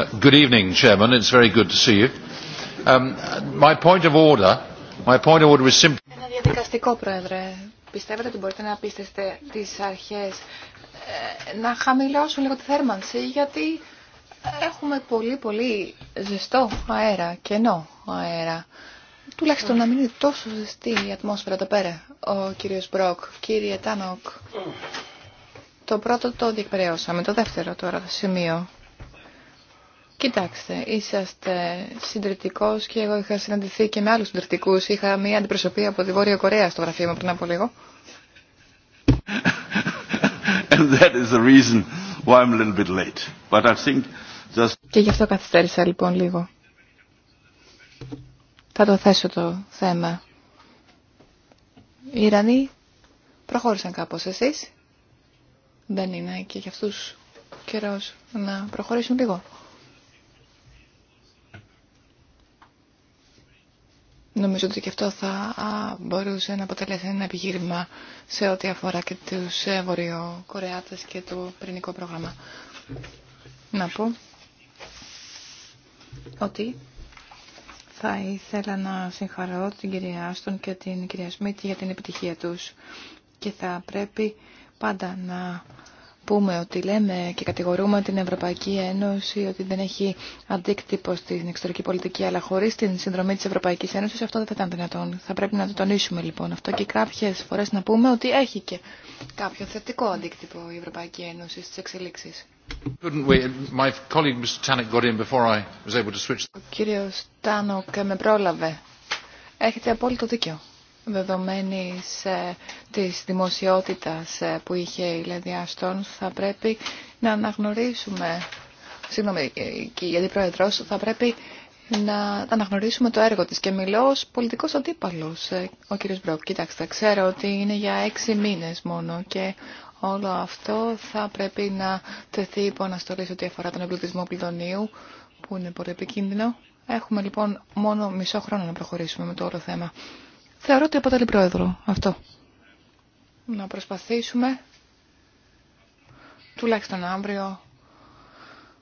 Uh, good evening, Chairman. It's very good to see you. Um, my point of order, my simply. Ένα διαδικαστικό, Πρόεδρε. Πιστεύετε ότι μπορείτε να πείσετε τις αρχές ε, να χαμηλώσουν λίγο τη θέρμανση, γιατί έχουμε πολύ πολύ ζεστό αέρα, κενό αέρα. Τουλάχιστον να μην είναι τόσο ζεστή η ατμόσφαιρα εδώ πέρα, ο κύριος Μπροκ. Κύριε Τάνοκ, το πρώτο το διεκπαιρεώσαμε, το δεύτερο τώρα το σημείο. Κοιτάξτε, είσαστε συντριπτικό και εγώ είχα συναντηθεί και με άλλου συντριπτικού. Είχα μία αντιπροσωπή από τη Βόρεια Κορέα στο γραφείο μου πριν από λίγο. Και γι' αυτό καθυστέρησα λοιπόν λίγο. Θα το θέσω το θέμα. Οι Ιρανοί προχώρησαν κάπως εσείς. Δεν είναι και για αυτούς καιρός να προχωρήσουν λίγο. Νομίζω ότι και αυτό θα μπορούσε να αποτελέσει ένα επιχείρημα σε ό,τι αφορά και τους ε, Βορειοκορεάτες και το πυρηνικό πρόγραμμα. Να πω ότι θα ήθελα να συγχαρώ την κυρία Άστον και την κυρία Σμίτη για την επιτυχία τους και θα πρέπει πάντα να πούμε ότι λέμε και κατηγορούμε την Ευρωπαϊκή Ένωση ότι δεν έχει αντίκτυπο στην εξωτερική πολιτική, αλλά χωρίς την συνδρομή της Ευρωπαϊκής Ένωσης αυτό δεν θα ήταν δυνατόν. Θα πρέπει να το τονίσουμε λοιπόν αυτό και κάποιες φορές να πούμε ότι έχει και κάποιο θετικό αντίκτυπο η Ευρωπαϊκή Ένωση στις εξελίξεις. Ο κύριος Τάνοκ με πρόλαβε. Έχετε απόλυτο δίκιο τη ε, της δημοσιότητας ε, που είχε η Λέδη θα πρέπει να αναγνωρίσουμε, συγγνώμη, ε, και η θα πρέπει να αναγνωρίσουμε το έργο της και μιλώ ως πολιτικός αντίπαλος. Ο κύριος Μπρόκ, κοιτάξτε, ξέρω ότι είναι για έξι μήνες μόνο και όλο αυτό θα πρέπει να τεθεί υπό αναστολή σε ό,τι αφορά τον εμπλουτισμό πλειδονίου που είναι πολύ επικίνδυνο. Έχουμε λοιπόν μόνο μισό χρόνο να προχωρήσουμε με το όλο θέμα θεωρώ ότι αποτελεί πρόεδρο αυτό. Να προσπαθήσουμε τουλάχιστον αύριο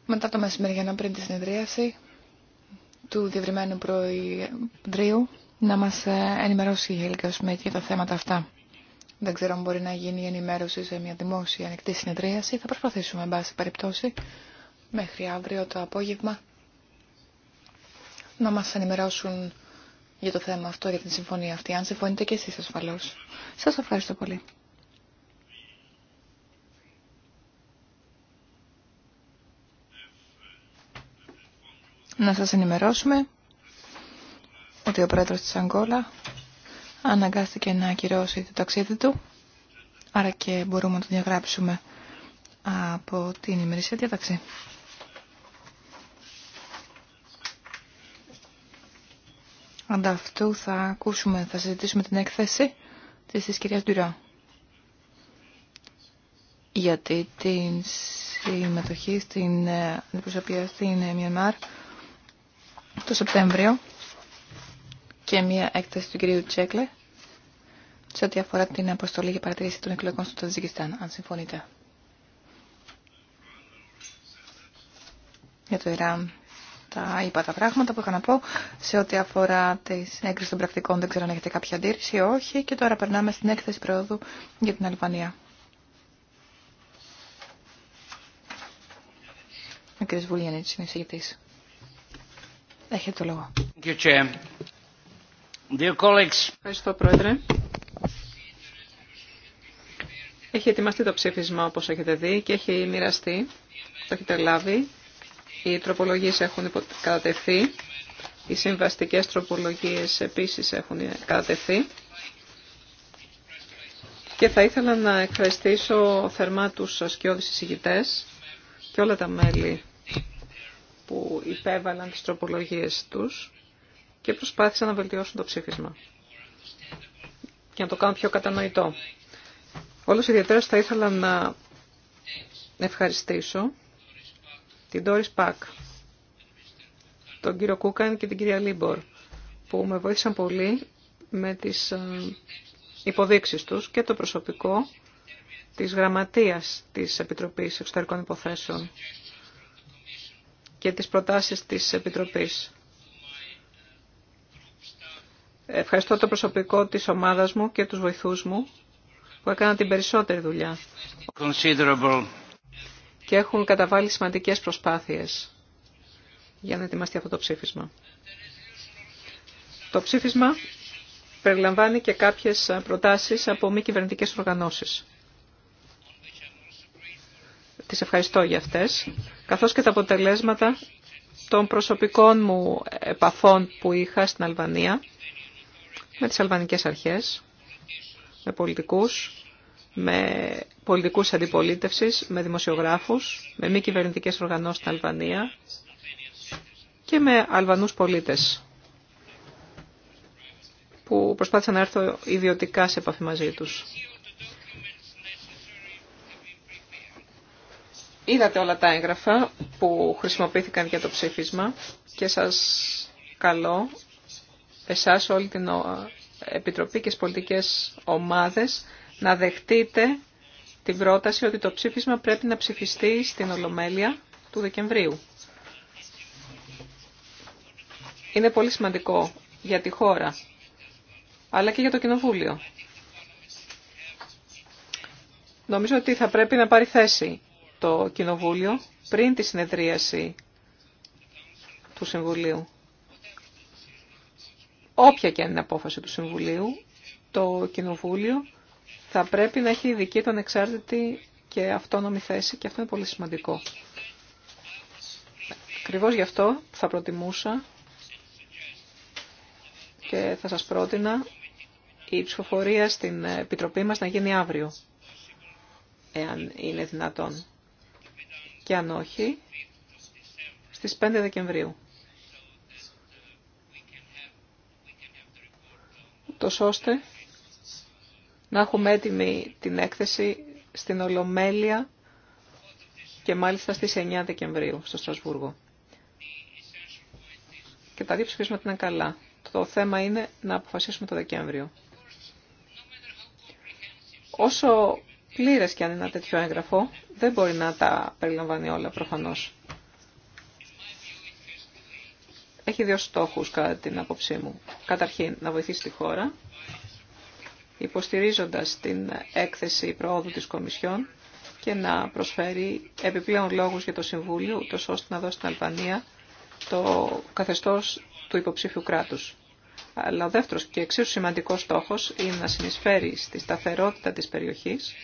μετά το μεσημεριανό πριν τη συνεδρίαση του διευρυμένου προεδρίου να μας ε, ενημερώσει η Γελίκα Σμίτ για τα θέματα αυτά. Δεν ξέρω αν μπορεί να γίνει η ενημέρωση σε μια δημόσια ανοιχτή συνεδρίαση. Θα προσπαθήσουμε, εν πάση περιπτώσει, μέχρι αύριο το απόγευμα να μας ενημερώσουν για το θέμα αυτό, για την συμφωνία αυτή, αν συμφωνείτε και εσείς ασφαλώς. Σας ευχαριστώ πολύ. Να σας ενημερώσουμε ότι ο πρόεδρος της Αγκόλα αναγκάστηκε να ακυρώσει το ταξίδι του, άρα και μπορούμε να το διαγράψουμε από την ημερησία διάταξη. Ανταυτού θα ακούσουμε, θα συζητήσουμε την έκθεση της, της κυρίας Ντουρά. Γιατί την συμμετοχή στην ε, αντιπροσωπεία στην ε, Μιανμάρ το Σεπτέμβριο και μια έκθεση του κυρίου Τσέκλε σε ό,τι αφορά την αποστολή για παρατηρήση των εκλογών στο Ταζικιστάν, αν συμφωνείτε. Για το Ιράν τα είπα τα πράγματα που είχα να πω σε ό,τι αφορά τη έγκριση των πρακτικών. Δεν ξέρω αν έχετε κάποια αντίρρηση ή όχι. Και τώρα περνάμε στην έκθεση πρόοδου για την Αλβανία. Ο κ. Βουλιανίτς είναι εισηγητής. Έχετε το λόγο. Ευχαριστώ, Πρόεδρε. Έχει ετοιμαστεί το ψήφισμα, όπως έχετε δει, και έχει μοιραστεί. Το έχετε λάβει. Οι τροπολογίες έχουν κατατεθεί. Οι συμβαστικές τροπολογίες επίσης έχουν κατατεθεί. Και θα ήθελα να ευχαριστήσω θερμά τους ασκιώδεις εισηγητές και όλα τα μέλη που υπέβαλαν τις τροπολογίες τους και προσπάθησαν να βελτιώσουν το ψήφισμα και να το κάνουν πιο κατανοητό. Όλος ιδιαίτερα θα ήθελα να ευχαριστήσω την Doris Πακ, τον κύριο Κούκαν και την κυρία Λίμπορ, που με βοήθησαν πολύ με τις ε, υποδείξεις τους και το προσωπικό της Γραμματείας της Επιτροπής Εξωτερικών Υποθέσεων και τις προτάσεις της Επιτροπής. Ευχαριστώ το προσωπικό της ομάδας μου και τους βοηθούς μου που έκαναν την περισσότερη δουλειά και έχουν καταβάλει σημαντικές προσπάθειες για να ετοιμαστεί αυτό το ψήφισμα. Το ψήφισμα περιλαμβάνει και κάποιες προτάσεις από μη κυβερνητικές οργανώσεις. Τις ευχαριστώ για αυτές, καθώς και τα αποτελέσματα των προσωπικών μου επαφών που είχα στην Αλβανία, με τις αλβανικές αρχές, με πολιτικούς, με πολιτικούς αντιπολίτευση, με δημοσιογράφους, με μη κυβερνητικέ οργανώσει στην Αλβανία και με Αλβανούς πολίτες που προσπάθησαν να έρθουν ιδιωτικά σε επαφή μαζί τους. Είδατε όλα τα έγγραφα που χρησιμοποιήθηκαν για το ψήφισμα και σας καλώ εσάς όλη την Επιτροπή και τις πολιτικές ομάδες να δεχτείτε την πρόταση ότι το ψήφισμα πρέπει να ψηφιστεί στην Ολομέλεια του Δεκεμβρίου. Είναι πολύ σημαντικό για τη χώρα, αλλά και για το Κοινοβούλιο. Νομίζω ότι θα πρέπει να πάρει θέση το Κοινοβούλιο πριν τη συνεδρίαση του Συμβουλίου. Όποια και αν είναι απόφαση του Συμβουλίου, το Κοινοβούλιο θα πρέπει να έχει δική τον εξάρτητη και αυτόνομη θέση και αυτό είναι πολύ σημαντικό. Ακριβώ γι' αυτό θα προτιμούσα και θα σας πρότεινα η ψηφοφορία στην Επιτροπή μας να γίνει αύριο, εάν είναι δυνατόν. Και αν όχι, στις 5 Δεκεμβρίου. Τόσο ώστε να έχουμε έτοιμη την έκθεση στην Ολομέλεια και μάλιστα στις 9 Δεκεμβρίου στο Στρασβούργο. Και τα δύο ψηφίσματα είναι καλά. Το θέμα είναι να αποφασίσουμε το Δεκέμβριο. Όσο πλήρες και αν είναι ένα τέτοιο έγγραφο, δεν μπορεί να τα περιλαμβάνει όλα προφανώς. Έχει δύο στόχους κατά την άποψή μου. Καταρχήν, να βοηθήσει τη χώρα υποστηρίζοντας την έκθεση προόδου της Κομισιόν και να προσφέρει επιπλέον λόγους για το Συμβούλιο, ούτως ώστε να δώσει στην Αλβανία το καθεστώς του υποψήφιου κράτους. Αλλά ο δεύτερος και εξίσου σημαντικός στόχος είναι να συνεισφέρει στη σταθερότητα της περιοχής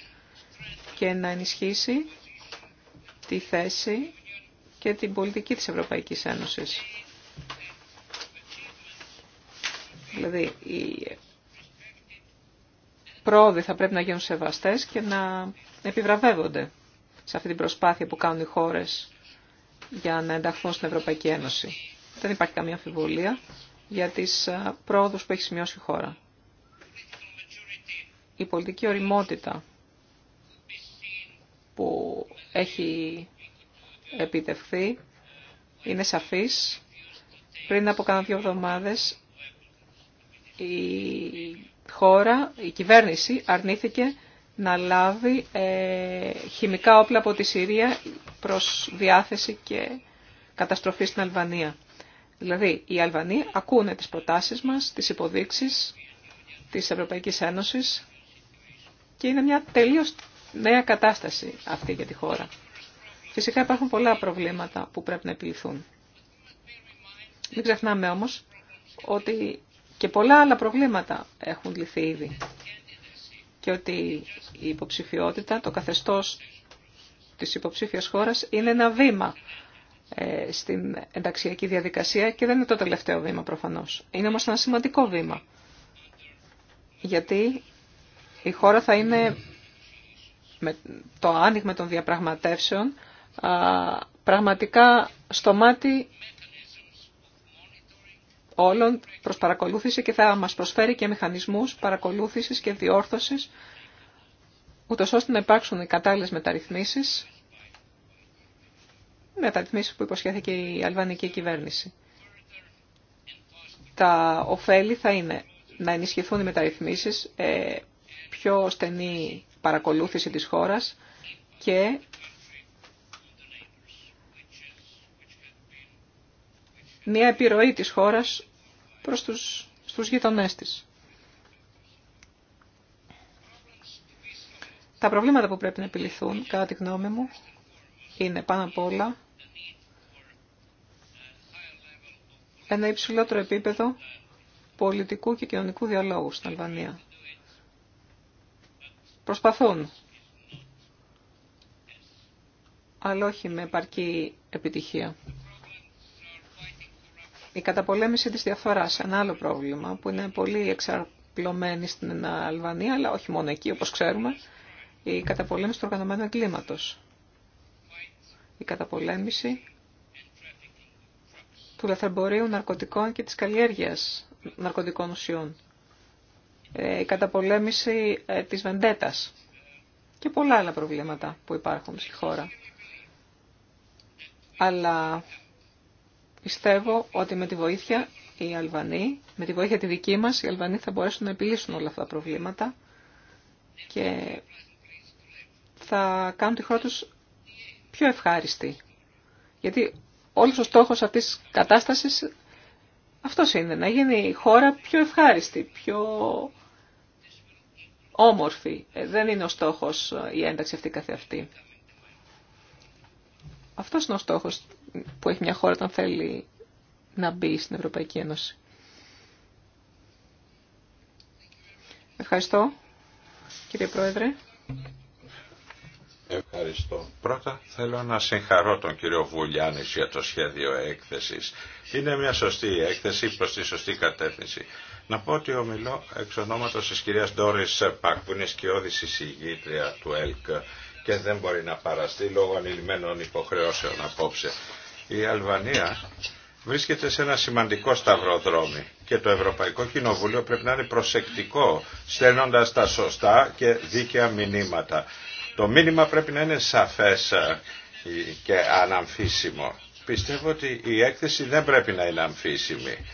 και να ενισχύσει τη θέση και την πολιτική της Ευρωπαϊκής Ένωσης. Δηλαδή, πρόοδοι θα πρέπει να γίνουν σεβαστές και να επιβραβεύονται σε αυτή την προσπάθεια που κάνουν οι χώρες για να ενταχθούν στην Ευρωπαϊκή Ένωση. Δεν υπάρχει καμία αμφιβολία για τις πρόοδους που έχει σημειώσει η χώρα. Η πολιτική οριμότητα που έχει επιτευχθεί είναι σαφής. Πριν από κάνα δύο εβδομάδες χώρα, η κυβέρνηση αρνήθηκε να λάβει ε, χημικά όπλα από τη Συρία προς διάθεση και καταστροφή στην Αλβανία. Δηλαδή, οι Αλβανοί ακούνε τις προτάσεις μας, τις υποδείξεις της Ευρωπαϊκής Ένωσης και είναι μια τελείως νέα κατάσταση αυτή για τη χώρα. Φυσικά υπάρχουν πολλά προβλήματα που πρέπει να επιληθούν. Μην ξεχνάμε όμως ότι και πολλά άλλα προβλήματα έχουν λυθεί ήδη. Και ότι η υποψηφιότητα, το καθεστώς της υποψήφιας χώρας είναι ένα βήμα ε, στην ενταξιακή διαδικασία και δεν είναι το τελευταίο βήμα προφανώς. Είναι όμως ένα σημαντικό βήμα. Γιατί η χώρα θα είναι με το άνοιγμα των διαπραγματεύσεων πραγματικά στο μάτι όλων προς παρακολούθηση και θα μας προσφέρει και μηχανισμούς παρακολούθησης και διόρθωσης, ούτως ώστε να υπάρξουν οι κατάλληλες μεταρρυθμίσεις, μεταρρυθμίσεις που υποσχέθηκε η αλβανική κυβέρνηση. Τα ωφέλη θα είναι να ενισχυθούν οι μεταρρυθμίσεις, ε, πιο στενή παρακολούθηση της χώρας και μια επιρροή της χώρας προς τους, στους γειτονές της. Τα προβλήματα που πρέπει να επιληθούν, κατά τη γνώμη μου, είναι πάνω απ' όλα ένα υψηλότερο επίπεδο πολιτικού και κοινωνικού διαλόγου στην Αλβανία. Προσπαθούν, αλλά όχι με επαρκή επιτυχία. Η καταπολέμηση της διαφόρας, ένα άλλο πρόβλημα που είναι πολύ εξαρπλωμένη στην Αλβανία, αλλά όχι μόνο εκεί, όπως ξέρουμε, η καταπολέμηση του οργανωμένου εγκλήματος. Η καταπολέμηση του λαθρεμπορίου ναρκωτικών και της καλλιέργειας ναρκωτικών ουσιών. Ε, η καταπολέμηση ε, της βεντέτας και πολλά άλλα προβλήματα που υπάρχουν στη χώρα. Αλλά Πιστεύω ότι με τη βοήθεια οι Αλβανοί, με τη βοήθεια τη δική μας, οι Αλβανοί θα μπορέσουν να επιλύσουν όλα αυτά τα προβλήματα και θα κάνουν τη χώρα τους πιο ευχάριστη. Γιατί όλος ο στόχος αυτής της κατάστασης αυτό είναι, να γίνει η χώρα πιο ευχάριστη, πιο όμορφη. Ε, δεν είναι ο στόχος η ένταξη αυτή καθεαυτή. Αυτός είναι ο στόχος που έχει μια χώρα όταν θέλει να μπει στην Ευρωπαϊκή Ένωση. Ευχαριστώ, κύριε Πρόεδρε. Ευχαριστώ. Πρώτα θέλω να συγχαρώ τον κύριο Βουλιάνη για το σχέδιο έκθεσης. Είναι μια σωστή έκθεση προς τη σωστή κατεύθυνση. Να πω ότι ομιλώ εξ ονόματος της κυρίας Ντόρις Πακ που είναι σκιώδης εισηγήτρια του ΕΛΚ και δεν μπορεί να παραστεί λόγω ανηλυμένων υποχρεώσεων απόψε. Η Αλβανία βρίσκεται σε ένα σημαντικό σταυροδρόμι και το Ευρωπαϊκό Κοινοβούλιο πρέπει να είναι προσεκτικό στέλνοντας τα σωστά και δίκαια μηνύματα. Το μήνυμα πρέπει να είναι σαφές ε, και αναμφίσιμο. Πιστεύω ότι η έκθεση δεν πρέπει να είναι αμφίσιμη.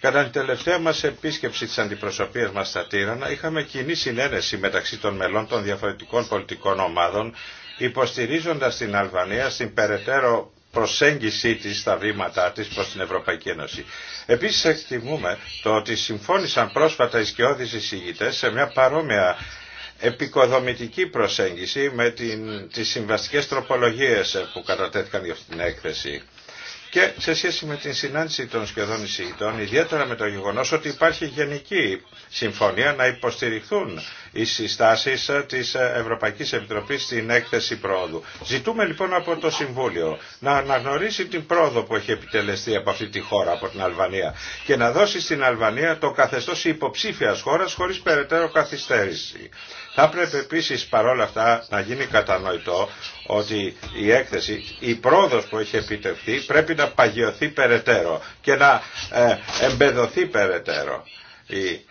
Κατά την τελευταία μας επίσκεψη της αντιπροσωπείας μας στα Τύρανα είχαμε κοινή συνένεση μεταξύ των μελών των διαφορετικών πολιτικών ομάδων υποστηρίζοντας την Αλβανία στην περαιτέρω προσέγγιση της στα βήματα της προς την Ευρωπαϊκή Ένωση. Επίσης εκτιμούμε το ότι συμφώνησαν πρόσφατα οι σκιώδεις εισηγητές σε μια παρόμοια επικοδομητική προσέγγιση με την, τις συμβαστικές τροπολογίες που κατατέθηκαν για αυτή την έκθεση. Και σε σχέση με την συνάντηση των σχεδόν εισηγητών, ιδιαίτερα με το γεγονός ότι υπάρχει γενική συμφωνία να υποστηριχθούν οι συστάσει τη Ευρωπαϊκή Επιτροπή στην έκθεση πρόοδου. Ζητούμε λοιπόν από το Συμβούλιο να αναγνωρίσει την πρόοδο που έχει επιτελεστεί από αυτή τη χώρα, από την Αλβανία και να δώσει στην Αλβανία το καθεστώ υποψήφια χώρα χωρί περαιτέρω καθυστέρηση. Θα πρέπει επίση παρόλα αυτά να γίνει κατανοητό ότι η έκθεση, η πρόοδος που έχει επιτευχθεί πρέπει να παγιωθεί περαιτέρω και να ε, εμπεδοθεί περαιτέρω η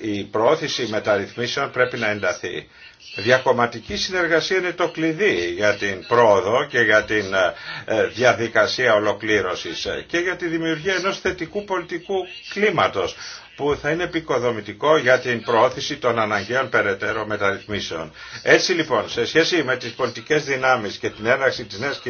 η προώθηση μεταρρυθμίσεων πρέπει να ενταθεί. Διακομματική συνεργασία είναι το κλειδί για την πρόοδο και για την ε, ε, διαδικασία ολοκλήρωσης ε, και για τη δημιουργία ενός θετικού πολιτικού κλίματος που θα είναι επικοδομητικό για την προώθηση των αναγκαίων περαιτέρω μεταρρυθμίσεων. Έτσι λοιπόν, σε σχέση με τις πολιτικές δυνάμεις και την έναρξη της νέας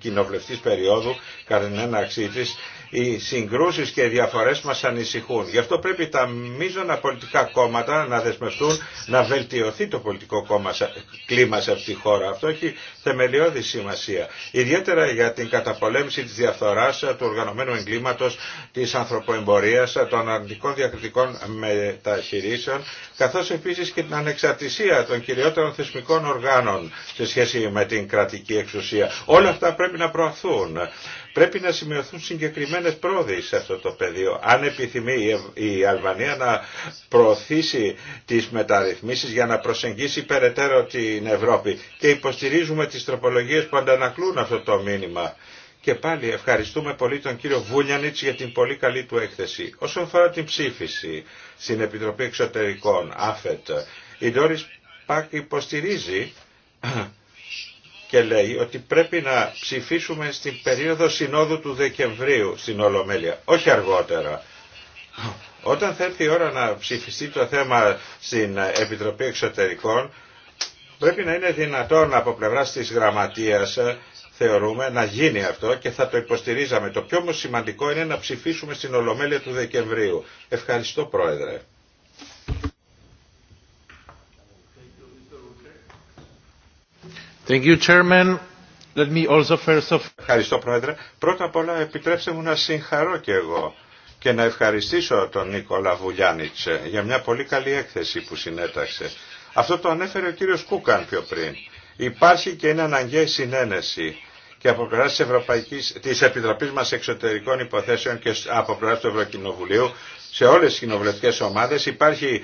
κοινοβουλευτής, περίοδου, κατά την έναρξή της, οι συγκρούσεις και οι διαφορές μας ανησυχούν. Γι' αυτό πρέπει τα μείζωνα πολιτικά κόμματα να δεσμευτούν να βελτιωθεί το πολιτικό κλίμα σε αυτή τη χώρα. Αυτό έχει θεμελιώδη σημασία. Ιδιαίτερα για την καταπολέμηση της διαφθοράς, του οργανωμένου εγκλήματος, της ανθρωποεμπορίας, των αρνητικών διακριτικών μεταχειρήσεων, καθώς επίσης και την ανεξαρτησία των κυριότερων θεσμικών οργάνων σε σχέση με την κρατική εξουσία. Όλα αυτά πρέπει να προωθούν. Πρέπει να σημειωθούν συγκεκριμένες πρόοδοι σε αυτό το πεδίο. Αν επιθυμεί η Αλβανία να προωθήσει τις μεταρρυθμίσεις για να προσεγγίσει περαιτέρω την Ευρώπη και υποστηρίζουμε τις τροπολογίες που αντανακλούν αυτό το μήνυμα. Και πάλι ευχαριστούμε πολύ τον κύριο Βούλιανιτς για την πολύ καλή του έκθεση. Όσον αφορά την ψήφιση στην Επιτροπή Εξωτερικών, ΑΦΕΤ, η Ντόρις Πακ υποστηρίζει και λέει ότι πρέπει να ψηφίσουμε στην περίοδο συνόδου του Δεκεμβρίου στην Ολομέλεια, όχι αργότερα. Όταν θέλει η ώρα να ψηφιστεί το θέμα στην Επιτροπή Εξωτερικών, πρέπει να είναι δυνατόν από πλευρά της γραμματείας ε, θεωρούμε να γίνει αυτό και θα το υποστηρίζαμε. Το πιο όμως σημαντικό είναι να ψηφίσουμε στην Ολομέλεια του Δεκεμβρίου. Ευχαριστώ Πρόεδρε. Thank you, Chairman. Let me also first of... Ευχαριστώ Πρόεδρε. Πρώτα απ' όλα επιτρέψτε μου να συγχαρώ και εγώ και να ευχαριστήσω τον Νίκολα Βουλιάνιτς για μια πολύ καλή έκθεση που συνέταξε. Αυτό το ανέφερε ο κύριος Κούκαν πιο πριν. Υπάρχει και είναι αναγκαία συνένεση και από πλευρά της, Ευρωπαϊκής, της Επιτροπής μας Εξωτερικών Υποθέσεων και από πλευρά του Ευρωκοινοβουλίου σε όλες τις κοινοβουλευτικές ομάδες υπάρχει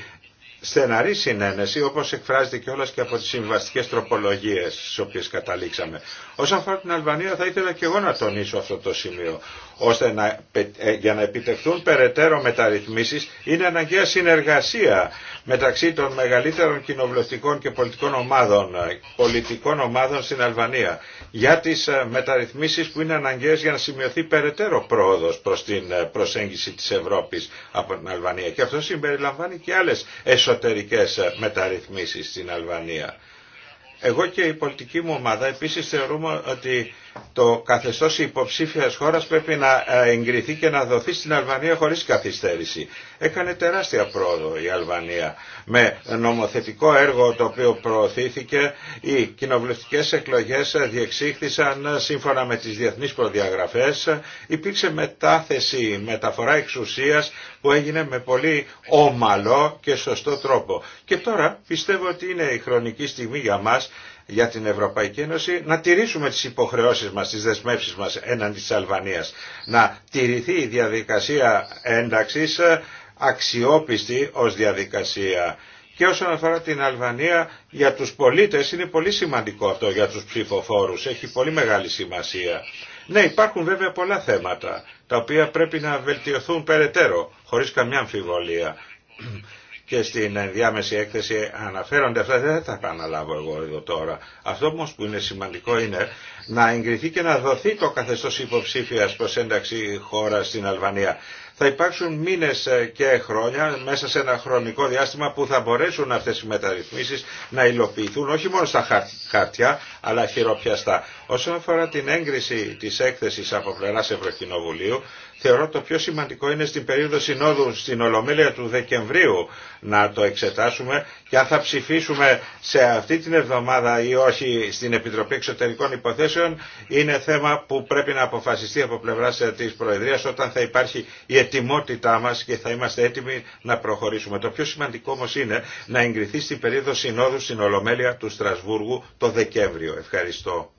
στεναρή συνένεση όπως εκφράζεται και και από τις συμβαστικές τροπολογίες στις οποίες καταλήξαμε. Όσον αφορά την Αλβανία θα ήθελα και εγώ να τονίσω αυτό το σημείο ώστε να, ε, για να επιτευχθούν περαιτέρω μεταρρυθμίσεις είναι αναγκαία συνεργασία μεταξύ των μεγαλύτερων κοινοβουλευτικών και πολιτικών ομάδων, ε, πολιτικών ομάδων στην Αλβανία για τις ε, μεταρρυθμίσεις που είναι αναγκαίες για να σημειωθεί περαιτέρω πρόοδος προς την προσέγγιση της Ευρώπης από την Αλβανία και αυτό συμπεριλαμβάνει και άλλες εσωτερικές μεταρρυθμίσεις στην Αλβανία. Εγώ και η πολιτική μου ομάδα επίσης θεωρούμε ότι το καθεστώς υποψήφιας χώρας πρέπει να ε, εγκριθεί και να δοθεί στην Αλβανία χωρίς καθυστέρηση. Έκανε τεράστια πρόοδο η Αλβανία με νομοθετικό έργο το οποίο προωθήθηκε. Οι κοινοβουλευτικές εκλογές διεξήχθησαν σύμφωνα με τις διεθνείς προδιαγραφές. Υπήρξε μετάθεση, μεταφορά εξουσίας που έγινε με πολύ όμαλο και σωστό τρόπο. Και τώρα πιστεύω ότι είναι η χρονική στιγμή για μας για την Ευρωπαϊκή Ένωση να τηρήσουμε τις υποχρεώσεις μας, τις δεσμεύσεις μας έναντι της Αλβανίας. Να τηρηθεί η διαδικασία ένταξης ε, αξιόπιστη ως διαδικασία. Και όσον αφορά την Αλβανία, για τους πολίτες είναι πολύ σημαντικό αυτό για τους ψηφοφόρους. Έχει πολύ μεγάλη σημασία. Ναι, υπάρχουν βέβαια πολλά θέματα, τα οποία πρέπει να βελτιωθούν περαιτέρω, χωρίς καμιά αμφιβολία και στην ενδιάμεση έκθεση αναφέρονται αυτά, δεν θα τα επαναλάβω εγώ εδώ τώρα. Αυτό όμω που είναι σημαντικό είναι να εγκριθεί και να δοθεί το καθεστώς υποψήφιας προς ένταξη χώρα στην Αλβανία. Θα υπάρξουν μήνε και χρόνια μέσα σε ένα χρονικό διάστημα που θα μπορέσουν αυτέ οι μεταρρυθμίσει να υλοποιηθούν όχι μόνο στα χαρτιά αλλά χειροπιαστά. Όσον αφορά την έγκριση τη έκθεση από πλευρά Ευρωκοινοβουλίου θεωρώ το πιο σημαντικό είναι στην περίοδο συνόδου στην Ολομέλεια του Δεκεμβρίου να το εξετάσουμε και αν θα ψηφίσουμε σε αυτή την εβδομάδα ή όχι στην Επιτροπή Εξωτερικών Υποθέσεων είναι θέμα που πρέπει να αποφασιστεί από πλευρά τη Προεδρία όταν θα υπάρχει η ετοιμότητά μα και θα είμαστε έτοιμοι να προχωρήσουμε. Το πιο σημαντικό όμω είναι να εγκριθεί στην περίοδο συνόδου στην Ολομέλεια του Στρασβούργου το Δεκέμβριο. Ευχαριστώ.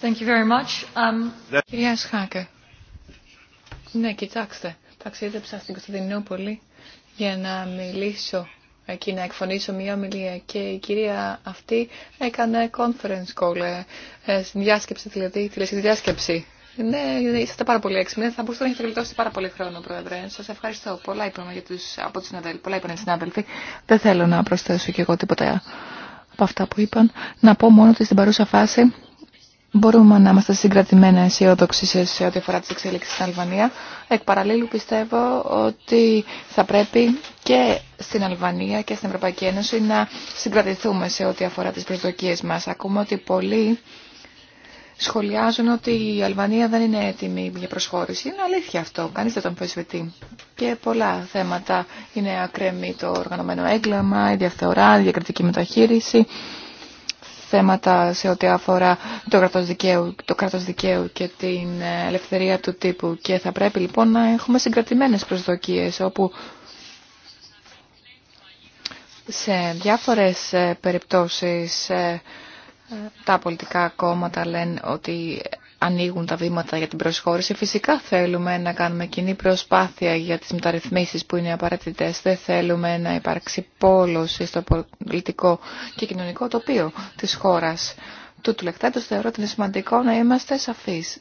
Thank you very much. Um... Κυρία Σχάκε. Ναι, κοιτάξτε. Ταξίδεψα στην Κωνσταντινούπολη για να μιλήσω και να εκφωνήσω μια ομιλία και η κυρία αυτή έκανε conference call, ε, ε διάσκεψη δηλαδή, τη διάσκεψη. Ναι, είσαστε πάρα πολύ έξυπνοι. Θα μπορούσατε να έχετε γλιτώσει πάρα πολύ χρόνο, Πρόεδρε. Σα ευχαριστώ. Πολλά είπαμε για τους, από του συναδέλφου. Πολλά είπαν οι συνάδελφοι. Δεν θέλω να προσθέσω κι εγώ τίποτα από αυτά που είπαν. Να πω μόνο ότι στην παρούσα φάση μπορούμε να είμαστε συγκρατημένα αισιόδοξοι σε ό,τι αφορά τις εξέλιξεις στην Αλβανία. Εκ παραλλήλου πιστεύω ότι θα πρέπει και στην Αλβανία και στην Ευρωπαϊκή Ένωση να συγκρατηθούμε σε ό,τι αφορά τις προσδοκίες μας. Ακούμε ότι πολλοί σχολιάζουν ότι η Αλβανία δεν είναι έτοιμη για προσχώρηση. Είναι αλήθεια αυτό, κανείς δεν τον αμφισβητεί. Και πολλά θέματα είναι ακρέμη το οργανωμένο έγκλαμα, η διαφθορά, η διακριτική μεταχείριση, θέματα σε ό,τι αφορά το κράτος, δικαίου, το κράτος δικαίου και την ε, ελευθερία του τύπου και θα πρέπει λοιπόν να έχουμε συγκρατημένες προσδοκίες όπου σε διάφορες ε, περιπτώσεις ε, τα πολιτικά κόμματα λένε ότι ανοίγουν τα βήματα για την προσχώρηση. Φυσικά θέλουμε να κάνουμε κοινή προσπάθεια για τις μεταρρυθμίσεις που είναι απαραίτητες. Δεν θέλουμε να υπάρξει πόλωση στο πολιτικό και κοινωνικό τοπίο της χώρας. Του τουλεκτάτως θεωρώ ότι είναι σημαντικό να είμαστε σαφείς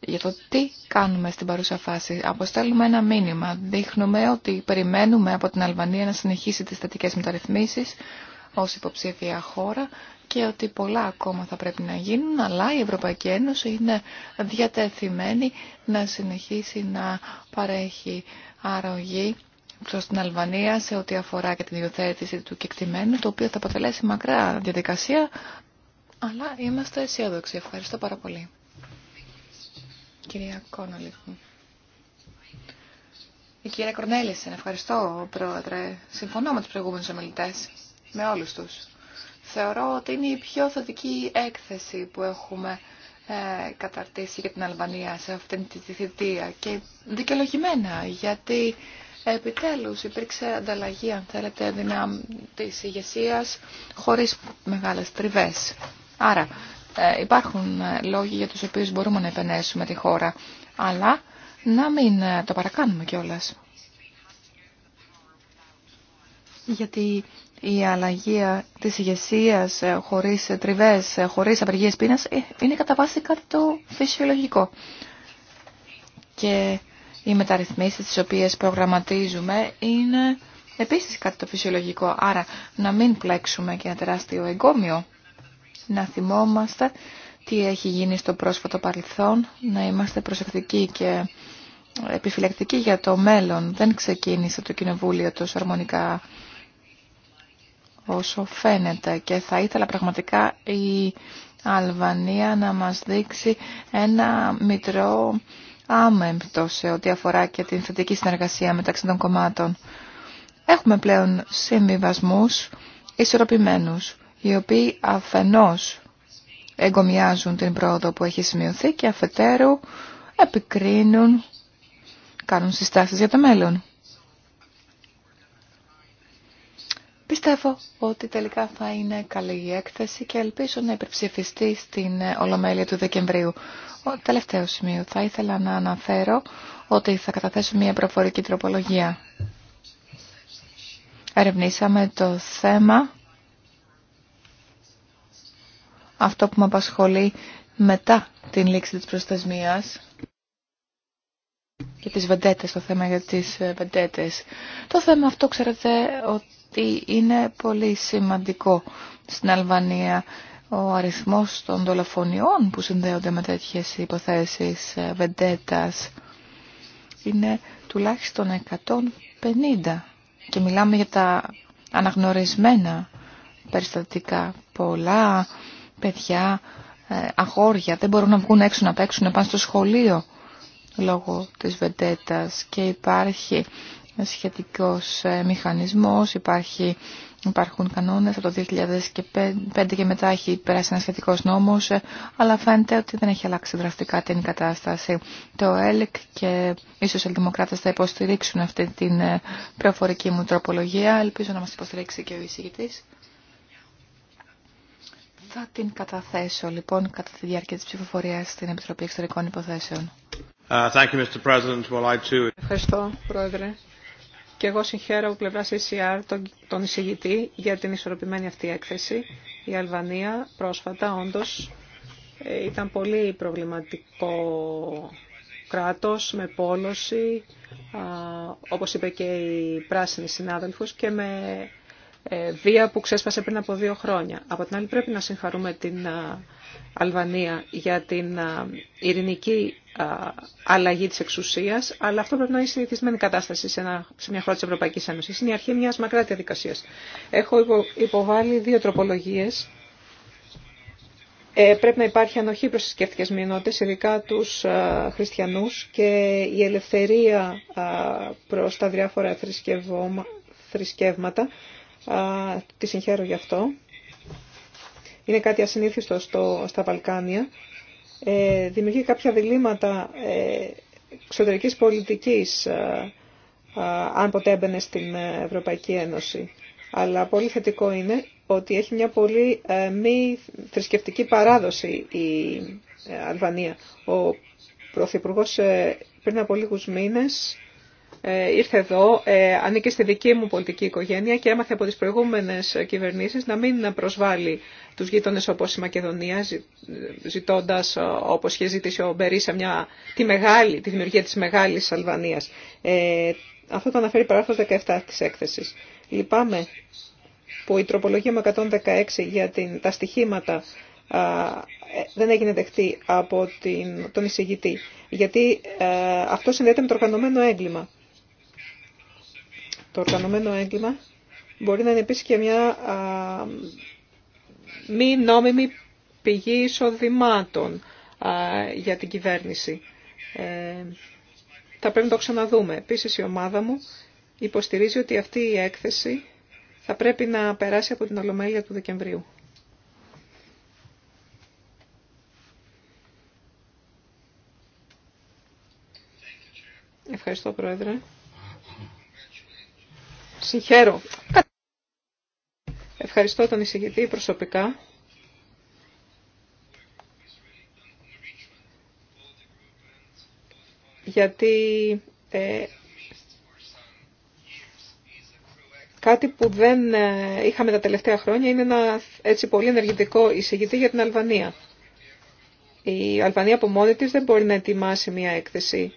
για το τι κάνουμε στην παρούσα φάση. Αποστέλουμε ένα μήνυμα. Δείχνουμε ότι περιμένουμε από την Αλβανία να συνεχίσει τις θετικές μεταρρυθμίσεις ως υποψήφια χώρα και ότι πολλά ακόμα θα πρέπει να γίνουν, αλλά η Ευρωπαϊκή Ένωση είναι διατεθειμένη να συνεχίσει να παρέχει αρρωγή προς την Αλβανία σε ό,τι αφορά και την υιοθέτηση του κεκτημένου, το οποίο θα αποτελέσει μακρά διαδικασία, αλλά είμαστε αισιόδοξοι. Ευχαριστώ πάρα πολύ. Κυρία Κόνολη. Η κυρία Κορνέλησεν, ευχαριστώ πρόεδρε. Συμφωνώ με τους προηγούμενους ομιλητές με όλους τους. Θεωρώ ότι είναι η πιο θετική έκθεση που έχουμε ε, καταρτήσει για την Αλβανία σε αυτήν τη θητεία και δικαιολογημένα γιατί επιτέλους υπήρξε ανταλλαγή αν θέλετε της ηγεσία χωρίς μεγάλες τριβές. Άρα ε, υπάρχουν ε, λόγοι για τους οποίους μπορούμε να επενέσουμε τη χώρα αλλά να μην ε, το παρακάνουμε κιόλας. Γιατί η αλλαγή ε, της ηγεσία ε, χωρίς ε, τριβές, χωρίς απεργίες πείνας είναι κατά βάση κάτι το φυσιολογικό. Και οι μεταρρυθμίσεις τις οποίες προγραμματίζουμε είναι επίσης κάτι το φυσιολογικό. Άρα να μην πλέξουμε και ένα τεράστιο εγκόμιο. Να θυμόμαστε τι έχει γίνει στο πρόσφατο παρελθόν, να είμαστε προσεκτικοί και επιφυλακτικοί για το μέλλον. Δεν ξεκίνησε το Κοινοβούλιο τόσο αρμονικά όσο φαίνεται και θα ήθελα πραγματικά η Αλβανία να μας δείξει ένα μητρό άμεμπτο σε ό,τι αφορά και την θετική συνεργασία μεταξύ των κομμάτων. Έχουμε πλέον συμβιβασμούς ισορροπημένους, οι οποίοι αφενός εγκομιάζουν την πρόοδο που έχει σημειωθεί και αφετέρου επικρίνουν, κάνουν συστάσεις για το μέλλον. Πιστεύω ότι τελικά θα είναι καλή η έκθεση και ελπίζω να υπερψηφιστεί στην Ολομέλεια του Δεκεμβρίου. Ο τελευταίο σημείο θα ήθελα να αναφέρω ότι θα καταθέσω μια προφορική τροπολογία. Ερευνήσαμε το θέμα, αυτό που με απασχολεί μετά την λήξη της προστασμίας Και τις το θέμα για τις βεντέτες. Το θέμα αυτό, ξέρετε, ότι είναι πολύ σημαντικό στην Αλβανία ο αριθμός των δολοφονιών που συνδέονται με τέτοιες υποθέσεις ε, βεντέτας είναι τουλάχιστον 150 και μιλάμε για τα αναγνωρισμένα περιστατικά πολλά παιδιά, ε, αγόρια δεν μπορούν να βγουν έξω να παίξουν να πάνε στο σχολείο λόγω της βεντέτας και υπάρχει σχετικός ε, μηχανισμός, υπάρχει, υπάρχουν κανόνες από το 2005 και μετά έχει περάσει ένα σχετικό νόμος, ε, αλλά φαίνεται ότι δεν έχει αλλάξει δραστικά την κατάσταση. Το ΕΛΚ και οι Δημοκράτες θα υποστηρίξουν αυτή την ε, προφορική μου τροπολογία. Ελπίζω να μας υποστηρίξει και ο εισηγητής. Θα την καταθέσω λοιπόν κατά τη διάρκεια της ψηφοφορίας στην Επιτροπή Εξωτερικών Υποθέσεων. Uh, thank you, Mr. President. Well, I too... Ευχαριστώ, Πρόεδρε. Και εγώ συγχαίρω από πλευρά CCR τον, τον εισηγητή για την ισορροπημένη αυτή έκθεση. Η Αλβανία πρόσφατα όντως ε, ήταν πολύ προβληματικό κράτος με πόλωση, όπως είπε και η πράσινη συνάδελφος, και με ε, βία που ξέσπασε πριν από δύο χρόνια. Από την άλλη πρέπει να συγχαρούμε την Αλβανία για την ειρηνική αλλαγή της εξουσίας, αλλά αυτό πρέπει να είναι συνηθισμένη κατάσταση σε, ένα, μια χώρα της Ευρωπαϊκής Ένωσης. Είναι η αρχή μιας μακρά διαδικασίας. Έχω υποβάλει δύο τροπολογίες. Ε, πρέπει να υπάρχει ανοχή προς τις σκέφτικες μειονότητες, ειδικά τους χριστιανού χριστιανούς και η ελευθερία προ προς τα διάφορα θρησκεύματα. τη συγχαίρω γι' αυτό. Είναι κάτι ασυνήθιστο στο, στα Βαλκάνια ε, δημιουργεί κάποια διλήμματα ε, εξωτερικής πολιτικής ε, αν ποτέ έμπαινε στην Ευρωπαϊκή Ένωση. Αλλά πολύ θετικό είναι ότι έχει μια πολύ μη θρησκευτική παράδοση η Αλβανία. Ο Πρωθυπουργός πριν από λίγους μήνες ε, ήρθε εδώ, ε, ανήκει στη δική μου πολιτική οικογένεια και έμαθε από τις προηγούμενες κυβερνήσεις να μην προσβάλλει τους γείτονες όπως η Μακεδονία, ε, ζητώντας όπως είχε ζητήσει ο Μπερίσα μια, τη, μεγάλη, τη δημιουργία της μεγάλης Αλβανίας. Ε, αυτό το αναφέρει παράγραφος 17 της έκθεσης. Λυπάμαι που η τροπολογία με 116 για την, τα στοιχήματα δεν έγινε δεχτή από τον εισηγητή, γιατί α, αυτό συνδέεται με το οργανωμένο έγκλημα το οργανωμένο έγκλημα μπορεί να είναι επίσης και μια μη νόμιμη πηγή εισοδημάτων για την κυβέρνηση. Ε, θα πρέπει να το ξαναδούμε. Επίσης η ομάδα μου υποστηρίζει ότι αυτή η έκθεση θα πρέπει να περάσει από την Ολομέλεια του Δεκεμβρίου. Ευχαριστώ, Πρόεδρε. Συγχαίρω. Ευχαριστώ τον εισηγητή προσωπικά. Γιατί ε, κάτι που δεν ε, είχαμε τα τελευταία χρόνια είναι ένα έτσι πολύ ενεργητικό εισηγητή για την Αλβανία. Η Αλβανία από μόνη της δεν μπορεί να ετοιμάσει μια έκθεση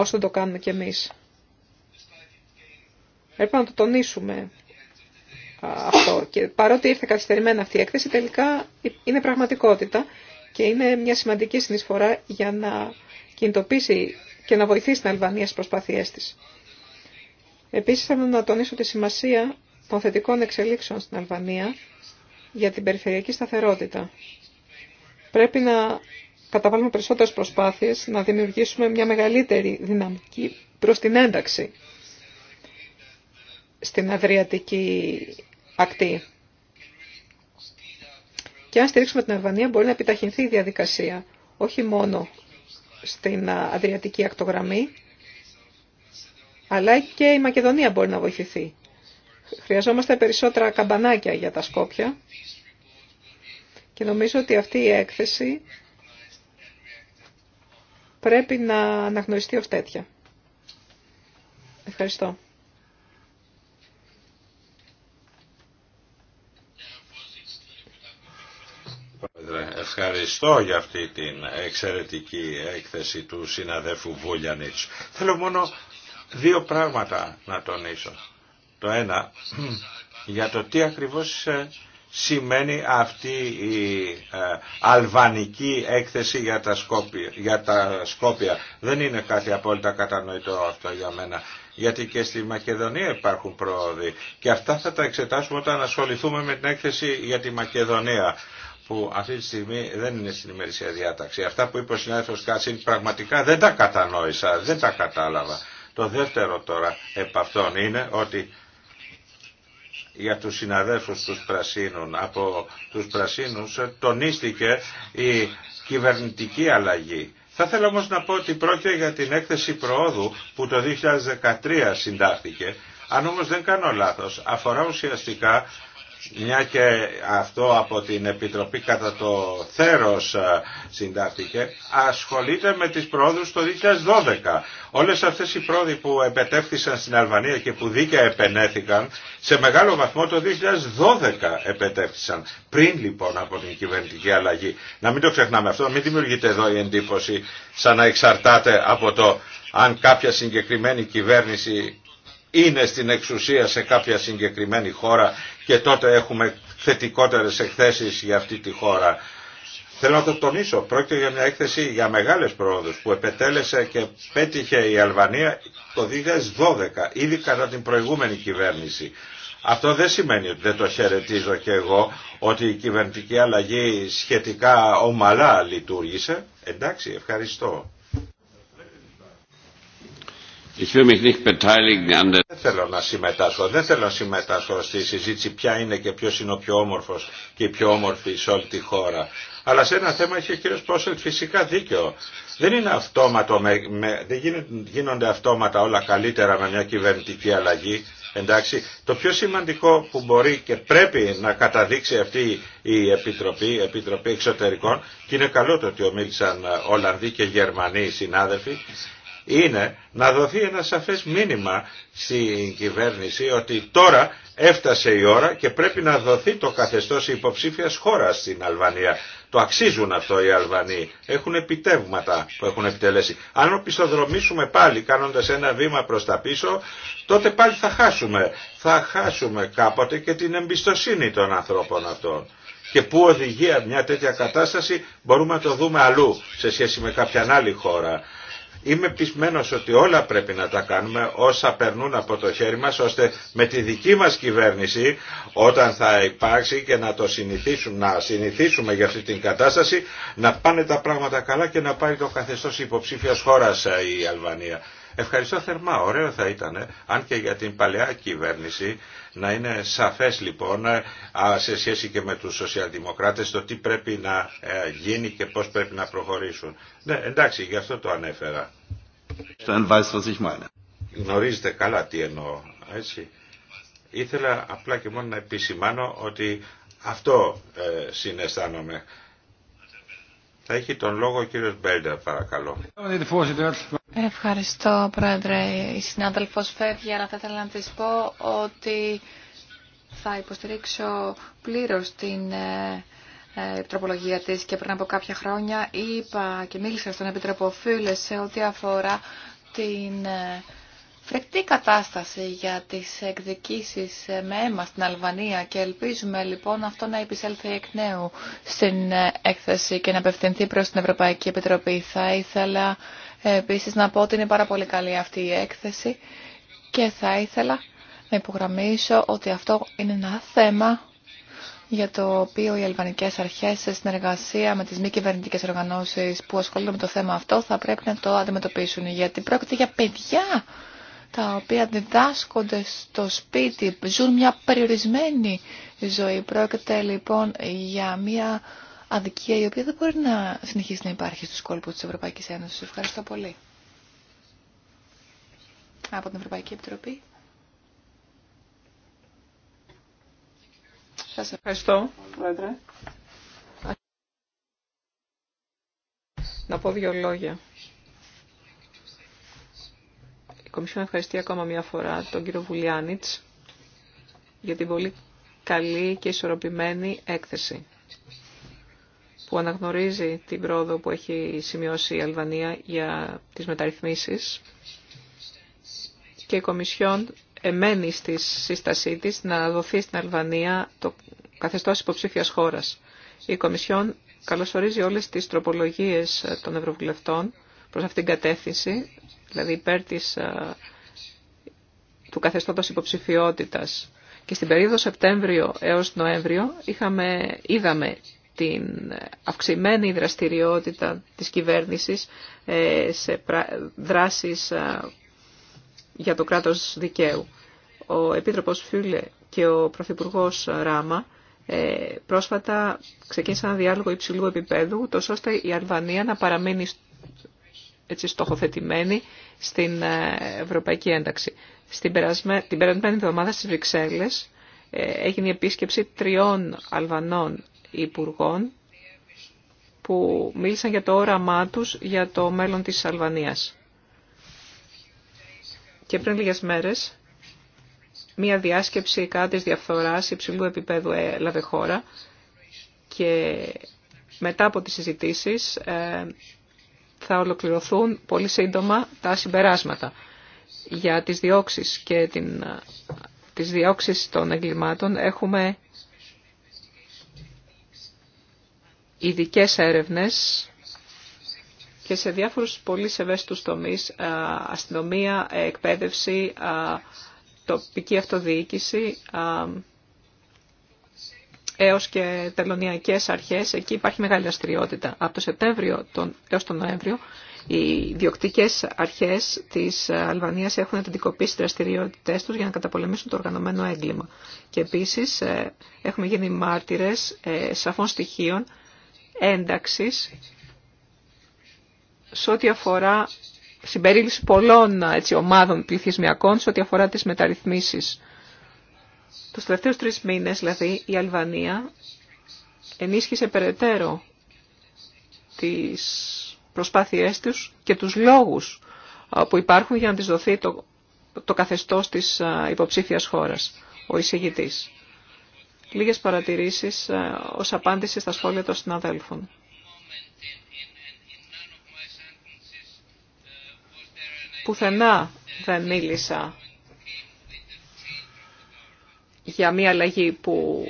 όσο το κάνουμε κι εμείς. Πρέπει να το τονίσουμε αυτό. Και παρότι ήρθε καθυστερημένα αυτή η έκθεση, τελικά είναι πραγματικότητα και είναι μια σημαντική συνεισφορά για να κινητοποιήσει και να βοηθήσει την Αλβανία στις προσπάθειές της. Επίσης θέλω να τονίσω τη σημασία των θετικών εξελίξεων στην Αλβανία για την περιφερειακή σταθερότητα. Πρέπει να καταβάλουμε περισσότερες προσπάθειες να δημιουργήσουμε μια μεγαλύτερη δυναμική προς την ένταξη στην Αδριατική ακτή. Και αν στηρίξουμε την Αλβανία μπορεί να επιταχυνθεί η διαδικασία, όχι μόνο στην Αδριατική ακτογραμμή, αλλά και η Μακεδονία μπορεί να βοηθηθεί. Χρειαζόμαστε περισσότερα καμπανάκια για τα Σκόπια και νομίζω ότι αυτή η έκθεση πρέπει να αναγνωριστεί ως τέτοια. Ευχαριστώ. Ευχαριστώ για αυτή την εξαιρετική έκθεση του συναδέφου Βούλιανιτς. Θέλω μόνο δύο πράγματα να τονίσω. Το ένα για το τι ακριβώς ε, σημαίνει αυτή η ε, αλβανική έκθεση για τα, σκόπια, για τα Σκόπια. Δεν είναι κάτι απόλυτα κατανοητό αυτό για μένα. Γιατί και στη Μακεδονία υπάρχουν πρόοδοι. Και αυτά θα τα εξετάσουμε όταν ασχοληθούμε με την έκθεση για τη Μακεδονία που αυτή τη στιγμή δεν είναι στην ημερησία διάταξη. Αυτά που είπε ο συνάδελφος Κάσιν πραγματικά δεν τα κατανόησα, δεν τα κατάλαβα. Το δεύτερο τώρα επ' αυτών είναι ότι για τους συναδέλφους τους πρασίνων. Από τους πρασίνους τονίστηκε η κυβερνητική αλλαγή. Θα θέλω όμως να πω ότι πρόκειται για την έκθεση προόδου που το 2013 συντάχθηκε. Αν όμως δεν κάνω λάθος, αφορά ουσιαστικά μια και αυτό από την Επιτροπή κατά το θέρος ε, συντάχθηκε, ασχολείται με τις πρόοδους το 2012. Όλες αυτές οι πρόοδοι που επετεύχθησαν στην Αλβανία και που δίκαια επενέθηκαν, σε μεγάλο βαθμό το 2012 επετεύχθησαν, πριν λοιπόν από την κυβερνητική αλλαγή. Να μην το ξεχνάμε αυτό, μην δημιουργείται εδώ η εντύπωση σαν να εξαρτάται από το αν κάποια συγκεκριμένη κυβέρνηση είναι στην εξουσία σε κάποια συγκεκριμένη χώρα και τότε έχουμε θετικότερες εκθέσεις για αυτή τη χώρα. Θέλω να το τονίσω, πρόκειται για μια έκθεση για μεγάλες πρόοδους που επετέλεσε και πέτυχε η Αλβανία το 2012, ήδη κατά την προηγούμενη κυβέρνηση. Αυτό δεν σημαίνει ότι δεν το χαιρετίζω και εγώ, ότι η κυβερνητική αλλαγή σχετικά ομαλά λειτουργήσε. Εντάξει, ευχαριστώ. Δεν θέλω να συμμετάσχω, δεν θέλω να συμμετάσχω στη συζήτηση ποια είναι και ποιος είναι ο πιο όμορφος και η πιο όμορφη σε όλη τη χώρα. Αλλά σε ένα θέμα έχει ο κύριος Πόσελ φυσικά δίκαιο. Δεν είναι αυτόματο, με, με, δεν γίνονται αυτόματα όλα καλύτερα με μια κυβερνητική αλλαγή. Εντάξει, το πιο σημαντικό που μπορεί και πρέπει να καταδείξει αυτή η Επιτροπή, η Επιτροπή Εξωτερικών, και είναι καλό το ότι ομίλησαν Ολλανδοί και Γερμανοί συνάδελφοι, είναι να δοθεί ένα σαφές μήνυμα στην κυβέρνηση ότι τώρα έφτασε η ώρα και πρέπει να δοθεί το καθεστώς υποψήφιας χώρας στην Αλβανία. Το αξίζουν αυτό οι Αλβανοί. Έχουν επιτεύγματα που έχουν επιτελέσει. Αν οπισθοδρομήσουμε πάλι κάνοντας ένα βήμα προς τα πίσω, τότε πάλι θα χάσουμε. Θα χάσουμε κάποτε και την εμπιστοσύνη των ανθρώπων αυτών. Και πού οδηγεί μια τέτοια κατάσταση μπορούμε να το δούμε αλλού σε σχέση με κάποια άλλη χώρα. Είμαι πεισμένος ότι όλα πρέπει να τα κάνουμε όσα περνούν από το χέρι μας ώστε με τη δική μας κυβέρνηση όταν θα υπάρξει και να το συνηθίσουμε, να συνηθίσουμε για αυτή την κατάσταση να πάνε τα πράγματα καλά και να πάρει το καθεστώς υποψήφιας χώρας ε, η Αλβανία. Ευχαριστώ θερμά, ωραίο θα ήταν, αν και για την παλαιά κυβέρνηση να είναι σαφές λοιπόν ε, σε σχέση και με τους σοσιαλδημοκράτες το τι πρέπει να ε, γίνει και πώς πρέπει να προχωρήσουν. Ναι, εντάξει, γι' αυτό το ανέφερα. Γνωρίζετε καλά τι εννοώ, έτσι. Ήθελα απλά και μόνο να επισημάνω ότι αυτό ε, συναισθάνομαι. Θα έχει τον λόγο ο κύριος Μπέλντερ, παρακαλώ. Ευχαριστώ, Πρόεδρε. Η συνάδελφος φεύγει, αλλά θα ήθελα να της πω ότι θα υποστηρίξω πλήρως την ε, ε, τροπολογία της και πριν από κάποια χρόνια είπα και μίλησα στον Επιτροπό σε ό,τι αφορά την ε, φρικτή κατάσταση για τις εκδικήσεις με αίμα στην Αλβανία και ελπίζουμε λοιπόν αυτό να επισέλθει εκ νέου στην έκθεση και να απευθυνθεί προς την Ευρωπαϊκή Επιτροπή. Θα ήθελα ε, επίσης να πω ότι είναι πάρα πολύ καλή αυτή η έκθεση και θα ήθελα να υπογραμμίσω ότι αυτό είναι ένα θέμα για το οποίο οι αλβανικές αρχές σε συνεργασία με τις μη κυβερνητικέ οργανώσεις που ασχολούνται με το θέμα αυτό θα πρέπει να το αντιμετωπίσουν γιατί πρόκειται για παιδιά τα οποία διδάσκονται στο σπίτι, ζουν μια περιορισμένη ζωή. Πρόκειται λοιπόν για μια αδικία η οποία δεν μπορεί να συνεχίσει να υπάρχει στους κόλπους της Ευρωπαϊκής Ένωσης. Ευχαριστώ πολύ. Από την Ευρωπαϊκή Επιτροπή. Σας ευχαριστώ, Πρόεδρε. Να πω δύο λόγια. Η Κομισιόν ευχαριστεί ακόμα μια φορά τον κύριο Βουλιάνιτς για την πολύ καλή και ισορροπημένη έκθεση που αναγνωρίζει την πρόοδο που έχει σημειώσει η Αλβανία για τις μεταρρυθμίσεις και η Κομισιόν εμένει στη σύστασή της να δοθεί στην Αλβανία το καθεστώς υποψήφιας χώρας. Η Κομισιόν καλωσορίζει όλες τις τροπολογίες των Ευρωβουλευτών προς αυτήν την κατεύθυνση, δηλαδή υπέρ της, του καθεστώτος υποψηφιότητας. Και στην περίοδο Σεπτέμβριο έως Νοέμβριο είχαμε, είδαμε την αυξημένη δραστηριότητα της κυβέρνησης ε, σε δράσεις ε, για το κράτος δικαίου. Ο Επίτροπος Φιούλε και ο Πρωθυπουργός Ράμα ε, πρόσφατα ξεκίνησαν ένα διάλογο υψηλού επίπεδου, τόσο ώστε η Αλβανία να παραμείνει έτσι, στοχοθετημένη στην ευρωπαϊκή ένταξη. Στην περασμένη, την περασμένη εβδομάδα στις Βρυξέλλες έγινε η επίσκεψη τριών Αλβανών υπουργών που μίλησαν για το όραμά τους για το μέλλον της Αλβανίας. Και πριν λίγες μέρες, μία διάσκεψη κάτι διαφθοράς υψηλού επίπεδου έλαβε χώρα και μετά από τις συζητήσεις ε, θα ολοκληρωθούν πολύ σύντομα τα συμπεράσματα για τις διώξεις και την, ε, τις των εγκλημάτων έχουμε ειδικέ έρευνε και σε διάφορους πολύ ευαίσθητους τομείς, αστυνομία, εκπαίδευση, τοπική αυτοδιοίκηση, έως και τελωνιακές αρχές, εκεί υπάρχει μεγάλη αστριότητα. Από το Σεπτέμβριο τον, έως τον Νοέμβριο, οι διοκτικές αρχές της Αλβανίας έχουν τι δραστηριότητε τους για να καταπολεμήσουν το οργανωμένο έγκλημα. Και επίσης ε, έχουμε γίνει μάρτυρες ε, σαφών στοιχείων ένταξης σε ό,τι αφορά συμπερίληψη πολλών έτσι, ομάδων πληθυσμιακών σε ό,τι αφορά τις μεταρρυθμίσεις. Τους τελευταίους τρεις μήνες, δηλαδή, η Αλβανία ενίσχυσε περαιτέρω τις προσπάθειές τους και τους λόγους που υπάρχουν για να της δοθεί το, το καθεστώς της υποψήφιας χώρας, ο εισηγητής. Λίγες παρατηρήσεις ε, ως απάντηση στα σχόλια των συναδέλφων. Πουθενά δεν μίλησα για μια αλλαγή που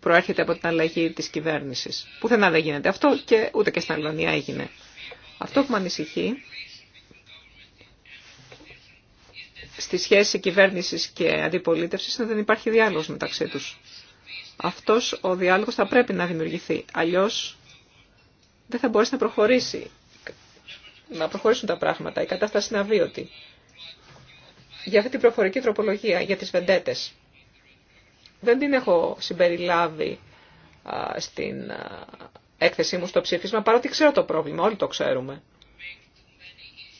προέρχεται από την αλλαγή της κυβέρνησης. Πουθενά δεν γίνεται αυτό και ούτε και στην Αλβανία έγινε. Αυτό που με ανησυχεί στη σχέση κυβέρνησης και αντιπολίτευσης είναι ότι δεν υπάρχει διάλογος μεταξύ τους. Αυτός ο διάλογος θα πρέπει να δημιουργηθεί. Αλλιώς δεν θα μπορέσει να προχωρήσει, να προχωρήσουν τα πράγματα. Η κατάσταση είναι αβίωτη. Για αυτή την προφορική τροπολογία, για τις βεντέτες, δεν την έχω συμπεριλάβει στην έκθεσή μου στο ψήφισμα, παρότι ξέρω το πρόβλημα, όλοι το ξέρουμε.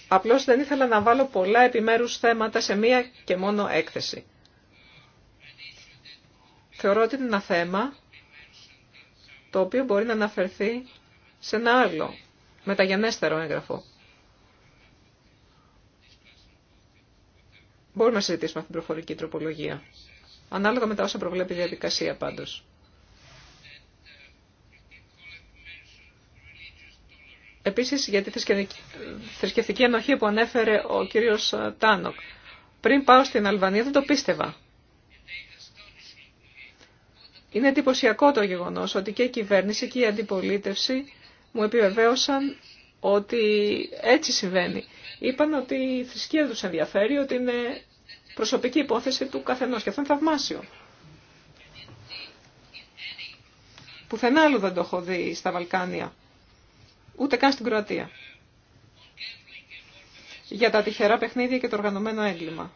Απλώς δεν ήθελα να βάλω πολλά επιμέρους θέματα σε μία και μόνο έκθεση. Θεωρώ ότι είναι ένα θέμα το οποίο μπορεί να αναφερθεί σε ένα άλλο, μεταγενέστερο έγγραφο. Μπορούμε να συζητήσουμε αυτή την προφορική τροπολογία. Ανάλογα με τα όσα προβλέπει η διαδικασία πάντως. Επίσης για τη θρησκευτική ανοχή που ανέφερε ο κύριος Τάνοκ. Πριν πάω στην Αλβανία δεν το πίστευα. Είναι εντυπωσιακό το γεγονός ότι και η κυβέρνηση και η αντιπολίτευση μου επιβεβαίωσαν ότι έτσι συμβαίνει. Είπαν ότι η θρησκεία τους ενδιαφέρει, ότι είναι προσωπική υπόθεση του καθενός και αυτό είναι θαυμάσιο. Πουθενά άλλου δεν το έχω δει στα Βαλκάνια, ούτε καν στην Κροατία. Για τα τυχερά παιχνίδια και το οργανωμένο έγκλημα.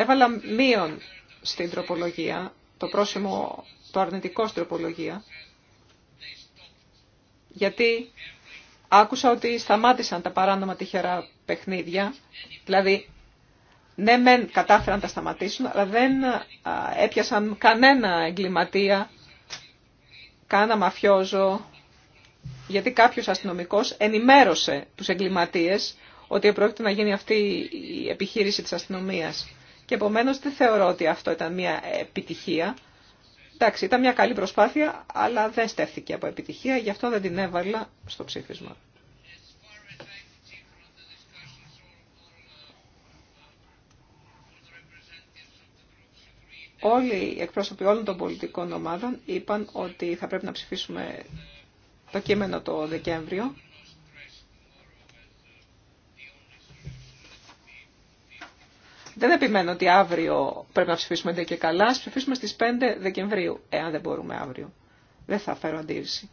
Έβαλα μείον στην τροπολογία, το πρόσημο, το αρνητικό στην τροπολογία, γιατί άκουσα ότι σταμάτησαν τα παράνομα τυχερά παιχνίδια, δηλαδή ναι μεν κατάφεραν να τα σταματήσουν, αλλά δεν έπιασαν κανένα εγκληματία, κανένα μαφιόζο, γιατί κάποιος αστυνομικός ενημέρωσε τους εγκληματίες ότι πρόκειται να γίνει αυτή η επιχείρηση της αστυνομίας. Και επομένω δεν θεωρώ ότι αυτό ήταν μια επιτυχία. Εντάξει, ήταν μια καλή προσπάθεια, αλλά δεν στέφθηκε από επιτυχία, γι' αυτό δεν την έβαλα στο ψήφισμα. Όλοι οι εκπρόσωποι όλων των πολιτικών ομάδων είπαν ότι θα πρέπει να ψηφίσουμε το κείμενο το Δεκέμβριο Δεν επιμένω ότι αύριο πρέπει να ψηφίσουμε και καλά. Ας ψηφίσουμε στις 5 Δεκεμβρίου, εάν δεν μπορούμε αύριο. Δεν θα φέρω αντίρρηση.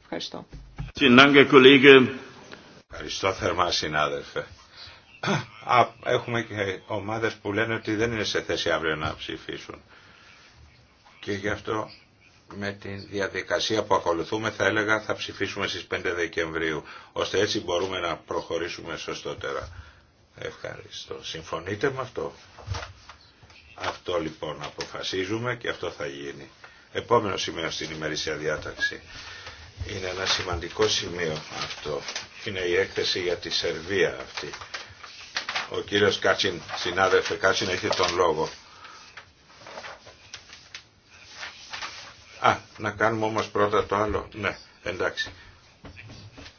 Ευχαριστώ. Ευχαριστώ θερμά συνάδελφε. Έχουμε και ομάδες που λένε ότι δεν είναι σε θέση αύριο να ψηφίσουν. Και γι' αυτό με τη διαδικασία που ακολουθούμε θα έλεγα θα ψηφίσουμε στις 5 Δεκεμβρίου, ώστε έτσι μπορούμε να προχωρήσουμε σωστότερα. Ευχαριστώ. Συμφωνείτε με αυτό. Αυτό λοιπόν αποφασίζουμε και αυτό θα γίνει. Επόμενο σημείο στην ημερήσια διάταξη. Είναι ένα σημαντικό σημείο αυτό. Είναι η έκθεση για τη Σερβία αυτή. Ο κύριος Κάτσιν, συνάδελφε Κάτσιν, έχει τον λόγο. Α, να κάνουμε όμως πρώτα το άλλο. Ναι, εντάξει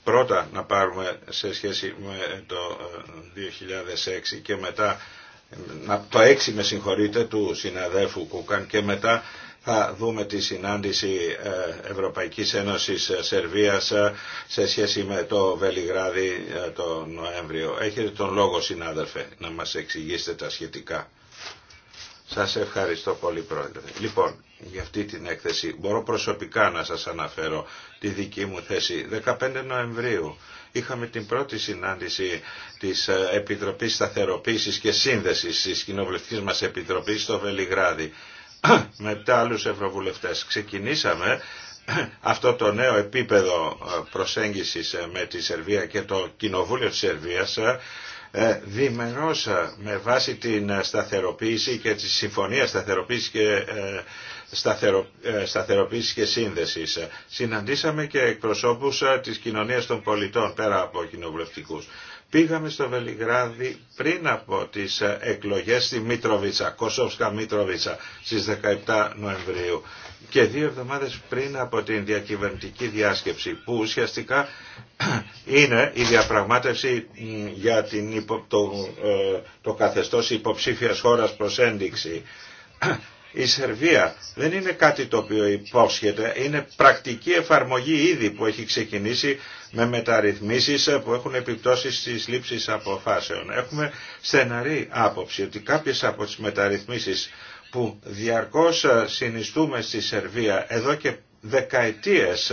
πρώτα να πάρουμε σε σχέση με το 2006 ε, και μετά ε, το 6 με συγχωρείτε του συναδέφου Κούκαν και μετά θα δούμε τη συνάντηση ε, Ευρωπαϊκής Ένωσης Σερβίας σε σχέση με το Βελιγράδι το Νοέμβριο. Έχετε τον λόγο συνάδελφε να μας εξηγήσετε τα σχετικά. Σας ευχαριστώ πολύ πρόεδρε. Λοιπόν, για αυτή την έκθεση μπορώ προσωπικά να σας αναφέρω τη δική μου θέση. 15 Νοεμβρίου είχαμε την πρώτη συνάντηση της ε, Επιτροπής Σταθεροποίησης και Σύνδεσης της Κοινοβουλευτικής μας Επιτροπής στο Βελιγράδι. Μετά άλλους ευρωβουλευτές ξεκινήσαμε αυτό το νέο επίπεδο ε, προσέγγισης ε, με τη Σερβία και το Κοινοβούλιο της Σερβίας ε, διμερώς ε, με βάση την ε, σταθεροποίηση και τη συμφωνία σταθεροποίηση και σταθερο, σταθεροποίησης και σύνδεσης. Συναντήσαμε και εκπροσώπους της κοινωνίας των πολιτών πέρα από κοινοβουλευτικούς. Πήγαμε στο Βελιγράδι πριν από τις ε, εκλογές στη Μήτροβιτσα, Κόσοβσκα Μήτροβιτσα, στις 17 Νοεμβρίου και δύο εβδομάδες πριν από την διακυβερνητική διάσκεψη που ουσιαστικά ε, είναι η διαπραγμάτευση για την το, ε, το καθεστώς υποψήφιας χώρας προς ένδειξη η Σερβία δεν είναι κάτι το οποίο υπόσχεται, είναι πρακτική εφαρμογή ήδη που έχει ξεκινήσει με μεταρρυθμίσεις που έχουν επιπτώσεις στις λήψεις αποφάσεων. Έχουμε στεναρή άποψη ότι κάποιες από τις μεταρρυθμίσεις που διαρκώς συνιστούμε στη Σερβία εδώ και δεκαετίες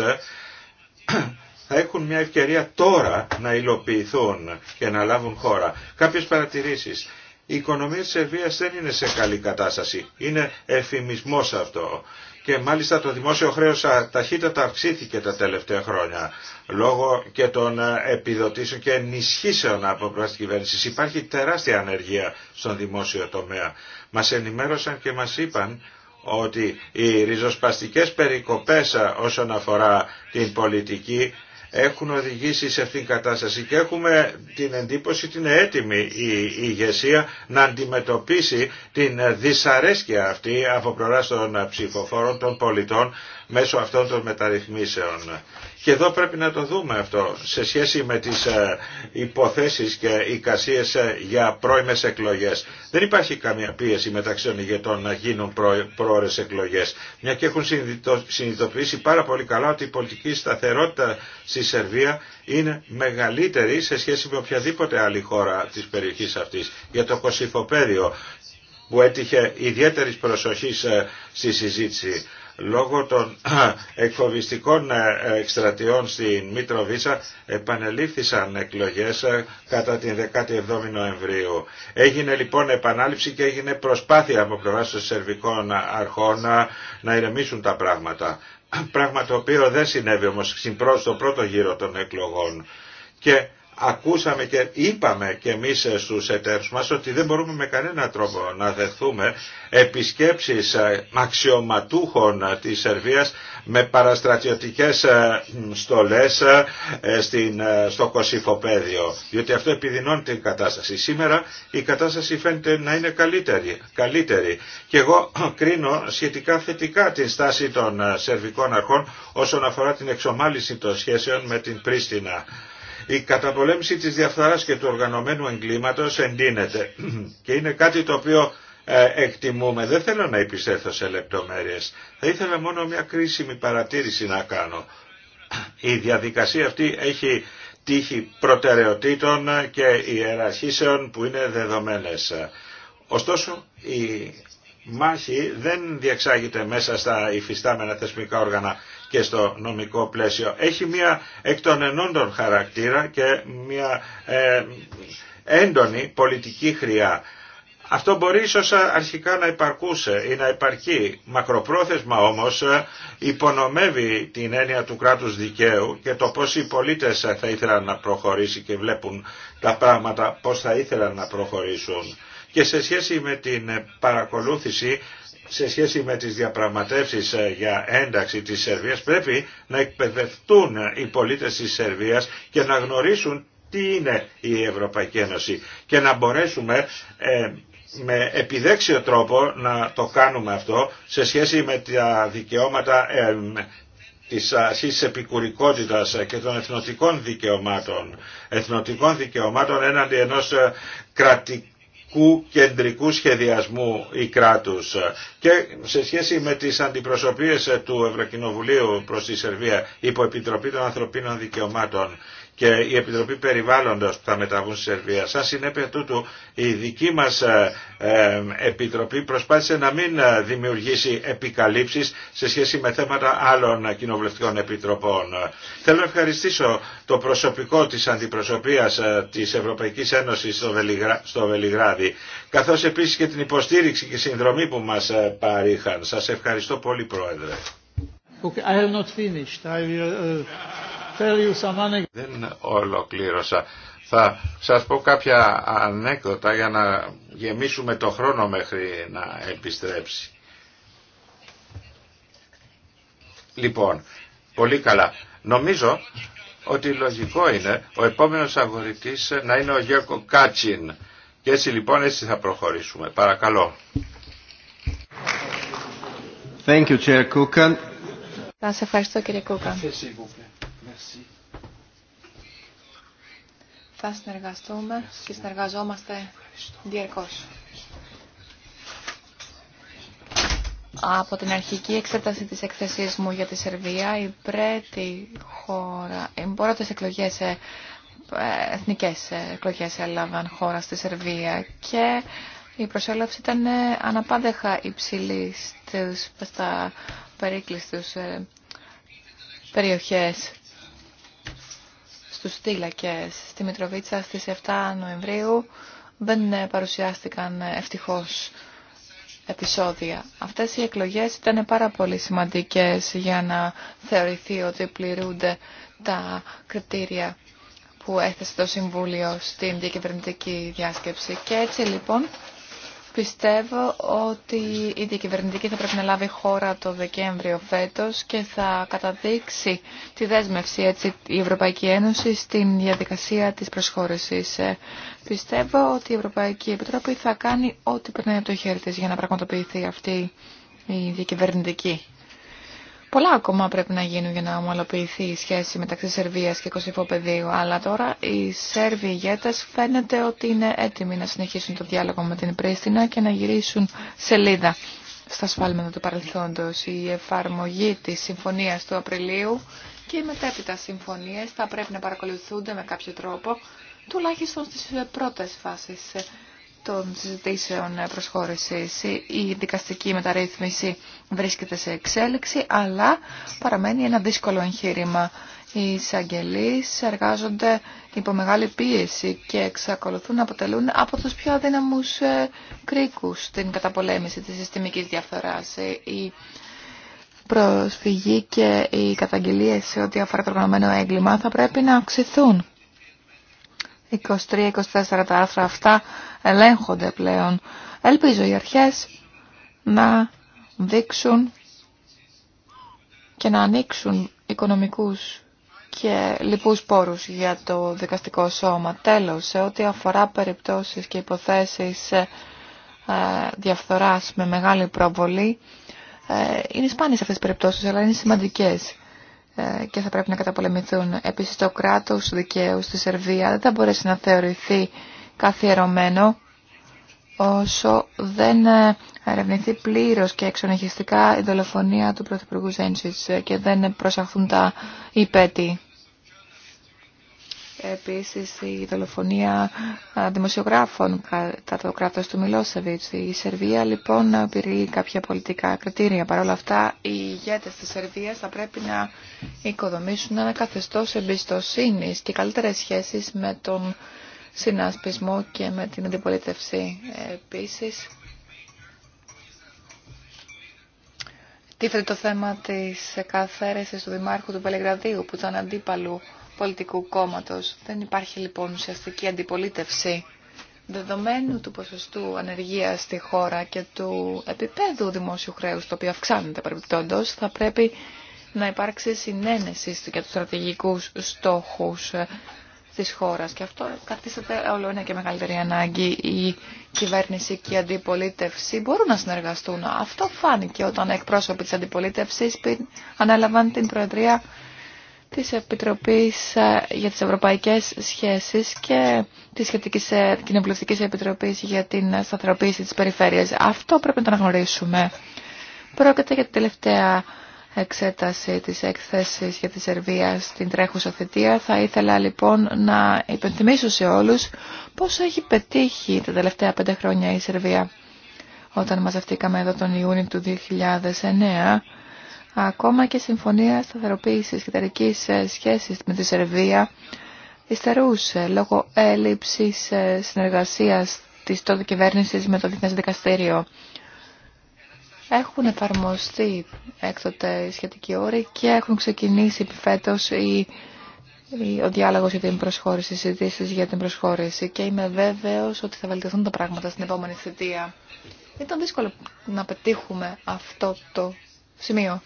θα έχουν μια ευκαιρία τώρα να υλοποιηθούν και να λάβουν χώρα. Κάποιες παρατηρήσεις η οικονομία της Σερβίας δεν είναι σε καλή κατάσταση. Είναι εφημισμός αυτό. Και μάλιστα το δημόσιο χρέος ταχύτατα αυξήθηκε τα τελευταία χρόνια λόγω και των επιδοτήσεων και ενισχύσεων από πλευρά τη κυβέρνηση. Υπάρχει τεράστια ανεργία στον δημόσιο τομέα. Μας ενημέρωσαν και μας είπαν ότι οι ριζοσπαστικές περικοπές όσον αφορά την πολιτική έχουν οδηγήσει σε αυτήν την κατάσταση και έχουμε την εντύπωση ότι είναι έτοιμη η ηγεσία να αντιμετωπίσει την δυσαρέσκεια αυτή από πλευρά των ψηφοφόρων των πολιτών μέσω αυτών των μεταρρυθμίσεων. Και εδώ πρέπει να το δούμε αυτό σε σχέση με τις ε, υποθέσεις και εικασίες ε, για πρώιμες εκλογές. Δεν υπάρχει καμία πίεση μεταξύ των ηγετών να γίνουν πρόορες εκλογές. Μια και έχουν συνειδητοποιήσει πάρα πολύ καλά ότι η πολιτική σταθερότητα στη Σερβία είναι μεγαλύτερη σε σχέση με οποιαδήποτε άλλη χώρα της περιοχής αυτής. Για το κοσυφοπέδιο που έτυχε ιδιαίτερης προσοχής ε, στη συζήτηση λόγω των εκφοβιστικών ε, εκστρατιών στην Μήτροβίσα επανελήφθησαν εκλογές ε, κατά την 17η Νοεμβρίου. Έγινε λοιπόν επανάληψη και έγινε προσπάθεια από πλευρά των σερβικών αρχών ε, να ηρεμήσουν τα πράγματα. Πράγμα το οποίο δεν συνέβη όμως στο πρώτο γύρο των εκλογών. Και ακούσαμε και είπαμε και εμεί στους εταίρους μας ότι δεν μπορούμε με κανένα τρόπο να δεχθούμε επισκέψεις αξιωματούχων της Σερβίας με παραστρατιωτικές ε, στολές ε, ε, στο κοσυφοπέδιο, διότι αυτό επιδεινώνει την κατάσταση. Σήμερα η κατάσταση φαίνεται να είναι καλύτερη, καλύτερη. και εγώ κρίνω σχετικά θετικά την στάση των σερβικών αρχών όσον αφορά την εξομάλυση των σχέσεων με την Πρίστινα. Η καταπολέμηση της διαφθαράς και του οργανωμένου εγκλήματος εντείνεται και είναι κάτι το οποίο ε, εκτιμούμε. Δεν θέλω να υπησέφθω σε λεπτομέρειες. Θα ήθελα μόνο μια κρίσιμη παρατήρηση να κάνω. Η διαδικασία αυτή έχει τύχη προτεραιοτήτων και ιεραρχήσεων που είναι δεδομένες. Ωστόσο, η μάχη δεν διεξάγεται μέσα στα υφιστάμενα θεσμικά όργανα και στο νομικό πλαίσιο. Έχει μια εκ των χαρακτήρα και μια ε, έντονη πολιτική χρειά. Αυτό μπορεί ίσως αρχικά να υπαρκούσε ή να υπαρκεί. Μακροπρόθεσμα όμως ε, υπονομεύει την έννοια του κράτους δικαίου και το πώς οι πολίτες θα ήθελαν να προχωρήσει και βλέπουν τα πράγματα πώς θα ήθελαν να προχωρήσουν. Και σε σχέση με την παρακολούθηση σε σχέση με τις διαπραγματεύσεις ε, για ένταξη της Σερβίας πρέπει να εκπαιδευτούν ε, οι πολίτες της Σερβίας και να γνωρίσουν τι είναι η Ευρωπαϊκή Ένωση και να μπορέσουμε ε, με επιδέξιο τρόπο να το κάνουμε αυτό σε σχέση με τα δικαιώματα της αρχής επικουρικότητας και των εθνοτικών δικαιωμάτων. Εθνοτικών δικαιωμάτων έναντι ενός κρατικού κεντρικού σχεδιασμού ή κράτους. Και σε σχέση με τις αντιπροσωπείες του Ευρωκοινοβουλίου προς τη Σερβία υπό Επιτροπή των Ανθρωπίνων Δικαιωμάτων και η Επιτροπή Περιβάλλοντος που θα μεταβούν στη Σερβία. Σαν συνέπεια τούτου η δική μας ε, ε, Επιτροπή προσπάθησε να μην ε, δημιουργήσει επικαλύψεις σε σχέση με θέματα άλλων κοινοβουλευτικών επιτροπών. Θέλω να ευχαριστήσω το προσωπικό της αντιπροσωπείας της Ευρωπαϊκής Ένωσης στο Βελιγράδι καθώς επίσης και την υποστήριξη και συνδρομή που μας παρήχαν. Σας ευχαριστώ πολύ Πρόεδρε. Okay, I have not finished. I uh, uh, δεν ολοκλήρωσα. Θα σας πω κάποια ανέκδοτα για να γεμίσουμε το χρόνο μέχρι να επιστρέψει. Λοιπόν, πολύ καλά. Νομίζω ότι λογικό είναι ο επόμενος αγορητής να είναι ο Γιώργο Κάτσιν. Και έτσι λοιπόν έτσι θα προχωρήσουμε. Παρακαλώ. Thank you, ευχαριστώ κύριε Κούκαν. Θα συνεργαστούμε και συνεργαζόμαστε διαρκώς. Από την αρχική εξέταση της εκθεσής μου για τη Σερβία, η πρώτη χώρα, οι πρώτες εκλογές, ε, εθνικές ε, εκλογές έλαβαν χώρα στη Σερβία και η προσέλευση ήταν ε, αναπάντεχα υψηλή στα περίκλειστους περιοχές στους στήλακες Στη Μητροβίτσα στις 7 Νοεμβρίου δεν παρουσιάστηκαν ευτυχώς επεισόδια. Αυτές οι εκλογές ήταν πάρα πολύ σημαντικές για να θεωρηθεί ότι πληρούνται τα κριτήρια που έθεσε το Συμβούλιο στην διακυβερνητική διάσκεψη. Και έτσι λοιπόν Πιστεύω ότι η διακυβερνητική θα πρέπει να λάβει χώρα το Δεκέμβριο φέτος και θα καταδείξει τη δέσμευση έτσι η Ευρωπαϊκή Ένωση στην διαδικασία της προσχώρησης. Ε, πιστεύω ότι η Ευρωπαϊκή Επιτροπή θα κάνει ό,τι περνάει από το χέρι της για να πραγματοποιηθεί αυτή η διακυβερνητική Πολλά ακόμα πρέπει να γίνουν για να ομολοποιηθεί η σχέση μεταξύ Σερβίας και Κωσυφοπεδίου, αλλά τώρα οι Σέρβοι ηγέτες φαίνεται ότι είναι έτοιμοι να συνεχίσουν το διάλογο με την Πρίστινα και να γυρίσουν σελίδα στα σφάλματα του παρελθόντος. Η εφαρμογή της συμφωνίας του Απριλίου και οι μετέπειτα συμφωνίες θα πρέπει να παρακολουθούνται με κάποιο τρόπο, τουλάχιστον στις πρώτες φάσεις των συζητήσεων προσχώρησης. Η δικαστική μεταρρύθμιση βρίσκεται σε εξέλιξη, αλλά παραμένει ένα δύσκολο εγχείρημα. Οι εισαγγελείς εργάζονται υπό μεγάλη πίεση και εξακολουθούν να αποτελούν από τους πιο αδύναμους ε, κρίκους στην καταπολέμηση της συστημικής διαφθοράς. Ε, η προσφυγή και οι καταγγελίες σε ό,τι αφορά το οργανωμένο έγκλημα θα πρέπει να αυξηθούν. 23-24 τα άρθρα αυτά ελέγχονται πλέον. Ελπίζω οι αρχές να δείξουν και να ανοίξουν οικονομικούς και λοιπούς πόρους για το δικαστικό σώμα. Τέλος, σε ό,τι αφορά περιπτώσεις και υποθέσεις ε, διαφθοράς με μεγάλη προβολή, ε, είναι σπάνιες αυτές τις περιπτώσεις, αλλά είναι σημαντικές. Ε, και θα πρέπει να καταπολεμηθούν. Επίσης το κράτος δικαίου στη Σερβία δεν θα μπορέσει να θεωρηθεί καθιερωμένο όσο δεν ε, ερευνηθεί πλήρως και εξονεχιστικά η δολοφονία του Πρωθυπουργού Ζένσιτς ε, και δεν προσαχθούν τα υπέτη. Επίσης η δολοφονία δημοσιογράφων κατά το κράτος του Μιλόσεβιτς. Η Σερβία λοιπόν πηρεί κάποια πολιτικά κριτήρια. Παρ' όλα αυτά οι ηγέτες της Σερβίας θα πρέπει να οικοδομήσουν ένα καθεστώς εμπιστοσύνης και καλύτερες σχέσεις με τον συνασπισμό και με την αντιπολίτευση. Επίσης τίθεται το θέμα της καθαίρεσης του Δημάρχου του Πελεγραδίου που ήταν αντίπαλου πολιτικού κόμματος. Δεν υπάρχει λοιπόν ουσιαστική αντιπολίτευση δεδομένου του ποσοστού ανεργίας στη χώρα και του επίπεδου δημόσιου χρέους, το οποίο αυξάνεται παρεμπιπτόντως, θα πρέπει να υπάρξει συνένεση για τους στρατηγικούς στόχους ε, της χώρας. Και αυτό καθίσταται όλο ένα και μεγαλύτερη ανάγκη. Η κυβέρνηση και η αντιπολίτευση μπορούν να συνεργαστούν. Αυτό φάνηκε όταν εκπρόσωποι της αντιπολίτευση ανέλαβαν την Προεδρία της Επιτροπής ε, για τις Ευρωπαϊκές Σχέσεις και της Σχετικής ε, Κοινοβουλευτικής Επιτροπής για την Σταθεροποίηση της Περιφέρειας. Αυτό πρέπει να το αναγνωρίσουμε. Πρόκειται για την τελευταία εξέταση της έκθεσης για τη Σερβία στην τρέχουσα θητεία. Θα ήθελα λοιπόν να υπενθυμίσω σε όλους πώς έχει πετύχει τα τελευταία πέντε χρόνια η Σερβία. Όταν μαζευτήκαμε εδώ τον Ιούνιο του 2009 Ακόμα και συμφωνία σταθεροποίησης και εταιρικής ε, σχέσης με τη Σερβία υστερούσε λόγω έλλειψης ε, συνεργασίας της τότε κυβέρνησης με το Διεθνές Δικαστήριο. Έχουν εφαρμοστεί έκτοτε οι σχετικοί όροι και έχουν ξεκινήσει επιφέτος ο διάλογος για την προσχώρηση, οι συζητήσεις για την προσχώρηση και είμαι βέβαιος ότι θα βελτιωθούν τα πράγματα στην επόμενη θητεία. Ήταν δύσκολο να πετύχουμε αυτό το σημείο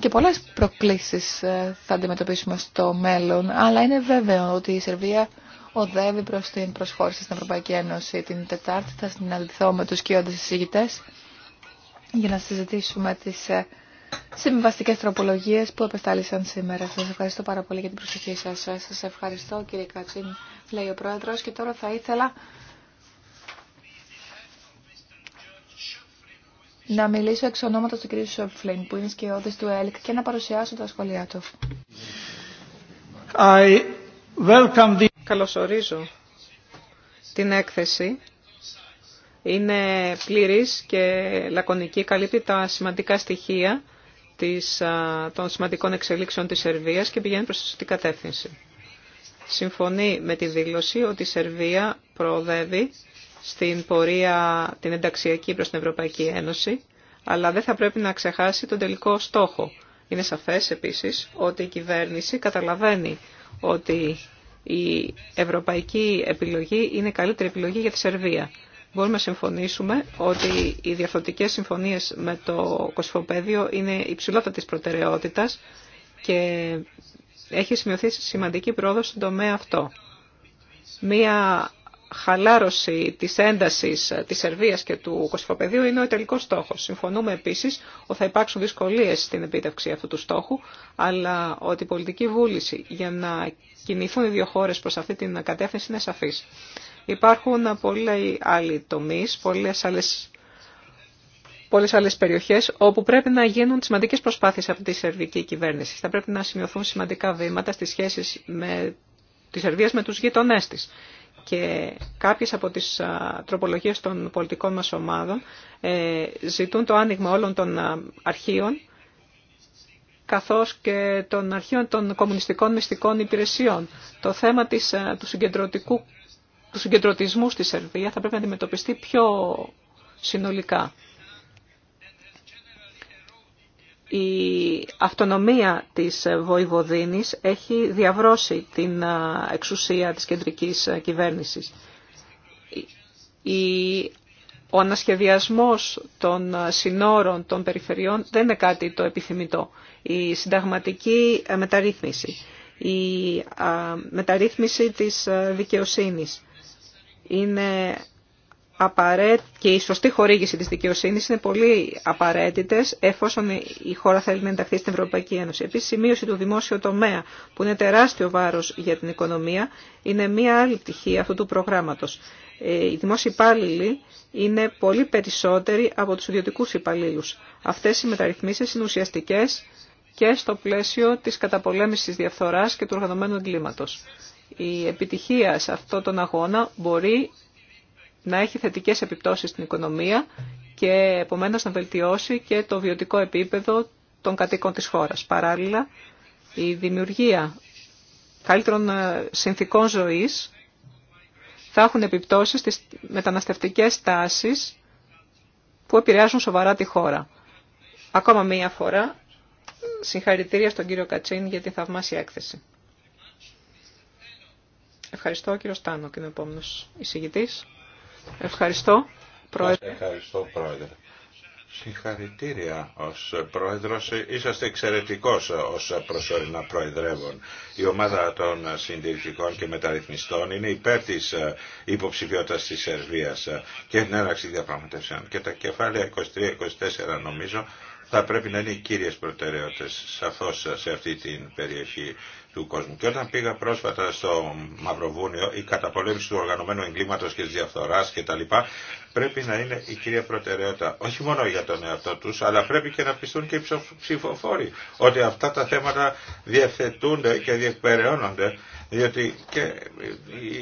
και πολλές προκλήσεις ε, θα αντιμετωπίσουμε στο μέλλον, αλλά είναι βέβαιο ότι η Σερβία οδεύει προς την προσχώρηση στην Ευρωπαϊκή Ένωση. Την Τετάρτη θα συναντηθώ με τους κοιόντες συζητητές για να συζητήσουμε τις ε, συμβαστικές τροπολογίες που επεστάλησαν σήμερα. Σας ευχαριστώ πάρα πολύ για την προσοχή σας. Σας ευχαριστώ κύριε Κατσίν, λέει ο Πρόεδρος. Και τώρα θα ήθελα να μιλήσω εξ ονόματο του κ. Σόπφλιν, που είναι σκιώδη του ΕΛΚ, και να παρουσιάσω τα σχολεία του. the... Καλωσορίζω την έκθεση. Είναι πλήρης και λακωνική, καλύπτει τα σημαντικά στοιχεία της, των σημαντικών εξελίξεων της Σερβίας και πηγαίνει προς τη σωστή κατεύθυνση. Συμφωνεί με τη δήλωση ότι η Σερβία προοδεύει στην πορεία την ενταξιακή προς την Ευρωπαϊκή Ένωση, αλλά δεν θα πρέπει να ξεχάσει τον τελικό στόχο. Είναι σαφές επίσης ότι η κυβέρνηση καταλαβαίνει ότι η ευρωπαϊκή επιλογή είναι καλύτερη επιλογή για τη Σερβία. Μπορούμε να συμφωνήσουμε ότι οι διαφορετικές συμφωνίες με το Κοσφοπέδιο είναι υψηλότατης προτεραιότητας και έχει σημειωθεί σημαντική πρόοδο στον τομέα αυτό. Μία χαλάρωση της έντασης της Σερβίας και του Κωσυφοπεδίου είναι ο τελικός στόχος. Συμφωνούμε επίσης ότι θα υπάρξουν δυσκολίες στην επίτευξη αυτού του στόχου, αλλά ότι η πολιτική βούληση για να κινηθούν οι δύο χώρες προς αυτή την κατεύθυνση είναι σαφής. Υπάρχουν πολλοί άλλοι τομείς, πολλές άλλες, Πολλέ περιοχές όπου πρέπει να γίνουν σημαντικέ προσπάθειε από τη σερβική κυβέρνηση. Θα πρέπει να σημειωθούν σημαντικά βήματα στι σχέσει με, τη Σερβία με τους γειτονές της και κάποιες από τις τροπολογίες των πολιτικών μας ομάδων ε, ζητούν το άνοιγμα όλων των αρχείων καθώς και των αρχείων των κομμουνιστικών μυστικών υπηρεσιών. Το θέμα της, του, συγκεντρωτικού, του συγκεντρωτισμού στη Σερβία θα πρέπει να αντιμετωπιστεί πιο συνολικά η αυτονομία της Βοηβοδίνης έχει διαβρώσει την εξουσία της κεντρικής κυβέρνησης. Ο ανασχεδιασμός των συνόρων των περιφερειών δεν είναι κάτι το επιθυμητό. Η συνταγματική μεταρρύθμιση, η μεταρρύθμιση της δικαιοσύνης είναι απαραίτητη και η σωστή χορήγηση της δικαιοσύνης είναι πολύ απαραίτητες εφόσον η χώρα θέλει να ενταχθεί στην Ευρωπαϊκή Ένωση. Επίσης η μείωση του δημόσιου τομέα που είναι τεράστιο βάρος για την οικονομία είναι μία άλλη πτυχή αυτού του προγράμματος. Ε, οι δημόσιοι υπάλληλοι είναι πολύ περισσότεροι από τους ιδιωτικού υπαλλήλου. Αυτές οι μεταρρυθμίσεις είναι ουσιαστικές και στο πλαίσιο της καταπολέμησης της διαφθοράς και του οργανωμένου εγκλήματος. Η επιτυχία σε αυτόν τον αγώνα μπορεί να έχει θετικές επιπτώσεις στην οικονομία και επομένως να βελτιώσει και το βιωτικό επίπεδο των κατοίκων της χώρας. Παράλληλα, η δημιουργία καλύτερων ε, συνθήκων ζωής θα έχουν επιπτώσεις στις μεταναστευτικές τάσεις που επηρεάζουν σοβαρά τη χώρα. Ακόμα μία φορά, συγχαρητήρια στον κύριο Κατσίν για την θαυμάσια έκθεση. Ευχαριστώ κύριο Στάνο και ο επόμενος εισηγητής. Ευχαριστώ, Πρόεδρε. Ευχαριστώ, Συγχαρητήρια ως πρόεδρος. Είσαστε εξαιρετικός ως προσωρινά προεδρεύων. Η ομάδα των συντηρητικών και μεταρρυθμιστών είναι υπέρ της υποψηφιότητας της Σερβίας και την έναρξη διαπραγματεύσεων. Και τα κεφάλαια 23-24 νομίζω θα πρέπει να είναι οι κύριες προτεραιότητες σαφώς σε αυτή την περιοχή του κόσμου. Και όταν πήγα πρόσφατα στο Μαυροβούνιο, η καταπολέμηση του οργανωμένου εγκλήματος και τη διαφθοράς κτλ. πρέπει να είναι η κυρία προτεραιότητα. Όχι μόνο για τον εαυτό του, αλλά πρέπει και να πιστούν και οι ψηφοφόροι ότι αυτά τα θέματα διευθετούνται και διεκπεραιώνονται διότι και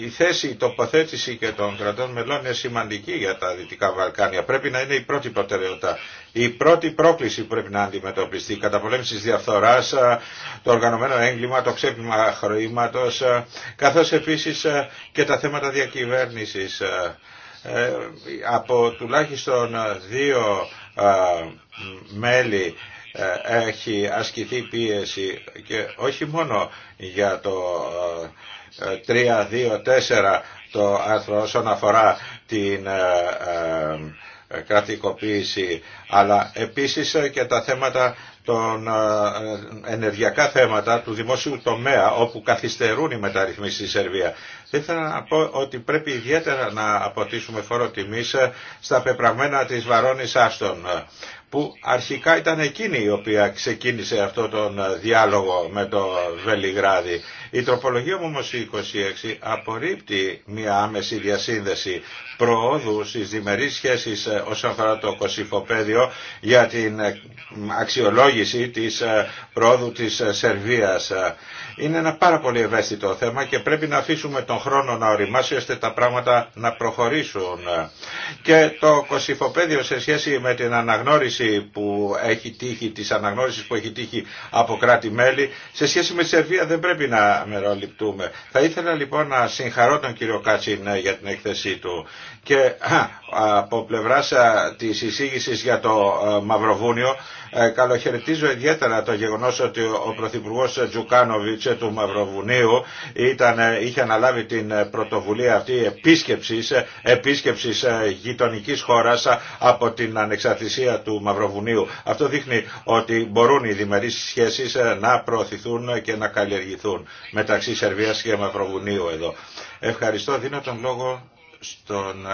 η θέση, η τοποθέτηση και των κρατών μελών είναι σημαντική για τα Δυτικά Βαλκάνια. Πρέπει να είναι η πρώτη προτεραιότητα. Η πρώτη πρόκληση που πρέπει να αντιμετωπιστεί, η καταπολέμηση της διαφθοράς, το οργανωμένο έγκλημα, το ξέπλυμα χρήματος, καθώς επίσης και τα θέματα διακυβέρνησης. Ε, από τουλάχιστον δύο ε, μέλη ε, έχει ασκηθεί πίεση και όχι μόνο για το 3-2-4 ε, το άρθρο όσον αφορά την ε, κρατικοποίηση αλλά επίσης και τα θέματα των ενεργειακά θέματα του δημόσιου τομέα όπου καθυστερούν οι μεταρρυθμίσεις στη Σερβία. Θα ήθελα να πω ότι πρέπει ιδιαίτερα να αποτίσουμε φόρο τιμής στα πεπραγμένα της Βαρόνης Άστον που αρχικά ήταν εκείνη η οποία ξεκίνησε αυτό τον ε, διάλογο με το Βελιγράδι. Η τροπολογία μου όμως η 26 απορρίπτει μια άμεση διασύνδεση προόδου στις διμερείς σχέσεις ε, όσον αφορά το κοσυφοπέδιο για την ε, αξιολόγηση της προόδου της Σερβίας. Είναι ένα πάρα πολύ ευαίσθητο θέμα και πρέπει να αφήσουμε τον χρόνο να οριμάσει ώστε τα πράγματα να προχωρήσουν. Και το κοσυφοπέδιο σε σχέση με την αναγνώριση που έχει τύχει, τις αναγνώρισης που έχει τύχει από κράτη-μέλη, σε σχέση με τη Σερβία δεν πρέπει να μεροληπτούμε. Θα ήθελα λοιπόν να συγχαρώ τον κύριο Κάτσιν ε, για την έκθεσή του. Και από πλευράς της εισήγησης για το ε, Μαυροβούνιο ε, καλοχαιρετίζω ιδιαίτερα το γεγονός ότι ο Πρωθυπουργός Τζουκάνοβιτς του Μαυροβουνίου ήταν, είχε αναλάβει την πρωτοβουλία αυτή επίσκεψης, επίσκεψης ε, γειτονικής χώρας από την ανεξαρτησία του Μαυροβουνίου. Αυτό δείχνει ότι μπορούν οι διμερείς σχέσεις ε, να προωθηθούν και να καλλιεργηθούν μεταξύ Σερβίας και Μαυροβουνίου εδώ. Ευχαριστώ. Δίνω τον λόγο στον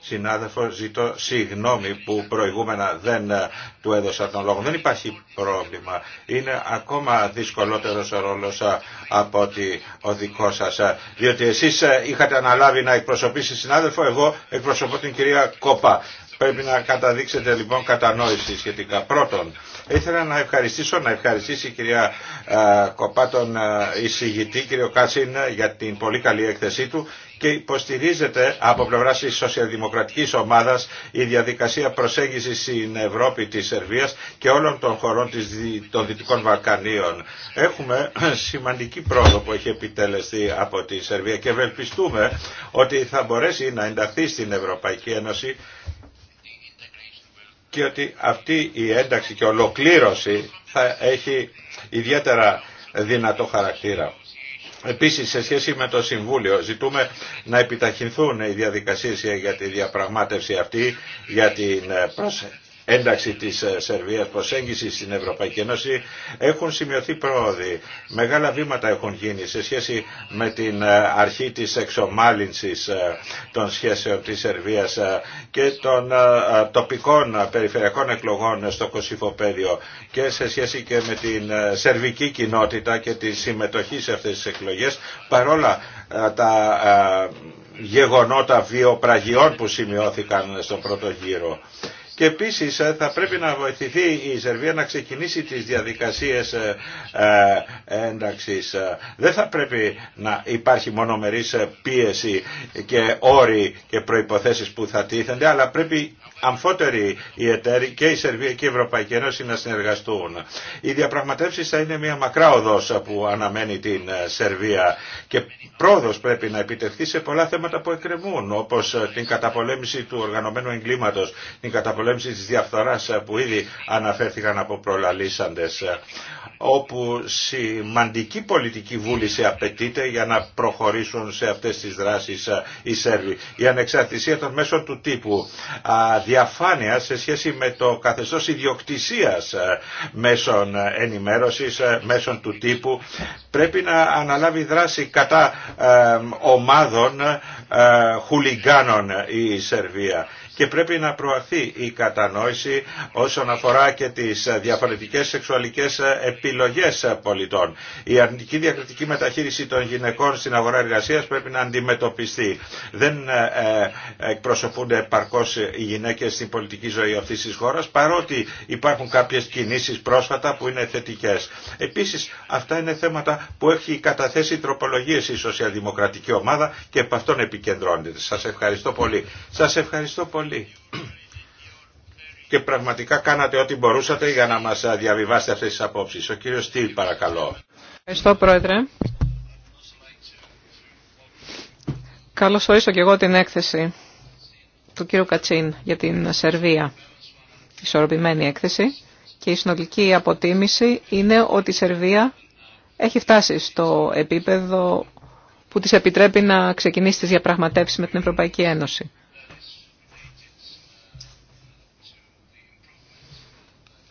συνάδελφο ζητώ συγγνώμη που προηγούμενα δεν ε, του έδωσα τον λόγο. Δεν υπάρχει πρόβλημα. Είναι ακόμα δυσκολότερος ο ρόλος ε, από ότι ο δικός σας. Ε, διότι εσείς είχατε αναλάβει να εκπροσωπήσει συνάδελφο, εγώ εκπροσωπώ την κυρία Κόπα. Πρέπει να καταδείξετε λοιπόν κατανόηση σχετικά. Πρώτον, ήθελα να ευχαριστήσω, να ευχαριστήσει η κυρία ε, Κοπά τον ε, εισηγητή, κύριο Κάσιν, για την πολύ καλή έκθεσή του και υποστηρίζεται από πλευρά τη σοσιαλδημοκρατική ομάδα η διαδικασία προσέγγιση στην Ευρώπη τη Σερβία και όλων των χωρών των Δυτικών Βαλκανίων. Έχουμε σημαντική πρόοδο που έχει επιτελεστεί από τη Σερβία και ευελπιστούμε ότι θα μπορέσει να ενταχθεί στην Ευρωπαϊκή Ένωση και ότι αυτή η ένταξη και ολοκλήρωση θα έχει ιδιαίτερα δυνατό χαρακτήρα. Επίσης σε σχέση με το Συμβούλιο ζητούμε να επιταχυνθούν οι διαδικασίες για τη διαπραγμάτευση αυτή για την ε, ένταξη της ε, Σερβίας, προσέγγιση στην Ευρωπαϊκή Ένωση, έχουν σημειωθεί πρόοδοι. Μεγάλα βήματα έχουν γίνει σε σχέση με την ε, αρχή της εξομάλυνσης ε, των σχέσεων της Σερβίας και των τοπικών περιφερειακών εκλογών στο Κωσυφοπέδιο και σε σχέση και με την σερβική κοινότητα και τη συμμετοχή σε αυτές τις εκλογές παρόλα τα γεγονότα βιοπραγιών που σημειώθηκαν στον πρώτο γύρο. Και επίσης ε, θα πρέπει να βοηθηθεί η Σερβία να ξεκινήσει τις διαδικασίες ε, ε, ένταξης. Δεν θα πρέπει να υπάρχει μονομερής πίεση και όροι και προϋποθέσεις που θα τίθενται, αλλά πρέπει αμφότεροι οι εταίροι και η Σερβία και η Ευρωπαϊκή Ένωση να συνεργαστούν. Οι διαπραγματεύσεις θα είναι μια μακρά οδός που αναμένει την ε, Σερβία και πρόοδος πρέπει να επιτευχθεί σε πολλά θέματα που εκκρεμούν όπως ε, την καταπολέμηση του οργανωμένου εγκλήματος, την καταπολέμηση της διαφθοράς ε, που ήδη αναφέρθηκαν από προλαλήσαντες όπου σημαντική πολιτική βούληση απαιτείται για να προχωρήσουν σε αυτές τις δράσεις οι Σέρβοι. Η ανεξαρτησία των μέσων του τύπου, διαφάνεια σε σχέση με το καθεστώς ιδιοκτησίας ε, μέσων ε, ενημέρωσης, ε, μέσων του τύπου. Πρέπει να αναλάβει δράση κατά ομάδων χουλιγκάνων η Σερβία και πρέπει να προαχθεί η κατανόηση όσον αφορά και τις διαφορετικές σεξουαλικές επιλογές πολιτών. Η αρνητική διακριτική μεταχείριση των γυναικών στην αγορά εργασίας πρέπει να αντιμετωπιστεί. Δεν ε, ε, εκπροσωπούνται επαρκώς οι γυναίκες στην πολιτική ζωή αυτής της χώρας παρότι υπάρχουν κάποιες κινήσεις πρόσφατα που είναι θετικές. Επίσης αυτά είναι θέματα που έχει καταθέσει τροπολογίες η σοσιαλδημοκρατική ομάδα και από αυτών επικεντρώνεται. Σας ευχαριστώ πολύ. Σας ευχαριστώ πολύ και πραγματικά κάνατε ό,τι μπορούσατε για να μας διαβιβάσετε αυτές τις απόψεις. Ο κύριος Στυλ παρακαλώ. Ευχαριστώ Πρόεδρε. Καλώς ορίσω και εγώ την έκθεση του κύριου Κατσίν για την Σερβία. Ισορροπημένη έκθεση και η συνολική αποτίμηση είναι ότι η Σερβία έχει φτάσει στο επίπεδο που της επιτρέπει να ξεκινήσει τις διαπραγματεύσεις με την Ευρωπαϊκή Ένωση.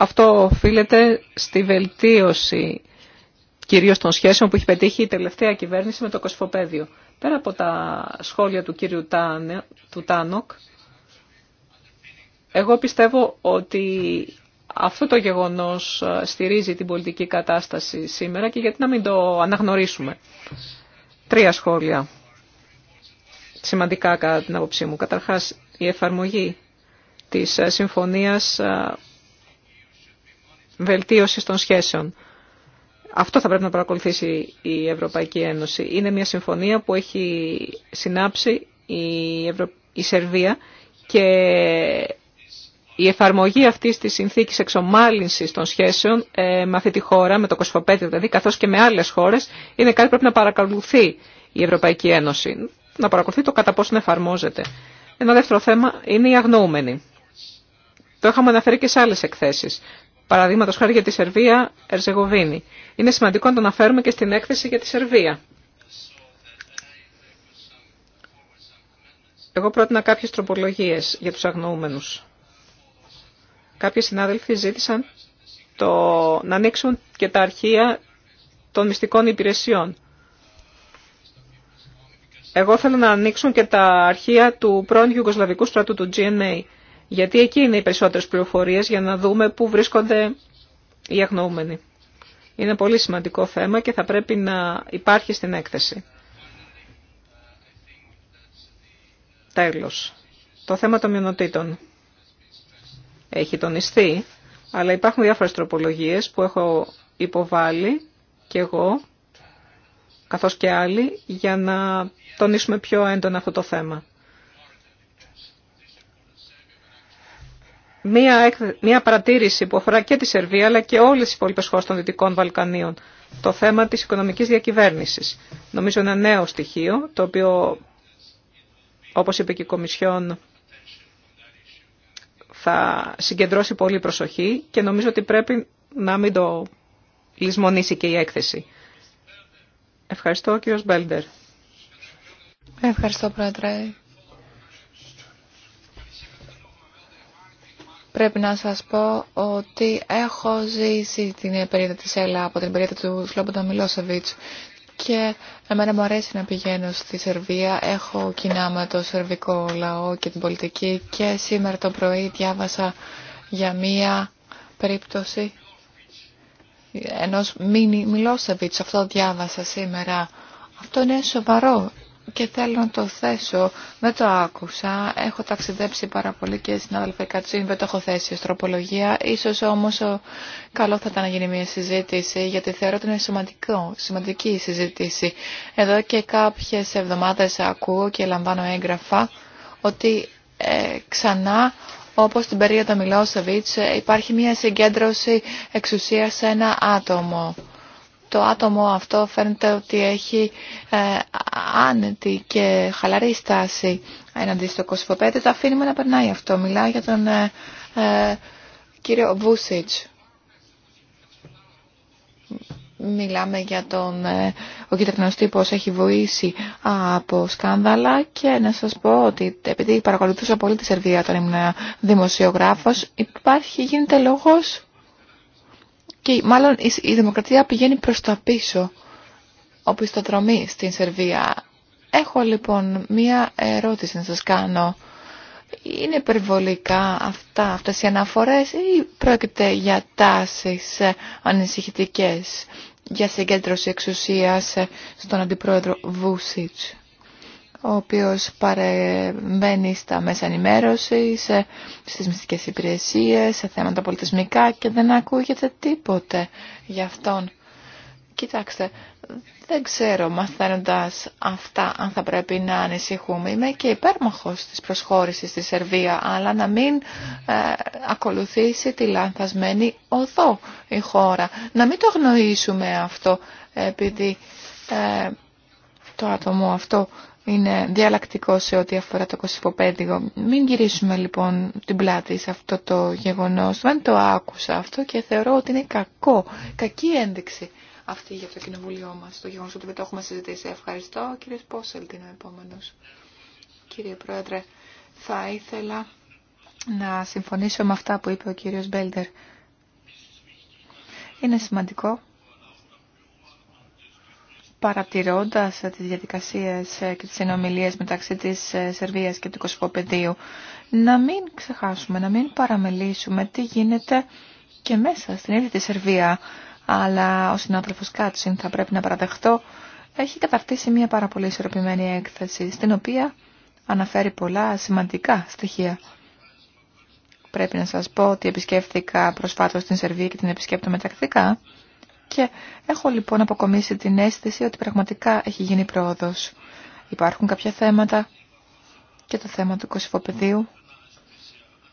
Αυτό οφείλεται στη βελτίωση κυρίως των σχέσεων που έχει πετύχει η τελευταία κυβέρνηση με το Κοσφοπέδιο. Πέρα από τα σχόλια του κύριου του Τάνοκ, εγώ πιστεύω ότι αυτό το γεγονός ε, στηρίζει την πολιτική κατάσταση σήμερα και γιατί να μην το αναγνωρίσουμε. Τρία σχόλια σημαντικά κατά την άποψή μου. Καταρχάς, η εφαρμογή της ε, συμφωνίας ε, Βελτίωση των σχέσεων. Αυτό θα πρέπει να παρακολουθήσει η Ευρωπαϊκή Ένωση. Είναι μια συμφωνία που έχει συνάψει η, Σερβία και η εφαρμογή αυτής της συνθήκης εξομάλυνσης των σχέσεων ε, με αυτή τη χώρα, με το κοσφοπέτη, δηλαδή, καθώς και με άλλες χώρες, είναι κάτι που πρέπει να παρακολουθεί η Ευρωπαϊκή Ένωση. Να παρακολουθεί το κατά πόσο εφαρμόζεται. Ένα δεύτερο θέμα είναι οι αγνοούμενοι. Το είχαμε αναφέρει και σε άλλες εκθέσεις. Παραδείγματο χάρη για τη Σερβία, Ερζεγοβίνη. Είναι σημαντικό να το αναφέρουμε και στην έκθεση για τη Σερβία. Εγώ πρότεινα κάποιε τροπολογίες για τους αγνοούμενους. Κάποιοι συνάδελφοι ζήτησαν το... να ανοίξουν και τα αρχεία των μυστικών υπηρεσιών. Εγώ θέλω να ανοίξουν και τα αρχεία του πρώην Ιουγκοσλαβικού στρατού του GNA. Γιατί εκεί είναι οι περισσότερες πληροφορίες για να δούμε πού βρίσκονται οι αγνοούμενοι. Είναι πολύ σημαντικό θέμα και θα πρέπει να υπάρχει στην έκθεση. Τέλος. Το θέμα των μειονοτήτων έχει τονιστεί, αλλά υπάρχουν διάφορες τροπολογίες που έχω υποβάλει και εγώ, καθώς και άλλοι, για να τονίσουμε πιο έντονα αυτό το θέμα. μία, μία παρατήρηση που αφορά και τη Σερβία αλλά και όλες τι υπόλοιπε χώρε των Δυτικών Βαλκανίων. Το θέμα της οικονομικής διακυβέρνησης. Νομίζω ένα νέο στοιχείο το οποίο όπως είπε και η Κομισιόν θα συγκεντρώσει πολύ προσοχή και νομίζω ότι πρέπει να μην το λησμονήσει και η έκθεση. Ευχαριστώ κύριος Μπέλντερ. Ευχαριστώ πρόεδρε. Πρέπει να σας πω ότι έχω ζήσει την περίοδο της ΕΛΑ από την περίοδο του Σλόμποντα Μιλόσεβιτς και εμένα μου αρέσει να πηγαίνω στη Σερβία. Έχω κοινά με το σερβικό λαό και την πολιτική και σήμερα το πρωί διάβασα για μία περίπτωση ενός Αυτό διάβασα σήμερα. Αυτό είναι σοβαρό και θέλω να το θέσω. Δεν το άκουσα. Έχω ταξιδέψει πάρα πολύ και στην αδελφή Κατσίν δεν το έχω θέσει ως τροπολογία. Ίσως όμως καλό θα ήταν να γίνει μια συζήτηση γιατί θεωρώ ότι είναι σημαντικό, σημαντική η συζήτηση. Εδώ και κάποιες εβδομάδες ακούω και λαμβάνω έγγραφα ότι ε, ξανά όπως την περίοδο Μιλόσεβιτς ε, υπάρχει μια συγκέντρωση εξουσίας σε ένα άτομο το άτομο αυτό φαίνεται ότι έχει ε, άνετη και χαλαρή στάση έναντι στο κοσφοπέδι. Τα αφήνουμε να περνάει αυτό. Μιλάω για τον ε, ε, κύριο Βούσιτς. Μιλάμε για τον... Ε, ο κυτρινός τύπος έχει βοήσει από σκάνδαλα και να σας πω ότι επειδή παρακολουθούσα πολύ τη Σερβία όταν ήμουν δημοσιογράφος, υπάρχει, γίνεται λόγος και μάλλον η δημοκρατία πηγαίνει προς τα πίσω, οπισθοδρομή στην Σερβία. Έχω λοιπόν μία ερώτηση να σας κάνω. Είναι υπερβολικά αυτά, αυτές οι αναφορές ή πρόκειται για τάσεις ε, ανησυχητικές για συγκέντρωση εξουσίας ε, στον αντιπρόεδρο Βούσιτς ο οποίος παρεμβαίνει στα μέσα ενημέρωση, ε, στις μυστικές υπηρεσίες, σε θέματα πολιτισμικά και δεν ακούγεται τίποτε γι' αυτόν. Κοιτάξτε, δεν ξέρω μαθαίνοντα αυτά αν θα πρέπει να ανησυχούμε. Είμαι και υπέρμαχος της προσχώρησης στη Σερβία, αλλά να μην ε, ακολουθήσει τη λανθασμένη οδό η χώρα. Να μην το γνωρίσουμε αυτό επειδή ε, το άτομο αυτό είναι διαλλακτικό σε ό,τι αφορά το κοσυφοπέδιγο. Μην γυρίσουμε λοιπόν την πλάτη σε αυτό το γεγονός. Δεν το άκουσα αυτό και θεωρώ ότι είναι κακό, κακή ένδειξη αυτή για το κοινοβουλίο μας, το γεγονός ότι δεν το έχουμε συζητήσει. Ευχαριστώ. Κύριε Πόσελτ είναι ο Κύριε Πρόεδρε, θα ήθελα να συμφωνήσω με αυτά που είπε ο κύριος Μπέλτερ. Είναι σημαντικό παρατηρώντας τις διαδικασίες ε, και τις συνομιλίες μεταξύ της ε, Σερβίας και του Κοσμοπεδίου, να μην ξεχάσουμε, να μην παραμελήσουμε τι γίνεται και μέσα στην ίδια τη Σερβία. Αλλά ο συνάδελφος Κάτσιν θα πρέπει να παραδεχτώ, έχει καταρτήσει μια πάρα πολύ ισορροπημένη έκθεση, στην οποία αναφέρει πολλά σημαντικά στοιχεία. Πρέπει να σας πω ότι επισκέφθηκα προσφάτως την Σερβία και την επισκέπτομαι τακτικά και έχω λοιπόν αποκομίσει την αίσθηση ότι πραγματικά έχει γίνει πρόοδος. Υπάρχουν κάποια θέματα και το θέμα του κοσυφοπεδίου,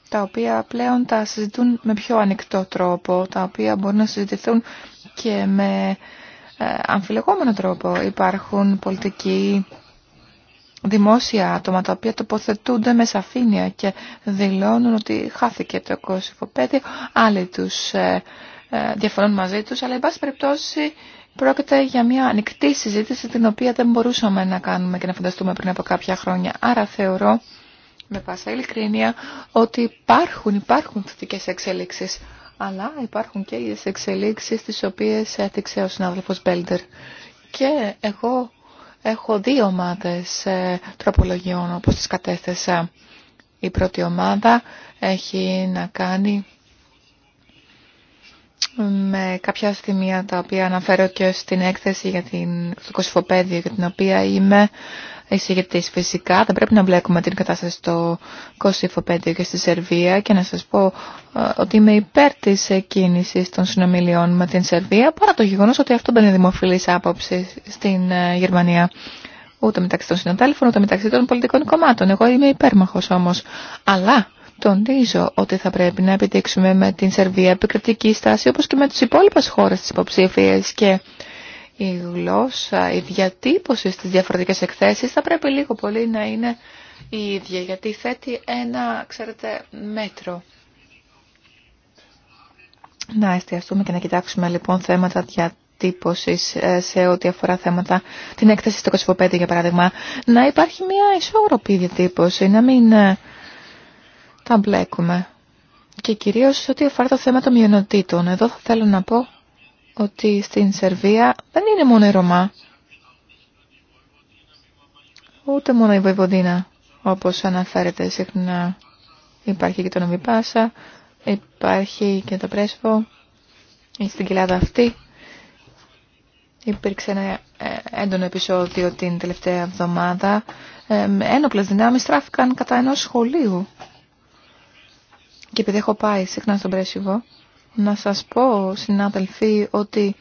τα οποία πλέον τα συζητούν με πιο ανοιχτό τρόπο, τα οποία μπορούν να συζητηθούν και με ε, αμφιλεγόμενο τρόπο. Υπάρχουν πολιτικοί δημόσια άτομα τα οποία τοποθετούνται με σαφήνεια και δηλώνουν ότι χάθηκε το κοσυφοπέδιο, άλλοι τους ε, ε, διαφωνούν μαζί τους, αλλά εν πάση περιπτώσει πρόκειται για μια ανοιχτή συζήτηση την οποία δεν μπορούσαμε να κάνουμε και να φανταστούμε πριν από κάποια χρόνια. Άρα θεωρώ με πάσα ειλικρίνεια ότι υπάρχουν, υπάρχουν θετικές εξελίξεις. Αλλά υπάρχουν και οι εξελίξεις τις οποίες έδειξε ο συνάδελφος Μπέλντερ. Και εγώ έχω δύο ομάδες ε, τροπολογιών όπως τις κατέθεσα. Η πρώτη ομάδα έχει να κάνει με κάποια στιγμή τα οποία αναφέρω και στην έκθεση για την, το κοσφοπέδιο για την οποία είμαι εισηγητής φυσικά. Δεν πρέπει να βλέπουμε την κατάσταση στο κοσφοπέδιο και στη Σερβία και να σας πω ε, ότι είμαι υπέρ της κίνησης των συνομιλιών με την Σερβία παρά το γεγονός ότι αυτό δεν είναι δημοφιλής άποψη στην ε, Γερμανία ούτε μεταξύ των συναδέλφων, ούτε μεταξύ των πολιτικών κομμάτων. Εγώ είμαι υπέρμαχος όμως. Αλλά Τονίζω ότι θα πρέπει να επιτύξουμε με την Σερβία επικριτική στάση όπως και με τις υπόλοιπες χώρες της υποψήφιας και η γλώσσα, η διατύπωση στις διαφορετικές εκθέσεις θα πρέπει λίγο πολύ να είναι η ίδια γιατί θέτει ένα, ξέρετε, μέτρο. Να εστιαστούμε και να κοιτάξουμε λοιπόν θέματα διατύπωσης ε, σε ό,τι αφορά θέματα την έκθεση στο Κωσυφοπέδιο για παράδειγμα. Να υπάρχει μια ισόρροπη διατύπωση, να μην ε, τα μπλέκουμε. Και κυρίως ό,τι αφορά το θέμα των μειονοτήτων. Εδώ θα θέλω να πω ότι στην Σερβία δεν είναι μόνο η Ρωμά. Ούτε μόνο η Βοηβοδίνα, όπως αναφέρεται συχνά. Υπάρχει και το Νομιπάσα, υπάρχει και το Πρέσβο. Στην κοιλάδα αυτή υπήρξε ένα ε, έντονο επεισόδιο την τελευταία εβδομάδα. Ε, ένοπλες δυνάμεις στράφηκαν κατά ενός σχολείου και επειδή έχω πάει συχνά στον Πρέσιβο, να σας πω, συνάδελφοι, ότι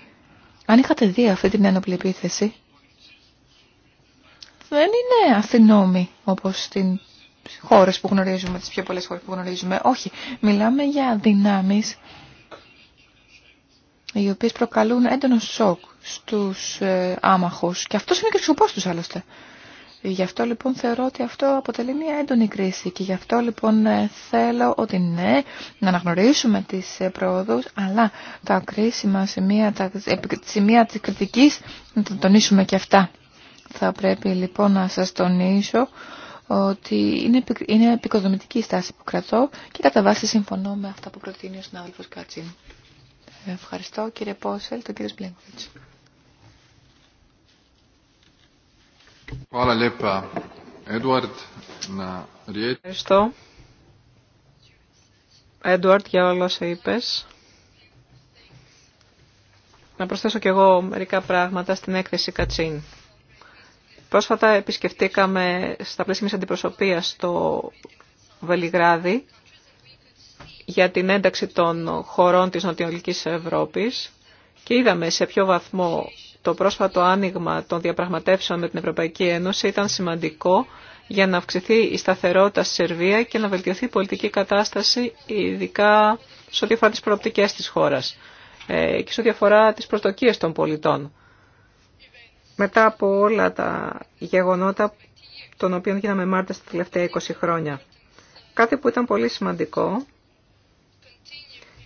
αν είχατε δει αυτή την ένοπλη επίθεση, δεν είναι αστυνόμοι όπως στην χώρες που γνωρίζουμε, τις πιο πολλές χώρες που γνωρίζουμε. Όχι, μιλάμε για δυνάμεις οι οποίες προκαλούν έντονο σοκ στους ε, άμαχους. Και αυτός είναι και ο σκοπός τους άλλωστε. Γι' αυτό λοιπόν θεωρώ ότι αυτό αποτελεί μια έντονη κρίση και γι' αυτό λοιπόν ε, θέλω ότι ναι, να αναγνωρίσουμε τις ε, προοδούς, αλλά τα κρίσιμα σημεία, τα σημεία της κριτικής να τα τονίσουμε και αυτά. Θα πρέπει λοιπόν να σας τονίσω ότι είναι, είναι επικοδομητική η στάση που κρατώ και κατά βάση συμφωνώ με αυτά που προτείνει ο συνάδελφος Κάτσιν. Ευχαριστώ κύριε Πόσελ, τον κύριο Σπλέγκοβιτς. Ευχαριστώ. Έντουαρτ, για όλα όσα είπες. Να προσθέσω κι εγώ μερικά πράγματα στην έκθεση Κατσίν. Πρόσφατα επισκεφτήκαμε στα πλαίσια μιας αντιπροσωπείας στο Βελιγράδι για την ένταξη των χωρών της Νοτιολικής Ευρώπης και είδαμε σε ποιο βαθμό το πρόσφατο άνοιγμα των διαπραγματεύσεων με την Ευρωπαϊκή Ένωση ήταν σημαντικό για να αυξηθεί η σταθερότητα στη Σερβία και να βελτιωθεί η πολιτική κατάσταση, ειδικά σε ό,τι αφορά τις προοπτικές της χώρας ε, και σε ό,τι αφορά τις προσδοκίες των πολιτών. Μετά από όλα τα γεγονότα των οποίων γίναμε μάρτε τα τελευταία 20 χρόνια. Κάτι που ήταν πολύ σημαντικό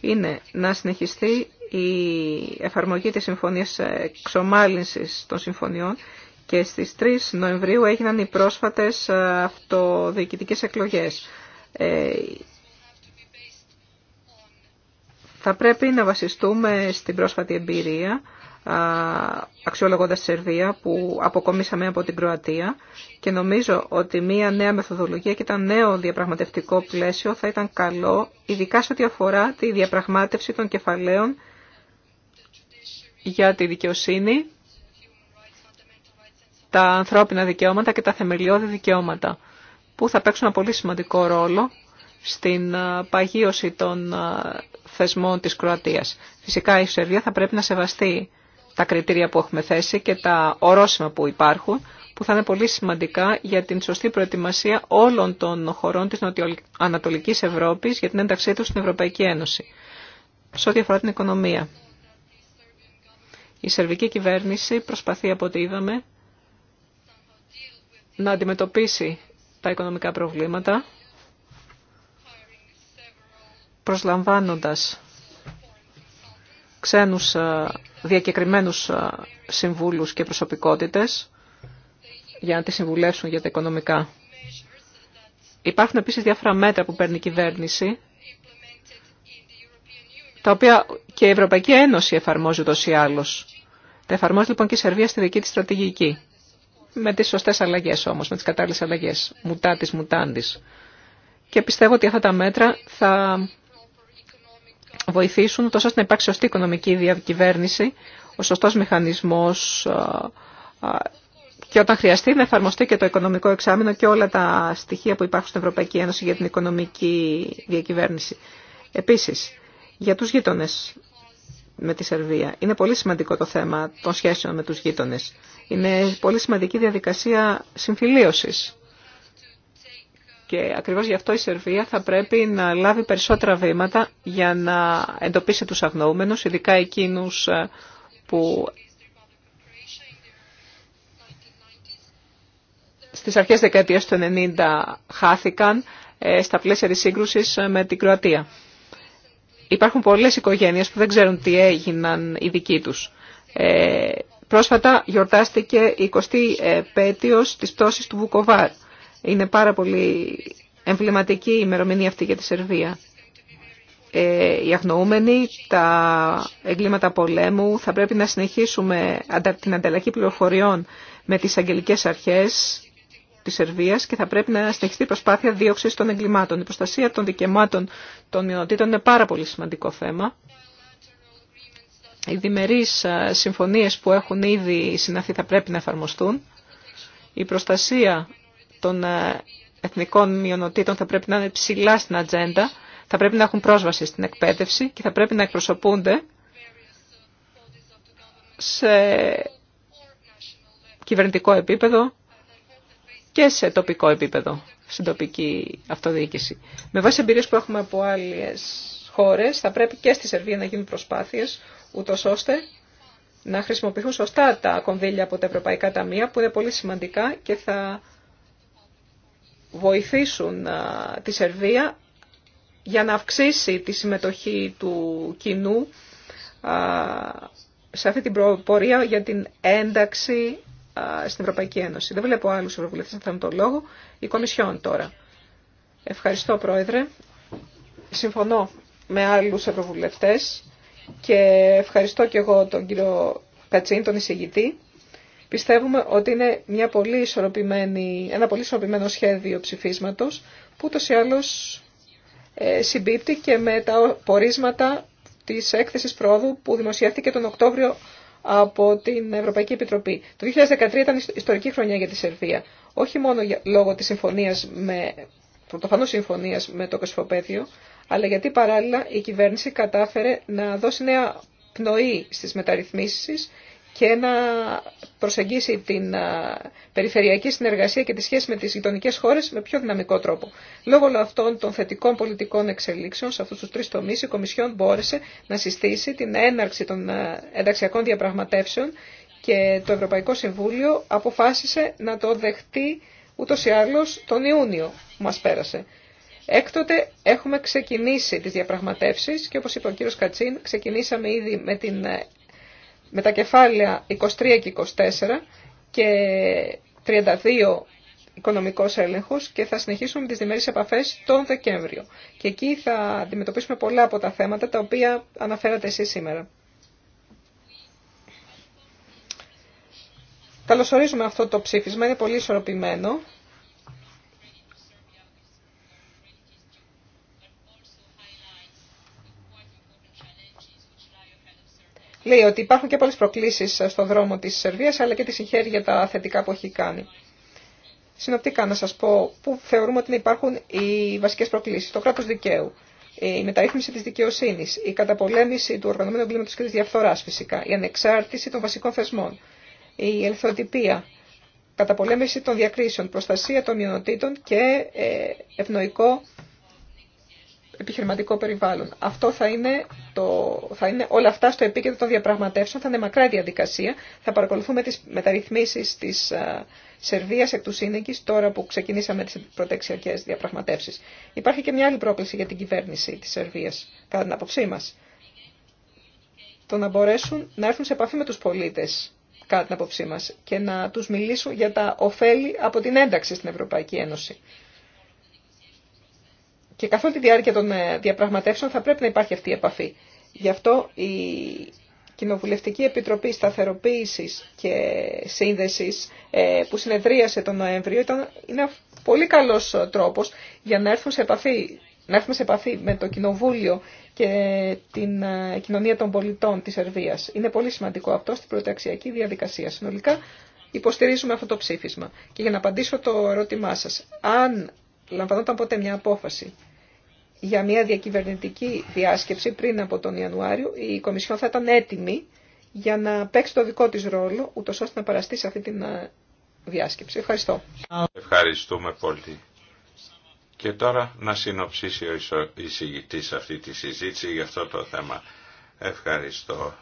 είναι να συνεχιστεί η εφαρμογή της Συμφωνίας Εξομάλυνσης των Συμφωνιών και στις 3 Νοεμβρίου έγιναν οι πρόσφατες αυτοδιοικητικές εκλογές. Ε, θα πρέπει να βασιστούμε στην πρόσφατη εμπειρία αξιολογώντας τη Σερβία που αποκομίσαμε από την Κροατία και νομίζω ότι μια νέα μεθοδολογία και ένα νέο διαπραγματευτικό πλαίσιο θα ήταν καλό ειδικά σε ό,τι αφορά τη διαπραγμάτευση των κεφαλαίων για τη δικαιοσύνη, τα ανθρώπινα δικαιώματα και τα θεμελιώδη δικαιώματα, που θα παίξουν ένα πολύ σημαντικό ρόλο στην παγίωση των θεσμών της Κροατίας. Φυσικά η Σερβία θα πρέπει να σεβαστεί τα κριτήρια που έχουμε θέσει και τα ορόσημα που υπάρχουν, που θα είναι πολύ σημαντικά για την σωστή προετοιμασία όλων των χωρών της Ανατολικής Ευρώπης για την ένταξή τους στην Ευρωπαϊκή Ένωση. Σε ό,τι αφορά την οικονομία. Η σερβική κυβέρνηση προσπαθεί από ό,τι είδαμε να αντιμετωπίσει τα οικονομικά προβλήματα προσλαμβάνοντας ξένους ε, διακεκριμένους ε, συμβούλους και προσωπικότητες για να τις συμβουλεύσουν για τα οικονομικά. Υπάρχουν επίσης διάφορα μέτρα που παίρνει η κυβέρνηση τα οποία και η Ευρωπαϊκή Ένωση εφαρμόζει ούτως ή άλλως. Τα εφαρμόζει λοιπόν και η Σερβία στη δική της στρατηγική. Με τις σωστές αλλαγές όμως, με τις κατάλληλες αλλαγές. μουτάν μουτάντης. Και πιστεύω ότι αυτά τα μέτρα θα βοηθήσουν τόσο ώστε να υπάρξει σωστή οικονομική διακυβέρνηση, ο σωστός μηχανισμός και όταν χρειαστεί να εφαρμοστεί και το οικονομικό εξάμεινο και όλα τα στοιχεία που υπάρχουν στην Ευρωπαϊκή Ένωση για την οικονομική διακυβέρνηση. Επίσης, για τους γείτονες με τη Σερβία. Είναι πολύ σημαντικό το θέμα των σχέσεων με τους γείτονες. Είναι πολύ σημαντική διαδικασία συμφιλίωσης. Και ακριβώς γι' αυτό η Σερβία θα πρέπει να λάβει περισσότερα βήματα για να εντοπίσει τους αγνοούμενους, ειδικά εκείνους ε, που στις αρχές δεκαετίας του 90 χάθηκαν ε, στα πλαίσια της σύγκρουσης ε, με την Κροατία. Υπάρχουν πολλές οικογένειες που δεν ξέρουν τι έγιναν οι δικοί τους. Ε, πρόσφατα γιορτάστηκε η 20η επέτειος της πτώσης του Βουκοβάρ. Είναι πάρα πολύ εμβληματική η πετειος της πτωσης του βουκοβαρ ειναι αυτή για τη Σερβία. Ε, οι αγνοούμενοι, τα εγκλήματα πολέμου, θα πρέπει να συνεχίσουμε την ανταλλαγή πληροφοριών με τις αγγελικές αρχές, της Σερβίας και θα πρέπει να συνεχιστεί η προσπάθεια δίωξης των εγκλημάτων. Η προστασία των δικαιωμάτων των μειονοτήτων είναι πάρα πολύ σημαντικό θέμα. Οι διμερείς συμφωνίες που έχουν ήδη συναθεί θα πρέπει να εφαρμοστούν. Η προστασία των εθνικών μειονοτήτων θα πρέπει να είναι ψηλά στην ατζέντα, θα πρέπει να έχουν πρόσβαση στην εκπαίδευση και θα πρέπει να εκπροσωπούνται σε κυβερνητικό επίπεδο και σε τοπικό επίπεδο, στην τοπική αυτοδιοίκηση. Με βάση εμπειρίες που έχουμε από άλλες χώρες, θα πρέπει και στη Σερβία να γίνουν προσπάθειες, ούτω ώστε να χρησιμοποιηθούν σωστά τα κονδύλια από τα Ευρωπαϊκά Ταμεία, που είναι πολύ σημαντικά και θα βοηθήσουν τη Σερβία για να αυξήσει τη συμμετοχή του κοινού σε αυτή την πορεία για την ένταξη στην Ευρωπαϊκή Ένωση. Δεν βλέπω άλλους ευρωβουλευτές να θέλουν τον λόγο. Η Κομισιόν τώρα. Ευχαριστώ, Πρόεδρε. Συμφωνώ με άλλους ευρωβουλευτές και ευχαριστώ και εγώ τον κύριο Κατσίν, τον εισηγητή. Πιστεύουμε ότι είναι μια πολύ ένα πολύ ισορροπημένο σχέδιο ψηφίσματος που ούτως ή άλλως ε, συμπίπτει και με τα πορίσματα της έκθεσης πρόοδου που δημοσιεύτηκε τον Οκτώβριο από την Ευρωπαϊκή Επιτροπή. Το 2013 ήταν ιστορική χρονιά για τη Σερβία. Όχι μόνο λόγω της συμφωνίας με, πρωτοφανούς συμφωνίας με το Κοσμοπέδιο, αλλά γιατί παράλληλα η κυβέρνηση κατάφερε να δώσει νέα πνοή στις μεταρρυθμίσεις και να προσεγγίσει την περιφερειακή συνεργασία και τη σχέση με τις γειτονικές χώρες με πιο δυναμικό τρόπο. Λόγω αυτών των θετικών πολιτικών εξελίξεων σε αυτούς τους τρεις τομείς η Κομισιόν μπόρεσε να συστήσει την έναρξη των ενταξιακών διαπραγματεύσεων και το Ευρωπαϊκό Συμβούλιο αποφάσισε να το δεχτεί ούτως ή άλλως τον Ιούνιο που μας πέρασε. Έκτοτε έχουμε ξεκινήσει τις διαπραγματεύσεις και όπως είπε ο κύριος Κατσίν ξεκινήσαμε ήδη με την με τα κεφάλαια 23 και 24 και 32 οικονομικός έλεγχος και θα συνεχίσουμε με τις διμερείς επαφές τον Δεκέμβριο. Και εκεί θα αντιμετωπίσουμε πολλά από τα θέματα τα οποία αναφέρατε εσείς σήμερα. Καλωσορίζουμε αυτό το ψήφισμα, είναι πολύ ισορροπημένο Λέει ότι υπάρχουν και πολλές προκλήσεις στον δρόμο της Σερβίας, αλλά και τη συγχαίρει για τα θετικά που έχει κάνει. Συνοπτικά να σας πω που θεωρούμε ότι υπάρχουν οι βασικές προκλήσεις. Το κράτος δικαίου, η μεταρρύθμιση της δικαιοσύνης, η καταπολέμηση του οργανωμένου εγκλήματος και της διαφθοράς φυσικά, η ανεξάρτηση των βασικών θεσμών, η ελθοτυπία, καταπολέμηση των διακρίσεων, προστασία των μειονοτήτων και ε, ευνοϊκό επιχειρηματικό περιβάλλον. Αυτό θα είναι, το, θα είναι όλα αυτά στο επίκεντρο των διαπραγματεύσεων, θα είναι μακρά διαδικασία. Θα παρακολουθούμε τις μεταρρυθμίσεις της α, Σερβίας εκ του Σύνεγγης, τώρα που ξεκινήσαμε τις προτεξιακές διαπραγματεύσεις. Υπάρχει και μια άλλη πρόκληση για την κυβέρνηση της Σερβίας, κατά την άποψή μας. Το να μπορέσουν να έρθουν σε επαφή με τους πολίτες, κατά την άποψή μας, και να τους μιλήσουν για τα ωφέλη από την ένταξη στην Ευρωπαϊκή Ένωση. Και καθ' όλη τη διάρκεια των ε, διαπραγματεύσεων θα πρέπει να υπάρχει αυτή η επαφή. Γι' αυτό η Κοινοβουλευτική Επιτροπή Σταθεροποίησης και Σύνδεσης ε, που συνεδρίασε τον Νοέμβριο ήταν, είναι πολύ καλός ε, τρόπος για να, έρθουν σε επαφή, να έρθουμε σε επαφή με το Κοινοβούλιο και την κοινωνία των πολιτών της Σερβίας. Είναι πολύ σημαντικό αυτό στην πρωταξιακή διαδικασία. Συνολικά υποστηρίζουμε αυτό το ψήφισμα. Και για να απαντήσω το ερώτημά σας, αν λαμβανόταν ποτέ μια απόφαση για μια διακυβερνητική διάσκεψη πριν από τον Ιανουάριο η Κομισιόν θα ήταν έτοιμη για να παίξει το δικό της ρόλο, ούτως ώστε να παραστεί σε αυτή τη διάσκεψη. Ευχαριστώ. Ευχαριστούμε πολύ. Και τώρα να συνοψίσει ο εισηγητής αυτή τη συζήτηση για αυτό το θέμα. Ευχαριστώ.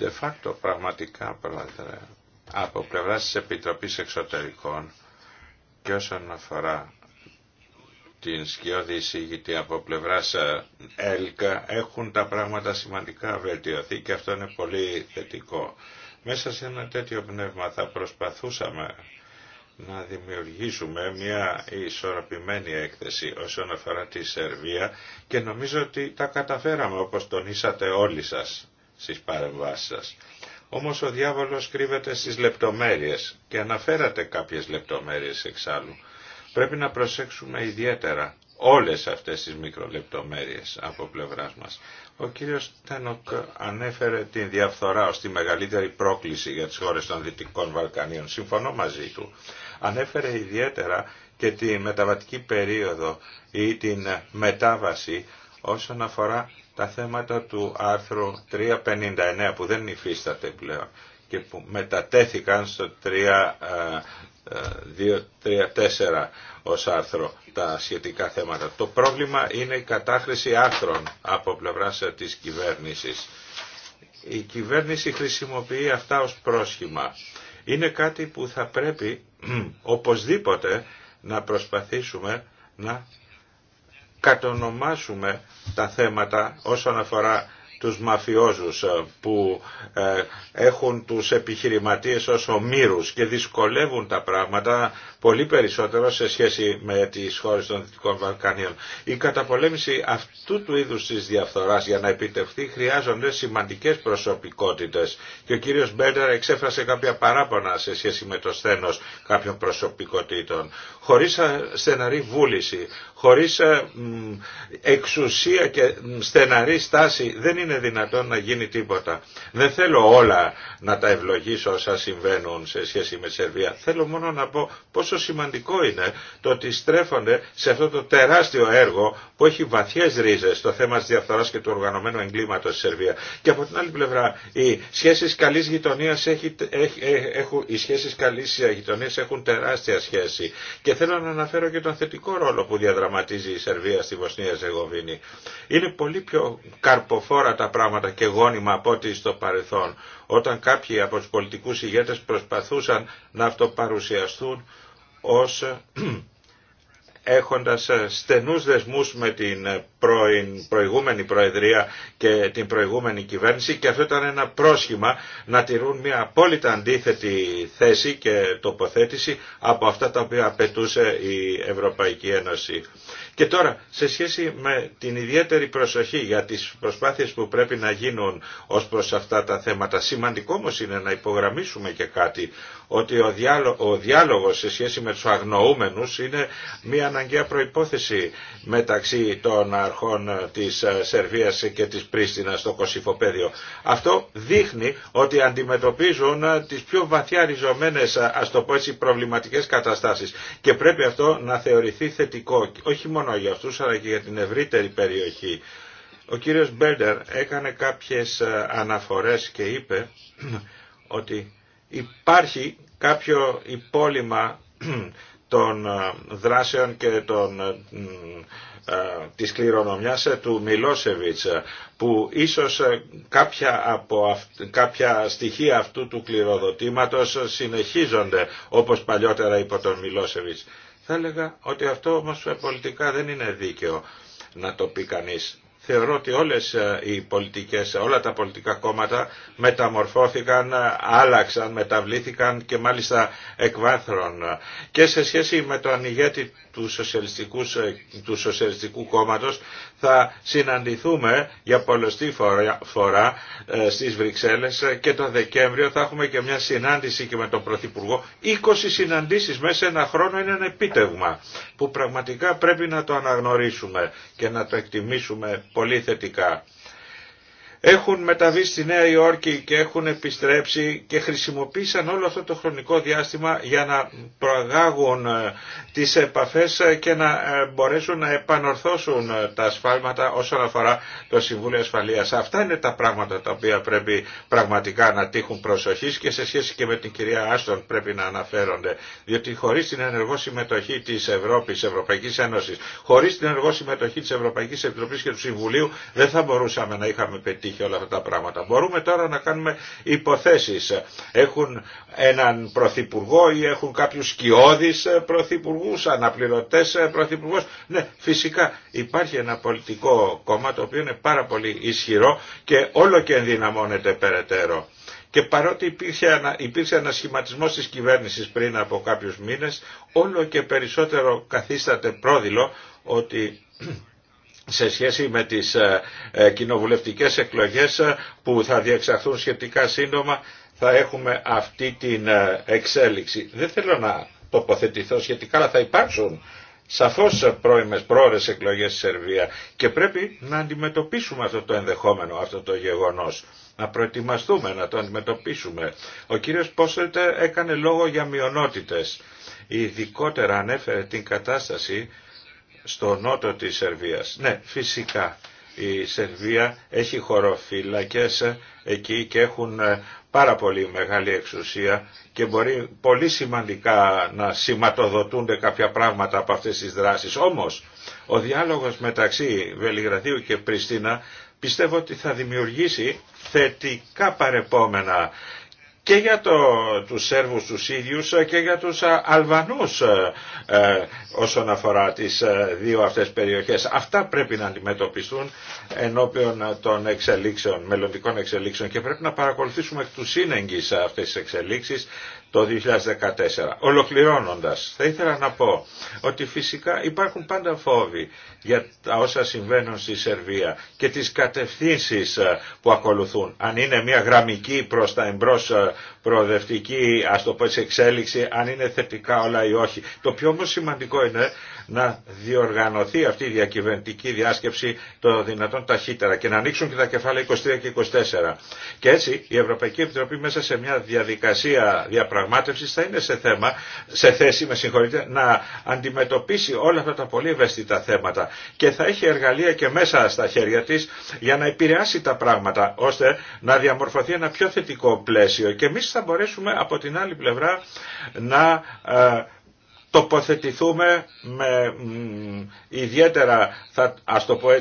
De facto, πραγματικά, πρόεδρε, από πλευρά της Επιτροπής Εξωτερικών και όσον αφορά την σκιώδη εισήγητη από πλευράς ε, ΕΛΚΑ έχουν τα πράγματα σημαντικά βελτιωθεί και αυτό είναι πολύ θετικό. Μέσα σε ένα τέτοιο πνεύμα θα προσπαθούσαμε να δημιουργήσουμε μια ισορροπημένη έκθεση όσον αφορά τη Σερβία και νομίζω ότι τα καταφέραμε όπως τονίσατε όλοι σας στις παρεμβάσεις σας. Όμως ο διάβολος κρύβεται στις λεπτομέρειες και αναφέρατε κάποιες λεπτομέρειες εξάλλου. Πρέπει να προσέξουμε ιδιαίτερα όλες αυτές τις μικρολεπτομέρειες από πλευράς μας. Ο κύριος Τένοκ ανέφερε την διαφθορά ως τη μεγαλύτερη πρόκληση για τις χώρες των Δυτικών Βαλκανίων. Συμφωνώ μαζί του. Ανέφερε ιδιαίτερα και τη μεταβατική περίοδο ή την μετάβαση όσον αφορά τα θέματα του άρθρου 359 που δεν υφίσταται πλέον και που μετατέθηκαν στο 3 2, 3, 4 ως άρθρο τα σχετικά θέματα. Το πρόβλημα είναι η κατάχρηση άρθρων από πλευράς ε, της κυβέρνησης. Η κυβέρνηση χρησιμοποιεί αυτά ως πρόσχημα. Είναι κάτι που θα πρέπει οπωσδήποτε να προσπαθήσουμε να κατονομάσουμε τα θέματα όσον αφορά τους μαφιόζους ε, που ε, έχουν τους επιχειρηματίες ως ομήρους και δυσκολεύουν τα πράγματα πολύ περισσότερο σε σχέση με τις χώρες των Δυτικών Βαλκανίων. Η καταπολέμηση αυτού του είδους της διαφθοράς για να επιτευχθεί χρειάζονται σημαντικές προσωπικότητες και ο κύριος Μπέντερ εξέφρασε κάποια παράπονα σε σχέση με το σθένος κάποιων προσωπικότητων. Χωρίς ε, στεναρή βούληση, χωρίς εξουσία και στεναρή στάση δεν είναι είναι δυνατόν να γίνει τίποτα. Δεν θέλω όλα να τα ευλογήσω όσα συμβαίνουν σε σχέση με τη Σερβία. Θέλω μόνο να πω πόσο σημαντικό είναι το ότι στρέφονται σε αυτό το τεράστιο έργο που έχει βαθιές ρίζες στο θέμα της διαφθοράς και του οργανωμένου εγκλήματος στη Σερβία. Και από την άλλη πλευρά οι σχέσεις καλής γειτονίας έχει, ε, έχουν, οι σχέσεις καλής γειτονίας έχουν τεράστια σχέση. Και θέλω να αναφέρω και τον θετικό ρόλο που διαδραματίζει η Σερβία στη Βοσνία Ζεγοβίνη. Είναι πολύ πιο καρποφόρα τα πράγματα και γόνιμα από ό,τι στο παρελθόν. Όταν κάποιοι από τους πολιτικούς ηγέτες προσπαθούσαν να αυτοπαρουσιαστούν ως έχοντας ε, στενούς δεσμούς με την ε, προηγούμενη Προεδρία και την προηγούμενη κυβέρνηση και αυτό ήταν ένα πρόσχημα να τηρούν μια απόλυτα αντίθετη θέση και τοποθέτηση από αυτά τα οποία απαιτούσε η Ευρωπαϊκή Ένωση. Και τώρα, σε σχέση με την ιδιαίτερη προσοχή για τις προσπάθειες που πρέπει να γίνουν ως προς αυτά τα θέματα, σημαντικό όμως είναι να υπογραμμίσουμε και κάτι, ότι ο, διάλο, διάλογος σε σχέση με τους αγνοούμενους είναι μια αναγκαία προϋπόθεση μεταξύ των αρχών της ε, Σερβίας και της Πρίστινα στο Κωσυφοπέδιο. Αυτό δείχνει ότι αντιμετωπίζουν ε, τις πιο βαθιά ριζωμένες, ε, ας το πω έτσι, προβληματικές καταστάσεις και πρέπει αυτό να θεωρηθεί θετικό, όχι μόνο μόνο για αυτούς αλλά και για την ευρύτερη περιοχή. Ο κύριος Μπέντερ έκανε κάποιες ε, αναφορές και είπε ότι υπάρχει κάποιο υπόλοιμα των ε, δράσεων και των, ε, της κληρονομιάς του Μιλόσεβιτς που ίσως κάποια, από κάποια στοιχεία αυτού του κληροδοτήματος συνεχίζονται όπως παλιότερα υπό τον Μιλόσεβιτς. Θα έλεγα ότι αυτό όμως πολιτικά δεν είναι δίκαιο να το πει κανείς θεωρώ ότι όλες ε, οι πολιτικές, όλα τα πολιτικά κόμματα μεταμορφώθηκαν, ε, άλλαξαν, μεταβλήθηκαν και μάλιστα εκβάθρων. Και σε σχέση με το ηγέτη του, ε, του Σοσιαλιστικού Κόμματος θα συναντηθούμε για πολλωστή φορά, στις Βρυξέλλες και το Δεκέμβριο θα έχουμε και μια συνάντηση και με τον Πρωθυπουργό. 20 συναντήσεις μέσα ένα χρόνο είναι ένα επίτευγμα που πραγματικά πρέπει να το αναγνωρίσουμε και να το εκτιμήσουμε πολύ θετικά έχουν μεταβεί στη Νέα Υόρκη και έχουν επιστρέψει και χρησιμοποίησαν όλο αυτό το χρονικό διάστημα για να προαγάγουν ε, τις επαφές ε, και να ε, μπορέσουν να επανορθώσουν τα ασφάλματα όσον αφορά το Συμβούλιο Ασφαλείας. Αυτά είναι τα πράγματα τα οποία πρέπει πραγματικά να τύχουν προσοχή και σε σχέση και με την κυρία Άστον πρέπει να αναφέρονται. Διότι χωρίς την ενεργό συμμετοχή της Ευρώπης, Ευρωπαϊκής Ένωσης, χωρίς την ενεργό συμμετοχή της Ευρωπαϊκής Επιτροπής και του Συμβουλίου δεν θα μπορούσαμε να είχαμε πετύχει και όλα αυτά τα πράγματα. Μπορούμε τώρα να κάνουμε υποθέσεις. Έχουν έναν πρωθυπουργό ή έχουν κάποιους σκιώδεις πρωθυπουργούς, αναπληρωτές πρωθυπουργούς. Ναι, φυσικά υπάρχει ένα πολιτικό κόμμα το οποίο είναι πάρα πολύ ισχυρό και όλο και ενδυναμώνεται περαιτέρω. Και παρότι υπήρχε, ένα υπήρξε ανασχηματισμός της κυβέρνησης πριν από κάποιους μήνες, όλο και περισσότερο καθίσταται πρόδειλο ότι σε σχέση με τις ε, ε, κοινοβουλευτικές εκλογές ε, που θα διεξαχθούν σχετικά σύντομα θα έχουμε αυτή την εξέλιξη. Δεν θέλω να τοποθετηθώ σχετικά, αλλά θα υπάρξουν σαφώς πρώιμες, πρόορες εκλογές στη Σερβία και πρέπει να αντιμετωπίσουμε αυτό το ενδεχόμενο, αυτό το γεγονός. Να προετοιμαστούμε, να το αντιμετωπίσουμε. Ο κύριος Πόσελτ έκανε λόγο για μειονότητες. Ειδικότερα ανέφερε την κατάσταση στο νότο της Σερβίας. Ναι, φυσικά η Σερβία έχει χωροφύλακες εκεί και έχουν ε, πάρα πολύ μεγάλη εξουσία και μπορεί πολύ σημαντικά να σηματοδοτούνται κάποια πράγματα από αυτές τις δράσεις. Όμως, ο διάλογος μεταξύ Βελιγραδίου και Πριστίνα πιστεύω ότι θα δημιουργήσει θετικά παρεπόμενα και για το, τους Σέρβους τους ίδιους ε, και για τους ε, Αλβανούς ε, ε, όσον αφορά τις δύο αυτές περιοχές. Αυτά πρέπει να αντιμετωπιστούν ενώπιον των εξελίξεων, μελλοντικών εξελίξεων και πρέπει να παρακολουθήσουμε εκ του σύνεγγυς αυτές τις εξελίξεις το 2014. Ολοκληρώνοντας, θα ήθελα να πω ότι φυσικά υπάρχουν πάντα φόβοι για τα όσα συμβαίνουν στη Σερβία και τις κατευθύνσεις ε, που ακολουθούν. Αν είναι μια γραμμική προς τα εμπρός ε, προοδευτική, ας το πω σε εξέλιξη, αν είναι θετικά όλα ή όχι. Το πιο όμως σημαντικό είναι να διοργανωθεί αυτή η διακυβερνητική διάσκεψη το δυνατόν ταχύτερα και να ανοίξουν και τα κεφάλαια 23 και 24. Και έτσι η Ευρωπαϊκή Επιτροπή μέσα σε μια διαδικασία διαπραγματεύσεων θα είναι σε, θέμα, σε θέση με να αντιμετωπίσει όλα αυτά τα πολύ ευαίσθητα θέματα και θα έχει εργαλεία και μέσα στα χέρια της για να επηρεάσει τα πράγματα ώστε να διαμορφωθεί ένα πιο θετικό πλαίσιο και εμείς θα μπορέσουμε από την άλλη πλευρά να ε, τοποθετηθούμε με ιδιαίτερα, θα, ας το πω ε,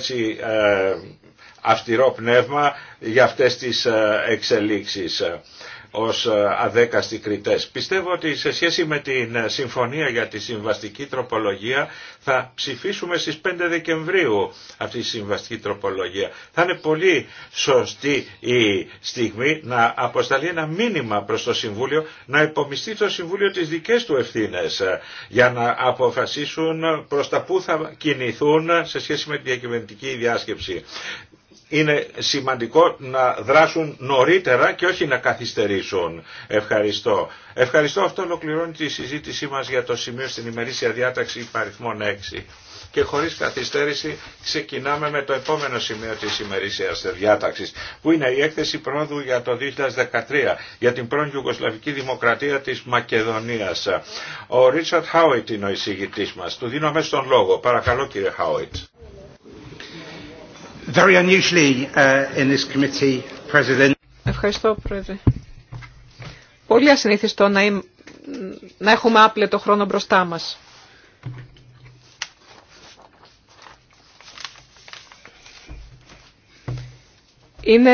αυστηρό πνεύμα για αυτές τις ε, εξελίξεις ως ε, αδέκαστοι κριτές. Πιστεύω ότι σε σχέση με την ε, συμφωνία για τη συμβαστική τροπολογία θα ψηφίσουμε στις 5 Δεκεμβρίου αυτή τη συμβαστική τροπολογία. Θα είναι πολύ σωστή η στιγμή να αποσταλεί ένα μήνυμα προς το Συμβούλιο, να υπομειστεί το Συμβούλιο τις δικές του ευθύνες ε, για να αποφασίσουν προς τα που θα κινηθούν σε σχέση με τη διακυβερνητική διάσκεψη είναι σημαντικό να δράσουν νωρίτερα και όχι να καθυστερήσουν. Ευχαριστώ. Ευχαριστώ. Αυτό ολοκληρώνει τη συζήτησή μας για το σημείο στην ημερήσια διάταξη υπαριθμών 6. Και χωρίς καθυστέρηση ξεκινάμε με το επόμενο σημείο της ημερήσιας διάταξης, που είναι η έκθεση πρόοδου για το 2013 για την πρώην Ιουγκοσλαβική Δημοκρατία της Μακεδονίας. Ο Ρίτσαρτ Χάουιτ είναι ο εισηγητής μας. Του δίνω μέσα τον λόγο. Παρακαλώ κύριε Χάουιτ. Uh, Ευχαριστώ, Πρόεδρε. Πολύ ασυνήθιστο να, έχουμε να έχουμε άπλετο χρόνο μπροστά μας. Είναι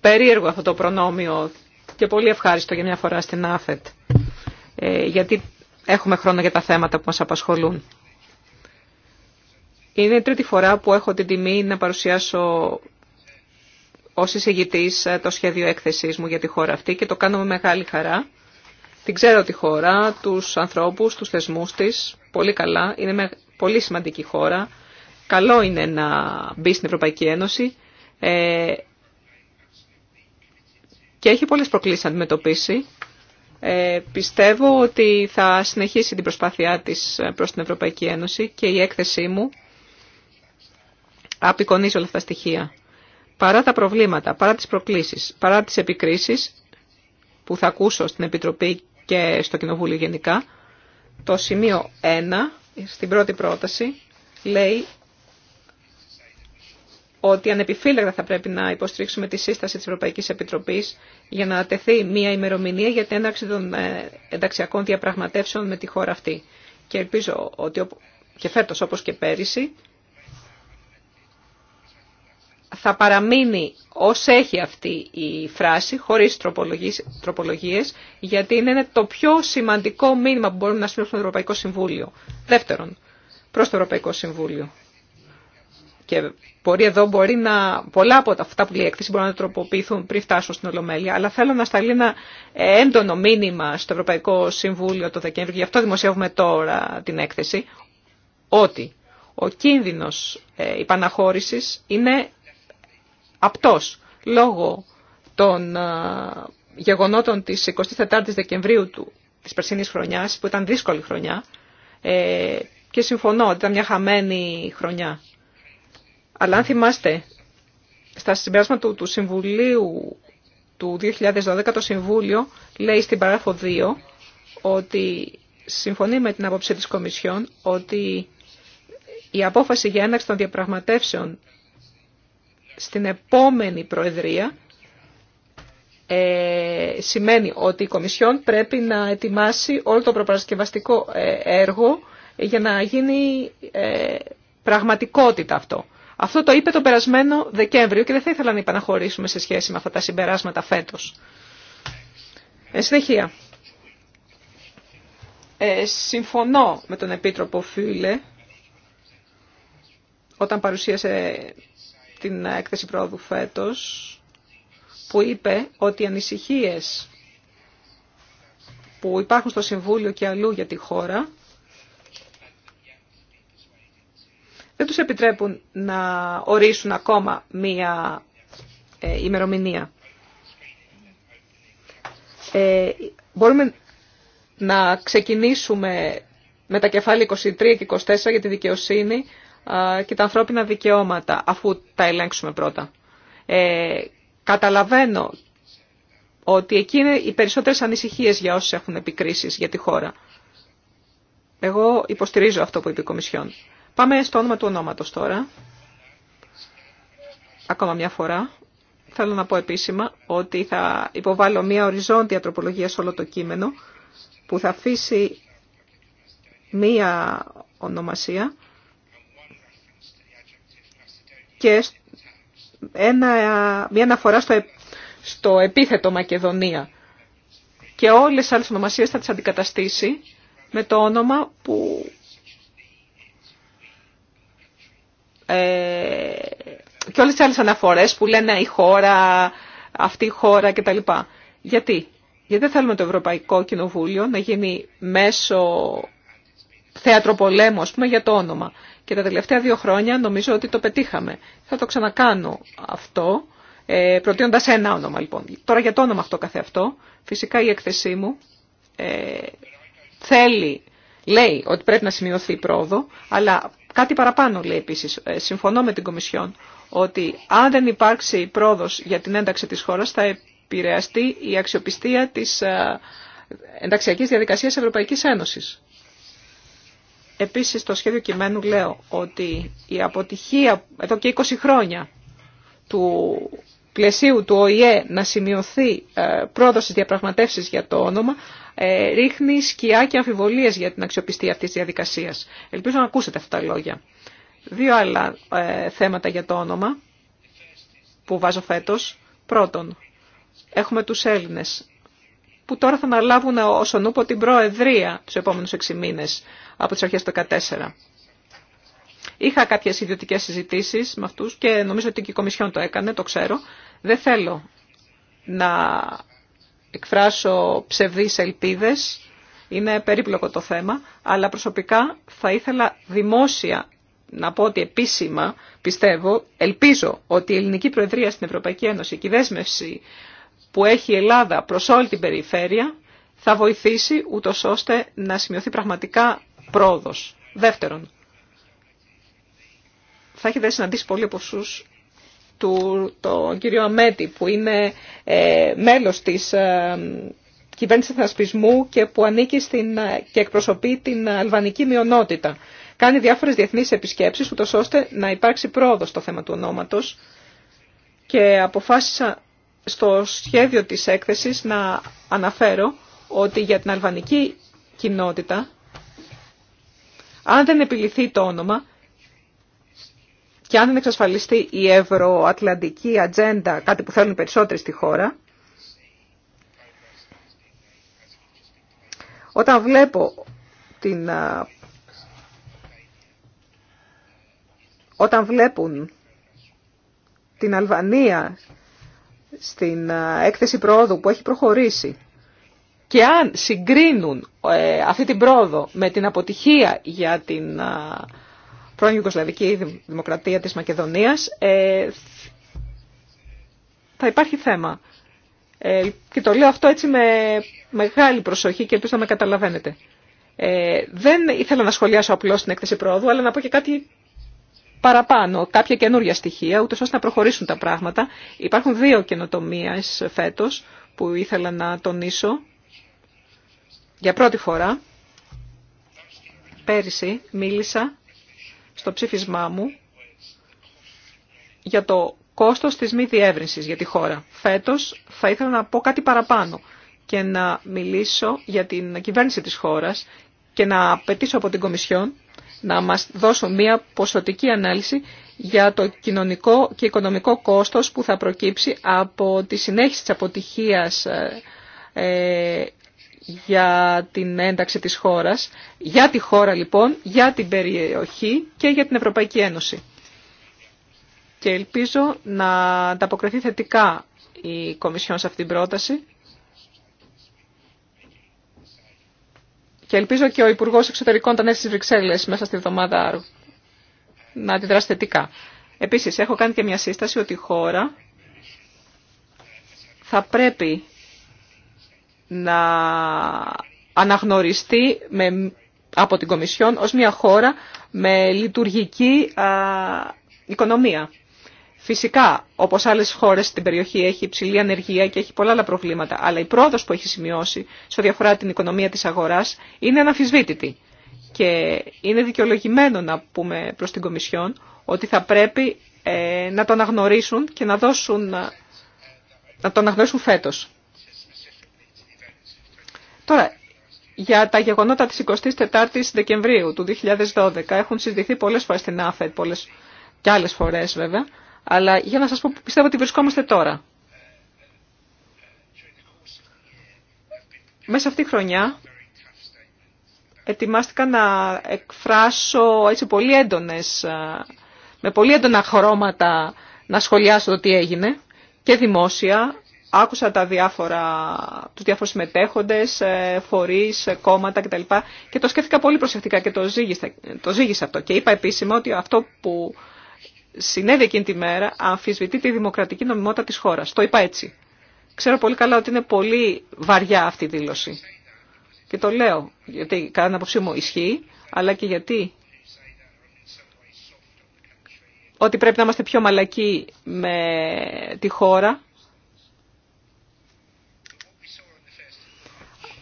περίεργο αυτό το προνόμιο και πολύ ευχάριστο για μια φορά στην ΑΦΕΤ, ε, γιατί έχουμε χρόνο για τα θέματα που μας απασχολούν. Είναι η τρίτη φορά που έχω την τιμή να παρουσιάσω ως εισηγητής ε, το σχέδιο έκθεσής μου για τη χώρα αυτή και το κάνω με μεγάλη χαρά. Την ξέρω τη χώρα, τους ανθρώπους, τους θεσμούς της, πολύ καλά. Είναι με πολύ σημαντική χώρα. Καλό είναι να μπει στην Ευρωπαϊκή Ένωση ε, και έχει πολλές προκλήσεις να αντιμετωπίσει. Ε, πιστεύω ότι θα συνεχίσει την προσπάθειά της ε, προς την Ευρωπαϊκή Ένωση και η έκθεσή μου απεικονίζει όλα αυτά τα στοιχεία. Παρά τα προβλήματα, παρά τις προκλήσεις, παρά τις επικρίσεις που θα ακούσω στην Επιτροπή και στο Κοινοβούλιο γενικά, το σημείο 1 στην πρώτη πρόταση λέει ότι ανεπιφύλακτα θα πρέπει να υποστηρίξουμε τη σύσταση της Ευρωπαϊκής Επιτροπής για να τεθεί μια ημερομηνία για την έναρξη των ε, ενταξιακών διαπραγματεύσεων με τη χώρα αυτή. Και ελπίζω ότι και φέτος όπως και πέρυσι θα παραμείνει ως έχει αυτή η φράση, χωρίς τροπολογίες, γιατί είναι το πιο σημαντικό μήνυμα που μπορούμε να στείλουμε στο Ευρωπαϊκό Συμβούλιο. Δεύτερον, προς το Ευρωπαϊκό Συμβούλιο. Και μπορεί εδώ μπορεί να, πολλά από αυτά που λέει η έκθεση μπορούν να τροποποιηθούν πριν φτάσουν στην Ολομέλεια. Αλλά θέλω να σταλεί ένα έντονο μήνυμα στο Ευρωπαϊκό Συμβούλιο το Δεκέμβριο, γι' αυτό δημοσιεύουμε τώρα την έκθεση, ότι ο κίνδυνος ε, υπαναχώρησης είναι απτός λόγω των ε, γεγονότων της 24ης Δεκεμβρίου του, της περσίνης χρονιάς, που ήταν δύσκολη χρονιά, ε, και συμφωνώ ότι ήταν μια χαμένη χρονιά. Αλλά αν θυμάστε, στα συμπέρασμα του, του Συμβουλίου του 2012, το Συμβούλιο λέει στην παράγραφο 2 ότι συμφωνεί με την άποψη της Κομισιόν ότι η απόφαση για έναρξη των διαπραγματεύσεων στην επόμενη Προεδρία ε, σημαίνει ότι η Κομισιόν πρέπει να ετοιμάσει όλο το προπαρασκευαστικό ε, έργο για να γίνει ε, πραγματικότητα αυτό. Αυτό το είπε το περασμένο Δεκέμβριο και δεν θα ήθελα να υπαναχωρήσουμε σε σχέση με αυτά τα συμπεράσματα φέτος. Εν συνεχεία, ε, συμφωνώ με τον Επίτροπο Φίλε όταν παρουσίασε την έκθεση πρόοδου φέτος που είπε ότι οι ανησυχίες που υπάρχουν στο Συμβούλιο και αλλού για τη χώρα δεν τους επιτρέπουν να ορίσουν ακόμα μία ε, ημερομηνία. Ε, μπορούμε να ξεκινήσουμε με τα κεφάλαια 23 και 24 για τη δικαιοσύνη και τα ανθρώπινα δικαιώματα, αφού τα ελέγξουμε πρώτα. Ε, καταλαβαίνω ότι εκεί είναι οι περισσότερες ανησυχίες για όσους έχουν επικρίσεις για τη χώρα. Εγώ υποστηρίζω αυτό που είπε η Κομισιόν. Πάμε στο όνομα του ονόματος τώρα. Ακόμα μια φορά. Θέλω να πω επίσημα ότι θα υποβάλω μια οριζόντια τροπολογία σε όλο το κείμενο που θα αφήσει μία ονομασία και μια αναφορά στο, στο επίθετο Μακεδονία. Και όλες τις άλλες ονομασίες θα τις αντικαταστήσει με το όνομα που ε, και όλες τις άλλες αναφορές που λένε η χώρα, αυτή η χώρα κτλ. Γιατί? Γιατί δεν θέλουμε το Ευρωπαϊκό Κοινοβούλιο να γίνει μέσο θέατρο πολέμου, α πούμε, για το όνομα. Και τα τελευταία δύο χρόνια νομίζω ότι το πετύχαμε. Θα το ξανακάνω αυτό, ε, προτείνοντας ένα όνομα λοιπόν. Τώρα για το όνομα αυτό καθεαυτό, φυσικά η έκθεσή μου ε, θέλει, λέει ότι πρέπει να σημειωθεί η πρόοδο, αλλά κάτι παραπάνω λέει επίση, ε, συμφωνώ με την Κομισιόν, ότι αν δεν υπάρξει πρόοδο για την ένταξη τη χώρα, θα επηρεαστεί η αξιοπιστία της ε, ενταξιακής διαδικασίας Ευρωπαϊκής Ένωσης. Επίσης στο σχέδιο κειμένου λέω ότι η αποτυχία εδώ και 20 χρόνια του πλαισίου του ΟΗΕ να σημειωθεί ε, πρόοδος στις διαπραγματεύσεις για το όνομα ε, ρίχνει σκιά και αμφιβολίες για την αξιοπιστία αυτής της διαδικασίας. Ελπίζω να ακούσετε αυτά τα λόγια. Δύο άλλα ε, θέματα για το όνομα που βάζω φέτος. Πρώτον, έχουμε τους Έλληνες που τώρα θα αναλάβουν όσον Σονούπο την προεδρία τους επόμενους 6 μήνες από τις αρχές του 2014. Είχα κάποιες ιδιωτικές συζητήσεις με αυτούς και νομίζω ότι και η Κομισιόν το έκανε, το ξέρω. Δεν θέλω να εκφράσω ψευδείς ελπίδες, είναι περίπλοκο το θέμα, αλλά προσωπικά θα ήθελα δημόσια να πω ότι επίσημα πιστεύω, ελπίζω ότι η ελληνική προεδρία στην Ευρωπαϊκή Ένωση και η δέσμευση που έχει η Ελλάδα προς όλη την περιφέρεια θα βοηθήσει ούτω ώστε να σημειωθεί πραγματικά πρόοδος. Δεύτερον, θα έχετε συναντήσει πολλοί από του, τον κύριο Αμέτη που είναι ε, μέλος της ε, κυβέρνησης εθνασπισμού και που ανήκει στην, ε, και εκπροσωπεί την αλβανική μειονότητα. Κάνει διάφορες διεθνείς επισκέψεις ούτως ώστε να υπάρξει πρόοδος στο θέμα του ονόματος και αποφάσισα στο σχέδιο της έκθεσης να αναφέρω ότι για την αλβανική κοινότητα, αν δεν επιληθεί το όνομα και αν δεν εξασφαλιστεί η ευρωατλαντική ατζέντα, κάτι που θέλουν περισσότεροι στη χώρα, όταν βλέπω την... Όταν βλέπουν την Αλβανία στην έκθεση πρόοδου που έχει προχωρήσει και αν συγκρίνουν ε, αυτή την πρόοδο με την αποτυχία για την πρώην Ιουγκοσλαβική Δημοκρατία της Μακεδονίας, ε, θα υπάρχει θέμα. Ε, και το λέω αυτό έτσι με μεγάλη προσοχή και ελπίζω να με καταλαβαίνετε. Δεν ήθελα να σχολιάσω απλώς την έκθεση πρόοδου, αλλά να πω και κάτι παραπάνω, κάποια καινούργια στοιχεία, ούτως ώστε να προχωρήσουν τα πράγματα. Υπάρχουν δύο καινοτομίε φέτος που ήθελα να τονίσω για πρώτη φορά. Πέρυσι μίλησα στο ψήφισμά μου για το κόστος της μη διεύρυνσης για τη χώρα. Φέτος θα ήθελα να πω κάτι παραπάνω και να μιλήσω για την κυβέρνηση της χώρας και να απαιτήσω από την Κομισιόν να μας δώσουν μια ποσοτική ανάλυση για το κοινωνικό και οικονομικό κόστος που θα προκύψει από τη συνέχιση της αποτυχίας ε, ε, για την ένταξη της χώρας, για τη χώρα λοιπόν, για την περιοχή και για την Ευρωπαϊκή Ένωση. Και ελπίζω να ανταποκριθεί θετικά η Κομισιόν σε αυτή την πρόταση Και ελπίζω και ο Υπουργό Εξωτερικών όταν έρθει στι Βρυξέλλε μέσα στη βδομάδα να αντιδράσει θετικά. Επίση, έχω κάνει και μια σύσταση ότι η χώρα θα πρέπει να αναγνωριστεί με, από την Κομισιόν ως μια χώρα με λειτουργική οικονομία. Φυσικά, όπως άλλες χώρες στην περιοχή έχει υψηλή ανεργία και έχει πολλά άλλα προβλήματα, αλλά η πρόοδος που έχει σημειώσει σε ό,τι αφορά την οικονομία της αγοράς είναι αναφυσβήτητη. Και είναι δικαιολογημένο να πούμε προς την Κομισιόν ότι θα πρέπει ε, να τον αναγνωρίσουν και να, δώσουν, ε, να, να αναγνωρίσουν φέτος. Τώρα, για τα γεγονότα της 24ης Δεκεμβρίου του 2012 έχουν συζητηθεί πολλές φορές στην ΑΦΕΤ, πολλές και άλλες φορές βέβαια. Αλλά για να σας πω, πιστεύω ότι βρισκόμαστε τώρα. Μέσα αυτή τη χρονιά ετοιμάστηκα να εκφράσω έτσι πολύ έντονες, με πολύ έντονα χρώματα να σχολιάσω το τι έγινε και δημόσια. Άκουσα τα διάφορα, τους διάφορους συμμετέχοντες, ε, φορείς, ε, κόμματα κτλ. Και το σκέφτηκα πολύ προσεκτικά και το ζήγησα, το ζήγησα αυτό. Και είπα επίσημα ότι αυτό που συνέβη εκείνη τη μέρα αμφισβητεί τη δημοκρατική νομιμότητα της χώρας. Το είπα έτσι. Ξέρω πολύ καλά ότι είναι πολύ βαριά αυτή η δήλωση. Και το λέω, γιατί κατά την άποψή μου ισχύει, αλλά και γιατί ότι πρέπει να είμαστε πιο μαλακοί με τη χώρα.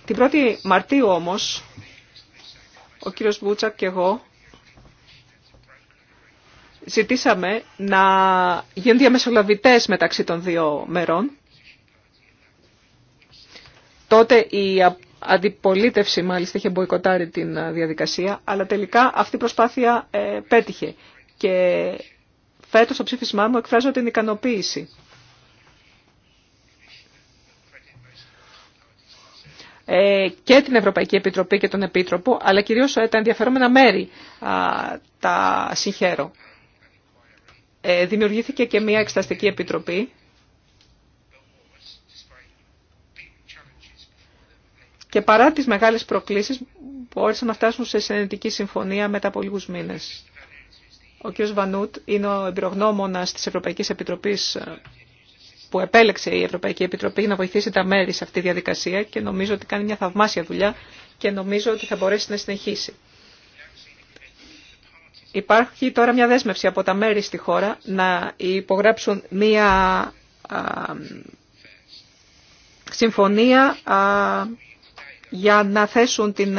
Την 1η Μαρτίου όμως, ο κύριος Μπούτσακ και εγώ ζητήσαμε να γίνουν διαμεσολαβητές μεταξύ των δύο μερών. Τότε η αντιπολίτευση μάλιστα είχε μποϊκοτάρει την διαδικασία, αλλά τελικά αυτή η προσπάθεια ε, πέτυχε. Και φέτος στο ψήφισμά μου εκφράζω την ικανοποίηση. Ε, και την Ευρωπαϊκή Επιτροπή και τον Επίτροπο, αλλά κυρίως ε, τα ενδιαφερόμενα μέρη τα συγχαίρω. Ε, δημιουργήθηκε και μια εξεταστική επιτροπή και παρά τις μεγάλες προκλήσεις μπόρεσαν να φτάσουν σε συνενετική συμφωνία μετά από λίγους μήνες. Ο κ. Βανούτ είναι ο εμπειρογνώμονας της Ευρωπαϊκής Επιτροπής ε, που επέλεξε η Ευρωπαϊκή Επιτροπή να βοηθήσει τα μέρη σε αυτή τη διαδικασία και νομίζω ότι κάνει μια θαυμάσια δουλειά και νομίζω ότι θα μπορέσει να συνεχίσει. Υπάρχει τώρα μια δέσμευση από τα μέρη στη χώρα να υπογράψουν μια συμφωνία για να θέσουν την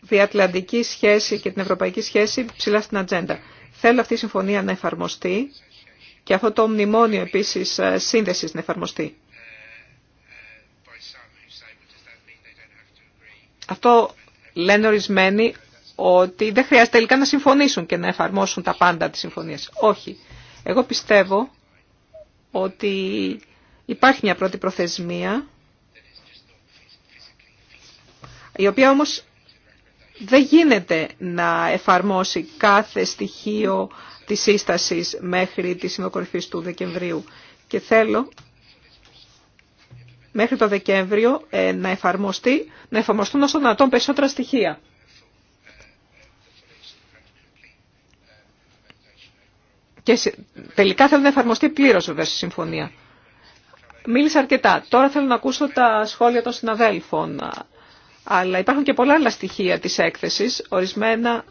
διατλαντική σχέση και την ευρωπαϊκή σχέση ψηλά στην ατζέντα. Θέλω αυτή η συμφωνία να εφαρμοστεί και αυτό το μνημόνιο επίσης σύνδεσης να εφαρμοστεί. Αυτό λένε ορισμένοι ότι δεν χρειάζεται τελικά να συμφωνήσουν και να εφαρμόσουν τα πάντα της συμφωνίας. Όχι. Εγώ πιστεύω ότι υπάρχει μια πρώτη προθεσμία, η οποία όμως δεν γίνεται να εφαρμόσει κάθε στοιχείο της σύστασης μέχρι τη συνοκορυφή του Δεκεμβρίου. Και θέλω μέχρι το Δεκέμβριο ε, να, εφαρμοστεί, να εφαρμοστούν όσο δυνατόν περισσότερα στοιχεία. Και τελικά θέλω να εφαρμοστεί πλήρω βέβαια στη συμφωνία. Μίλησα αρκετά. Τώρα θέλω να ακούσω τα σχόλια των συναδέλφων. Αλλά υπάρχουν και πολλά άλλα στοιχεία της έκθεσης, ορισμένα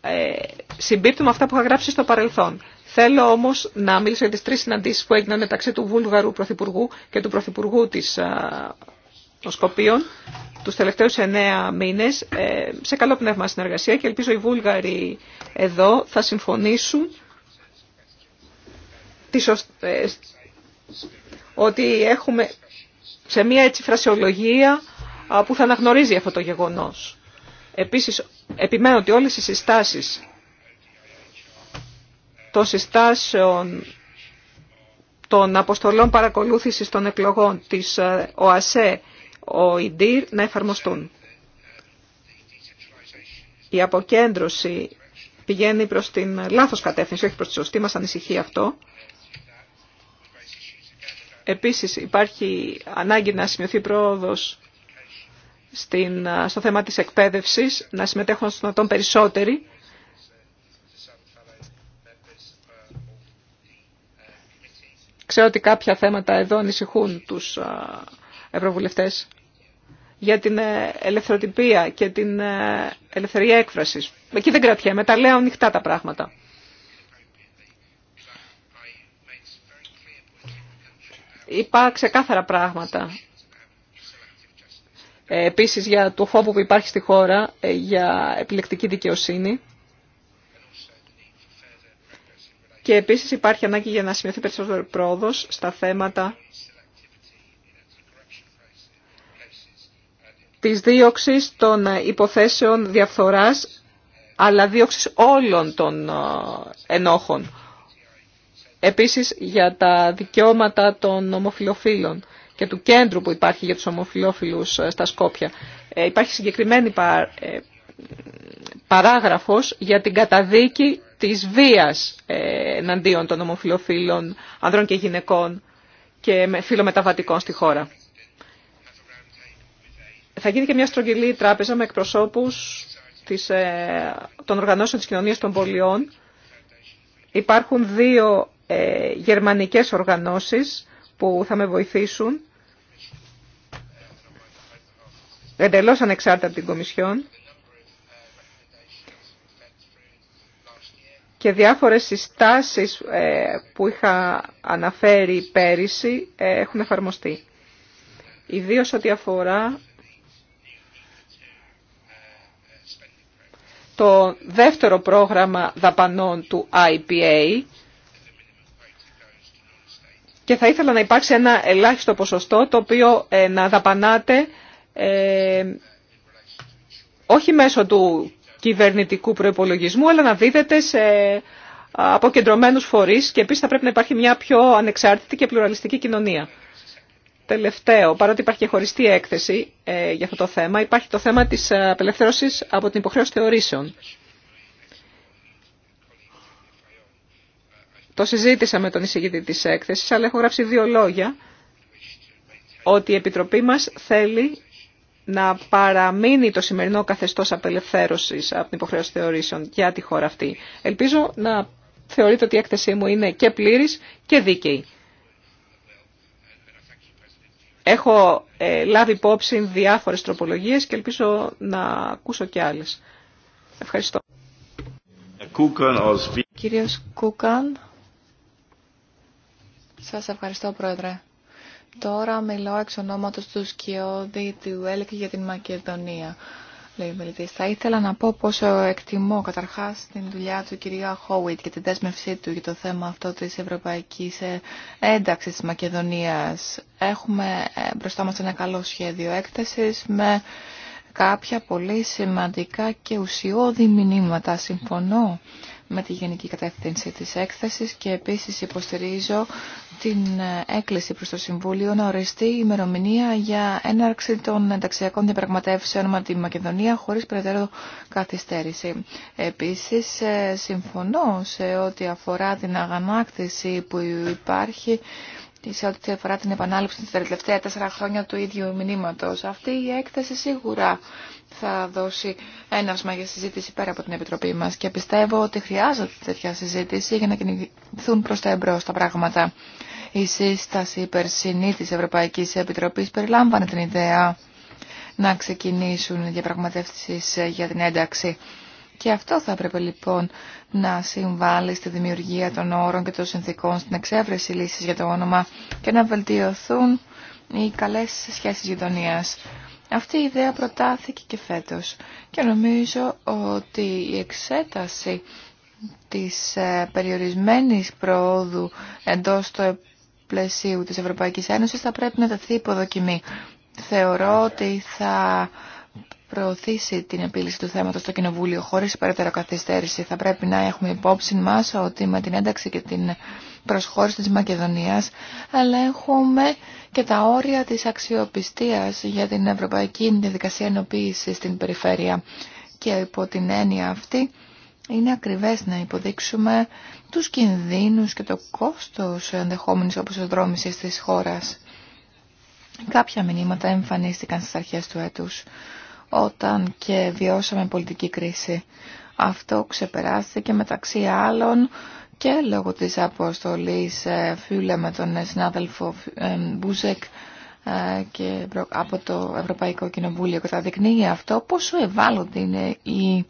ε, συμπίπτουν με αυτά που είχα γράψει στο παρελθόν. Θέλω όμως να μιλήσω για τις τρεις συναντήσεις που έγιναν μεταξύ του Βούλγαρου Πρωθυπουργού και του Πρωθυπουργού της Σκοπίων τους τελευταίους εννέα μήνες ε, σε καλό πνεύμα συνεργασία και ελπίζω οι Βούλγαροι εδώ θα συμφωνήσουν ε, ότι έχουμε σε μια έτσι φρασιολογία που θα αναγνωρίζει αυτό το γεγονός. Επίσης, επιμένω ότι όλες οι συστάσεις των συστάσεων των αποστολών παρακολούθησης των εκλογών της ε, ΟΑΣΕ ο ΙΝΤΙΡ να εφαρμοστούν. Η αποκέντρωση πηγαίνει προς την λάθος κατεύθυνση, όχι προς τη σωστή, μας ανησυχεί αυτό. Επίσης υπάρχει ανάγκη να σημειωθεί πρόοδος στην, στο θέμα της εκπαίδευσης, να συμμετέχουν στον ατόν περισσότεροι. Ξέρω ότι κάποια θέματα εδώ ανησυχούν τους ευρωβουλευτές για την ε, ελευθεροτυπία και την ε, ελευθερία έκφρασης. Εκεί δεν κρατιέμαι, τα λέω ανοιχτά τα πράγματα. Υπάρχουν ξεκάθαρα πράγματα. Ε, επίσης για το φόβο που υπάρχει στη χώρα για επιλεκτική δικαιοσύνη. Και επίσης υπάρχει ανάγκη για να σημειωθεί περισσότερο πρόοδος στα θέματα της δίωξης των ε, υποθέσεων διαφθοράς, αλλά δίωξης όλων των ε, ενόχων. Επίσης για τα δικαιώματα των ομοφιλοφίλων και του κέντρου που υπάρχει για τους ομοφιλόφιλους ε, στα Σκόπια. Υπάρχει συγκεκριμένη παράγραφος για την καταδίκη της βίας εναντίον των ομοφιλοφίλων ανδρών και γυναικών και φιλομεταβατικών στη χώρα θα γίνει και μια στρογγυλή τράπεζα με εκπροσώπους της, ε, των οργανώσεων της κοινωνίας των πολιών. Υπάρχουν δύο ε, γερμανικές οργανώσεις που θα με βοηθήσουν. Εντελώς ανεξάρτητα από την Κομισιόν. Και διάφορες συστάσεις ε, που είχα αναφέρει πέρυσι έχουν εφαρμοστεί. Ιδίως ό,τι αφορά το δεύτερο πρόγραμμα δαπανών του IPA και θα ήθελα να υπάρξει ένα ελάχιστο ποσοστό το οποίο ε, να δαπανάτε όχι μέσω του κυβερνητικού προϋπολογισμού αλλά να δίδεται σε αποκεντρωμένους φορείς και επίσης θα πρέπει να υπάρχει μια πιο ανεξάρτητη και πλουραλιστική κοινωνία τελευταίο, παρότι υπάρχει και χωριστή έκθεση ε, για αυτό το θέμα, υπάρχει το θέμα της απελευθέρωσης από την υποχρέωση θεωρήσεων. Το συζήτησα με τον εισηγητή της έκθεσης, αλλά έχω γράψει δύο λόγια ότι η Επιτροπή μας θέλει να παραμείνει το σημερινό καθεστώς απελευθέρωσης από την υποχρέωση θεωρήσεων για τη χώρα αυτή. Ελπίζω να θεωρείτε ότι η έκθεσή μου είναι και πλήρης και δίκαιη. Έχω ε, λάβει υπόψη διάφορες τροπολογίες και ελπίζω να ακούσω και άλλες. Ευχαριστώ. Κύριος Κούκαν, σας ευχαριστώ Πρόεδρε. Τώρα μιλώ εξ ονόματος του Σκιώδη του ΕΛΚ για την Μακεδονία λέει ο Θα ήθελα να πω πόσο εκτιμώ καταρχάς την δουλειά του κυρία Χόουιτ και την δέσμευσή του για το θέμα αυτό της ευρωπαϊκής ε, ένταξης της Μακεδονίας. Έχουμε ε, μπροστά μας ένα καλό σχέδιο έκθεσης με κάποια πολύ σημαντικά και ουσιώδη μηνύματα. Συμφωνώ με τη γενική κατεύθυνση της έκθεσης και επίσης υποστηρίζω την έκκληση προς το Συμβούλιο να οριστεί η ημερομηνία για έναρξη των ενταξιακών διαπραγματεύσεων με τη Μακεδονία χωρίς περαιτέρω καθυστέρηση. Επίσης, ε, συμφωνώ σε ό,τι αφορά την αγανάκτηση που υπάρχει σε ό,τι αφορά την επανάληψη τα τελευταία τέσσερα χρόνια του ίδιου μηνύματος. Αυτή η έκθεση σίγουρα θα δώσει έναυσμα για συζήτηση πέρα από την Επιτροπή μας και πιστεύω ότι χρειάζεται τέτοια συζήτηση για να κινηθούν προς τα εμπρό τα πράγματα. Η σύσταση υπερσυνή της Ευρωπαϊκής Επιτροπής περιλάμβανε την ιδέα να ξεκινήσουν διαπραγματεύσεις για την ένταξη και αυτό θα έπρεπε λοιπόν να συμβάλλει στη δημιουργία των όρων και των συνθήκων στην εξέβρεση λύσης για το όνομα και να βελτιωθούν οι καλές σχέσεις γειτονίας. Αυτή η ιδέα προτάθηκε και φέτος και νομίζω ότι η εξέταση της ε, περιορισμένης προόδου εντός του πλαισίου της Ευρωπαϊκής Ένωσης θα πρέπει να τεθεί υποδοκιμή. Θεωρώ ότι θα προωθήσει την επίλυση του θέματος στο Κοινοβούλιο χωρίς περαιτέρω καθυστέρηση. Θα πρέπει να έχουμε υπόψη μας ότι με την ένταξη και την προσχώρηση της Μακεδονίας αλλά έχουμε και τα όρια της αξιοπιστίας για την ευρωπαϊκή διαδικασία ενοποίηση στην περιφέρεια. Και υπό την έννοια αυτή είναι ακριβές να υποδείξουμε τους κινδύνους και το κόστος ενδεχόμενης δρόμηση της χώρας. Κάποια μηνύματα εμφανίστηκαν στις αρχές του έτους όταν και βιώσαμε πολιτική κρίση. Αυτό ξεπεράστηκε μεταξύ άλλων και λόγω της αποστολής ε, Φιούλε με τον συνάδελφο ε, Μπούζεκ ε, και από το Ευρωπαϊκό Κοινοβούλιο καταδεικνύει αυτό πόσο ευάλωτη είναι η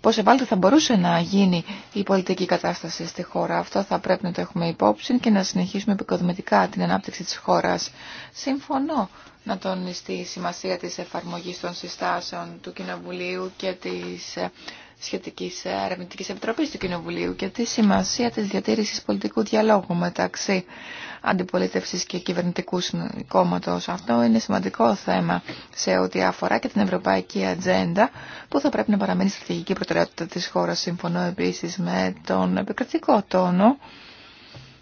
πώς θα μπορούσε να γίνει η πολιτική κατάσταση στη χώρα. Αυτό θα πρέπει να το έχουμε υπόψη και να συνεχίσουμε επικοδομητικά την ανάπτυξη της χώρας. Συμφωνώ να τονιστεί η σημασία της εφαρμογής των συστάσεων του Κοινοβουλίου και της ε, σχετικής ε, ερευνητική επιτροπής του Κοινοβουλίου και τη σημασία της διατήρησης πολιτικού διαλόγου μεταξύ αντιπολίτευσης και κυβερνητικού κόμματος. Αυτό είναι σημαντικό θέμα σε ό,τι αφορά και την ευρωπαϊκή ατζέντα που θα πρέπει να παραμείνει στρατηγική προτεραιότητα της χώρας. Συμφωνώ επίσης με τον επικρατικό τόνο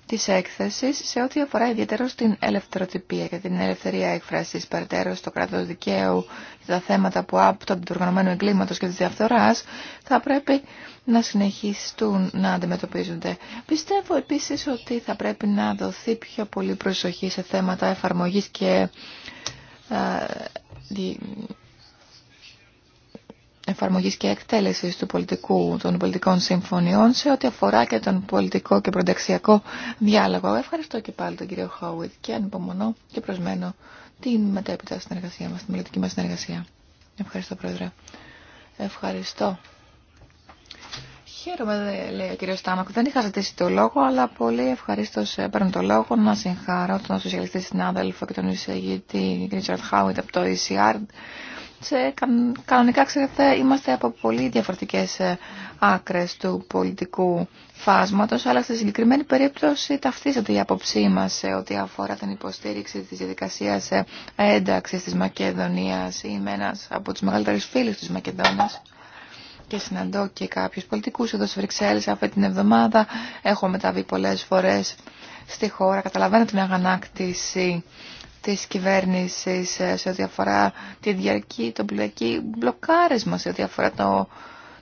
της έκθεσης σε ό,τι αφορά ιδιαίτερα στην ελευθεροτυπία και την ελευθερία έκφρασης περαιτέρω στο κράτος δικαίου και τα θέματα που άπτονται του οργανωμένου εγκλήματος και της διαφθοράς θα πρέπει να συνεχιστούν να αντιμετωπίζονται. Πιστεύω επίσης ότι θα πρέπει να δοθεί πιο πολύ προσοχή σε θέματα εφαρμογής και ε, εφαρμογής και εκτέλεσης του πολιτικού, των πολιτικών συμφωνιών σε ό,τι αφορά και τον πολιτικό και προταξιακό διάλογο. Ευχαριστώ και πάλι τον κύριο Χόουιτ και ανυπομονώ και προσμένω την μετέπειτα συνεργασία μας, την πολιτική μας συνεργασία. Ευχαριστώ Πρόεδρε. Ευχαριστώ. Χαίρομαι, λέει ο κύριο Στάμακ. Δεν είχα ζητήσει το λόγο, αλλά πολύ ευχαρίστω παίρνω το λόγο να συγχαρώ τον σοσιαλιστή συνάδελφο και τον εισηγητή Ρίτσαρτ Χάουιτ από το ECR κανονικά ξέρετε είμαστε από πολύ διαφορετικές ε, άκρες του πολιτικού φάσματος, αλλά στη συγκεκριμένη περίπτωση ταυτίζεται η άποψή μας σε ό,τι αφορά την υποστήριξη της διαδικασίας ε, ένταξης της Μακεδονίας. Είμαι ένας από τους μεγαλύτερους φίλους της Μακεδόνας και συναντώ και κάποιους πολιτικούς εδώ στι αυτή την εβδομάδα. Έχω μεταβεί πολλές φορές στη χώρα, καταλαβαίνω την αγανάκτηση της κυβέρνησης ε, σε ό,τι αφορά τη διαρκή, το πληρακή μπλοκάρισμα, σε ό,τι αφορά το,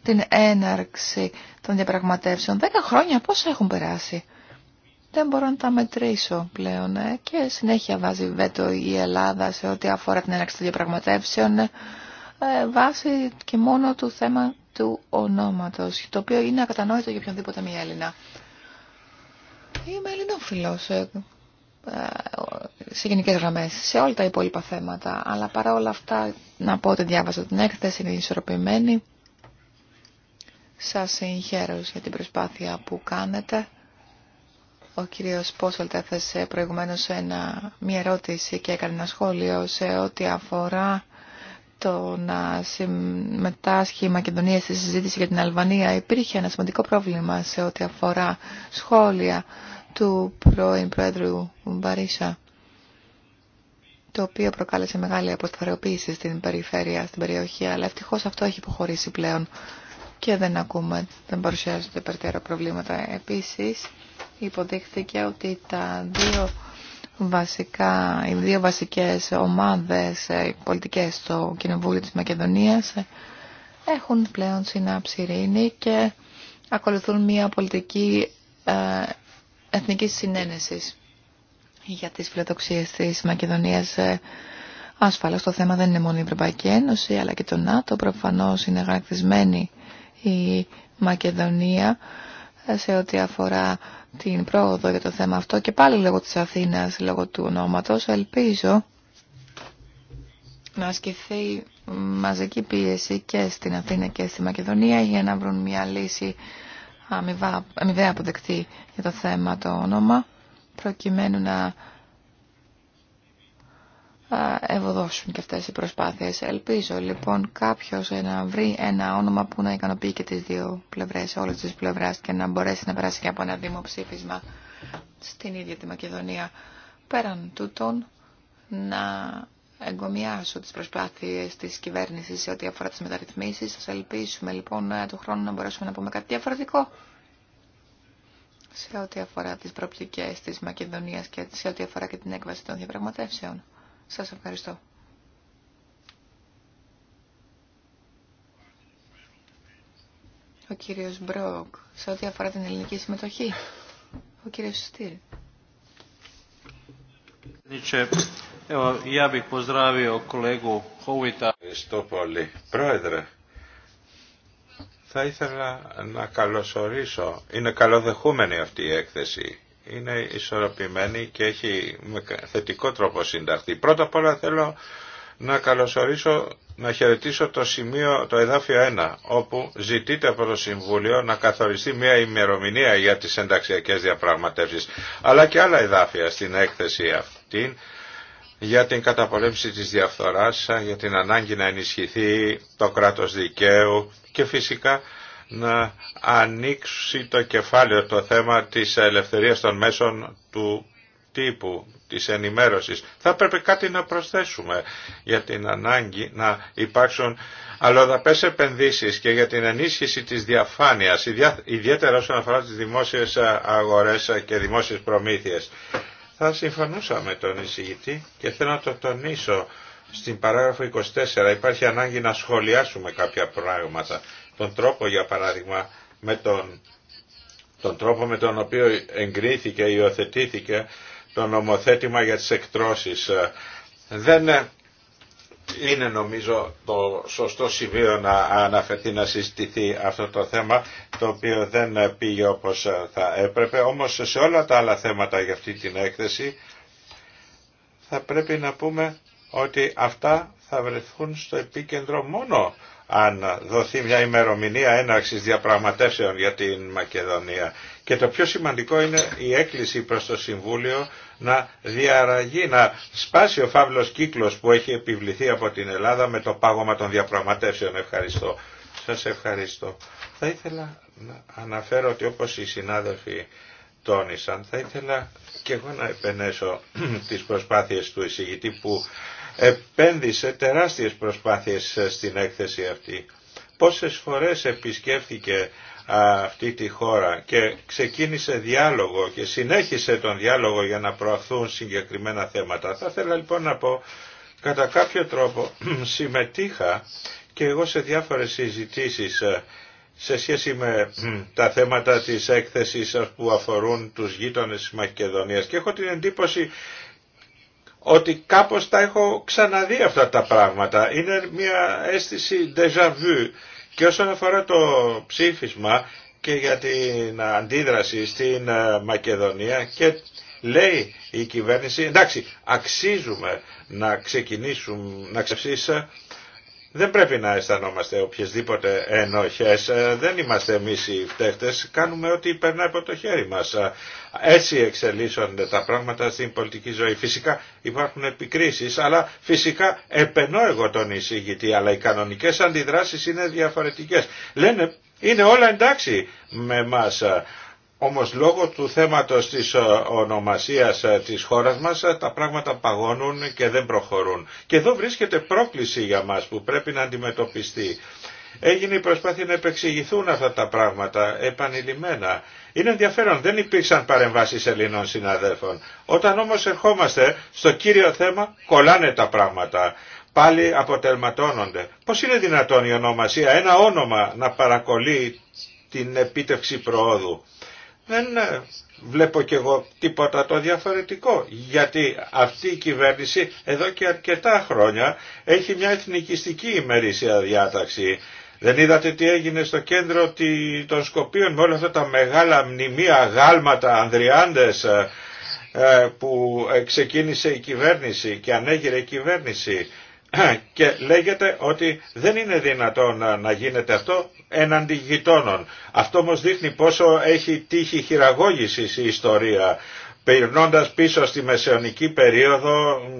την έναρξη των διαπραγματεύσεων. Δέκα χρόνια πώς έχουν περάσει. Δεν μπορώ να τα μετρήσω πλέον ε. και συνέχεια βάζει βέτο η Ελλάδα σε ό,τι αφορά την έναρξη των διαπραγματεύσεων ε, βάσει και μόνο του θέμα του ονόματος, το οποίο είναι ακατανόητο για οποιονδήποτε μη Έλληνα. Είμαι Ελληνόφιλος, ε, ε, σε γενικέ γραμμέ σε όλα τα υπόλοιπα θέματα. Αλλά παρά όλα αυτά, να πω ότι την έκθεση, είναι ισορροπημένη. Σας συγχαίρω για την προσπάθεια που κάνετε. Ο κύριος Πόσολτ έθεσε προηγουμένως μια ερώτηση και έκανε ένα σχόλιο σε ό,τι αφορά το να συμμετάσχει η Μακεδονία στη συζήτηση για την Αλβανία. Υπήρχε ένα σημαντικό πρόβλημα σε ό,τι αφορά σχόλια του πρώην Πρόεδρου Μπαρίσα, το οποίο προκάλεσε μεγάλη αποσταθεροποίηση στην περιφέρεια, στην περιοχή, αλλά ευτυχώς αυτό έχει υποχωρήσει πλέον και δεν ακούμε, δεν παρουσιάζονται περαιτέρω προβλήματα. Επίσης, υποδείχθηκε ότι τα δύο βασικά, οι δύο βασικές ομάδες ε, πολιτικές στο Κοινοβούλιο της Μακεδονίας έχουν πλέον συνάψει ειρήνη και ακολουθούν μια πολιτική ε, εθνικής συνένεσης για τις φιλοδοξίες της Μακεδονίας. Ε, ασφαλώς το θέμα δεν είναι μόνο η Ευρωπαϊκή Ένωση αλλά και το ΝΑΤΟ. Προφανώς είναι γραφτισμένη η Μακεδονία ε, σε ό,τι αφορά την πρόοδο για το θέμα αυτό και πάλι λόγω της Αθήνας, λόγω του ονόματος, ελπίζω να ασκηθεί μαζική πίεση και στην Αθήνα και στη Μακεδονία για να βρουν μια λύση αμοιβαία αποδεκτή για το θέμα το όνομα, προκειμένου να ευωδώσουν και αυτές οι προσπάθειες. Ελπίζω λοιπόν κάποιος να βρει ένα όνομα που να ικανοποιεί και τις δύο πλευρές, όλες τις πλευρές και να μπορέσει να περάσει και από ένα δημοψήφισμα στην ίδια τη Μακεδονία. Πέραν τούτων, να εγκομιάσω τις προσπάθειες της κυβέρνησης σε ό,τι αφορά τις μεταρρυθμίσεις. Σας ελπίσουμε λοιπόν του χρόνου να μπορέσουμε να πούμε κάτι διαφορετικό σε ό,τι αφορά τις προπτικές της Μακεδονίας και σε ό,τι αφορά και την έκβαση των διαπραγματεύσεων. Σας ευχαριστώ. Ο κύριος Μπρόκ, σε ό,τι αφορά την ελληνική συμμετοχή. Ο κύριος Στήρ ja Ευχαριστώ πολύ. Πρόεδρε, θα ήθελα να καλωσορίσω. Είναι καλοδεχούμενη αυτή η έκθεση. Είναι ισορροπημένη και έχει με θετικό τρόπο συνταχθεί. Πρώτα απ' όλα θέλω να καλωσορίσω, να χαιρετήσω το σημείο, το εδάφιο 1, όπου ζητείται από το Συμβούλιο να καθοριστεί μια ημερομηνία για τις ενταξιακές διαπραγματεύσεις, αλλά και άλλα εδάφια στην έκθεση αυτή για την καταπολέμηση της διαφθοράς, για την ανάγκη να ενισχυθεί το κράτος δικαίου και φυσικά να ανοίξει το κεφάλαιο το θέμα της ελευθερίας των μέσων του τύπου, της ενημέρωσης. Θα πρέπει κάτι να προσθέσουμε για την ανάγκη να υπάρξουν αλλοδαπές επενδύσεις και για την ενίσχυση της διαφάνειας, ιδιαίτερα όσον αφορά τις δημόσιες αγορές και δημόσιες προμήθειες. Θα συμφωνούσα με τον εισηγητή και θέλω να το τονίσω. Στην παράγραφο 24 υπάρχει ανάγκη να σχολιάσουμε κάποια πράγματα. Τον τρόπο για παράδειγμα με τον, τον τρόπο με τον οποίο εγκρίθηκε, υιοθετήθηκε το νομοθέτημα για τις εκτρώσεις. Δεν είναι νομίζω το σωστό σημείο να αναφερθεί να συζητηθεί αυτό το θέμα το οποίο δεν πήγε όπως θα έπρεπε όμως σε όλα τα άλλα θέματα για αυτή την έκθεση θα πρέπει να πούμε ότι αυτά θα βρεθούν στο επίκεντρο μόνο αν δοθεί μια ημερομηνία έναρξης διαπραγματεύσεων για την Μακεδονία. Και το πιο σημαντικό είναι η έκκληση προς το Συμβούλιο να διαραγεί, να σπάσει ο φαύλος κύκλος που έχει επιβληθεί από την Ελλάδα με το πάγωμα των διαπραγματεύσεων. Ευχαριστώ. Σας ευχαριστώ. Θα ήθελα να αναφέρω ότι όπως οι συνάδελφοι τόνισαν, θα ήθελα και εγώ να επενέσω τις προσπάθειες του εισηγητή που επένδυσε τεράστιες προσπάθειες στην έκθεση αυτή. Πόσες φορές επισκέφθηκε αυτή τη χώρα και ξεκίνησε διάλογο και συνέχισε τον διάλογο για να προαχθούν συγκεκριμένα θέματα. Θα ήθελα λοιπόν να πω, κατά κάποιο τρόπο συμμετείχα και εγώ σε διάφορες συζητήσεις ε, σε σχέση με τα θέματα της έκθεσης που αφορούν τους γείτονες της Μακεδονίας και έχω την εντύπωση ότι κάπως τα έχω ξαναδεί αυτά τα πράγματα. Είναι μια αίσθηση déjà vu και όσον αφορά το ψήφισμα και για την αντίδραση στην ε, Μακεδονία και λέει η κυβέρνηση εντάξει αξίζουμε να ξεκινήσουμε να ξεψίσα δεν πρέπει να αισθανόμαστε οποιασδήποτε ενοχές, ε, δεν είμαστε εμείς οι φταίχτες, κάνουμε ό,τι περνάει από το χέρι μας. Ε, έτσι εξελίσσονται τα πράγματα στην πολιτική ζωή. Φυσικά υπάρχουν επικρίσεις, αλλά φυσικά επενώ εγώ τον εισηγητή, αλλά οι κανονικές αντιδράσεις είναι διαφορετικές. Λένε είναι όλα εντάξει με εμάς. Ε, όμως λόγω του θέματος της ε, ονομασίας ε, της χώρας μας ε, τα πράγματα παγώνουν και δεν προχωρούν. Και εδώ βρίσκεται πρόκληση για μας που πρέπει να αντιμετωπιστεί. Έγινε η προσπάθεια να επεξηγηθούν αυτά τα πράγματα επανειλημμένα. Είναι ενδιαφέρον, δεν υπήρξαν παρεμβάσεις Ελλήνων συναδέλφων. Όταν όμως ερχόμαστε στο κύριο θέμα κολλάνε τα πράγματα. Πάλι αποτελματώνονται. Πώς είναι δυνατόν η ονομασία, ένα όνομα να παρακολεί την επίτευξη προόδου δεν ναι. βλέπω κι εγώ τίποτα το διαφορετικό. Γιατί αυτή η κυβέρνηση εδώ και αρκετά χρόνια έχει μια εθνικιστική ημερήσια διάταξη. Δεν είδατε τι έγινε στο κέντρο των Σκοπίων με όλα αυτά τα μεγάλα μνημεία, γάλματα, ανδριάντες ε, ε, που ε, ξεκίνησε η κυβέρνηση και ανέγειρε η κυβέρνηση και λέγεται ότι δεν είναι δυνατόν ε, να γίνεται αυτό έναντι γειτόνων. Αυτό όμως δείχνει πόσο έχει τύχει χειραγώγηση η ιστορία περνώντας πίσω στη μεσαιωνική περίοδο,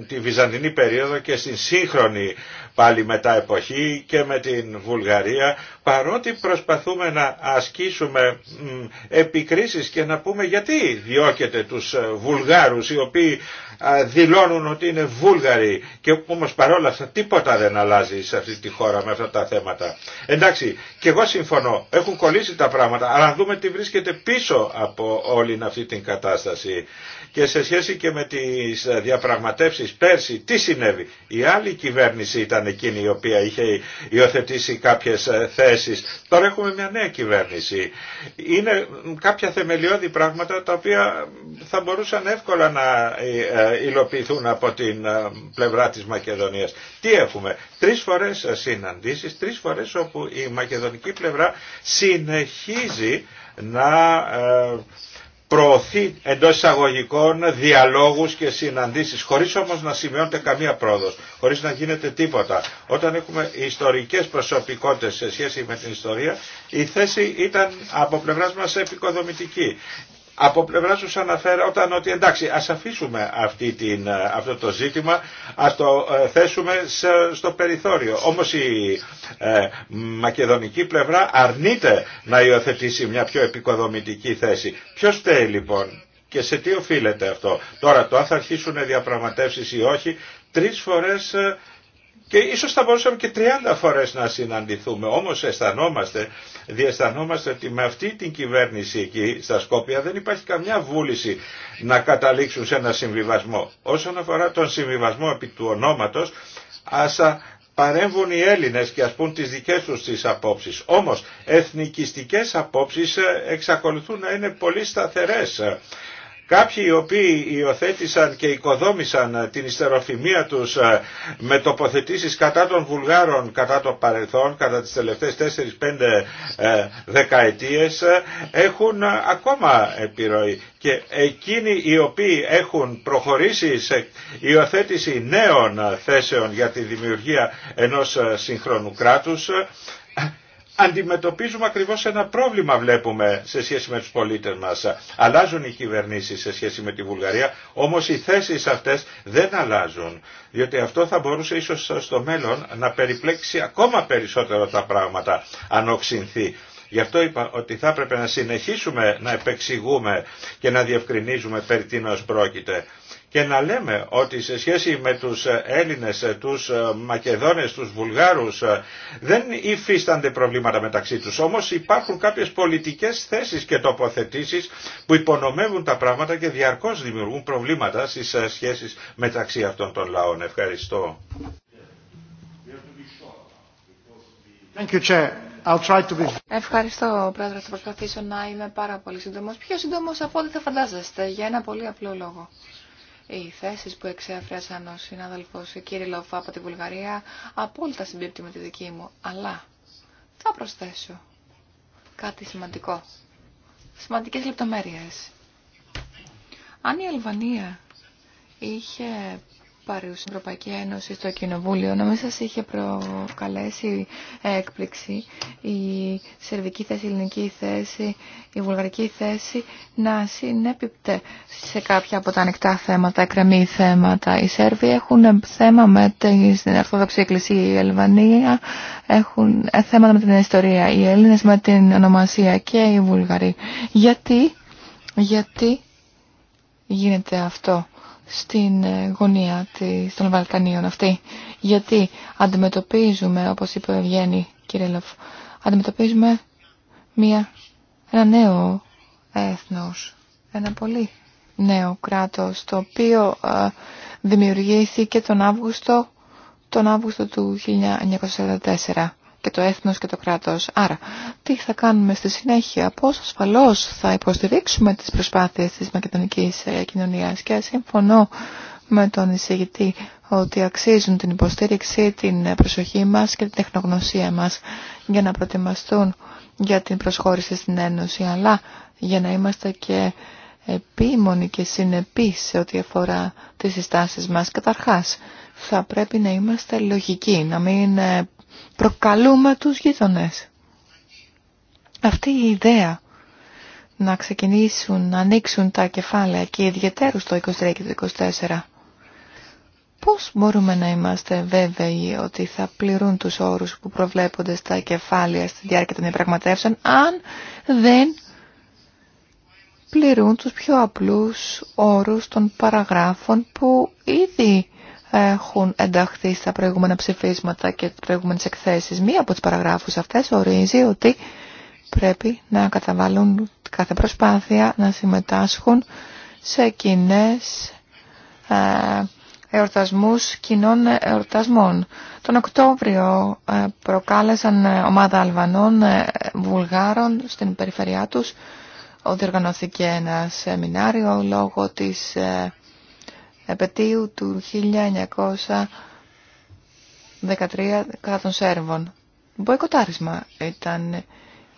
τη βυζαντινή περίοδο και στην σύγχρονη πάλι μετά εποχή και με την Βουλγαρία, παρότι προσπαθούμε να ασκήσουμε επικρίσεις και να πούμε γιατί διώκεται τους ε, Βουλγάρους οι οποίοι δηλώνουν ότι είναι Βούλγαροι και όμως παρόλα αυτά τίποτα δεν αλλάζει σε αυτή τη χώρα με αυτά τα θέματα. Εντάξει, και εγώ συμφωνώ, έχουν κολλήσει τα πράγματα, αλλά δούμε τι βρίσκεται πίσω από όλη αυτή την κατάσταση. Και σε σχέση και με τις διαπραγματεύσεις πέρσι, τι συνέβη. Η άλλη κυβέρνηση ήταν εκείνη η οποία είχε υιοθετήσει κάποιες ε, θέσεις. Τώρα έχουμε μια νέα κυβέρνηση. Είναι κάποια θεμελιώδη πράγματα τα οποία θα μπορούσαν εύκολα να ε, ε, υλοποιηθούν από την ε, πλευρά της Μακεδονίας. Τι έχουμε, τρεις φορές ε, συναντήσεις, τρεις φορές όπου η μακεδονική πλευρά συνεχίζει να ε, προωθεί εντός εισαγωγικών διαλόγους και συναντήσεις χωρίς όμως να σημειώνεται καμία πρόοδος, χωρίς να γίνεται τίποτα. Όταν έχουμε ιστορικές προσωπικότητες σε σχέση με την ιστορία η θέση ήταν από πλευράς μας επικοδομητική από πλευρά σου όταν ότι εντάξει ας αφήσουμε αυτή την, ε, αυτό το ζήτημα, ας το ε, θέσουμε στο περιθώριο. Όμως η ε, μακεδονική πλευρά αρνείται να υιοθετήσει μια πιο επικοδομητική θέση. Ποιος θέλει λοιπόν και σε τι οφείλεται αυτό. Τώρα το αν θα αρχίσουν διαπραγματεύσεις ή όχι, τρεις φορές και ίσως θα μπορούσαμε και 30 φορές να συναντηθούμε. Όμως αισθανόμαστε, διαισθανόμαστε ότι με αυτή την κυβέρνηση εκεί στα Σκόπια δεν υπάρχει καμιά βούληση να καταλήξουν σε ένα συμβιβασμό. Όσον αφορά τον συμβιβασμό επί του ονόματος, ας παρέμβουν οι Έλληνες και ας πούν τις δικές τους τις απόψεις. Όμως εθνικιστικές απόψεις εξακολουθούν να είναι πολύ σταθερές Κάποιοι οι οποίοι υιοθέτησαν και οικοδόμησαν ε, την ιστεροφημία τους ε, με τοποθετήσεις κατά των Βουλγάρων κατά το παρελθόν, κατά τις τελευταίες 4-5 ε, δεκαετίες έχουν ακόμα επιρροή. Και εκείνοι οι οποίοι έχουν προχωρήσει σε υιοθέτηση νέων θέσεων για τη δημιουργία ενός σύγχρονου κράτους αντιμετωπίζουμε ακριβώς ένα πρόβλημα βλέπουμε σε σχέση με τους πολίτες μας. Αλλάζουν οι κυβερνήσεις σε σχέση με τη Βουλγαρία, όμως οι θέσεις αυτές δεν αλλάζουν. Διότι αυτό θα μπορούσε ίσως στο μέλλον να περιπλέξει ακόμα περισσότερο τα πράγματα αν οξυνθεί. Γι' αυτό είπα ότι θα έπρεπε να συνεχίσουμε να επεξηγούμε και να διευκρινίζουμε περί τίνος πρόκειται και να λέμε ότι σε σχέση με τους Έλληνες, τους Μακεδόνες, τους Βουλγάρους δεν υφίστανται προβλήματα μεταξύ τους. Όμως υπάρχουν κάποιες πολιτικές θέσεις και τοποθετήσεις που υπονομεύουν τα πράγματα και διαρκώς δημιουργούν προβλήματα στις σχέσεις μεταξύ αυτών των λαών. Ευχαριστώ. Thank you, Chair. I'll try to be... Ευχαριστώ, Πρόεδρε. Θα προσπαθήσω να είμαι πάρα πολύ σύντομο. Πιο σύντομο από ό,τι θα φαντάζεστε, για ένα πολύ απλό λόγο. Οι θέσεις που εξέφρασαν ο συνάδελφος Κύριλοφ από τη Βουλγαρία απόλυτα συμπίπτει με τη δική μου, αλλά θα προσθέσω κάτι σημαντικό. Σημαντικές λεπτομέρειες. Αν η Αλβανία είχε Πάρει στην Ευρωπαϊκή Ένωση στο Κοινοβούλιο. Να μην είχε προκαλέσει έκπληξη η σερβική θέση, η ελληνική θέση, η βουλγαρική θέση να συνέπιπτε σε κάποια από τα ανοιχτά θέματα, εκκρεμή θέματα. Οι Σέρβοι έχουν θέμα με την Ορθόδοξη Εκκλησία, η Ελβανία έχουν ε, θέματα με την ιστορία, οι Έλληνες με την ονομασία και οι Βουλγαροί. Γιατί, γιατί γίνεται αυτό στην ε, γωνία της, των Βαλκανίων αυτή. Γιατί αντιμετωπίζουμε, όπως είπε ο Ευγένη Κυρίλοφ, αντιμετωπίζουμε μια, ένα νέο έθνος, ένα πολύ νέο κράτος, το οποίο ε, δημιουργήθηκε τον Αύγουστο, τον Αύγουστο του 1944 και το έθνος και το κράτος. Άρα, τι θα κάνουμε στη συνέχεια, πώς ασφαλώς θα υποστηρίξουμε τις προσπάθειες της μακεδονικής ε, κοινωνίας και συμφωνώ με τον εισηγητή ότι αξίζουν την υποστήριξη, την προσοχή μας και την τεχνογνωσία μας για να προετοιμαστούν για την προσχώρηση στην Ένωση, αλλά για να είμαστε και επίμονοι και συνεπείς σε ό,τι αφορά τις συστάσεις μας. Καταρχάς, θα πρέπει να είμαστε λογικοί, να μην ε, προκαλούμε τους γείτονες. Αυτή η ιδέα να ξεκινήσουν, να ανοίξουν τα κεφάλαια και ιδιαίτερου το 23 και το 24. Πώς μπορούμε να είμαστε βέβαιοι ότι θα πληρούν τους όρους που προβλέπονται στα κεφάλαια στη διάρκεια των διαπραγματεύσεων αν δεν πληρούν τους πιο απλούς όρους των παραγράφων που ήδη έχουν ενταχθεί στα προηγούμενα ψηφίσματα και τις προηγούμενες εκθέσεις. Μία από τις παραγράφους αυτές ορίζει ότι πρέπει να καταβάλουν κάθε προσπάθεια να συμμετάσχουν σε κοινέ ε, εορτασμούς κοινών εορτασμών. Τον Οκτώβριο ε, προκάλεσαν ε, ομάδα Αλβανών Βουλγάρων στην περιφερειά τους ότι οργανώθηκε ένα σεμινάριο λόγω της επαιτίου του 1913 κατά των Σέρβων. Μποϊκοτάρισμα ήταν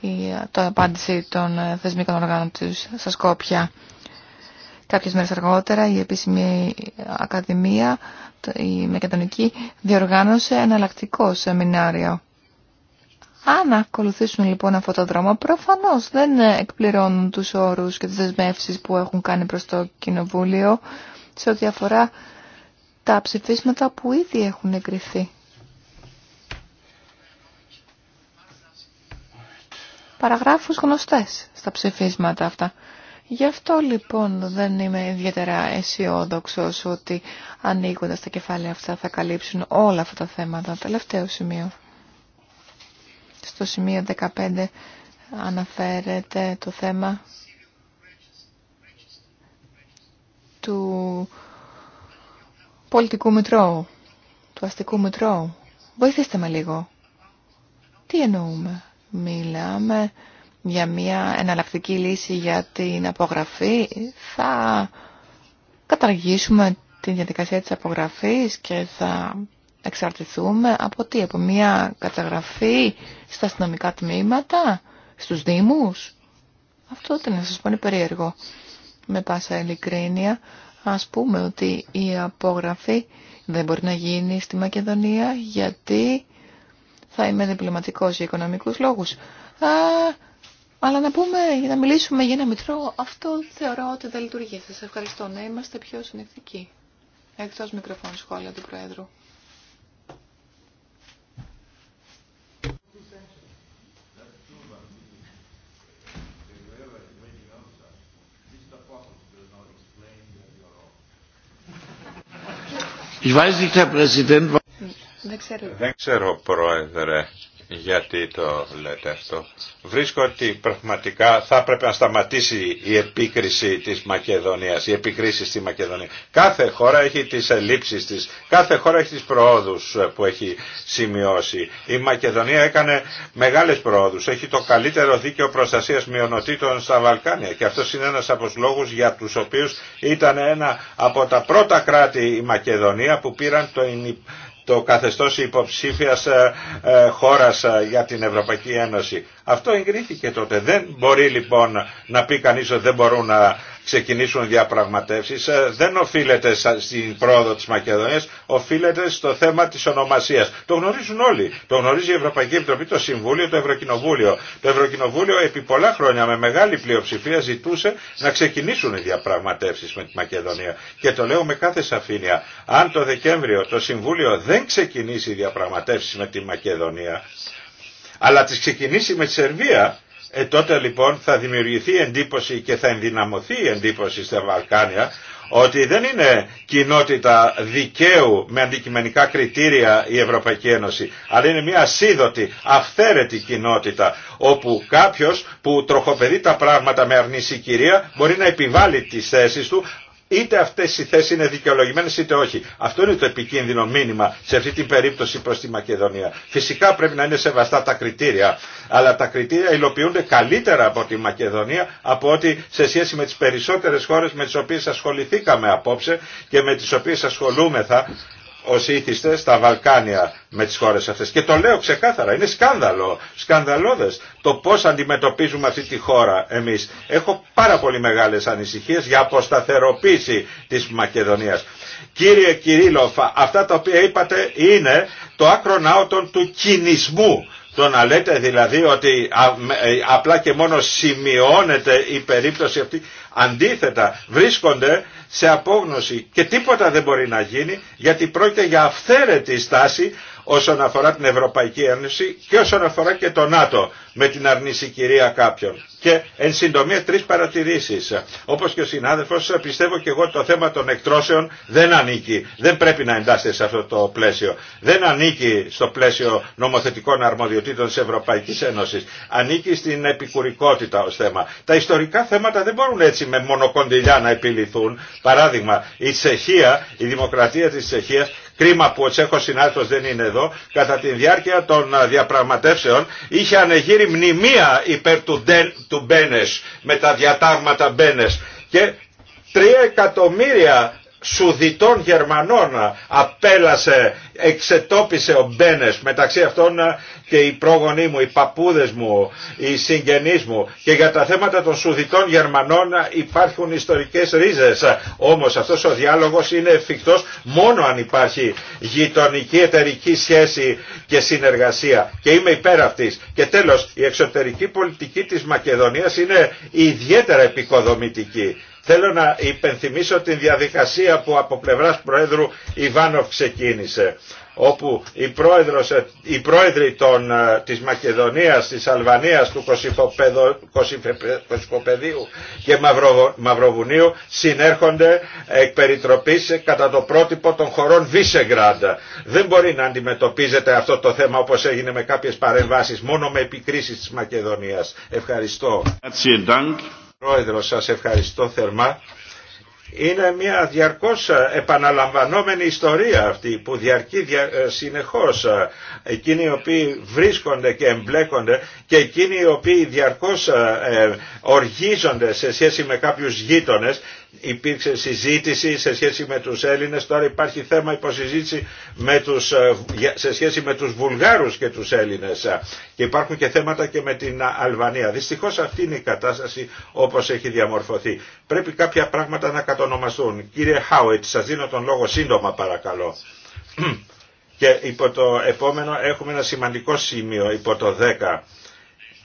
η το απάντηση των ε, θεσμικών οργάνων τους στα Σκόπια. Κάποιες μέρες αργότερα η επίσημη Ακαδημία, η Μεκατονική, διοργάνωσε εναλλακτικό σεμινάριο. Αν ακολουθήσουν λοιπόν αυτό το δρόμο, προφανώς δεν ε, εκπληρώνουν τους όρους και τις δεσμεύσεις που έχουν κάνει προς το Κοινοβούλιο σε ό,τι αφορά τα ψηφίσματα που ήδη έχουν εγκριθεί. Παραγράφους γνωστές στα ψηφίσματα αυτά. Γι' αυτό λοιπόν δεν είμαι ιδιαίτερα αισιόδοξο ότι ανοίγοντα τα κεφάλαια αυτά θα καλύψουν όλα αυτά τα θέματα. Τελευταίο σημείο. Στο σημείο 15 αναφέρεται το θέμα του πολιτικού μητρώου, του αστικού μητρώου. Βοηθήστε με λίγο. Τι εννοούμε. Μιλάμε για μια εναλλακτική λύση για την απογραφή. Θα καταργήσουμε την διαδικασία της απογραφής και θα εξαρτηθούμε από τι, από μια καταγραφή στα αστυνομικά τμήματα, στους Δήμους. Αυτό δεν να σας πω περίεργο με πάσα ειλικρίνεια, ας πούμε ότι η απόγραφη δεν μπορεί να γίνει στη Μακεδονία γιατί θα είμαι διπλωματικός για οικονομικούς λόγους. Α, αλλά να πούμε, να μιλήσουμε για ένα μητρό, αυτό θεωρώ ότι δεν λειτουργεί. Σας ευχαριστώ να είμαστε πιο συνεκτικοί. Εκτός μικροφώνου σχόλια του Πρόεδρου. Δεν ξέρω, πρόεδρε γιατί το λέτε αυτό. Βρίσκω ότι πραγματικά θα έπρεπε να σταματήσει η επίκριση της Μακεδονίας, η επικρίση στη Μακεδονία. Κάθε χώρα έχει τις ελλείψεις της, κάθε χώρα έχει τις προόδους που έχει σημειώσει. Η Μακεδονία έκανε μεγάλες προόδους, έχει το καλύτερο δίκαιο προστασίας μειονοτήτων στα Βαλκάνια και αυτό είναι ένας από τους λόγους για τους οποίους ήταν ένα από τα πρώτα κράτη η Μακεδονία που πήραν το το καθεστώς υποψήφιας ε, ε, χώρας ε, για την Ευρωπαϊκή Ένωση. Αυτό εγκρίθηκε τότε. Δεν μπορεί λοιπόν να πει κανείς ότι δεν μπορούν να ξεκινήσουν διαπραγματεύσεις. Ε, δεν οφείλεται στην πρόοδο της Μακεδονίας, οφείλεται στο θέμα της ονομασίας. Το γνωρίζουν όλοι. Το γνωρίζει η Ευρωπαϊκή Επιτροπή, το Συμβούλιο, το Ευρωκοινοβούλιο. Το Ευρωκοινοβούλιο επί πολλά χρόνια με μεγάλη πλειοψηφία ζητούσε να ξεκινήσουν οι διαπραγματεύσεις με τη Μακεδονία. Και το λέω με κάθε σαφήνεια. Αν το Δεκέμβριο το Συμβούλιο δεν ξεκινήσει διαπραγματεύσεις με τη Μακεδονία, αλλά τις ξεκινήσει με τη Σερβία, ε, τότε λοιπόν θα δημιουργηθεί εντύπωση και θα ενδυναμωθεί η εντύπωση στα Βαλκάνια ότι δεν είναι κοινότητα δικαίου με αντικειμενικά κριτήρια η Ευρωπαϊκή Ένωση, αλλά είναι μια ασίδωτη, αυθαίρετη κοινότητα, όπου κάποιος που τροχοπεδεί τα πράγματα με αρνησή κυρία μπορεί να επιβάλλει τις θέσεις του είτε αυτές οι θέσεις είναι δικαιολογημένες είτε όχι. Αυτό είναι το επικίνδυνο μήνυμα σε αυτή την περίπτωση προς τη Μακεδονία. Φυσικά πρέπει να είναι σεβαστά τα κριτήρια, αλλά τα κριτήρια υλοποιούνται καλύτερα από τη Μακεδονία από ότι σε σχέση με τις περισσότερες χώρες με τις οποίες ασχοληθήκαμε απόψε και με τις οποίες ασχολούμεθα ο ήθιστε στα Βαλκάνια με τις χώρες αυτές. Και το λέω ξεκάθαρα, είναι σκάνδαλο, σκανδαλώδες το πώς αντιμετωπίζουμε αυτή τη χώρα εμείς. Έχω πάρα πολύ μεγάλες ανησυχίες για αποσταθεροποίηση της Μακεδονίας. Κύριε Κυρίλοφα, αυτά τα οποία είπατε είναι το άκρο ναότον του κινησμού. Το να λέτε δηλαδή ότι ε, απλά και μόνο σημειώνεται η περίπτωση αυτή, αντίθετα βρίσκονται σε απόγνωση και τίποτα δεν μπορεί να γίνει γιατί πρόκειται για αυθαίρετη στάση όσον αφορά την Ευρωπαϊκή Ένωση και όσον αφορά και το ΝΑΤΟ με την αρνήση κυρία κάποιων. Και εν συντομία τρεις παρατηρήσεις. Όπως και ο συνάδελφος πιστεύω και εγώ το θέμα των εκτρώσεων δεν ανήκει, δεν πρέπει να εντάσσεται σε αυτό το πλαίσιο. Δεν ανήκει στο πλαίσιο νομοθετικών αρμοδιοτήτων της Ευρωπαϊκής Ένωσης. Ανήκει στην επικουρικότητα ως θέμα. Τα ιστορικά θέματα δεν μπορούν έτσι με μονοκοντιλιά να επιληθούν. Παράδειγμα, η Τσεχία, η δημοκρατία της Τσεχίας κρίμα που ο Τσέχος συνάδελφος δεν είναι εδώ, κατά τη διάρκεια των διαπραγματεύσεων είχε ανεγείρει μνημεία υπέρ του, Ντε, του Μπένες, με τα διατάγματα Μπένες και Τρία εκατομμύρια Σουδητών Γερμανών απέλασε, εξετόπισε ο Μπένες μεταξύ αυτών ε, και οι πρόγονοί μου, οι παππούδες μου, οι συγγενείς μου και για τα θέματα των Σουδητών Γερμανών ε, υπάρχουν ιστορικές ρίζες όμως αυτός ο διάλογος είναι εφικτός μόνο αν υπάρχει γειτονική εταιρική σχέση και συνεργασία και είμαι υπέρ αυτής και τέλος η εξωτερική πολιτική της Μακεδονίας είναι ιδιαίτερα επικοδομητική Θέλω να υπενθυμίσω την διαδικασία που από πλευράς Προέδρου Ιβάνοφ ξεκίνησε όπου οι πρόεδροι των, ε, της Μακεδονίας, της Αλβανίας, του Κωσυφοπεδίου και Μαυροβουνίου συνέρχονται εκ περιτροπής κατά το πρότυπο των χωρών Βίσεγκραντ. Δεν μπορεί να αντιμετωπίζεται αυτό το θέμα όπως έγινε με κάποιες παρεμβάσεις, μόνο με επικρίσεις της Μακεδονίας. Ευχαριστώ. Πρόεδρο, σας ευχαριστώ θερμά. Είναι μια διαρκώς επαναλαμβανόμενη ιστορία αυτή που διαρκεί ε, συνεχώς. Εκείνοι οι οποίοι βρίσκονται και εμπλέκονται και εκείνοι οι οποίοι διαρκώς ε, οργίζονται σε σχέση με κάποιους γείτονες υπήρξε συζήτηση σε σχέση με τους Έλληνες, τώρα υπάρχει θέμα υποσυζήτηση με τους, ε, σε σχέση με τους Βουλγάρους και τους Έλληνες και υπάρχουν και θέματα και με την Αλβανία. Δυστυχώς αυτή είναι η κατάσταση όπως έχει διαμορφωθεί. Πρέπει κάποια πράγματα να κατονομαστούν. Κύριε Χάουιτ, σας δίνω τον λόγο σύντομα παρακαλώ. Και υπό το επόμενο έχουμε ένα σημαντικό σημείο, υπό το 10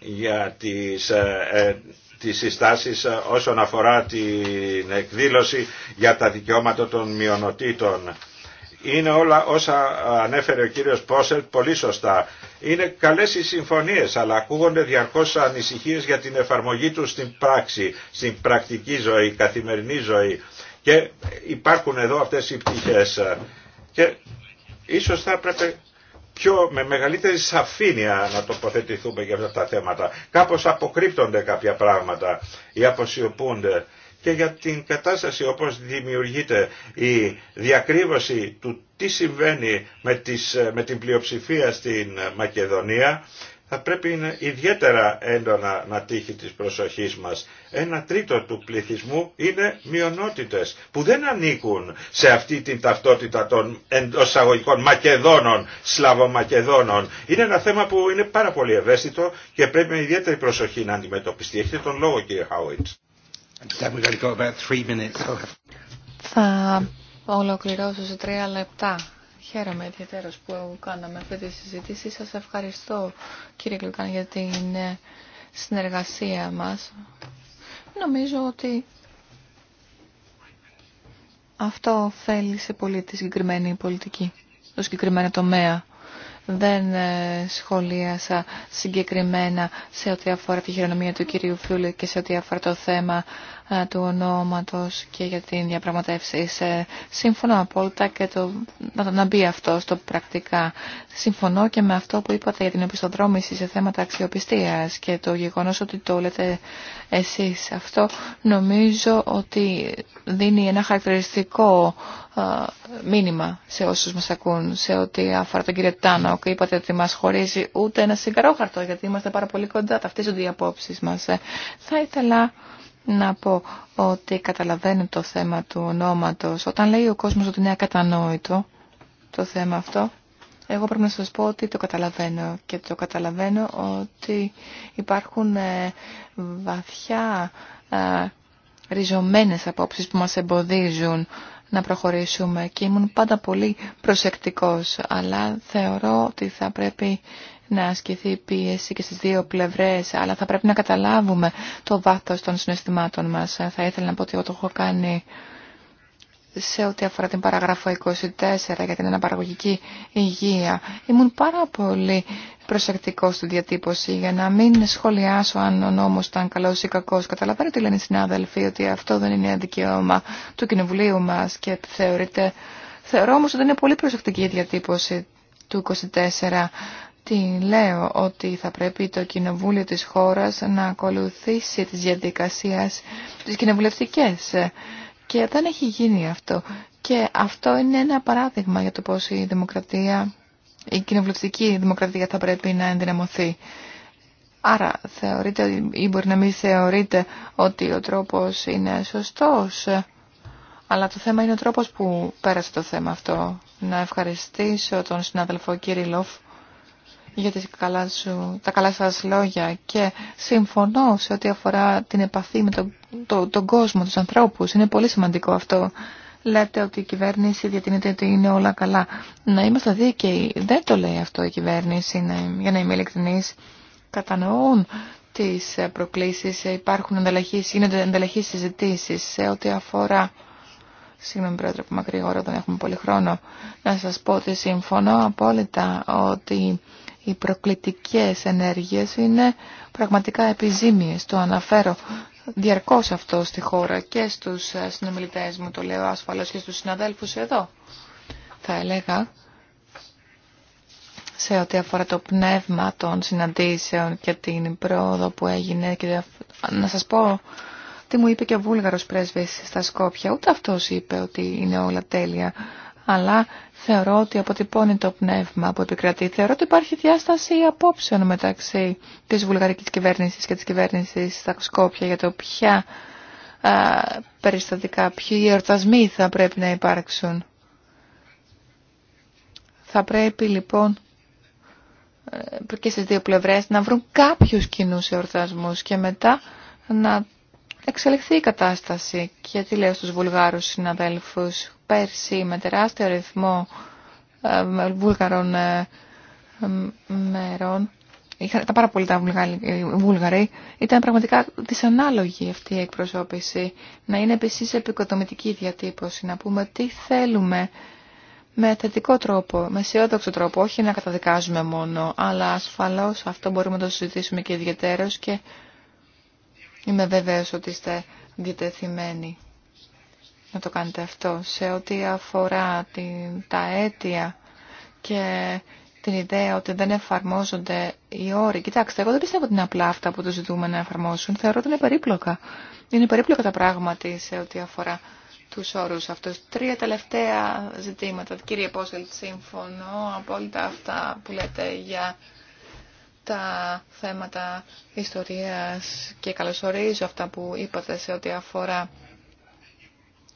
για τις ε, ε, τις συστάσεις ε, όσον αφορά την εκδήλωση για τα δικαιώματα των μειονοτήτων. Είναι όλα όσα ανέφερε ο κύριος Πόσελ πολύ σωστά. Είναι καλές οι συμφωνίες, αλλά ακούγονται διαρκώς ανησυχίες για την εφαρμογή τους στην πράξη, στην πρακτική ζωή, καθημερινή ζωή. Και υπάρχουν εδώ αυτές οι πτυχές. Και ίσως θα έπρεπε πιο, με μεγαλύτερη σαφήνεια να τοποθετηθούμε για αυτά τα θέματα. Κάπως αποκρύπτονται κάποια πράγματα ή αποσιωπούνται και για την κατάσταση όπως δημιουργείται η διακρύβωση του τι συμβαίνει με, με την πλειοψηφία στην Μακεδονία θα πρέπει ιδιαίτερα έντονα να τύχει της προσοχής μας. Ένα τρίτο του πληθυσμού είναι μειονότητες που δεν ανήκουν σε αυτή την ταυτότητα των εντοσαγωγικών Μακεδόνων, Σλαβομακεδόνων. Είναι ένα θέμα που είναι πάρα πολύ ευαίσθητο και πρέπει με ιδιαίτερη προσοχή να αντιμετωπιστεί. Έχετε τον λόγο κύριε Χάουιτς. Θα ολοκληρώσω σε τρία λεπτά Χαίρομαι ιδιαίτερα που κάναμε αυτή τη συζήτηση. Σας ευχαριστώ κύριε Κλουκάν για την ε, συνεργασία μας. Νομίζω ότι αυτό σε πολύ τη συγκεκριμένη πολιτική, το συγκεκριμένο τομέα. Δεν ε, σχολίασα συγκεκριμένα σε ό,τι αφορά τη χειρονομία του κυρίου Φιούλη και σε ό,τι αφορά το θέμα ε, του ονόματος και για την διαπραγματεύση. Σύμφωνο απόλυτα και το, να, να μπει αυτό στο πρακτικά. Συμφωνώ και με αυτό που είπατε για την επιστοδρόμηση σε θέματα αξιοπιστίας και το γεγονός ότι το λέτε εσείς. Αυτό νομίζω ότι δίνει ένα χαρακτηριστικό ε, μήνυμα σε όσους μας ακούν σε ό,τι αφορά τον κύριο και Είπατε ότι μας χωρίζει ούτε ένα συγκαρόχαρτο γιατί είμαστε πάρα πολύ κοντά, ταυτίζονται οι απόψεις μας. Ε, θα ήθελα να πω ότι καταλαβαίνω το θέμα του ονόματος. Όταν λέει ο κόσμος ότι είναι ακατανόητο το θέμα αυτό, εγώ πρέπει να σας πω ότι το καταλαβαίνω και το καταλαβαίνω ότι υπάρχουν ε, βαθιά ε, ριζωμένες απόψεις που μας εμποδίζουν να προχωρήσουμε και ήμουν πάντα πολύ προσεκτικός αλλά θεωρώ ότι θα πρέπει να ασκηθεί πίεση και στις δύο πλευρές, αλλά θα πρέπει να καταλάβουμε το βάθος των συναισθημάτων μας. Θα ήθελα να πω ότι εγώ το έχω κάνει σε ό,τι αφορά την παραγράφο 24 για την αναπαραγωγική υγεία. Ήμουν πάρα πολύ προσεκτικό στη διατύπωση για να μην σχολιάσω αν ο νόμος ήταν καλός ή κακός. Καταλαβαίνω τι λένε οι συνάδελφοι ότι αυτό δεν είναι δικαίωμα του κοινοβουλίου μας και θεωρείται... Θεωρώ όμως ότι είναι πολύ προσεκτική η διατύπωση του 24 τι λέω ότι θα πρέπει το κοινοβούλιο της χώρας να ακολουθήσει τις διαδικασίες τις κοινοβουλευτικές και δεν έχει γίνει αυτό. Και αυτό είναι ένα παράδειγμα για το πώς η δημοκρατία, η κοινοβουλευτική δημοκρατία θα πρέπει να ενδυναμωθεί. Άρα θεωρείτε ή μπορεί να μην θεωρείτε ότι ο τρόπος είναι σωστός. Αλλά το θέμα είναι ο τρόπος που πέρασε το θέμα αυτό. Να ευχαριστήσω τον συνάδελφο Κύριλοφ για τις καλά σου, τα καλά σας λόγια και συμφωνώ σε ό,τι αφορά την επαφή με τον, τον κόσμο, τους ανθρώπους. Είναι πολύ σημαντικό αυτό. Λέτε ότι η κυβέρνηση διατείνεται ότι είναι όλα καλά. Να είμαστε δίκαιοι. Δεν το λέει αυτό η κυβέρνηση, για να είμαι ειλικρινής. Κατανοούν τις προκλήσεις, υπάρχουν ανταλλαγές, γίνονται συζητήσεις σε ό,τι αφορά... Συγγνώμη πρόεδρε που ώρα, δεν έχουμε πολύ χρόνο. Να σας πω ότι συμφωνώ απόλυτα ότι οι προκλητικές ενέργειες είναι πραγματικά επιζήμιες. Το αναφέρω διαρκώς αυτό στη χώρα και στους ε, συνομιλητές μου, το λέω ασφαλώς και στους συναδέλφους εδώ. Θα έλεγα σε ό,τι αφορά το πνεύμα των συναντήσεων και την πρόοδο που έγινε και να σας πω τι μου είπε και ο βούλγαρος πρέσβης στα Σκόπια. Ούτε αυτός είπε ότι είναι όλα τέλεια, αλλά θεωρώ ότι αποτυπώνει το πνεύμα που επικρατεί. Θεωρώ ότι υπάρχει διάσταση απόψεων μεταξύ της βουλγαρικής κυβέρνησης και της κυβέρνησης στα Σκόπια για το ποια α, περιστατικά, ποιοι εορτασμοί θα πρέπει να υπάρξουν. Θα πρέπει λοιπόν ε, και στις δύο πλευρές να βρουν κάποιους κοινούς εορτασμούς και μετά να εξελιχθεί η κατάσταση. Και τι λέω στους Βουλγάρους συναδέλφους, πέρσι με τεράστιο ρυθμό Βούλγαρων ε, ε μερών, είχα, τα πάρα πολύ τα Βούλγαροι, ήταν πραγματικά δυσανάλογη αυτή η εκπροσώπηση. Να είναι επίσης επικοδομητική διατύπωση, να πούμε τι θέλουμε με θετικό τρόπο, με αισιόδοξο τρόπο, όχι να καταδικάζουμε μόνο, αλλά ασφαλώς αυτό μπορούμε να το συζητήσουμε και ιδιαίτερως και Είμαι βεβαίως ότι είστε διατεθειμένοι να το κάνετε αυτό σε ό,τι αφορά την, τα αίτια και την ιδέα ότι δεν εφαρμόζονται οι όροι. Κοιτάξτε, εγώ δεν πιστεύω ότι είναι απλά αυτά που το ζητούμε να εφαρμόσουν. Θεωρώ ότι είναι περίπλοκα. Είναι περίπλοκα τα πράγματα σε ό,τι αφορά τους όρους αυτούς. Τρία τελευταία ζητήματα. Κύριε Πόσελτ, συμφωνώ απόλυτα αυτά που λέτε για τα θέματα ιστορίας και καλωσορίζω αυτά που είπατε σε ό,τι αφορά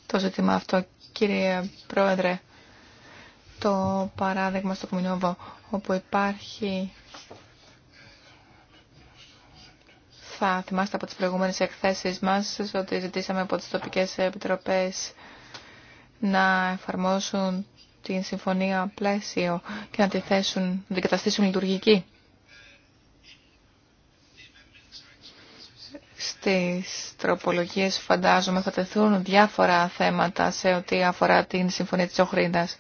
το ζήτημα αυτό. Κύριε Πρόεδρε, το παράδειγμα στο Κομινόβο όπου υπάρχει θα θυμάστε από τις προηγούμενες εκθέσεις μας ότι ζητήσαμε από τις τοπικές επιτροπές να εφαρμόσουν την συμφωνία πλαίσιο και να τη θέσουν, να την καταστήσουν λειτουργική. στις τροπολογίες φαντάζομαι θα τεθούν διάφορα θέματα σε ό,τι αφορά την Συμφωνία της Οχρίντας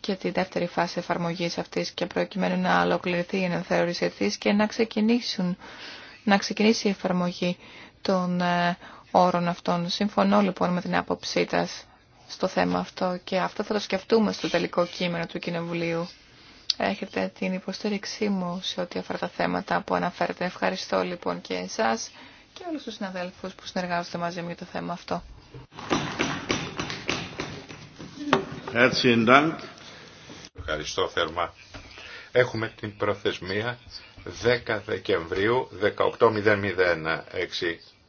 και τη δεύτερη φάση εφαρμογής αυτής και προκειμένου να ολοκληρωθεί η αναθεώρηση και να, ξεκινήσουν, να ξεκινήσει η εφαρμογή των ε, όρων αυτών. Συμφωνώ λοιπόν με την άποψή σας στο θέμα αυτό και αυτό θα το σκεφτούμε στο τελικό κείμενο του Κοινοβουλίου. Έχετε την υποστήριξή μου σε ό,τι αφορά τα θέματα που αναφέρετε. Ευχαριστώ λοιπόν και εσάς και όλους τους συναδέλφους που συνεργάζονται μαζί μου για το θέμα αυτό. Ευχαριστώ θερμά. Έχουμε την προθεσμία 10 Δεκεμβρίου 18.00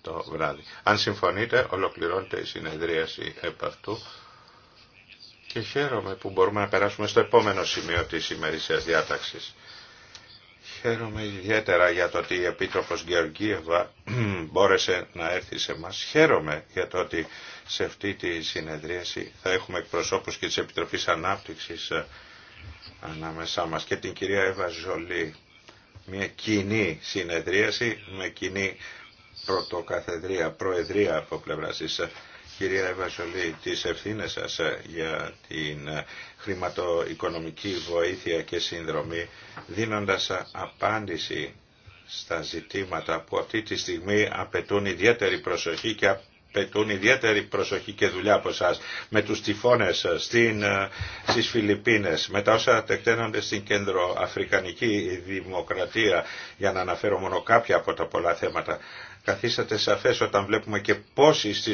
το βράδυ. Αν συμφωνείτε, ολοκληρώνεται η συνεδρίαση επ' αυτού. Και χαίρομαι που μπορούμε να περάσουμε στο επόμενο σημείο της ημερησίας διάταξης. Χαίρομαι ιδιαίτερα για το ότι η Επίτροπος Γεωργίευα μπόρεσε να έρθει σε μας. Χαίρομαι για το ότι σε αυτή τη συνεδρίαση θα έχουμε εκπροσώπους και της Επιτροπής Ανάπτυξης ε, ανάμεσά μας και την κυρία Εύα Ζολή. Μια κοινή συνεδρίαση με κοινή πρωτοκαθεδρία, προεδρία από πλευρά της ε, κυρία Εύα Ζολή, τις ευθύνες σας ε, για την χρηματοοικονομική βοήθεια και συνδρομή, δίνοντας απάντηση στα ζητήματα που αυτή τη στιγμή απαιτούν ιδιαίτερη προσοχή και απαιτούν ιδιαίτερη προσοχή και δουλειά από εσά με τους τυφώνες στην, στις Φιλιππίνες, με τα όσα τεκταίνονται στην κέντρο Αφρικανική Δημοκρατία, για να αναφέρω μόνο κάποια από τα πολλά θέματα καθίσατε σαφές όταν βλέπουμε και πόσοι στη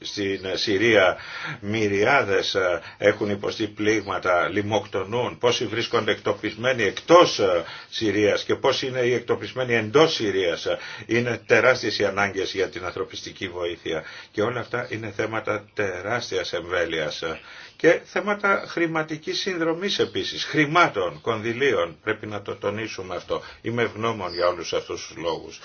στην Συρία μυριάδες ε, έχουν υποστεί πλήγματα, λιμοκτονούν, πόσοι βρίσκονται εκτοπισμένοι εκτός ε, Συρίας και πόσοι είναι οι εκτοπισμένοι εντός Συρίας. Είναι τεράστιες οι ανάγκες για την ανθρωπιστική βοήθεια και όλα αυτά είναι θέματα τεράστιας εμβέλειας ε, και θέματα χρηματικής συνδρομής επίσης, χρημάτων, κονδυλίων, πρέπει να το τονίσουμε αυτό. Είμαι ευγνώμων για όλους αυτούς τους λόγους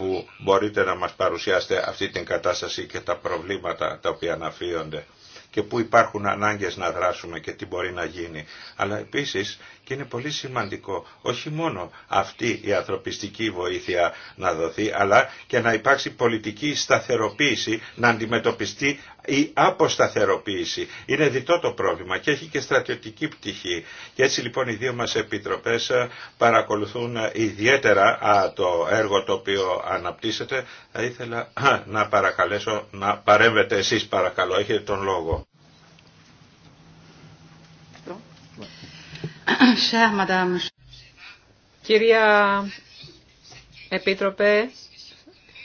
που μπορείτε να μας παρουσιάσετε αυτή την κατάσταση και τα προβλήματα τα οποία αναφύονται και που υπάρχουν ανάγκες να δράσουμε και τι μπορεί να γίνει. Αλλά επίσης και είναι πολύ σημαντικό όχι μόνο αυτή η ανθρωπιστική βοήθεια να δοθεί, αλλά και να υπάρξει πολιτική σταθεροποίηση, να αντιμετωπιστεί η αποσταθεροποίηση. Είναι διτό το πρόβλημα και έχει και στρατιωτική πτυχή. Και έτσι λοιπόν οι δύο μας επιτροπές ε, παρακολουθούν ε, ιδιαίτερα το έργο το οποίο αναπτύσσεται. Θα ήθελα ε, να παρακαλέσω να παρέμβετε εσείς παρακαλώ. Έχετε τον λόγο. Κυρία Επίτροπε,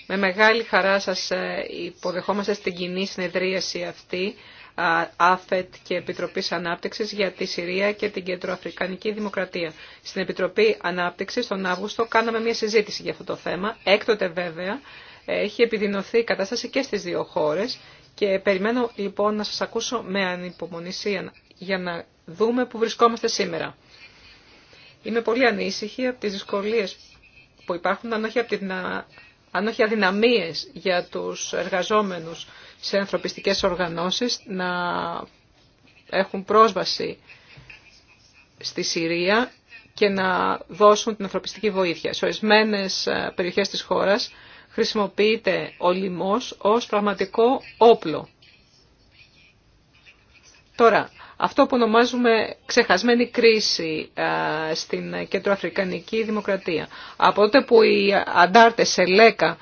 με μεγάλη χαρά σας ε, υποδεχόμαστε στην κοινή συνεδρίαση αυτή ΑΦΕΤ και Επιτροπής Ανάπτυξης για τη Συρία και την Κεντροαφρικανική Δημοκρατία. Στην Επιτροπή Ανάπτυξης τον Αύγουστο κάναμε μια συζήτηση για αυτό το θέμα. Έκτοτε βέβαια έχει επιδεινωθεί η κατάσταση και στις δύο χώρες και περιμένω λοιπόν να σας ακούσω με ανυπομονησία για να δούμε που βρισκόμαστε σήμερα. Είμαι πολύ ανήσυχη από τις δυσκολίες που υπάρχουν, αν όχι, από την, αδυναμίες για τους εργαζόμενους σε ανθρωπιστικές οργανώσεις να έχουν πρόσβαση στη Συρία και να δώσουν την ανθρωπιστική βοήθεια. Σε ορισμένε ε, περιοχές της χώρας χρησιμοποιείται ο λοιμός ως πραγματικό όπλο. Τώρα, αυτό που ονομάζουμε ξεχασμένη κρίση ε, στην κεντροαφρικανική δημοκρατία. Από τότε που οι αντάρτες σε λέκα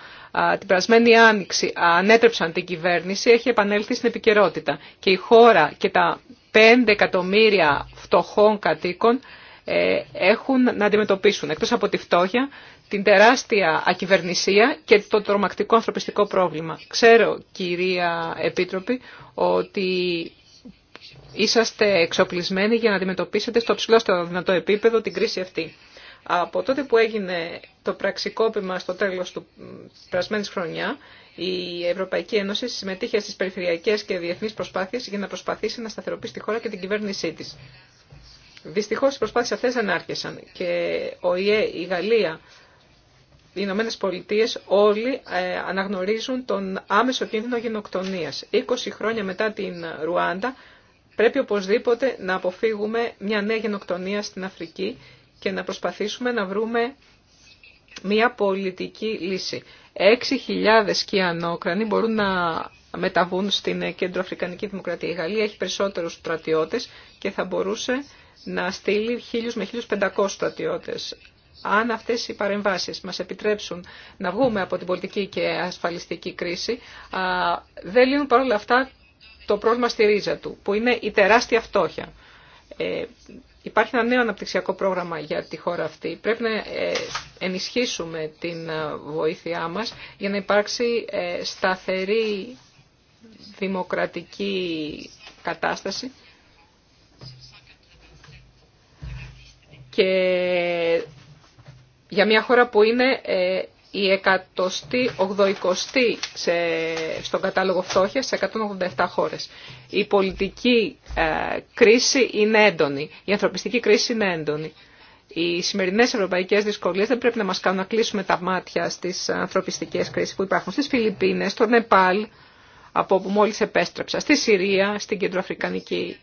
ε, την περασμένη άνοιξη ανέτρεψαν την κυβέρνηση, έχει επανέλθει στην επικαιρότητα. Και η χώρα και τα 5 εκατομμύρια φτωχών κατοίκων ε, έχουν να αντιμετωπίσουν, εκτός από τη φτώχεια, την τεράστια ακυβερνησία και το τρομακτικό ανθρωπιστικό πρόβλημα. Ξέρω, κυρία Επίτροπη, ότι είσαστε εξοπλισμένοι για να αντιμετωπίσετε στο ψηλότερο δυνατό επίπεδο την κρίση αυτή. Από τότε που έγινε το πραξικόπημα στο τέλος του περασμένης χρονιά, η Ευρωπαϊκή Ένωση συμμετείχε στις περιφερειακές και διεθνείς προσπάθειες για να προσπαθήσει να σταθεροποιήσει τη χώρα και την κυβέρνησή της. Δυστυχώς οι προσπάθειες αυτές δεν άρχισαν και ο ΙΕ, η Γαλλία, οι Ηνωμένε Πολιτείε όλοι ε, αναγνωρίζουν τον άμεσο κίνδυνο γενοκτονίας. 20 χρόνια μετά την Ρουάντα Πρέπει οπωσδήποτε να αποφύγουμε μια νέα γενοκτονία στην Αφρική και να προσπαθήσουμε να βρούμε μια πολιτική λύση. 6.000 κιανόκρανοι μπορούν να μεταβούν στην Κέντρο Αφρικανική Δημοκρατία. Η Γαλλία έχει περισσότερους στρατιώτες και θα μπορούσε να στείλει 1.000 με 1.500 στρατιώτες. Αν αυτές οι παρεμβάσεις μας επιτρέψουν να βγούμε από την πολιτική και ασφαλιστική κρίση, δεν λύνουν παρόλα αυτά το πρόβλημα στη ρίζα του, που είναι η τεράστια φτώχεια. Ε, υπάρχει ένα νέο αναπτυξιακό πρόγραμμα για τη χώρα αυτή. Πρέπει να ε, ενισχύσουμε την ε, βοήθειά μας για να υπάρξει ε, σταθερή δημοκρατική κατάσταση και για μια χώρα που είναι η εκατοστή, ογδοικοστή σε, στον κατάλογο φτώχεια σε 187 χώρες. Η πολιτική ε, κρίση είναι έντονη, η ανθρωπιστική κρίση είναι έντονη. Οι σημερινές ευρωπαϊκές δυσκολίες δεν πρέπει να μας κάνουν να κλείσουμε τα μάτια στις ανθρωπιστικές κρίσεις που υπάρχουν στις Φιλιππίνες, στο Νεπάλ, από όπου μόλις επέστρεψα, στη Συρία, στην Κεντροαφρικανική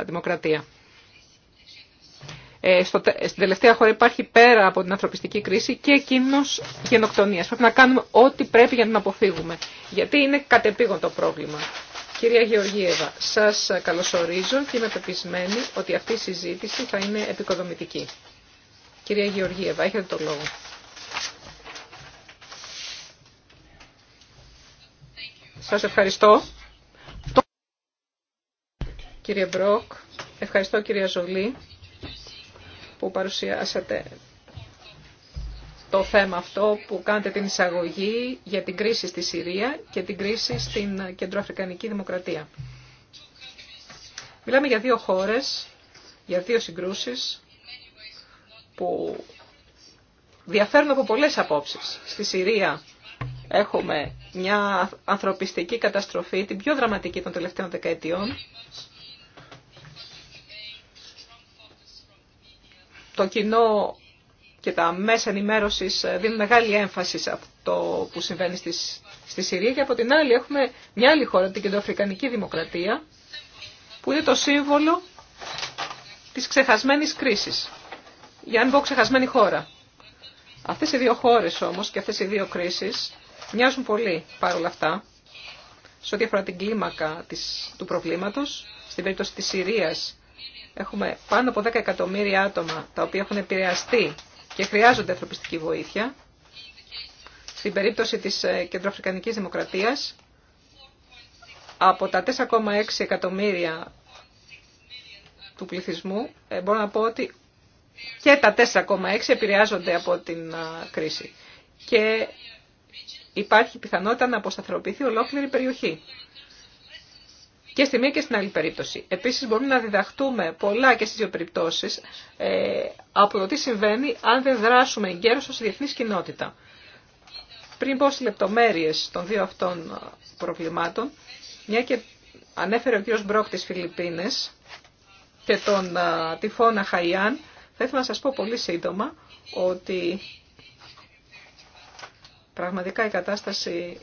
ε, Δημοκρατία. Ε, στο, στην τελευταία χώρα υπάρχει πέρα από την ανθρωπιστική κρίση και κίνδυνο γενοκτονία. Πρέπει να κάνουμε ό,τι πρέπει για να την αποφύγουμε. Γιατί είναι κατεπήγον το πρόβλημα. Κυρία Γεωργίευα, σα καλωσορίζω και είμαι πεπισμένη ότι αυτή η συζήτηση θα είναι επικοδομητική. Κυρία Γεωργίευα, έχετε το λόγο. Σας ευχαριστώ. Κύριε Μπρόκ, ευχαριστώ κυρία Ζολή που παρουσιάσατε το θέμα αυτό που κάνετε την εισαγωγή για την κρίση στη Συρία και την κρίση στην Κεντροαφρικανική Δημοκρατία. Μιλάμε για δύο χώρες, για δύο συγκρούσεις που διαφέρουν από πολλές απόψεις. Στη Συρία έχουμε μια ανθρωπιστική καταστροφή, την πιο δραματική των τελευταίων δεκαετιών, το κοινό και τα μέσα ενημέρωσης δίνουν μεγάλη έμφαση σε αυτό που συμβαίνει στις, στη Συρία και από την άλλη έχουμε μια άλλη χώρα, την Κεντροαφρικανική Δημοκρατία, που είναι το σύμβολο της ξεχασμένης κρίσης. Για να πω ξεχασμένη χώρα. Αυτές οι δύο χώρες όμως και αυτές οι δύο κρίσεις μοιάζουν πολύ παρόλα αυτά σε ό,τι αφορά την κλίμακα της, του προβλήματος, στην περίπτωση της Συρίας Έχουμε πάνω από 10 εκατομμύρια άτομα τα οποία έχουν επηρεαστεί και χρειάζονται ανθρωπιστική βοήθεια. Στην περίπτωση της ε, Κεντροαφρικανικής Δημοκρατίας, από τα 4,6 εκατομμύρια του πληθυσμού, ε, μπορώ να πω ότι και τα 4,6 επηρεάζονται από την ε, κρίση. Και υπάρχει πιθανότητα να αποσταθεροποιηθεί ολόκληρη περιοχή και στη μία και στην άλλη περίπτωση. Επίσης μπορούμε να διδαχτούμε πολλά και στι δύο περιπτωσει ε, από το τι συμβαίνει αν δεν δράσουμε εγκαίρω ω διεθνής κοινότητα. Πριν πω στι λεπτομέρειες των δύο αυτών ε, προβλημάτων, μια και ανέφερε ο κύριος Μπρόκ της Φιλιππίνες και τον α, ε, τυφώνα Χαϊάν, θα ήθελα να σας πω πολύ σύντομα ότι πραγματικά η κατάσταση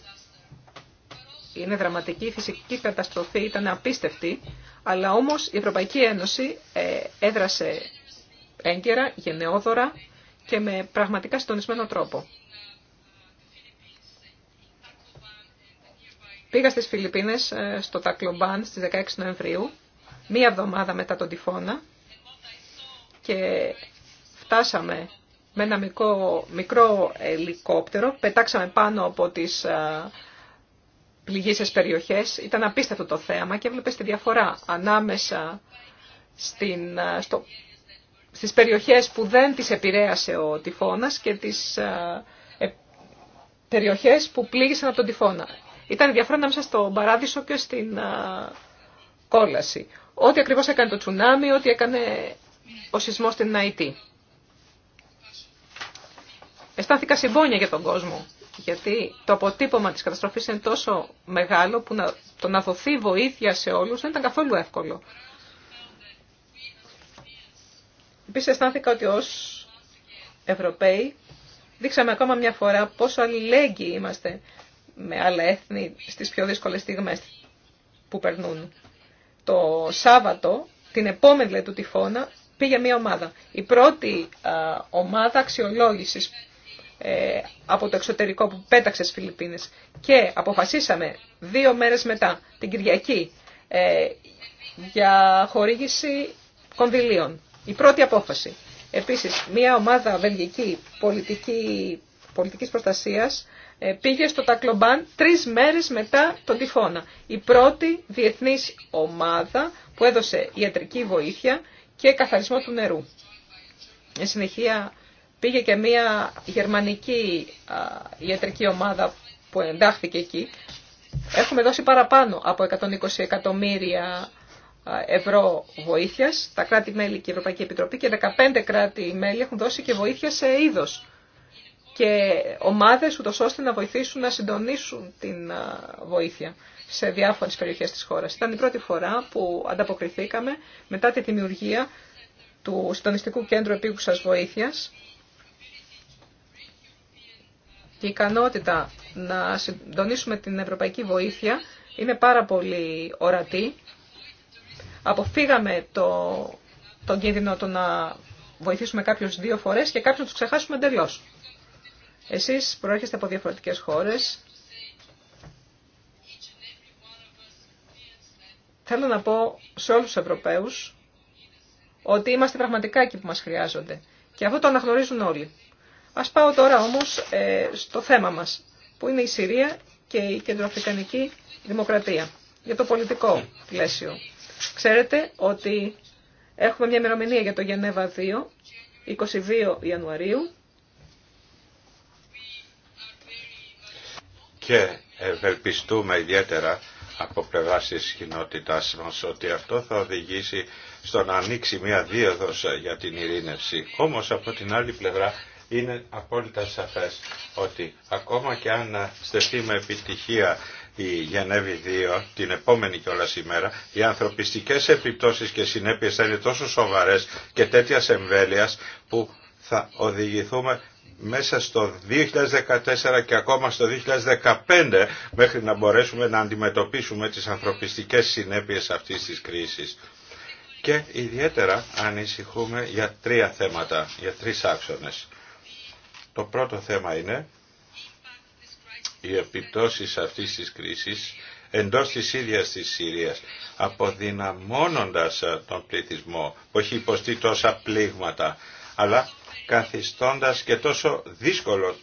είναι δραματική η φυσική καταστροφή, ήταν απίστευτη, αλλά όμως η Ευρωπαϊκή Ένωση ε, έδρασε έγκαιρα, γενναιόδωρα και με πραγματικά συντονισμένο τρόπο. Πήγα στις Φιλιππίνες, ε, στο Τακλομπάν, στις 16 Νοεμβρίου, μία εβδομάδα μετά τον τυφώνα και φτάσαμε με ένα μικρό, μικρό ελικόπτερο, πετάξαμε πάνω από τις ε, πληγήσεις περιοχές. Ήταν απίστευτο το θέαμα και έβλεπε τη διαφορά ανάμεσα στην, στο, στις περιοχές που δεν τις επηρέασε ο τυφώνας και τις ε, περιοχές που πλήγησαν από τον τυφώνα. Ήταν η διαφορά ανάμεσα στον παράδεισο και στην κόλαση. Ό,τι ακριβώς έκανε το τσουνάμι, ό,τι έκανε ο σεισμός στην Ναϊτή. Αισθάνθηκα συμπόνια για τον κόσμο γιατί το αποτύπωμα της καταστροφής είναι τόσο μεγάλο που να, το να δοθεί βοήθεια σε όλους δεν ήταν καθόλου εύκολο. Επίσης αισθάνθηκα ότι ως Ευρωπαίοι δείξαμε ακόμα μια φορά πόσο αλληλέγγυοι είμαστε με άλλα έθνη στις πιο δύσκολες στιγμές που περνούν. Το Σάββατο, την επόμενη του τυφώνα, πήγε μια ομάδα. Η πρώτη ομάδα αξιολόγησης ε, από το εξωτερικό που πέταξε στις Φιλιππίνες και αποφασίσαμε δύο μέρες μετά, την Κυριακή, ε, για χορήγηση κονδυλίων. Η πρώτη απόφαση. Επίσης, μια ομάδα βελγική πολιτική, πολιτικής προστασίας ε, πήγε στο Τακλομπάν τρεις μέρες μετά τον τυφώνα. Η πρώτη διεθνής ομάδα που έδωσε ιατρική βοήθεια και καθαρισμό του νερού. Εν συνεχεία Πήγε και μια γερμανική ιατρική ομάδα που εντάχθηκε εκεί. Έχουμε δώσει παραπάνω από 120 εκατομμύρια ευρώ βοήθειας, τα κράτη-μέλη και η Ευρωπαϊκή Επιτροπή και 15 κράτη-μέλη έχουν δώσει και βοήθεια σε είδος και ομάδες ούτως ώστε να βοηθήσουν να συντονίσουν την βοήθεια σε διάφορες περιοχές της χώρας. Ήταν η πρώτη φορά που ανταποκριθήκαμε μετά τη δημιουργία του Συντονιστικού Κέντρου Επίγουσας Βοήθειας και η ικανότητα να συντονίσουμε την ευρωπαϊκή βοήθεια είναι πάρα πολύ ορατή. Αποφύγαμε το, τον κίνδυνο το να βοηθήσουμε κάποιου δύο φορές και κάποιους να τους ξεχάσουμε εντελώ. Εσείς προέρχεστε από διαφορετικές χώρες. Θέλω να πω σε όλους τους Ευρωπαίους ότι είμαστε πραγματικά εκεί που μας χρειάζονται. Και αυτό το αναγνωρίζουν όλοι. Ας πάω τώρα όμως ε, στο θέμα μας, που είναι η Συρία και η κεντροαφρικανική δημοκρατία, για το πολιτικό πλαίσιο. Ξέρετε ότι έχουμε μια ημερομηνία για το Γενέβα 2, 22 Ιανουαρίου. Και ευελπιστούμε ιδιαίτερα από πλευρά τη κοινότητά μα ότι αυτό θα οδηγήσει στο να ανοίξει μια δίωδο για την ειρήνευση. Όμω από την άλλη πλευρά είναι απόλυτα σαφές ότι ακόμα και αν στεφτεί με επιτυχία η Γενέβη 2 την επόμενη κιόλα ημέρα, οι ανθρωπιστικές επιπτώσεις και συνέπειες θα είναι τόσο σοβαρές και τέτοια εμβέλειας που θα οδηγηθούμε μέσα στο 2014 και ακόμα στο 2015 μέχρι να μπορέσουμε να αντιμετωπίσουμε τις ανθρωπιστικές συνέπειες αυτής της κρίσης. Και ιδιαίτερα ανησυχούμε για τρία θέματα, για τρεις άξονες. Το πρώτο θέμα είναι οι επιπτώσεις αυτής της κρίσης εντός της ίδιας της Συρίας, αποδυναμώνοντας ε, τον πληθυσμό που έχει υποστεί τόσα πλήγματα, αλλά καθιστώντας και τόσο δύσκολο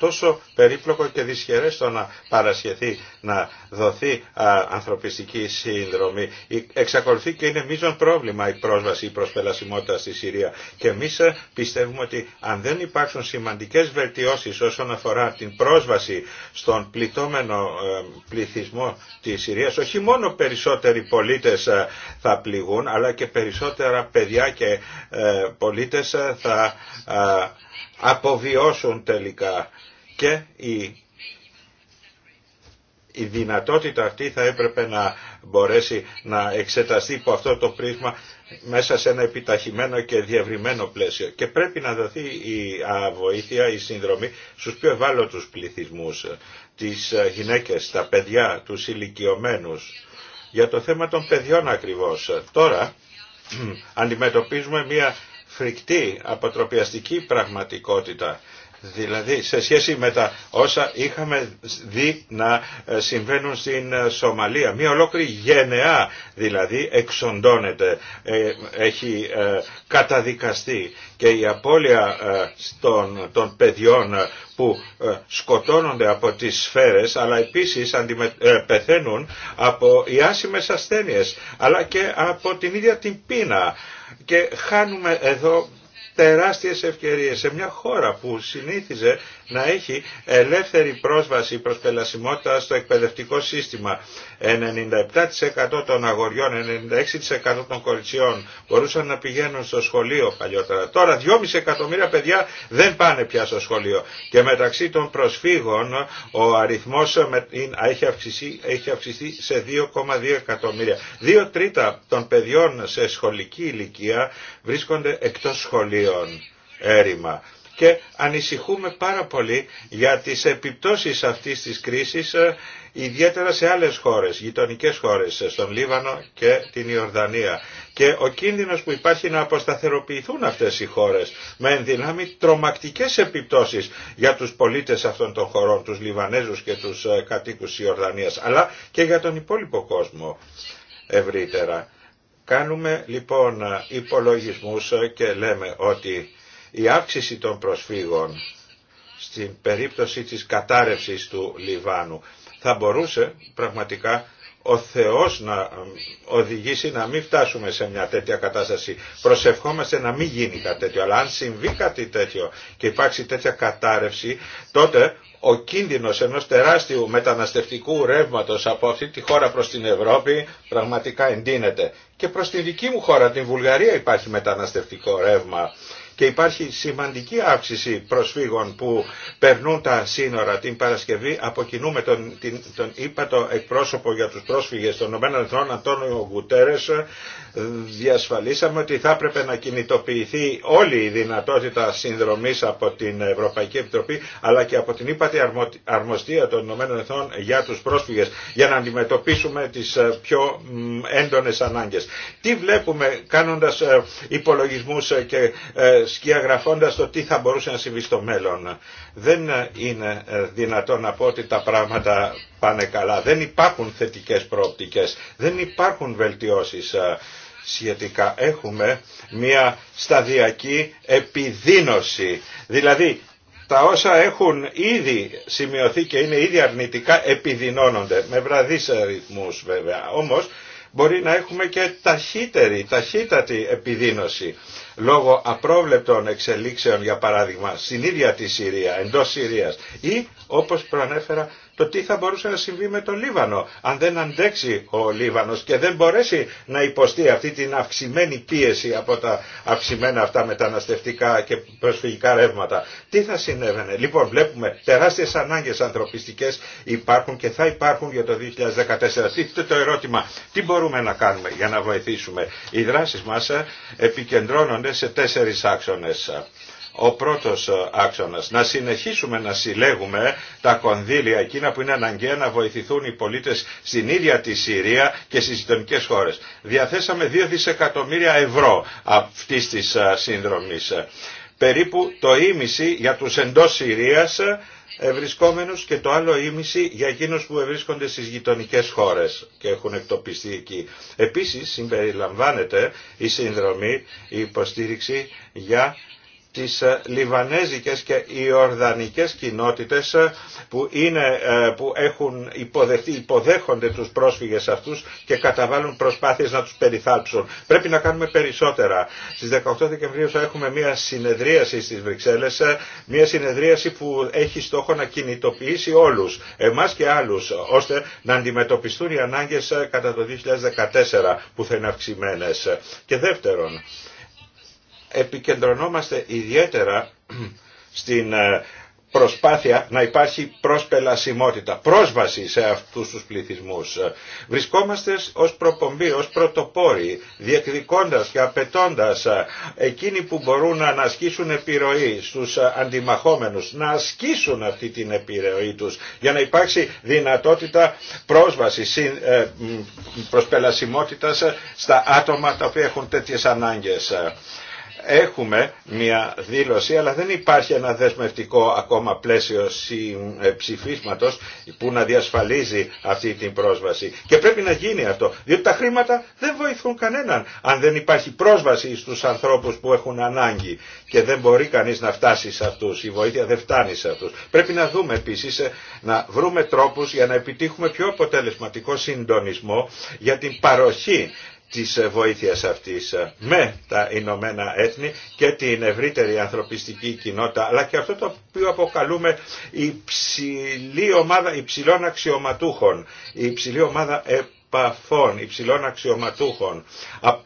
τόσο περίπλοκο και δυσχερές το να παρασχεθεί, να δοθεί ανθρωπιστική σύνδρομη. Εξακολουθεί και είναι μείζον πρόβλημα η πρόσβαση, η προσπελασιμότητα στη Συρία. Και εμεί ε, πιστεύουμε ότι αν δεν υπάρξουν σημαντικές βελτιώσεις όσον αφορά την πρόσβαση στον πληττόμενο ε, πληθυσμό της Συρίας, όχι μόνο περισσότεροι πολίτες ε, θα πληγούν, αλλά και περισσότερα παιδιά και πολίτες θα αποβιώσουν τελικά και η η δυνατότητα αυτή θα έπρεπε να μπορέσει να εξεταστεί από αυτό το πρίσμα μέσα σε ένα επιταχυμένο και διευρυμένο πλαίσιο. Και πρέπει να δοθεί η βοήθεια, η συνδρομή στους πιο ευάλωτους πληθυσμούς, τις ε, γυναίκες, τα παιδιά, τους ηλικιωμένους. Για το θέμα των παιδιών ακριβώς. Τώρα αντιμετωπίζουμε μια φρικτή αποτροπιαστική πραγματικότητα Δηλαδή σε σχέση με τα όσα είχαμε δει να ε, συμβαίνουν στην ε, Σομαλία. Μία ολόκληρη γενεά δηλαδή εξοντώνεται, ε, έχει καταδικαστεί και η απώλεια των, των παιδιών που σκοτώνονται από τις σφαίρες αλλά επίσης αντιμε... πεθαίνουν από οι άσημες ασθένειες αλλά και από την ίδια την πείνα και χάνουμε εδώ τεράστιες ευκαιρίες σε μια χώρα που συνήθιζε να έχει ελεύθερη πρόσβαση προς πελασιμότητα στο εκπαιδευτικό σύστημα. 97% των αγοριών, 96% των κοριτσιών μπορούσαν να πηγαίνουν στο σχολείο παλιότερα. Τώρα 2,5 εκατομμύρια παιδιά δεν πάνε πια στο σχολείο. Και μεταξύ των προσφύγων ο αριθμός έχει αυξηθεί, έχει αυξηθεί σε 2,2 εκατομμύρια. Δύο τρίτα των παιδιών σε σχολική ηλικία βρίσκονται εκτός σχολείων έρημα και ανησυχούμε πάρα πολύ για τις επιπτώσεις αυτής της κρίσης ε, ιδιαίτερα σε άλλες χώρες, γειτονικές χώρες, ε, στον Λίβανο και την Ιορδανία. Και ο κίνδυνος που υπάρχει να αποσταθεροποιηθούν αυτές οι χώρες με ενδυνάμει τρομακτικές επιπτώσεις για τους πολίτες αυτών των χωρών, τους Λιβανέζους και τους ε, κατοίκους της Ιορδανίας, αλλά και για τον υπόλοιπο κόσμο ευρύτερα. Κάνουμε λοιπόν υπολογισμούς και λέμε ότι η αύξηση των προσφύγων στην περίπτωση της κατάρρευσης του Λιβάνου θα μπορούσε πραγματικά ο Θεός να ε, οδηγήσει να μην φτάσουμε σε μια τέτοια κατάσταση. Προσευχόμαστε να μην γίνει κάτι τέτοιο. Αλλά αν συμβεί κάτι τέτοιο και υπάρξει τέτοια κατάρρευση, τότε ο κίνδυνος ενός τεράστιου μεταναστευτικού ρεύματος από αυτή τη χώρα προς την Ευρώπη πραγματικά εντείνεται. Και προς τη δική μου χώρα, την Βουλγαρία, υπάρχει μεταναστευτικό ρεύμα και υπάρχει σημαντική αύξηση προσφύγων που περνούν τα σύνορα την Παρασκευή. Αποκινούμε τον, τον ύπατο εκπρόσωπο για τους πρόσφυγες των ΗΠΑ, Αντώνιο Γκουτέρες, διασφαλίσαμε ότι θα έπρεπε να κινητοποιηθεί όλη η δυνατότητα συνδρομής από την Ευρωπαϊκή Επιτροπή αλλά και από την ύπατη αρμοστία των ΗΠΑ για τους πρόσφυγες για να αντιμετωπίσουμε τις ε, πιο έντονες ανάγκες. Τι βλέπουμε κάνοντας ε, υπολογισμούς ε, και σκιαγραφώντας το τι θα μπορούσε να συμβεί στο μέλλον. Δεν είναι δυνατόν να πω ότι τα πράγματα πάνε καλά. Δεν υπάρχουν θετικές προοπτικές. Δεν υπάρχουν βελτιώσεις ε, σχετικά. Έχουμε μια σταδιακή επιδίνωση. Δηλαδή τα όσα έχουν ήδη σημειωθεί και είναι ήδη αρνητικά επιδεινώνονται με βραδείς ρυθμούς βέβαια. Όμως μπορεί να έχουμε και ταχύτερη, ταχύτατη επιδείνωση λόγω απρόβλεπτων εξελίξεων για παράδειγμα στην ίδια τη Συρία, εντός Συρίας ή όπως προανέφερα το τι θα μπορούσε να συμβεί με τον Λίβανο. Αν δεν αντέξει ο Λίβανος και δεν μπορέσει να υποστεί αυτή την αυξημένη πίεση από τα αυξημένα αυτά μεταναστευτικά και προσφυγικά ρεύματα. Τι θα συνέβαινε. Λοιπόν βλέπουμε τεράστιες ανάγκες ανθρωπιστικές υπάρχουν και θα υπάρχουν για το 2014. Τίθεται το ερώτημα τι μπορούμε να κάνουμε για να βοηθήσουμε. Οι δράσεις μας επικεντρώνονται σε τέσσερις άξονες ο πρώτος ε, άξονας. Να συνεχίσουμε να συλλέγουμε τα κονδύλια εκείνα που είναι αναγκαία να βοηθηθούν οι πολίτες στην ίδια τη Συρία και στις γειτονικέ χώρες. Διαθέσαμε 2 δισεκατομμύρια ευρώ αυτή της ε, σύνδρομης. Περίπου το ίμιση για τους εντός Συρίας ε, ευρισκόμενους και το άλλο ίμιση για εκείνους που ευρίσκονται στις γειτονικές χώρες και έχουν εκτοπιστεί εκεί. Επίσης συμπεριλαμβάνεται η σύνδρομη, η υποστήριξη για τις ε, λιβανέζικες και ιορδανικές κοινότητες ε, που, είναι, ε, που έχουν υποδέχονται τους πρόσφυγες αυτούς και καταβάλουν προσπάθειες να τους περιθάλψουν. Πρέπει να κάνουμε περισσότερα. Στις 18 Δεκεμβρίου θα έχουμε μια συνεδρίαση στις Βρυξέλλες, μια συνεδρίαση που έχει στόχο να κινητοποιήσει όλους, εμάς και άλλους, ώστε να αντιμετωπιστούν οι ανάγκες κατά το 2014 που θα είναι αυξημένες. Και δεύτερον, επικεντρωνόμαστε ιδιαίτερα στην ε, προσπάθεια να υπάρχει προσπελασιμότητα, πρόσβαση σε αυτούς τους πληθυσμούς. Βρισκόμαστε ως προπομπή, ως πρωτοπόροι, διεκδικώντας και απαιτώντας ε, εκείνοι που μπορούν να ανασκήσουν επιρροή στους ε, αντιμαχόμενους, να ασκήσουν αυτή την επιρροή τους, για να υπάρξει δυνατότητα πρόσβαση προσπελασιμότητας στα άτομα τα οποία έχουν τέτοιες ανάγκες έχουμε μια δήλωση αλλά δεν υπάρχει ένα δεσμευτικό ακόμα πλαίσιο ε, ψηφίσματος που να διασφαλίζει αυτή την πρόσβαση. Και πρέπει να γίνει αυτό, διότι τα χρήματα δεν βοηθούν κανέναν αν δεν υπάρχει πρόσβαση στους ανθρώπους που έχουν ανάγκη και δεν μπορεί κανείς να φτάσει σε αυτούς, η βοήθεια δεν φτάνει σε αυτούς. Πρέπει να δούμε επίσης, ε, να βρούμε τρόπους για να επιτύχουμε πιο αποτελεσματικό συντονισμό για την παροχή της ε, βοήθειας αυτής ε, με τα Ηνωμένα Έθνη και την ευρύτερη ανθρωπιστική κοινότητα αλλά και αυτό το οποίο αποκαλούμε υψηλή ομάδα υψηλών αξιωματούχων η υψηλή ομάδα ε, υψηλών αξιωματούχων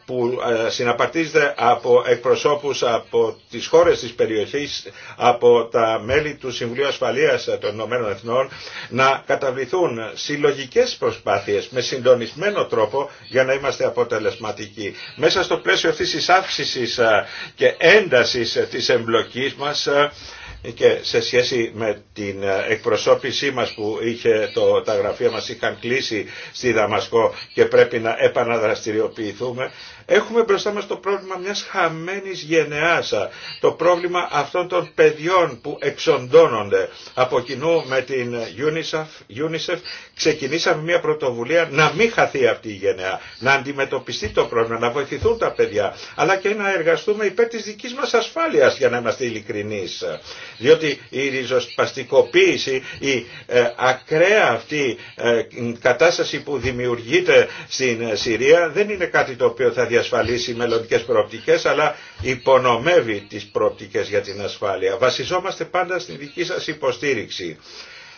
που συναπαρτίζεται από εκπροσώπους από τις χώρες της περιοχής, από τα μέλη του Συμβουλίου Ασφαλείας των Ηνωμένων Εθνών, να καταβληθούν συλλογικές προσπάθειες με συντονισμένο τρόπο για να είμαστε αποτελεσματικοί. Μέσα στο πλαίσιο αυτής της αύξησης και έντασης ε, της εμπλοκής μας, και σε σχέση με την ε, εκπροσώπησή μας που είχε το, τα γραφεία μας είχαν κλείσει στη Δαμασκό και πρέπει να επαναδραστηριοποιηθούμε Έχουμε μπροστά μας το πρόβλημα μιας χαμένης γενεάς, το πρόβλημα αυτών των παιδιών που εξοντώνονται. Από κοινού με την UNICEF, UNICEF ξεκινήσαμε μια πρωτοβουλία να μην χαθεί αυτή η γενεά, να αντιμετωπιστεί το πρόβλημα, να βοηθηθούν τα παιδιά, αλλά και να εργαστούμε υπέρ της δικής μας ασφάλειας για να είμαστε ειλικρινείς. Διότι η ριζοσπαστικοποίηση, η ε, ακραία αυτή ε, κατάσταση που δημιουργείται στην ε, Συρία δεν είναι κάτι το οποίο θα διασφαλίσει μελλοντικές προοπτικές αλλά υπονομεύει τις προοπτικές για την ασφάλεια. Βασιζόμαστε πάντα στην δική σας υποστήριξη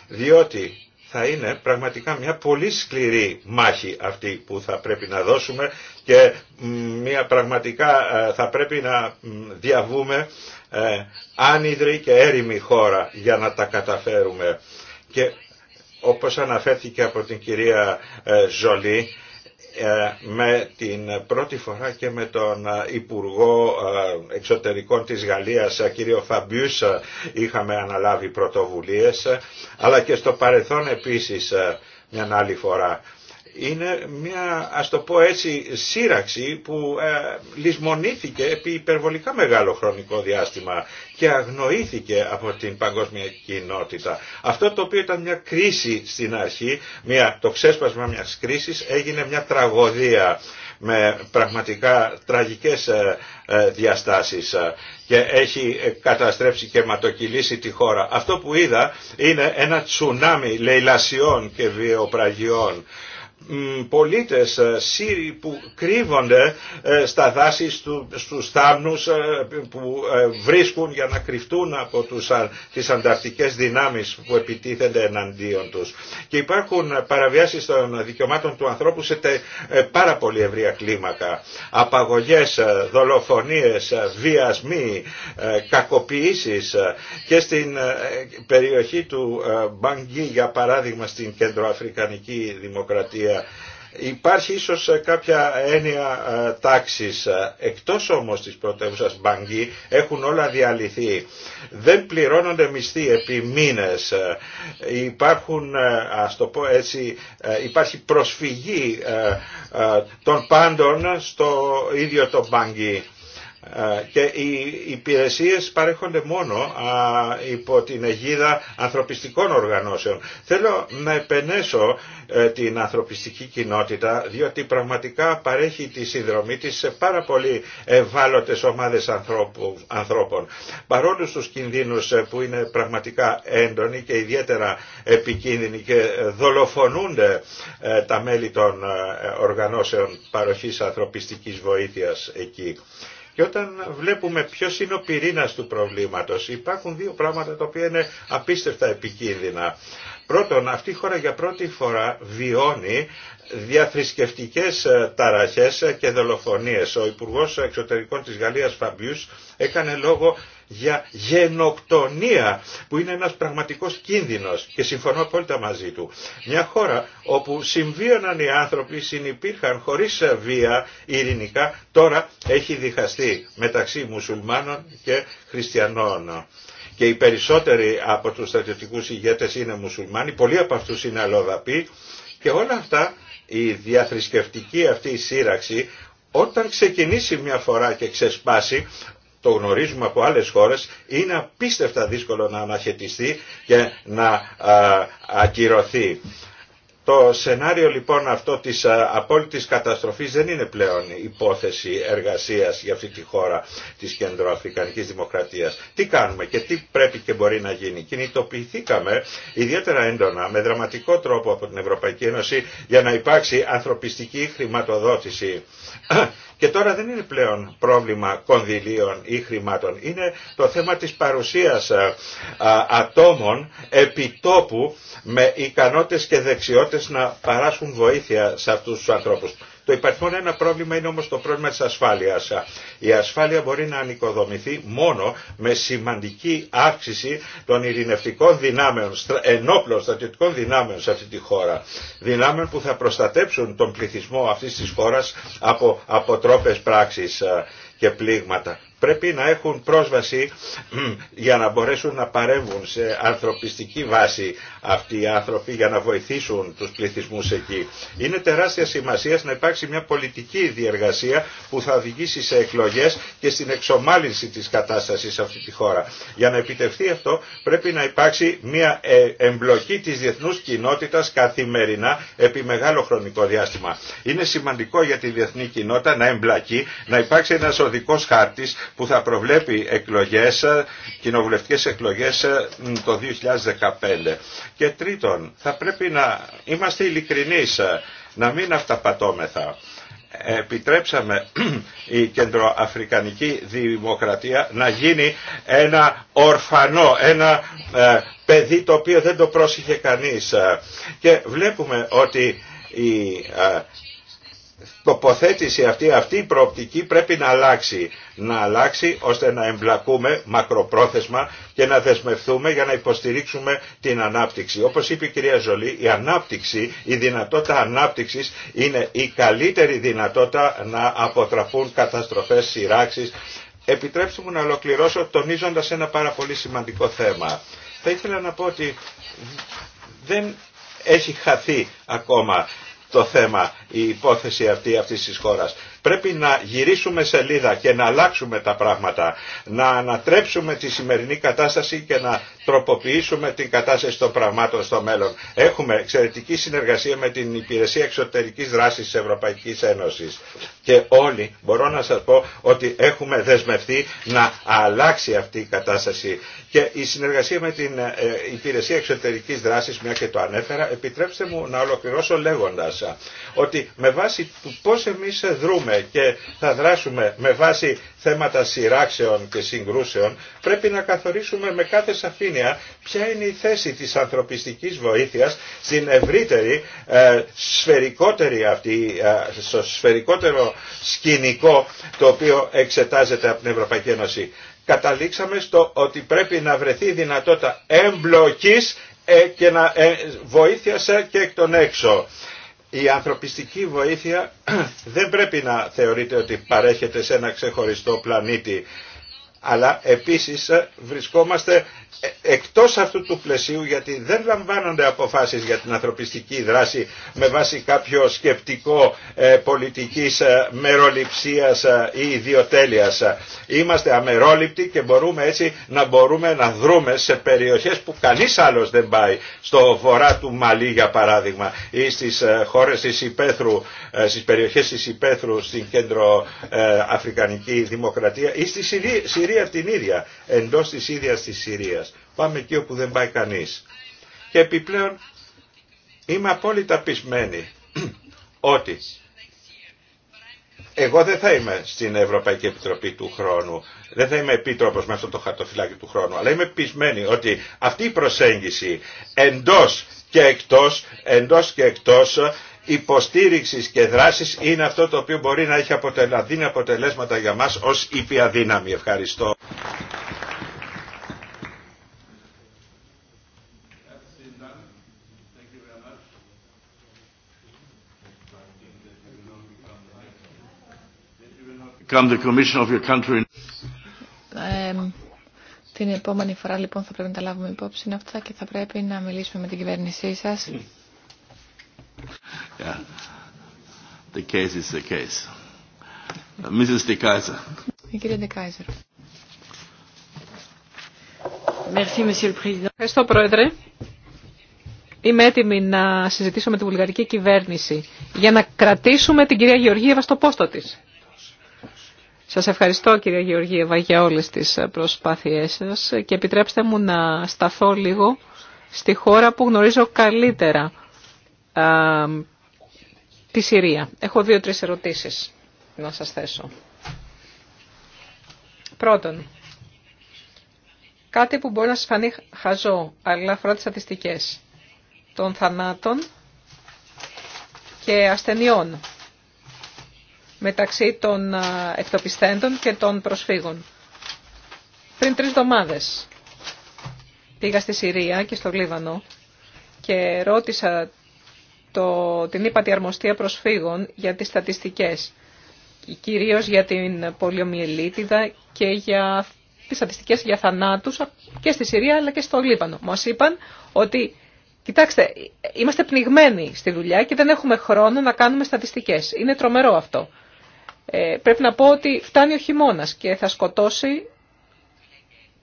διότι θα είναι πραγματικά μια πολύ σκληρή μάχη αυτή που θα πρέπει να δώσουμε και μια πραγματικά ε, θα πρέπει να διαβούμε ε, άνυδρη και έρημη χώρα για να τα καταφέρουμε. Και όπως αναφέρθηκε από την κυρία ε, Ζολή, ε, με την πρώτη φορά και με τον ε, Υπουργό ε, Εξωτερικών της Γαλλίας κύριο Φαμπιούς είχαμε αναλάβει πρωτοβουλίες αλλά και στο παρελθόν επίσης μια άλλη φορά είναι μια ας το πω έτσι σύραξη που ε, λησμονήθηκε επί υπερβολικά μεγάλο χρονικό διάστημα και αγνοήθηκε από την παγκόσμια κοινότητα. Αυτό το οποίο ήταν μια κρίση στην αρχή, μια, το ξέσπασμα μιας κρίσης έγινε μια τραγωδία με πραγματικά τραγικές ε, ε, διαστάσεις ε, και έχει καταστρέψει και ματοκυλήσει τη χώρα. Αυτό που είδα είναι ένα τσουνάμι λαιλασιών και βιοπραγιών πολίτες ε, Σύριοι που κρύβονται ε, στα δάση στους θάμνους ε, που βρίσκουν για να κρυφτούν από τους, τις ανταρτικές δυνάμεις που επιτίθενται εναντίον τους. Και υπάρχουν παραβιάσεις των δικαιωμάτων του ανθρώπου σε πάρα πολύ ευρία κλίμακα. Απαγωγές, δολοφονίες, βιασμοί, κακοποιήσεις και στην περιοχή του Μπαγκή για παράδειγμα στην Κεντροαφρικανική Δημοκρατία Υπάρχει ίσως ε, κάποια έννοια ε, τάξης, ε, εκτός όμως της πρωτεύουσας Μπαγκή έχουν όλα διαλυθεί. Δεν πληρώνονται μισθοί επί μήνες. Υπάρχουν, ας το πω έτσι, υπάρχει προσφυγή των πάντων στο ίδιο το Μπαγκή. Ε, και οι υπηρεσίες παρέχονται μόνο υπό την αιγίδα ανθρωπιστικών οργανώσεων. Θέλω να επενέσω ε, την ανθρωπιστική κοινότητα διότι πραγματικά παρέχει τη συνδρομή της σε πάρα πολύ ευάλωτες ομάδες ανθρώπων. Παρόλους τους κινδύνους ε, που είναι πραγματικά έντονοι και ιδιαίτερα επικίνδυνοι και δολοφονούνται τα μέλη των οργανώσεων παροχής ανθρωπιστικής βοήθειας εκεί. Και όταν βλέπουμε ποιος είναι ο πυρήνας του προβλήματος, υπάρχουν δύο πράγματα τα οποία είναι απίστευτα επικίνδυνα. Πρώτον, αυτή η χώρα για πρώτη φορά βιώνει διαθρησκευτικές ε, ταραχές και δολοφονίες. Ο Υπουργός Εξωτερικών της Γαλλίας Φαμπιούς έκανε λόγο για γενοκτονία που είναι ένας πραγματικός κίνδυνος και συμφωνώ απόλυτα μαζί του. Μια χώρα όπου συμβίωναν οι άνθρωποι, συνυπήρχαν χωρίς βία ειρηνικά, τώρα έχει διχαστεί μεταξύ μουσουλμάνων και χριστιανών και οι περισσότεροι από τους στρατιωτικούς ηγέτες είναι μουσουλμάνοι, πολλοί από αυτούς είναι αλλοδαποί και όλα αυτά η διαθρησκευτική αυτή σύραξη όταν ξεκινήσει μια φορά και ξεσπάσει το γνωρίζουμε από άλλες χώρες, είναι απίστευτα δύσκολο να αναχαιτιστεί και να ακυρωθεί. Το σενάριο λοιπόν αυτό της απόλυτης καταστροφής δεν είναι πλέον υπόθεση εργασίας για αυτή τη χώρα της κεντροαφρικανικής δημοκρατίας. Τι κάνουμε και τι πρέπει και μπορεί να γίνει. Κινητοποιηθήκαμε ιδιαίτερα έντονα με δραματικό τρόπο από την Ευρωπαϊκή Ένωση για να υπάρξει ανθρωπιστική χρηματοδότηση και τώρα δεν είναι πλέον πρόβλημα κονδυλίων ή χρημάτων. Είναι το θέμα της παρουσίας ε, ατόμων επιτόπου με ικανότητες και δεξιότητες να παράσχουν βοήθεια σε αυτούς τους ανθρώπους. Το υπαρχόν ένα πρόβλημα είναι όμως το πρόβλημα της ασφάλειας. Η ασφάλεια μπορεί να ανοικοδομηθεί μόνο με σημαντική αύξηση των ειρηνευτικών δυνάμεων, ενόπλων στρατιωτικών δυνάμεων σε αυτή τη χώρα. Δυνάμεων που θα προστατέψουν τον πληθυσμό αυτής της χώρας από τρόπες πράξεις ε, και πλήγματα πρέπει να έχουν πρόσβαση για να μπορέσουν να παρέμβουν σε ανθρωπιστική βάση αυτοί οι άνθρωποι για να βοηθήσουν τους πληθυσμούς εκεί. Είναι τεράστια σημασία να υπάρξει μια πολιτική διεργασία που θα οδηγήσει σε εκλογές και στην εξομάλυνση της κατάστασης σε αυτή τη χώρα. Για να επιτευχθεί αυτό πρέπει να υπάρξει μια ε, εμπλοκή της διεθνούς κοινότητας καθημερινά επί μεγάλο χρονικό διάστημα. Είναι σημαντικό για τη διεθνή κοινότητα να εμπλακεί, να υπάρξει ένας οδικός χάρτης που θα προβλέπει εκλογές, κοινοβουλευτικές εκλογές ε, το 2015. Και τρίτον, θα πρέπει να είμαστε ειλικρινείς, ε, να μην αυταπατώμεθα επιτρέψαμε η κεντροαφρικανική δημοκρατία να γίνει ένα ορφανό, ένα ε, παιδί το οποίο δεν το πρόσεχε κανείς. Και βλέπουμε ότι η τοποθέτηση αυτή, αυτή η προοπτική πρέπει να αλλάξει. Να αλλάξει ώστε να εμπλακούμε μακροπρόθεσμα και να δεσμευτούμε για να υποστηρίξουμε την ανάπτυξη. Όπως είπε η κυρία Ζολή, η ανάπτυξη, η δυνατότητα ανάπτυξης είναι η καλύτερη δυνατότητα να αποτραπούν καταστροφές, σειράξεις. Επιτρέψτε μου να ολοκληρώσω τονίζοντας ένα πάρα πολύ σημαντικό θέμα. Θα ήθελα να πω ότι δεν έχει χαθεί ακόμα το θέμα, η υπόθεση αυτή αυτής της χώρας. Πρέπει να γυρίσουμε σελίδα και να αλλάξουμε τα πράγματα, να ανατρέψουμε τη σημερινή κατάσταση και να τροποποιήσουμε την κατάσταση των πραγμάτων στο μέλλον. Έχουμε εξαιρετική συνεργασία με την Υπηρεσία Εξωτερικής Δράσης της Ευρωπαϊκής Ένωσης και όλοι μπορώ να σας πω ότι έχουμε δεσμευτεί να αλλάξει αυτή η κατάσταση και η συνεργασία με την ε, Υπηρεσία Εξωτερικής Δράσης, μια και το ανέφερα, επιτρέψτε μου να ολοκληρώσω λέγοντα ότι με βάση του πώς εμείς δρούμε και θα δράσουμε με βάση θέματα σειράξεων και συγκρούσεων, πρέπει να καθορίσουμε με κάθε σαφήνεια ποια είναι η θέση της ανθρωπιστικής βοήθειας στην ευρύτερη, ε, σφαιρικότερη αυτή, ε, στο σφαιρικότερο σκηνικό το οποίο εξετάζεται από την Ευρωπαϊκή Ένωση. Καταλήξαμε στο ότι πρέπει να βρεθεί δυνατότητα εμπλοκής ε, και να βοήθειασε και εκ των έξω η ανθρωπιστική βοήθεια δεν πρέπει να θεωρείται ότι παρέχεται σε ένα ξεχωριστό πλανήτη αλλά επίσης βρισκόμαστε ε, εκτός αυτού του πλαισίου γιατί δεν λαμβάνονται αποφάσεις για την ανθρωπιστική δράση με βάση κάποιο σκεπτικό ε, πολιτικής ε, μεροληψίας ή ιδιοτέλειας. Είμαστε αμερόληπτοι και μπορούμε έτσι να μπορούμε να δρούμε σε περιοχές που κανείς άλλος δεν πάει. Στο βορρά του Μαλή για παράδειγμα ή στις χώρες της Υπέθρου, στις περιοχές της στην κέντρο Αφρικανική Δημοκρατία ή στη Συρία την ίδια, εντός της ίδιας της Συρίας. Πάμε εκεί όπου δεν πάει κανείς. Και επιπλέον είμαι απόλυτα πεισμένη ότι εγώ δεν θα είμαι στην Ευρωπαϊκή Επιτροπή του χρόνου, δεν θα είμαι επίτροπος με αυτό το χαρτοφυλάκι του χρόνου, αλλά είμαι πεισμένη ότι αυτή η προσέγγιση εντός και εκτός, εντός και εκτός υποστήριξης και δράσης είναι αυτό το οποίο μπορεί να, έχει δίνει αποτελέσματα για μας ως υπηαδύναμη. Ευχαριστώ. the of την επόμενη φορά λοιπόν θα πρέπει να τα λάβουμε υπόψη αυτά και θα πρέπει να μιλήσουμε με την κυβέρνησή σας. Yeah. The case is the Ευχαριστώ, Πρόεδρε. Είμαι έτοιμη να συζητήσω με την βουλγαρική κυβέρνηση για να κρατήσουμε την κυρία Γεωργίευα στο πόστο της. Σας ευχαριστώ κύριε Γεωργίευα για όλες τις ε, προσπάθειές σας και επιτρέψτε μου να σταθώ λίγο στη χώρα που γνωρίζω καλύτερα, τη Συρία. Έχω δύο-τρεις ερωτήσεις να σας θέσω. Πρώτον, κάτι που μπορεί να σας φανεί χαζό, αλλά αφορά τις στατιστικές των θανάτων και ασθενειών μεταξύ των εκτοπιστέντων και των προσφύγων. Πριν τρεις εβδομάδες πήγα στη Συρία και στο Λίβανο και ρώτησα την ύπατη αρμοστία προσφύγων για τις στατιστικές, κυρίως για την πολιομιελίτιδα και για τις στατιστικές για θανάτους και στη Συρία αλλά και στο Λίβανο. Μας είπαν ότι Κοιτάξτε, είμαστε πνιγμένοι στη δουλειά και δεν έχουμε χρόνο να κάνουμε στατιστικές. Είναι τρομερό αυτό. Ε, πρέπει να πω ότι φτάνει ο χειμώνα και θα σκοτώσει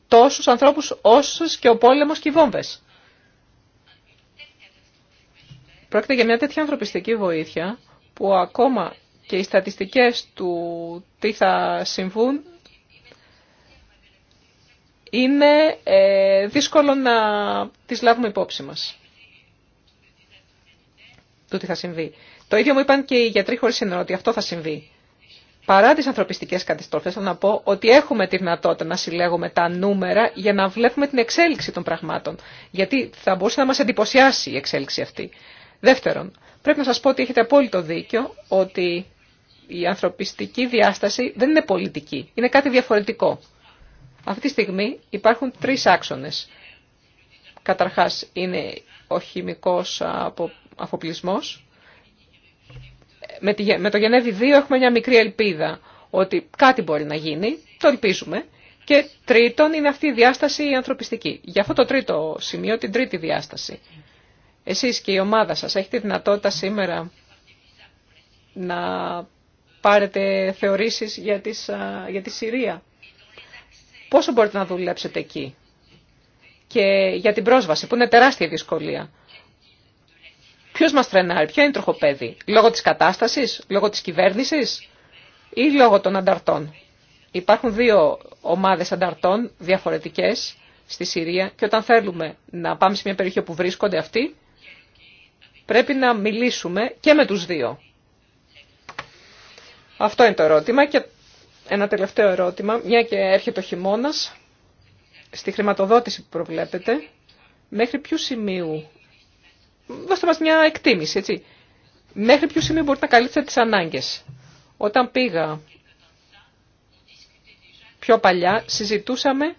τόσους ανθρώπους όσους και ο πόλεμος και οι βόμβες. Πρόκειται για μια τέτοια ανθρωπιστική βοήθεια που ακόμα και οι στατιστικές του τι θα συμβούν είναι ε, δύσκολο να τις λάβουμε υπόψη μας. το τι θα συμβεί. Το ίδιο μου είπαν και οι γιατροί χωρίς σύνορα ότι αυτό θα συμβεί παρά τις ανθρωπιστικές καταστροφές, θα να πω ότι έχουμε τη δυνατότητα να συλλέγουμε τα νούμερα για να βλέπουμε την εξέλιξη των πραγμάτων. Γιατί θα μπορούσε να μας εντυπωσιάσει η εξέλιξη αυτή. Δεύτερον, πρέπει να σας πω ότι έχετε απόλυτο δίκιο ότι η ανθρωπιστική διάσταση δεν είναι πολιτική. Είναι κάτι διαφορετικό. Αυτή τη στιγμή υπάρχουν τρεις άξονες. Καταρχάς είναι ο χημικός αφοπλισμός, με το Γενέβη 2 έχουμε μια μικρή ελπίδα ότι κάτι μπορεί να γίνει, το ελπίζουμε. Και τρίτον είναι αυτή η διάσταση η ανθρωπιστική. Για αυτό το τρίτο σημείο, την τρίτη διάσταση. Εσείς και η ομάδα σας έχετε δυνατότητα σήμερα να πάρετε θεωρήσεις για, τις, για τη Συρία. Πόσο μπορείτε να δουλέψετε εκεί και για την πρόσβαση που είναι τεράστια δυσκολία. Ποιο μα τρενάρει, ποια είναι η τροχοπέδη, λόγω τη κατάσταση, λόγω τη κυβέρνηση ή λόγω των ανταρτών. Υπάρχουν δύο ομάδε ανταρτών διαφορετικέ στη Συρία και όταν θέλουμε να πάμε σε μια περιοχή όπου βρίσκονται αυτοί, πρέπει να μιλήσουμε και με τους δύο. Αυτό είναι το ερώτημα και ένα τελευταίο ερώτημα, μια και έρχεται ο χειμώνα, στη χρηματοδότηση που προβλέπετε, μέχρι ποιου σημείου δώστε μας μια εκτίμηση, έτσι. Μέχρι ποιο σημείο μπορείτε να καλύψετε τις ανάγκες. Όταν πήγα πιο παλιά, συζητούσαμε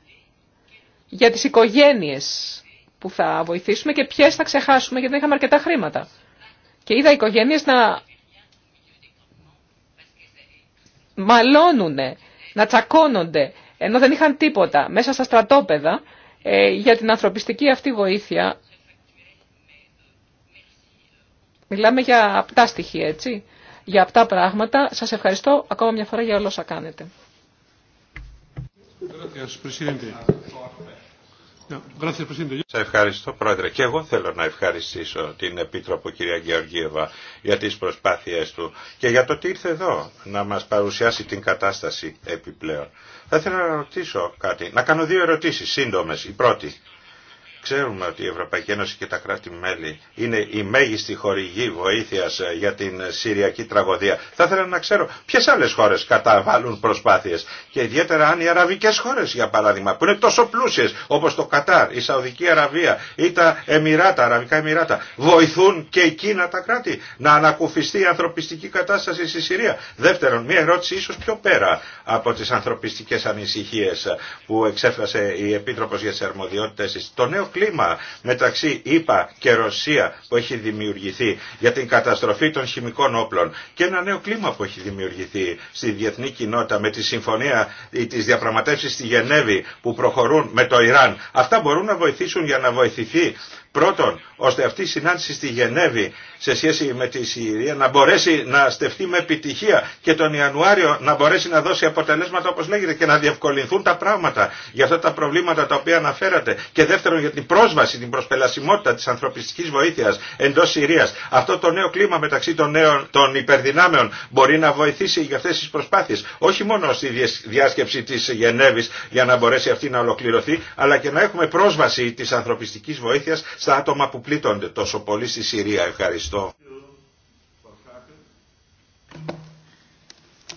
για τις οικογένειες που θα βοηθήσουμε και ποιες θα ξεχάσουμε γιατί δεν είχαμε αρκετά χρήματα. Και είδα οικογένειες να μαλώνουν, να τσακώνονται, ενώ δεν είχαν τίποτα μέσα στα στρατόπεδα ε, για την ανθρωπιστική αυτή βοήθεια Μιλάμε για απτά στοιχεία, έτσι, για απτά πράγματα. Σας ευχαριστώ ακόμα μια φορά για όλα όσα κάνετε. Σα ευχαριστώ Πρόεδρε και εγώ θέλω να ευχαριστήσω την Επίτροπο κυρία Γεωργίευα για τις προσπάθειές του και για το ότι ήρθε εδώ να μας παρουσιάσει την κατάσταση επιπλέον. Θα ήθελα να ρωτήσω κάτι, να κάνω δύο ερωτήσεις σύντομες. Η πρώτη, Ξέρουμε ότι η Ευρωπαϊκή Ένωση και τα κράτη-μέλη είναι η μέγιστη χορηγή βοήθειας ε, για την Συριακή τραγωδία. Θα ήθελα να ξέρω ποιες άλλες χώρες καταβάλουν προσπάθειες και ιδιαίτερα αν οι αραβικές χώρες για παράδειγμα που είναι τόσο πλούσιες όπως το Κατάρ, η Σαουδική Αραβία ή τα Εμμυράτα, Αραβικά Εμμυράτα βοηθούν και εκείνα τα κράτη να ανακουφιστεί η ανθρωπιστική κατάσταση στη Συρία. Δεύτερον, μια ερώτηση ίσως πιο πέρα από τις ανθρωπιστικές ανησυχίες που εξέφρασε η Επίτροπος για τις Αρμοδιότητες. νέο κλίμα μεταξύ ΗΠΑ και Ρωσία που έχει δημιουργηθεί για την καταστροφή των χημικών όπλων και ένα νέο κλίμα που έχει δημιουργηθεί στη διεθνή κοινότητα με τη συμφωνία ή ε, τις διαπραγματεύσεις στη Γενέβη που προχωρούν με το Ιράν. Αυτά μπορούν να βοηθήσουν για να βοηθηθεί Πρώτον, ώστε αυτή η συνάντηση στη Γενέβη σε σχέση με τη Συρία να μπορέσει να στεφτεί με επιτυχία και τον Ιανουάριο να μπορέσει να δώσει αποτελέσματα όπως λέγεται και να διευκολυνθούν τα πράγματα για αυτά τα προβλήματα τα οποία αναφέρατε. Και δεύτερον, για την πρόσβαση, την προσπελασιμότητα της ανθρωπιστικής βοήθειας εντός Συρίας. Αυτό το νέο κλίμα μεταξύ των, νέων, των υπερδυνάμεων μπορεί να βοηθήσει για αυτές τις προσπάθειες. Όχι μόνο στη διάσκεψη της Γενέβη για να μπορέσει αυτή να ολοκληρωθεί, αλλά και να έχουμε πρόσβαση της ανθρωπιστικής βοήθειας στα άτομα που πλήττονται τόσο πολύ στη Συρία. Ευχαριστώ.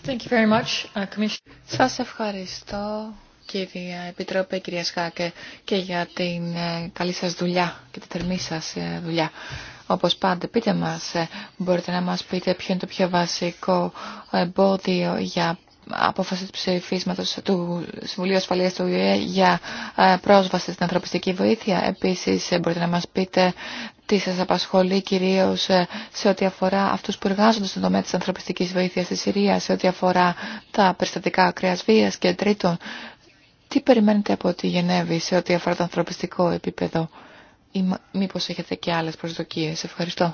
Thank you very much, uh, Σας ευχαριστώ κύριε Επιτρόπε, κυρία Σχάκε και για την ε, καλή σας δουλειά και τη θερμή σας ε, δουλειά. Όπως πάντα, πείτε μας, ε, μπορείτε να μας πείτε ποιο είναι το πιο βασικό εμπόδιο για απόφαση του ψηφίσματο, του Συμβουλίου Ασφαλείας του ΟΗΕ για ε, πρόσβαση στην ανθρωπιστική βοήθεια. Επίσης, ε, μπορείτε να μας πείτε τι σας απασχολεί κυρίως ε, σε ό,τι αφορά αυτούς που εργάζονται στον τομέα της ανθρωπιστικής βοήθειας στη Συρία, σε ό,τι αφορά τα περιστατικά ακραίας βίας και τρίτον, τι περιμένετε από τη Γενέβη σε ό,τι αφορά το ανθρωπιστικό επίπεδο ή μήπως έχετε και άλλες προσδοκίες. Ευχαριστώ.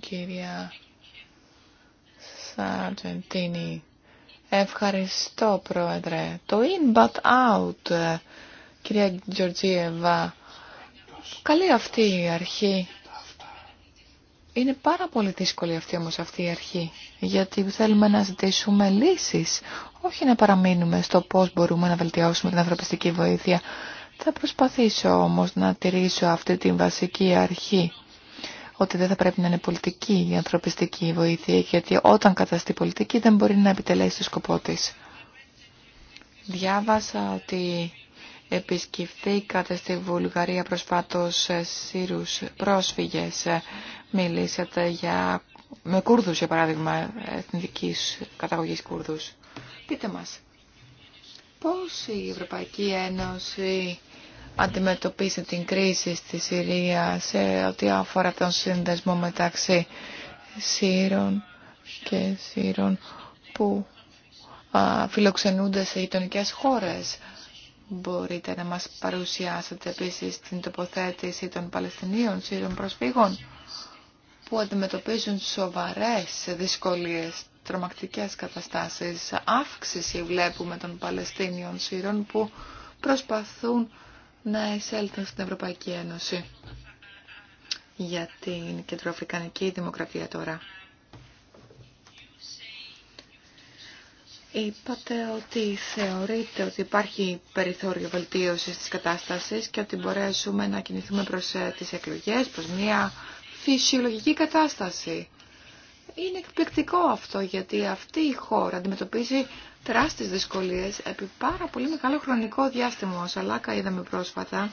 Κυρία Αργεντίνη Ευχαριστώ, Πρόεδρε. Το in but out, κυρία Γεωργίευα. Καλή αυτή η αρχή. Είναι πάρα πολύ δύσκολη αυτή όμως αυτή η αρχή, γιατί θέλουμε να ζητήσουμε λύσεις, όχι να παραμείνουμε στο πώς μπορούμε να βελτιώσουμε την ανθρωπιστική βοήθεια. Θα προσπαθήσω όμως να τηρήσω αυτή την βασική αρχή ότι δεν θα πρέπει να είναι πολιτική η ανθρωπιστική βοήθεια, γιατί όταν καταστεί πολιτική δεν μπορεί να επιτελέσει το σκοπό της. Διάβασα ότι επισκεφθήκατε στη Βουλγαρία προσφάτως ε, Σύρους πρόσφυγες. Ε, μιλήσατε για... με Κούρδους, για παράδειγμα, εθνικής καταγωγής Κούρδους. Πείτε μας, πώς η Ευρωπαϊκή Ένωση αντιμετωπίσει την κρίση στη Συρία σε ό,τι αφορά τον σύνδεσμο μεταξύ Σύρων και Σύρων που φιλοξενούνται σε γειτονικέ χώρες. Μπορείτε να μας παρουσιάσετε επίσης την τοποθέτηση των Παλαιστινίων Σύρων προσφύγων που αντιμετωπίζουν σοβαρές δυσκολίες, τρομακτικές καταστάσεις, αύξηση βλέπουμε των Παλαιστίνιων Σύρων που προσπαθούν να εισέλθουν στην Ευρωπαϊκή Ένωση για την κεντροαφρικανική δημοκρατία τώρα. Είπατε ότι θεωρείτε ότι υπάρχει περιθώριο βελτίωσης της κατάστασης και ότι μπορέσουμε να κινηθούμε προς ε, τις εκλογές, προς μια φυσιολογική κατάσταση. Είναι εκπληκτικό αυτό γιατί αυτή η χώρα αντιμετωπίζει τεράστιες δυσκολίες επί πάρα πολύ μεγάλο χρονικό διάστημα. Ο Σαλάκα είδαμε πρόσφατα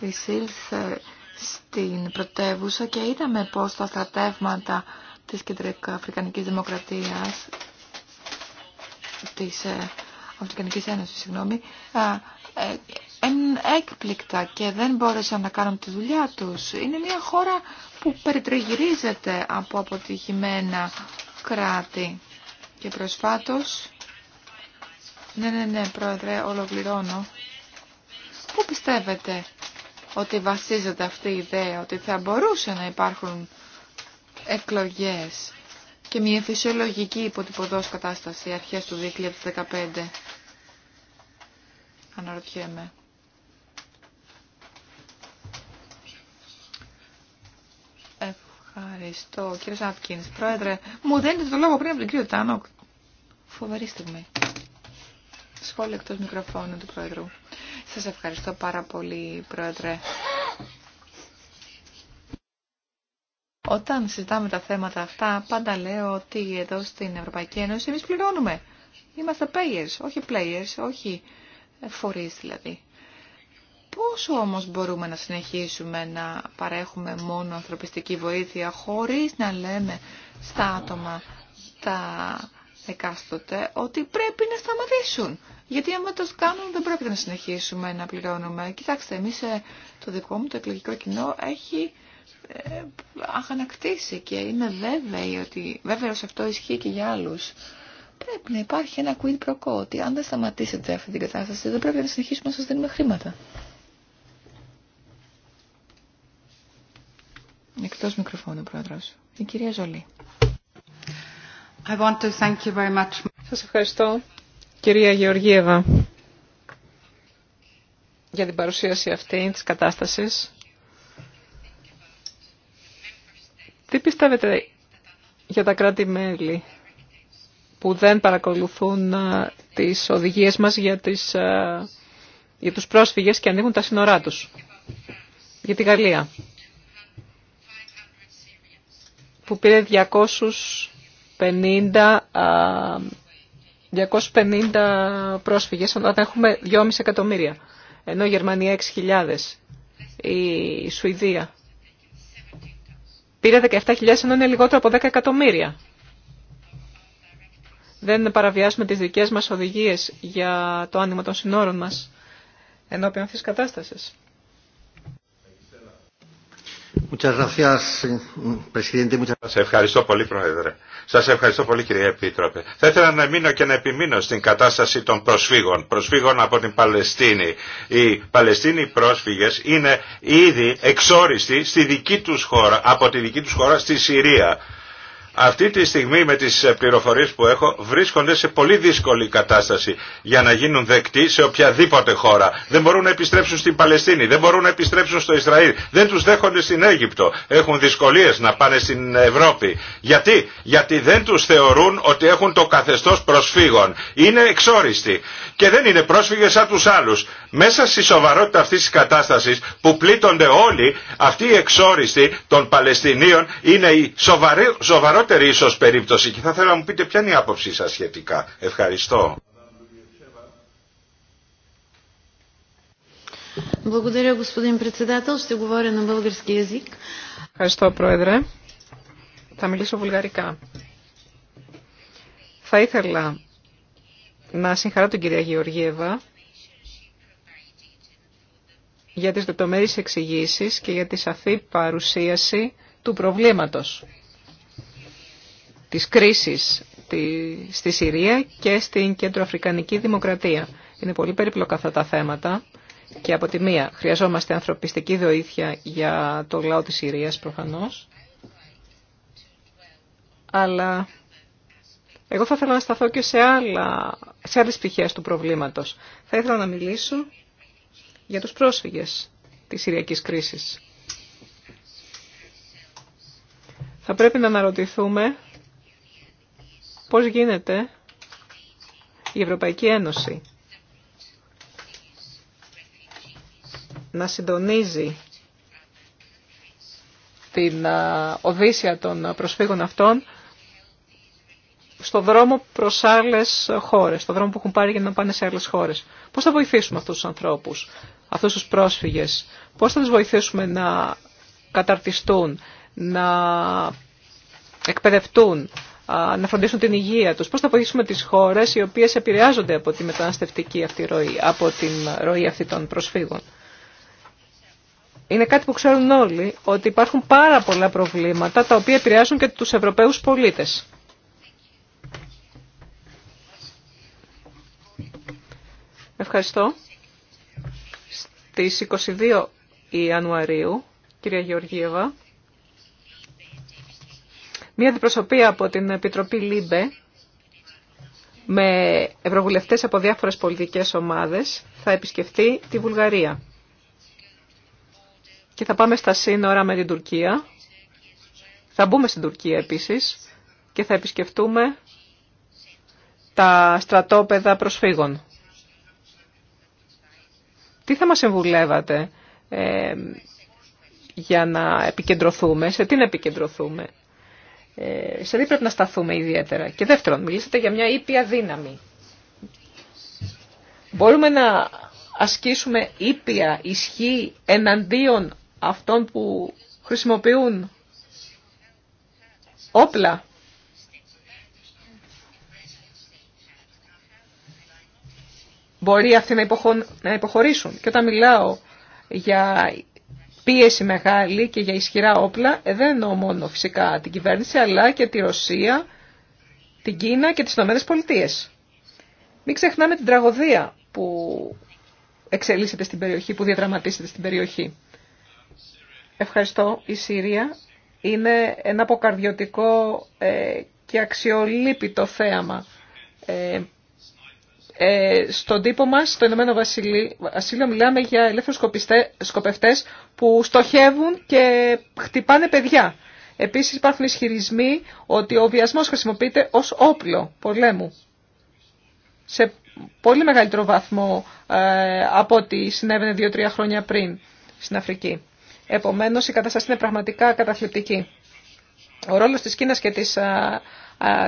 εισήλθε στην πρωτεύουσα και είδαμε πως τα στρατεύματα της Αφρικανικής Δημοκρατίας της ε, Αφρικανικής Ένωσης, συγγνώμη, ε, έκπληκτα και δεν μπόρεσαν να κάνουν τη δουλειά τους. Είναι μια χώρα που περιτριγυρίζεται από αποτυχημένα κράτη. Και προσφάτως, ναι, ναι, ναι, πρόεδρε, ολοκληρώνω. Πού πιστεύετε ότι βασίζεται αυτή η ιδέα, ότι θα μπορούσε να υπάρχουν εκλογές και μια φυσιολογική υποτυπωδός κατάσταση αρχές του 2015. Αναρωτιέμαι. Ευχαριστώ, κύριε Σάφκιν. Πρόεδρε, μου δέντε το λόγο πριν από τον κύριο Τάνοκ. Φοβερή στιγμή. Σχόλιο εκτό μικροφώνου του Πρόεδρου. Σα ευχαριστώ πάρα πολύ, Πρόεδρε. Όταν συζητάμε τα θέματα αυτά, πάντα λέω ότι εδώ στην Ευρωπαϊκή Ένωση εμεί πληρώνουμε. Είμαστε payers, όχι players, όχι Φορεί, δηλαδή. Πόσο όμως μπορούμε να συνεχίσουμε να παρέχουμε μόνο ανθρωπιστική βοήθεια χωρίς να λέμε στα άτομα τα εκάστοτε ότι πρέπει να σταματήσουν. Γιατί άμα το κάνουν δεν πρέπει να συνεχίσουμε να πληρώνουμε. Κοιτάξτε, εμείς ε, το δικό μου το εκλογικό κοινό έχει ε, αγανακτήσει και είναι βέβαιοι ότι βέβαια σε αυτό ισχύει και για άλλους. Πρέπει να υπάρχει ένα quid pro quo ότι αν δεν σταματήσετε αυτή την κατάσταση δεν πρέπει να συνεχίσουμε να σας δίνουμε χρήματα. Εκτός μικροφώνου, Πρόεδρος. Η κυρία Ζολή. I want to thank you very much. Σας ευχαριστώ, κυρία Γεωργίεβα, για την παρουσίαση αυτή της κατάστασης. Τι πιστεύετε για τα κράτη-μέλη που δεν παρακολουθούν ε, τις οδηγίες μας για, τις, ε, για τους πρόσφυγες και ανοίγουν τα σύνορά τους. Για τη Γαλλία που πήρε 250, 250 πρόσφυγες όταν έχουμε 2,5 εκατομμύρια. Ενώ η Γερμανία 6.000, η Σουηδία πήρε 17.000 ενώ είναι λιγότερο από 10 εκατομμύρια. Δεν παραβιάσουμε τις δικές μας οδηγίες για το άνοιγμα των συνόρων μας ενώπιον αυτής κατάστασης. Σας ευχαριστώ πολύ, Πρόεδρε. Σας ευχαριστώ πολύ, κύριε Επίτροπε. Θα ήθελα να μείνω και να επιμείνω στην κατάσταση των προσφύγων, προσφύγων από την Παλαιστίνη. Οι Παλαιστίνοι πρόσφυγες είναι ήδη εξόριστοι στη δική τους χώρα, από τη δική τους χώρα στη Συρία αυτή τη στιγμή με τις ε, πληροφορίες που έχω βρίσκονται σε πολύ δύσκολη κατάσταση για να γίνουν δεκτοί σε οποιαδήποτε χώρα. Δεν μπορούν να επιστρέψουν στην Παλαιστίνη, δεν μπορούν να επιστρέψουν στο Ισραήλ, δεν τους δέχονται στην Αίγυπτο, έχουν δυσκολίες να πάνε στην Ευρώπη. Γιατί, Γιατί δεν τους θεωρούν ότι έχουν το καθεστώς προσφύγων. Είναι εξόριστοι και δεν είναι πρόσφυγες σαν τους άλλους. Μέσα στη σοβαρότητα αυτής της κατάστασης που πλήττονται όλοι, αυτοί οι εξόριστοι των Παλαιστινίων είναι η σοβαρότητα χειρότερη ίσως περίπτωση και θα θέλω να μου πείτε ποια είναι η άποψή σας σχετικά. Ευχαριστώ. Ευχαριστώ, Πρόεδρε. Θα μιλήσω βουλγαρικά. Θα ήθελα να συγχαρώ τον κυρία Γεωργίευα για τις λεπτομέρειες εξηγήσει και για τη σαφή παρουσίαση του προβλήματος της κρίσης στη Συρία και στην Κεντροαφρικανική Δημοκρατία. Είναι πολύ περίπλοκα αυτά τα θέματα και από τη μία χρειαζόμαστε ανθρωπιστική βοήθεια για το λαό της Συρίας προφανώς, αλλά εγώ θα ήθελα να σταθώ και σε, άλλα, σε άλλες πτυχές του προβλήματος. Θα ήθελα να μιλήσω για τους πρόσφυγες της Συριακής κρίσης. Θα πρέπει να αναρωτηθούμε Πώς γίνεται η Ευρωπαϊκή Ένωση να συντονίζει την οδύσσια των προσφύγων αυτών στο δρόμο προς άλλες χώρες, στο δρόμο που έχουν πάρει για να πάνε σε άλλες χώρες. Πώς θα βοηθήσουμε αυτούς τους ανθρώπους, αυτούς τους πρόσφυγες, πώς θα τους βοηθήσουμε να καταρτιστούν, να εκπαιδευτούν, να φροντίσουν την υγεία τους. Πώς θα βοηθήσουμε τις χώρες οι οποίες επηρεάζονται από τη μεταναστευτική αυτή ροή, από την ροή αυτή των προσφύγων. Είναι κάτι που ξέρουν όλοι, ότι υπάρχουν πάρα πολλά προβλήματα τα οποία επηρεάζουν και τους Ευρωπαίους πολίτες. Ευχαριστώ. Στις 22 Ιανουαρίου, κυρία Γεωργίευα, Μία αντιπροσωπεία από την Επιτροπή ΛΥΜΠΕ με ευρωβουλευτές από διάφορες πολιτικές ομάδες θα επισκεφτεί τη Βουλγαρία. Και θα πάμε στα σύνορα με την Τουρκία. Θα μπούμε στην Τουρκία επίσης και θα επισκεφτούμε τα στρατόπεδα προσφύγων. Τι θα μας συμβουλεύατε ε, για να επικεντρωθούμε, σε τι να επικεντρωθούμε. Ε, σε τι πρέπει να σταθούμε ιδιαίτερα. Και δεύτερον, μιλήσατε για μια ήπια δύναμη. Μπορούμε να ασκήσουμε ήπια ισχύ εναντίον αυτών που χρησιμοποιούν όπλα. Μπορεί αυτοί να, υποχωρήσουν. Και όταν μιλάω για πίεση μεγάλη και για ισχυρά όπλα, ε, δεν εννοώ μόνο φυσικά την κυβέρνηση, αλλά και τη Ρωσία, την Κίνα και τις Ηνωμένες Πολιτείες. Μην ξεχνάμε την τραγωδία που εξελίσσεται στην περιοχή, που διαδραματίζεται στην περιοχή. Ευχαριστώ. Η Συρία είναι ένα αποκαρδιωτικό ε, και αξιολύπητο θέαμα ε, ε, στον τύπο μας, στο Ηνωμένο Βασίλειο, μιλάμε για ελεύθερου σκοπευτέ που στοχεύουν και χτυπάνε παιδιά. Επίσης υπάρχουν ισχυρισμοί ότι ο βιασμό χρησιμοποιείται ως όπλο πολέμου. Σε πολύ μεγαλύτερο βαθμό ε, από ό,τι συνέβαινε δύο-τρία χρόνια πριν στην Αφρική. Επομένως η κατάσταση είναι πραγματικά καταθλιπτική. Ο ρόλος της Κίνας και ε,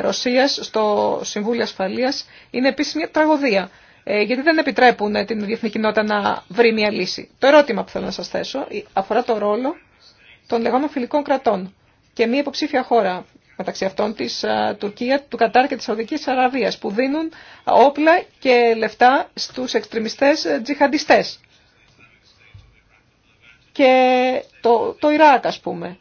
Ρωσίας στο Συμβούλιο Ασφαλείας είναι επίσης μια τραγωδία. Ε, γιατί δεν επιτρέπουν ε, την διεθνή κοινότητα να βρει μια λύση. Το ερώτημα που θέλω να σας θέσω ε, αφορά το ρόλο των λεγόμενων φιλικών κρατών και μια υποψήφια χώρα μεταξύ αυτών της Τουρκία, του Κατάρ και τη Σαουδική Αραβία, που δίνουν όπλα και λεφτά στου εξτρεμιστές τζιχαντιστές. Και το, το Ιράκ ας πούμε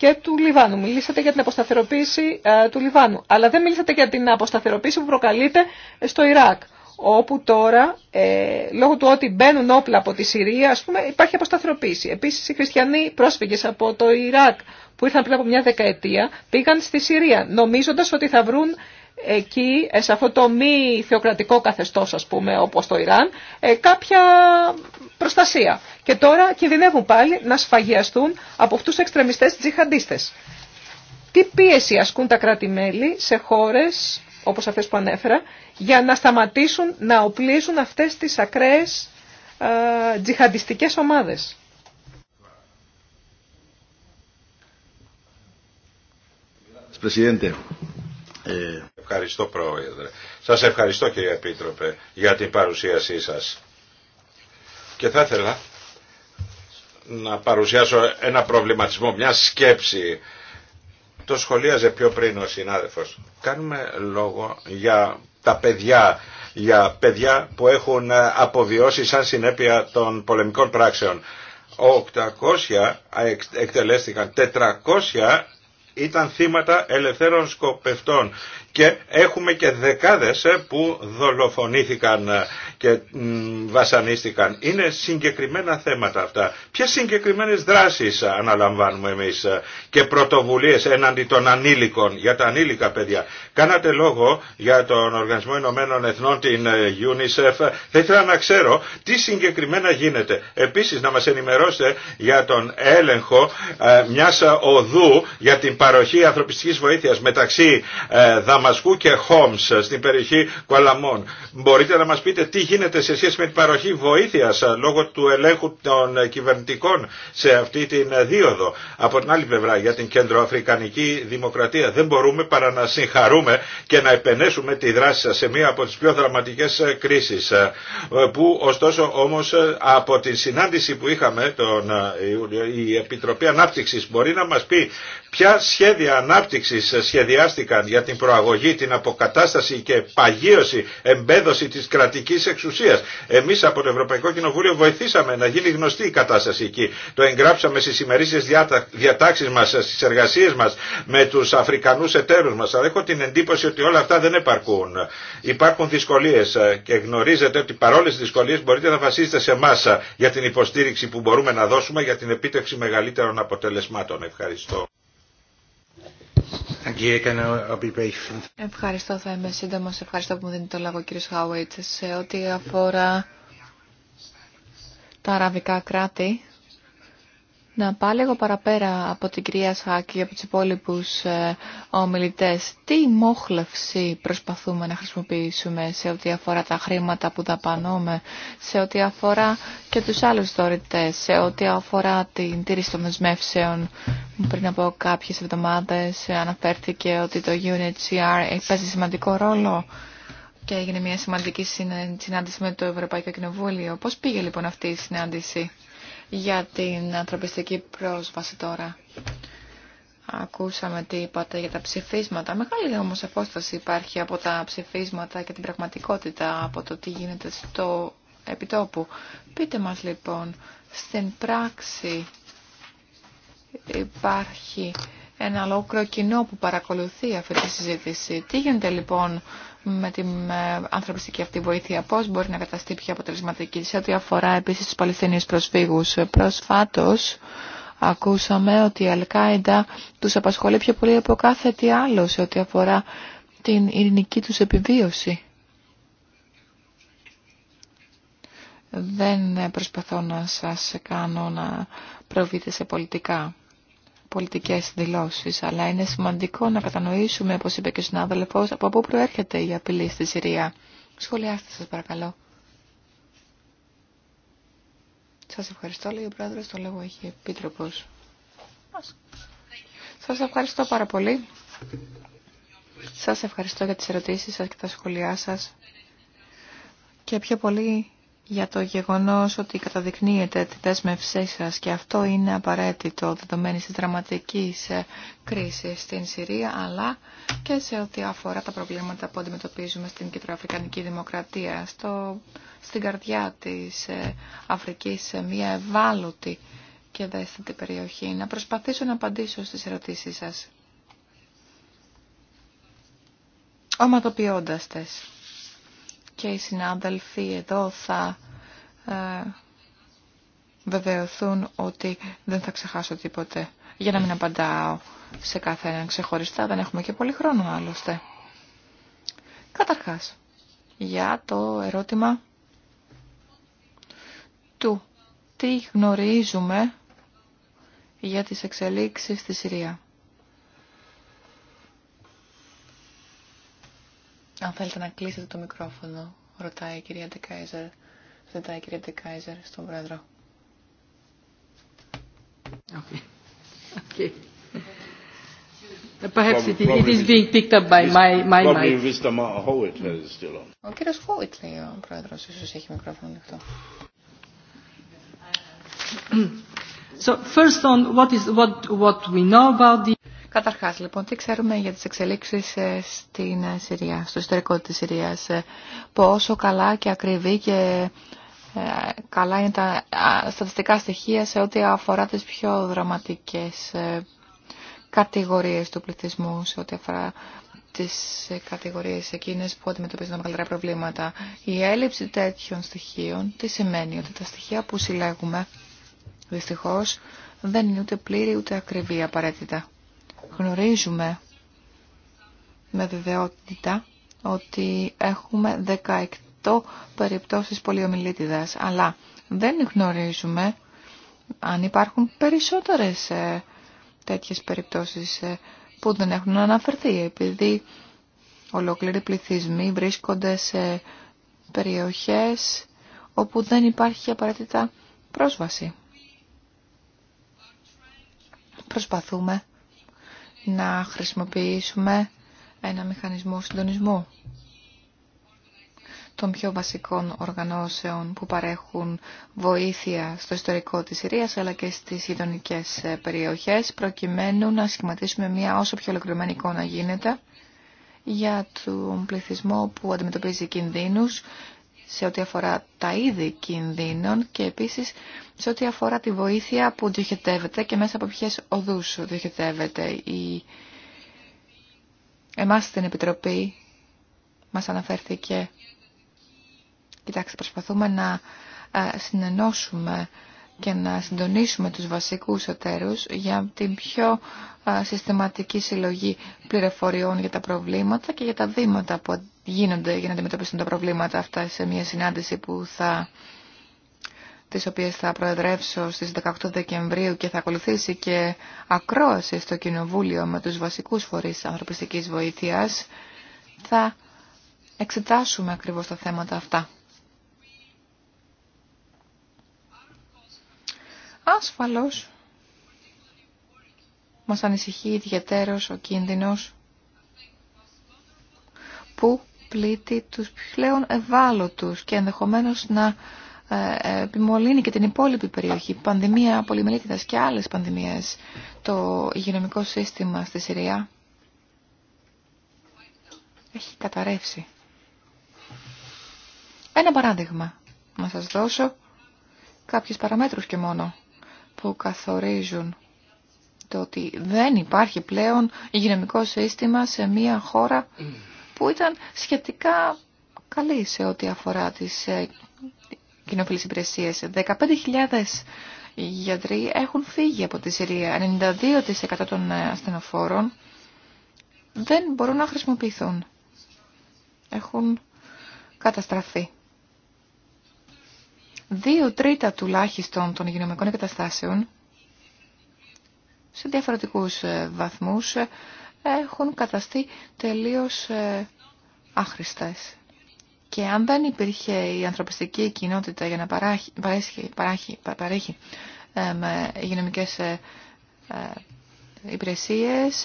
και του Λιβάνου. Μιλήσατε για την αποσταθεροποίηση ε, του Λιβάνου, αλλά δεν μιλήσατε για την αποσταθεροποίηση που προκαλείται στο Ιράκ, όπου τώρα, ε, λόγω του ότι μπαίνουν όπλα από τη Συρία, ας πούμε, υπάρχει αποσταθεροποίηση. Επίσης, οι χριστιανοί πρόσφυγες από το Ιράκ, που ήρθαν πριν από μια δεκαετία, πήγαν στη Συρία, νομίζοντας ότι θα βρουν εκεί, ε, σε αυτό το μη θεοκρατικό καθεστώς, ας πούμε, όπως το Ιράν, ε, κάποια προστασία. Και τώρα κινδυνεύουν πάλι να σφαγιαστούν από αυτούς τους εξτρεμιστές τζιχαντίστες. Τι πίεση ασκούν τα κράτη-μέλη σε χώρες, όπως αυτές που ανέφερα, για να σταματήσουν να οπλίζουν αυτές τις ακραίες ε, τζιχαντιστικές ομάδες. Ε, ευχαριστώ Πρόεδρε. Σας ευχαριστώ κύριε Επίτροπε για την παρουσίασή σας. Και θα ήθελα να παρουσιάσω ένα προβληματισμό, μια σκέψη. Το σχολίαζε πιο πριν ο συνάδελφος. Κάνουμε λόγο για τα παιδιά, για παιδιά που έχουν ε, αποβιώσει σαν συνέπεια των πολεμικών πράξεων. 800 ε, εκτελέστηκαν, 400 ήταν θύματα ελευθέρων σκοπευτών και έχουμε και δεκάδες ε, που δολοφονήθηκαν ε, και βασανίστηκαν. Είναι συγκεκριμένα θέματα αυτά. Ποιες συγκεκριμένες δράσεις αναλαμβάνουμε εμείς ε, και πρωτοβουλίες έναντι των ανήλικων, για τα ανήλικα παιδιά. Κάνατε λόγο για τον Οργανισμό Ηνωμένων Εθνών, την UNICEF. Θα ήθελα να ξέρω τι συγκεκριμένα γίνεται. Επίσης να μας ενημερώσετε για τον έλεγχο μιας οδού για την παροχή ανθρωπιστικής βοήθειας μεταξύ Μασκού και Χόμς ε, στην περιοχή Κουαλαμών. Μπορείτε να μας πείτε τι γίνεται σε σχέση με την παροχή βοήθειας ε, λόγω του ελέγχου των ε, κυβερνητικών σε αυτή την δίωδο. Από την άλλη πλευρά για την κεντροαφρικανική δημοκρατία δεν μπορούμε παρά να συγχαρούμε και να επενέσουμε τη δράση σας σε μία από τις πιο δραματικές κρίσεις που ωστόσο όμως από την συνάντηση που είχαμε τον, η Επιτροπή Ανάπτυξης μπορεί να μας πει ποια σχέδια ανάπτυξης σχεδιάστηκαν για την την αποκατάσταση και παγίωση, εμπέδωση της κρατικής εξουσίας. Εμείς από το Ευρωπαϊκό Κοινοβούλιο βοηθήσαμε να γίνει γνωστή η κατάσταση εκεί. Το εγγράψαμε στις ημερήσεις διατάξεις μας, στις εργασίες μας με τους Αφρικανούς εταίρους μας. Αλλά έχω την εντύπωση ότι όλα αυτά δεν επαρκούν. Υπάρχουν δυσκολίες ε, και γνωρίζετε ότι παρόλες τις δυσκολίες μπορείτε να βασίζετε σε εμά ε, για την υποστήριξη που μπορούμε να δώσουμε για την επίτευξη μεγαλύτερων αποτελεσμάτων. Ευχαριστώ. Ευχαριστώ, θα είμαι σύντομος. Ευχαριστώ που μου δίνει το λόγο, κύριε Χάουιτ. Σε ό,τι αφορά τα αραβικά κράτη, να πάω λίγο παραπέρα από την κυρία Σάκη και από τους υπόλοιπους ε, ομιλητές. Τι μόχλευση προσπαθούμε να χρησιμοποιήσουμε σε ό,τι αφορά τα χρήματα που δαπανούμε, σε ό,τι αφορά και τους άλλους δωρητές, σε ό,τι αφορά την τήρηση των δεσμεύσεων. Πριν από κάποιες εβδομάδες αναφέρθηκε ότι το UNHCR παίζει σημαντικό ρόλο και έγινε μια σημαντική συνάντηση με το Ευρωπαϊκό Κοινοβούλιο. Πώς πήγε λοιπόν αυτή η συνάντηση για την ανθρωπιστική πρόσβαση τώρα. Ακούσαμε τι είπατε για τα ψηφίσματα. Μεγάλη όμως απόσταση υπάρχει από τα ψηφίσματα και την πραγματικότητα από το τι γίνεται στο επιτόπου. Πείτε μας λοιπόν, στην πράξη υπάρχει ένα ολόκληρο κοινό που παρακολουθεί αυτή τη συζήτηση. Τι γίνεται λοιπόν με την ε, ανθρωπιστική αυτή βοήθεια, πώς μπορεί να καταστεί πιο αποτελεσματική σε ό,τι αφορά επίσης τους Παλαιστινίους προσφύγους. Προσφάτως ακούσαμε ότι η Αλκάιντα τους απασχολεί πιο πολύ από κάθε τι άλλο σε ό,τι αφορά την ειρηνική τους επιβίωση. Δεν προσπαθώ να σας κάνω να προβείτε σε πολιτικά πολιτικές δηλώσεις, αλλά είναι σημαντικό να κατανοήσουμε, όπως είπε και ο συνάδελφος, από πού προέρχεται η απειλή στη Συρία. Σχολιάστε σας παρακαλώ. Σας ευχαριστώ, λέει ο Πρόεδρος, το λόγο έχει επίτροπος. Σας ευχαριστώ πάρα πολύ. Σας ευχαριστώ για τις ερωτήσεις σας και τα σχόλιά σας. Και πιο πολύ για το γεγονός ότι καταδεικνύεται τη δέσμευσή σας και αυτό είναι απαραίτητο δεδομένη της δραματικής ε, κρίσης στην Συρία αλλά και σε ό,τι αφορά τα προβλήματα που αντιμετωπίζουμε στην Κεντροαφρικανική Δημοκρατία στο, στην καρδιά της ε, Αφρικής σε μια ευάλωτη και δεύτερη περιοχή. Να προσπαθήσω να απαντήσω στις ερωτήσεις σας. Οματοποιώντας τες και οι συνάδελφοι εδώ θα ε, βεβαιωθούν ότι δεν θα ξεχάσω τίποτε. Για να μην απαντάω σε κάθε έναν ξεχωριστά, δεν έχουμε και πολύ χρόνο άλλωστε. Καταρχάς, για το ερώτημα του τι γνωρίζουμε για τις εξελίξεις στη Συρία. Αν θέλετε να κλείσετε το μικρόφωνο, ρωτάει η κυρία Ντεκάιζερ, ζητάει η κυρία Ντεκάιζερ στον πρόεδρο. Okay. Okay. Perhaps it, it is being picked up by my, my mic. Ο κύριος Χόιτ λέει ο πρόεδρος, ίσως έχει μικρόφωνο ανοιχτό. So first on what is what what we know about the Καταρχάς, λοιπόν, τι ξέρουμε για τις εξελίξεις ε, στην ε, Συρία, στο ιστορικό της Συρίας. Ε, πόσο καλά και ακριβή και καλά είναι τα στατιστικά στοιχεία σε ό,τι αφορά τις πιο δραματικές κατηγορίες του πληθυσμού, σε ό,τι αφορά τις κατηγορίες εκείνες που αντιμετωπίζουν τα μεγαλύτερα προβλήματα. Η έλλειψη τέτοιων στοιχείων τι σημαίνει ότι τα στοιχεία που συλλέγουμε δυστυχώς δεν είναι ούτε πλήρη ούτε ακριβή απαραίτητα γνωρίζουμε με βεβαιότητα ότι έχουμε 18 περιπτώσεις πολιομιλίτιδας, αλλά δεν γνωρίζουμε αν υπάρχουν περισσότερες ε, τέτοιες περιπτώσεις ε, που δεν έχουν αναφερθεί, επειδή ολόκληροι πληθυσμοί βρίσκονται σε περιοχές όπου δεν υπάρχει απαραίτητα πρόσβαση. Προσπαθούμε να χρησιμοποιήσουμε ένα μηχανισμό συντονισμού των πιο βασικών οργανώσεων που παρέχουν βοήθεια στο ιστορικό της Συρίας αλλά και στις γειτονικέ ε, περιοχές προκειμένου να σχηματίσουμε μια όσο πιο ολοκληρωμένη εικόνα γίνεται για τον πληθυσμό που αντιμετωπίζει κινδύνους σε ό,τι αφορά τα είδη κινδύνων και επίσης σε ό,τι αφορά τη βοήθεια που διοχετεύεται και μέσα από ποιες οδούς διοχετεύεται. Η... Εμάς στην Επιτροπή μας αναφέρθηκε, κοιτάξτε, προσπαθούμε να ε, συνενώσουμε και να συντονίσουμε τους βασικούς εταίρους για την πιο συστηματική συλλογή πληροφοριών για τα προβλήματα και για τα βήματα που γίνονται για να αντιμετωπίσουν τα προβλήματα αυτά σε μια συνάντηση που θα τις οποίες θα προεδρεύσω στις 18 Δεκεμβρίου και θα ακολουθήσει και ακρόαση στο Κοινοβούλιο με τους βασικούς φορείς ανθρωπιστικής βοήθειας, θα εξετάσουμε ακριβώς τα θέματα αυτά. Άσφαλος μας ανησυχεί ιδιαίτερος ο κίνδυνος που πλήττει τους πλέον ευάλωτους και ενδεχομένως να ε, ε, επιμολύνει και την υπόλοιπη περιοχή. Πανδημία πολυμελίτιδας και άλλες πανδημίες το υγειονομικό σύστημα στη Συρία έχει καταρρεύσει. Ένα παράδειγμα να σας δώσω κάποιες παραμέτρους και μόνο που καθορίζουν το ότι δεν υπάρχει πλέον υγειονομικό σύστημα σε μια χώρα που ήταν σχετικά καλή σε ό,τι αφορά τις ε, κοινοφιλείς υπηρεσίες. 15.000 γιατροί έχουν φύγει από τη Συρία. 92% των ε, ασθενοφόρων δεν μπορούν να χρησιμοποιηθούν. Έχουν καταστραφεί δύο τρίτα τουλάχιστον των υγειονομικών εγκαταστάσεων σε διαφορετικούς ε, βαθμούς ε, έχουν καταστεί τελείως ε, άχρηστες. Και αν δεν υπήρχε η ανθρωπιστική κοινότητα για να παράχει, παρέχει, παρέχει, παρέχει υπηρεσίες,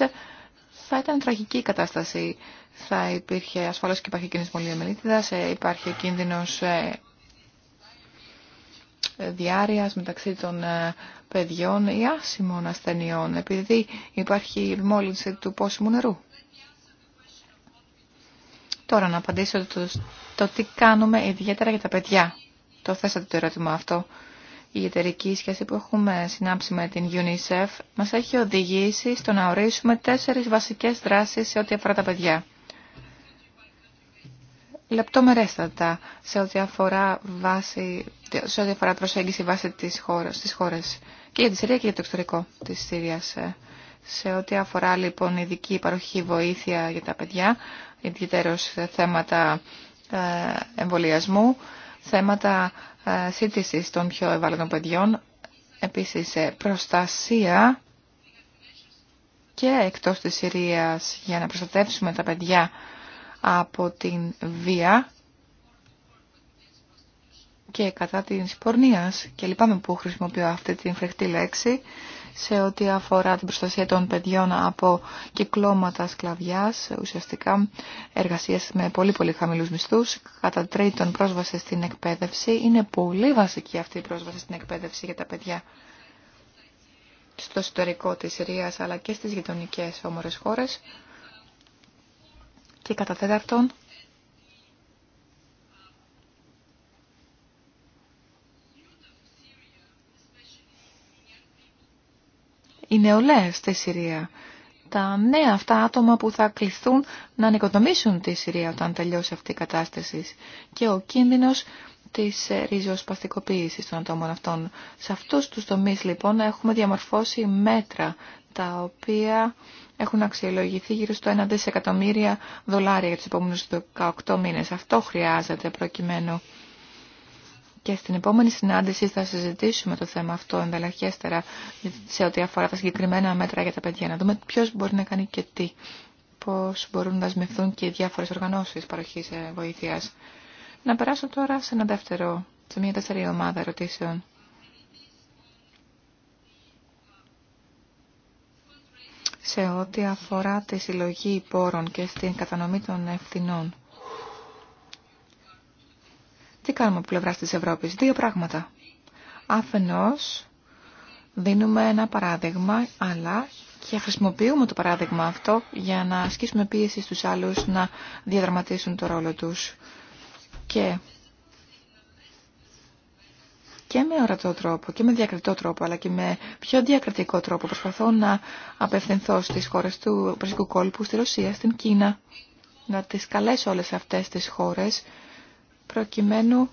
θα ήταν τραγική η κατάσταση. Θα υπήρχε ασφαλώς και υπάρχει κίνδυνος υπάρχει κίνδυνος διάρειας μεταξύ των ε, παιδιών ή άσημων ασθενειών, επειδή υπάρχει η ασημων ασθενειων επειδη υπαρχει μολυνση του πόσιμου νερού. Τώρα να απαντήσω το, τι κάνουμε ιδιαίτερα για τα παιδιά. Το θέσατε το ερώτημα αυτό. Η εταιρική σχέση που έχουμε συνάψει με την UNICEF μας έχει οδηγήσει στο να ορίσουμε τέσσερις βασικές δράσεις σε ό,τι αφορά τα παιδιά λεπτομερέστατα σε ό,τι αφορά, βάση, σε ό,τι αφορά προσέγγιση βάση της χώρας, της και για τη Συρία και για το εξωτερικό της Συρίας. Ε, σε ό,τι αφορά λοιπόν ειδική παροχή βοήθεια για τα παιδιά, σε θέματα ε, εμβολιασμού, θέματα ε, σύντησης των πιο ευάλωτων παιδιών, επίσης προστασία και εκτός της Συρίας για να προστατεύσουμε τα παιδιά από την βία και κατά της πορνείας και λυπάμαι που χρησιμοποιώ αυτή την φρεχτή λέξη σε ό,τι αφορά την προστασία των παιδιών από κυκλώματα σκλαβιάς, ουσιαστικά εργασίες με πολύ πολύ χαμηλούς μισθούς. Κατά τρίτον, πρόσβαση στην εκπαίδευση. Είναι πολύ βασική αυτή η πρόσβαση στην εκπαίδευση για τα παιδιά στο εσωτερικό της Συρίας αλλά και στις γειτονικές όμορες χώρες. Και κατά τέταρτον, οι νεολαίες στη Συρία, τα νέα αυτά άτομα που θα κληθούν να ανοικοδομήσουν τη Συρία όταν τελειώσει αυτή η κατάσταση. Και ο κίνδυνος της ε, ριζοσπαστικοποίησης των ατόμων αυτών. Σε αυτούς τους τομείς λοιπόν έχουμε διαμορφώσει μέτρα τα οποία έχουν αξιολογηθεί γύρω στο 1 δισεκατομμύρια δολάρια για τους επόμενους 18 μήνες. Αυτό χρειάζεται προκειμένου. Και στην επόμενη συνάντηση θα συζητήσουμε το θέμα αυτό ενδελαχέστερα σε ό,τι αφορά τα συγκεκριμένα μέτρα για τα παιδιά. Να δούμε Ποιο μπορεί να κάνει και τι. Πώς μπορούν να δεσμευτούν και οι διάφορες οργανώσεις παροχής ε, βοήθειας. Να περάσω τώρα σε ένα δεύτερο, σε μια δεύτερη ομάδα ερωτήσεων. σε ό,τι αφορά τη συλλογή πόρων και στην κατανομή των ευθυνών. Τι κάνουμε από πλευρά της Ευρώπης. Δύο πράγματα. Αφενός, δίνουμε ένα παράδειγμα, αλλά και χρησιμοποιούμε το παράδειγμα αυτό για να ασκήσουμε πίεση στους άλλους να διαδραματίσουν το ρόλο τους και και με ορατό τρόπο και με διακριτό τρόπο αλλά και με πιο διακριτικό τρόπο προσπαθώ να απευθυνθώ στις χώρες του Πρεσικού κόλπου, στη Ρωσία, στην Κίνα να τις καλέσω όλες αυτές τις χώρες προκειμένου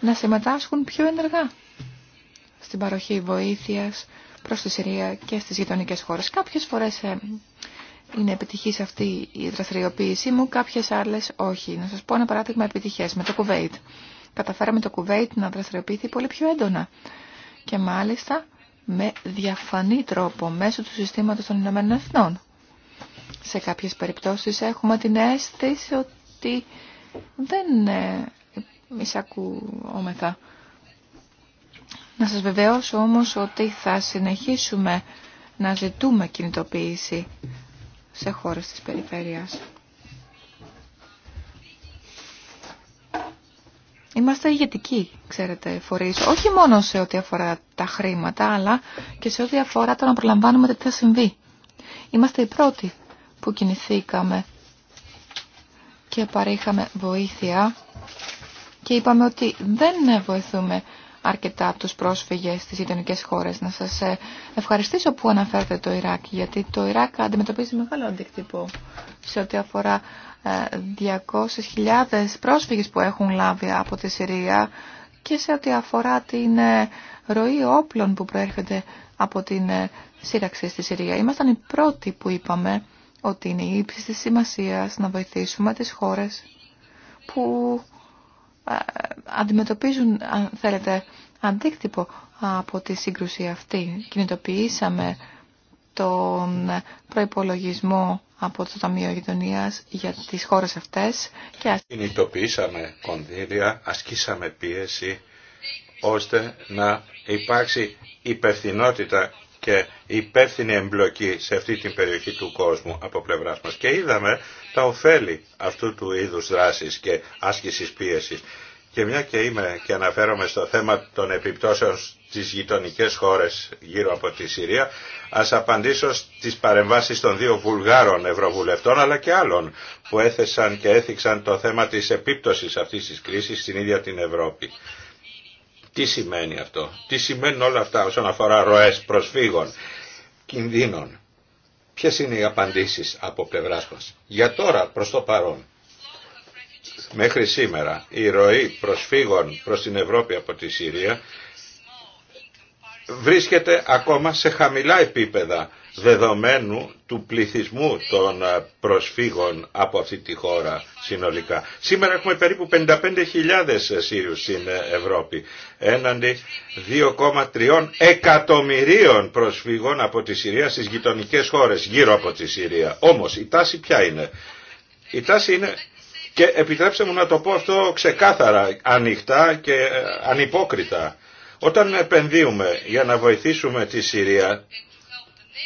να συμμετάσχουν πιο ενεργά στην παροχή βοήθειας προς τη Συρία και στις γειτονικές χώρες. Κάποιες φορές ε, είναι επιτυχής αυτή η δραστηριοποίησή μου, κάποιες άλλε όχι. Να σας πω ένα παράδειγμα επιτυχέ με το Κουβέιτ. Καταφέραμε το Κουβέιτ να δραστηριοποιηθεί πολύ πιο έντονα και μάλιστα με διαφανή τρόπο μέσω του συστήματος των Ηνωμένων Εθνών. Σε κάποιες περιπτώσεις έχουμε την αίσθηση ότι δεν ε, εισακούομεθα. Να σας βεβαιώσω όμως ότι θα συνεχίσουμε να ζητούμε κινητοποίηση σε χώρες της περιφέρειας. Είμαστε ηγετικοί, ξέρετε, φορείς, όχι μόνο σε ό,τι αφορά τα χρήματα, αλλά και σε ό,τι αφορά το να προλαμβάνουμε τι θα συμβεί. Είμαστε οι πρώτοι που κινηθήκαμε και παρήχαμε βοήθεια και είπαμε ότι δεν βοηθούμε αρκετά από τους πρόσφυγες στις γειτονικές χώρες. Να σας ε, ευχαριστήσω που αναφέρετε το Ιράκ, γιατί το Ιράκ αντιμετωπίζει μεγάλο αντίκτυπο σε ό,τι αφορά 200.000 ε, πρόσφυγες που έχουν λάβει από τη Συρία και σε ό,τι αφορά την ε, ροή όπλων που προέρχεται από την σύραξη στη Συρία. Ήμασταν οι πρώτοι που είπαμε ότι είναι η ύψη της σημασίας να βοηθήσουμε τις χώρες που αντιμετωπίζουν, αν θέλετε, αντίκτυπο από τη σύγκρουση αυτή. Κινητοποιήσαμε τον προϋπολογισμό από το Ταμείο Γειτονία για τις χώρες αυτές. Και... Κινητοποιήσαμε κονδύλια, ασκήσαμε πίεση ώστε να υπάρξει υπευθυνότητα και υπεύθυνη εμπλοκή σε αυτή την περιοχή του κόσμου από πλευράς μας. Και είδαμε τα ωφέλη αυτού του είδους δράσης και άσκησης πίεσης. Και μια και είμαι και αναφέρομαι στο θέμα των επιπτώσεων στις γειτονικέ χώρες γύρω από τη Συρία, ας απαντήσω στις παρεμβάσεις των δύο Βουλγάρων Ευρωβουλευτών αλλά και άλλων που έθεσαν και έθιξαν το θέμα της επίπτωσης αυτής της κρίσης στην ίδια την Ευρώπη. Τι σημαίνει αυτό, τι σημαίνουν όλα αυτά όσον αφορά ροές προσφύγων, κινδύνων. Ποιες είναι οι απαντήσεις από πλευράς Για τώρα, προς το παρόν, μέχρι σήμερα η ροή προσφύγων προς την Ευρώπη από τη Συρία βρίσκεται ακόμα σε χαμηλά επίπεδα δεδομένου του πληθυσμού των ε, προσφύγων από αυτή τη χώρα συνολικά. Σήμερα έχουμε περίπου 55.000 Σύριους στην ε, Ευρώπη, έναντι 2,3 εκατομμυρίων προσφύγων από τη Συρία στις γειτονικές χώρες γύρω από τη Συρία. Όμως η τάση ποια είναι. Η τάση είναι και επιτρέψτε μου να το πω αυτό ξεκάθαρα, ανοιχτά και ε, ανυπόκριτα. Όταν επενδύουμε για να βοηθήσουμε τη Συρία,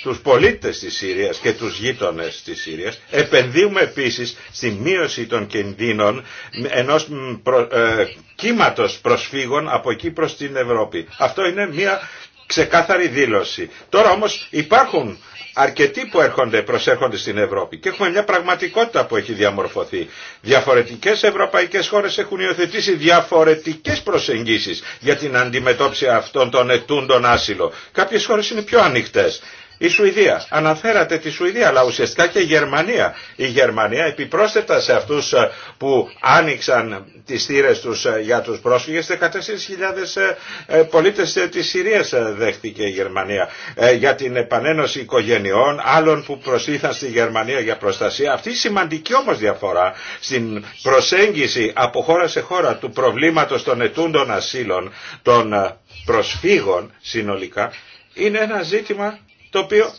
τους πολίτες της Συρίας και τους γείτονες της Συρίας. Επενδύουμε επίσης στη μείωση των κινδύνων ενός προ, ε, κύματος προσφύγων από εκεί προς την Ευρώπη. Αυτό είναι μια ξεκάθαρη δήλωση. Τώρα όμως υπάρχουν αρκετοί που έρχονται, προσέρχονται στην Ευρώπη και έχουμε μια πραγματικότητα που έχει διαμορφωθεί. Διαφορετικές ευρωπαϊκές χώρες έχουν υιοθετήσει διαφορετικές προσεγγίσεις για την αντιμετώπιση αυτών των ετούντων άσυλο. Κάποιες χώρες είναι πιο ανοιχτές. Η Σουηδία. Αναφέρατε τη Σουηδία, αλλά ουσιαστικά και η Γερμανία. Η Γερμανία επιπρόσθετα σε αυτού ε, που άνοιξαν τι θύρε του ε, για του πρόσφυγε, 14.000 ε, πολίτε τη Συρίας δέχτηκε η Γερμανία. Για την επανένωση οικογενειών, άλλων που προσήλθαν στη Γερμανία για προστασία. Αυτή η σημαντική όμω διαφορά στην προσέγγιση από χώρα σε χώρα του προβλήματο των ετούντων ασύλων, των προσφύγων συνολικά, είναι ένα ζήτημα το οποίο